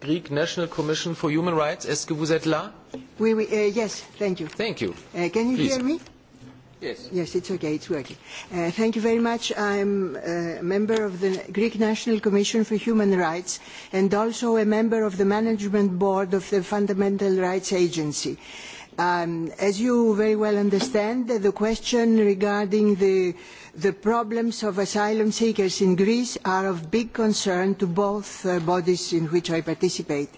Greek National Commission for Human Rights. Est-ce que vous êtes là? Oui, oui, yes, thank you. Thank you. Can you hear me? Yes. Yes, it's okay, it's working. Thank you very much. I'm a member of the Greek National Commission for Human Rights and also a member of the Management Board of the Fundamental Rights Agency As you very well understand, the question regarding the problems of asylum seekers in Greece are of big concern to both bodies in which I participate.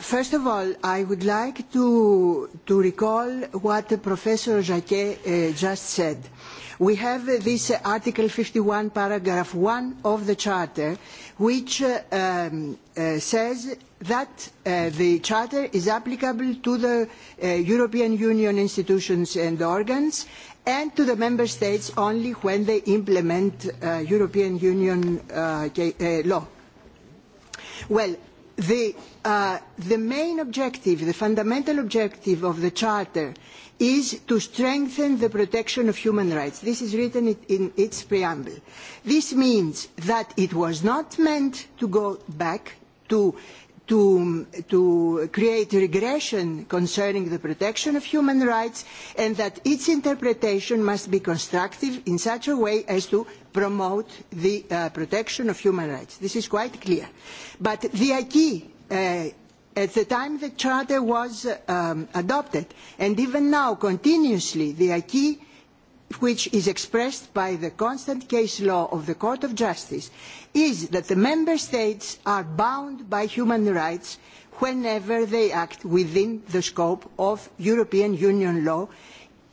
First of all, I would like to recall what Professor Jacquet just said. We have this Article 51, paragraph 1 of the Charter which says that the Charter is applicable to the European Union institutions and organs and to the Member States only when they implement European Union law. Well, the main objective, the fundamental objective of the Charter is to strengthen the protection of human rights. This is written in its preamble. This means that it was not meant to go back to create regression concerning the protection of human rights and that its interpretation must be constructive in such a way as to promote the protection of human rights. This is quite clear. But the acquis at the time the Charter was adopted, and even now continuously the acquis which is expressed by the constant case law of the Court of Justice is that the Member States are bound by human rights whenever they act within the scope of European Union law.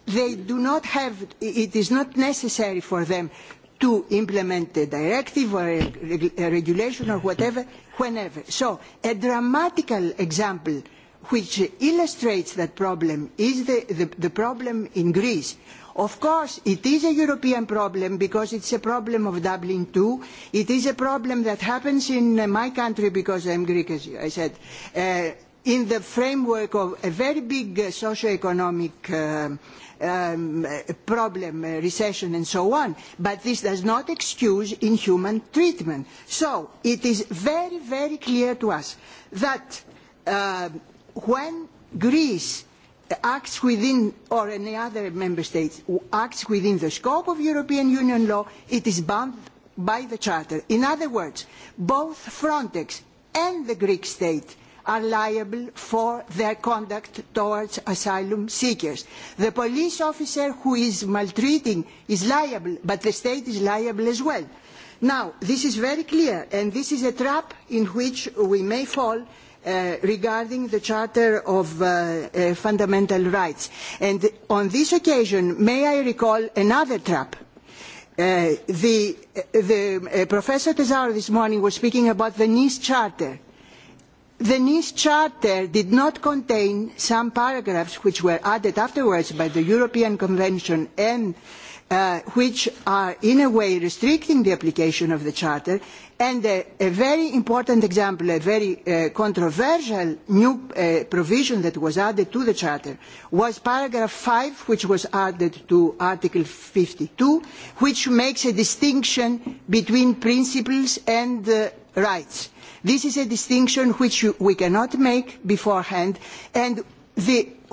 They do not have, it is not necessary for them to implement a directive or a regulation or whatever, whenever. So a dramatical example which illustrates that problem is the problem in Greece. Of course, it is a European problem because it's a problem of Dublin too. It is a problem that happens in my country because I'm Greek, as I said, in the framework of a very big socio-economic problem, recession and so on. But this does not excuse inhuman treatment. So it is very, very clear to us that when Greece acts within, or any other member state acts within the scope of European Union law, it is bound by the Charter. In other words, both Frontex and the Greek state are liable for their conduct towards asylum seekers. The police officer who is maltreating is liable, but the state is liable as well. Now, this is very clear, and this is a trap in which we may fall regarding the Charter of Fundamental Rights. And on this occasion, may I recall another trap. Professor Tesaro this morning was speaking about the Nice Charter the nice charter did not contain some paragraphs which were added afterwards by the european convention and which are in a way restricting the application of the charter and a very important example a very controversial new provision that was added to the charter was paragraph five which was added to article fifty two which makes a distinction between principles and rights. This is a distinction which we cannot make beforehand. And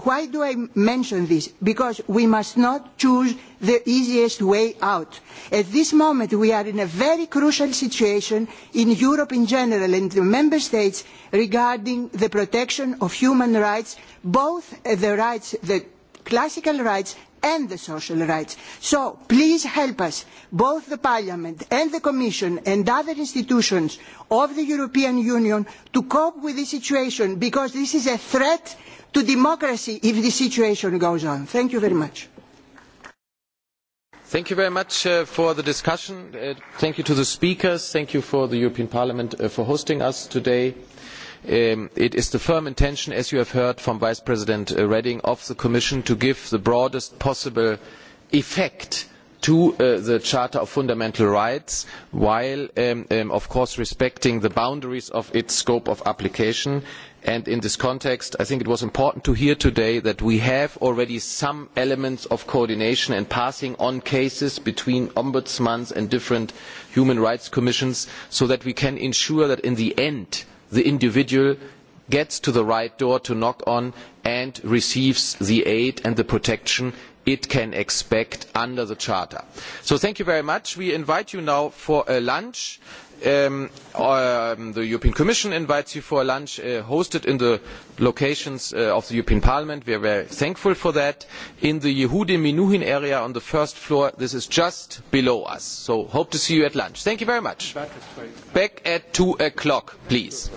why do I mention this? Because we must not choose the easiest way out. At this moment we are in a very crucial situation in Europe in general and the Member States regarding the protection of human rights, both the the classical rights and the social rights. So please help us, both the Parliament and the Commission and other institutions of the European Union, to cope with this situation, because this is a threat to democracy if the situation goes on. Thank you very much. Thank you very much for the discussion. Thank you to the speakers. Thank you for the European Parliament for hosting us today. It is the firm intention, as you have heard from Vice President Reding, of the Commission to give the broadest possible effect to the Charter of Fundamental Rights, while, of course, respecting the boundaries of its scope of application. And in this context, I think it was important to hear today that we have already some elements of coordination and passing on cases between ombudsmen and different human rights commissions, so that we can ensure that in the end the individual gets to the right door to knock on and receives the aid and the protection it can expect under the Charter. So thank you very much. We invite you now for a lunch. The European Commission invites you for a lunch hosted in the locations of the European Parliament. We are very thankful for that. In the Yehudi Minuhin area on the first floor, this is just below us. So hope to see you at lunch. Thank you very much. Back at 2 o'clock, please.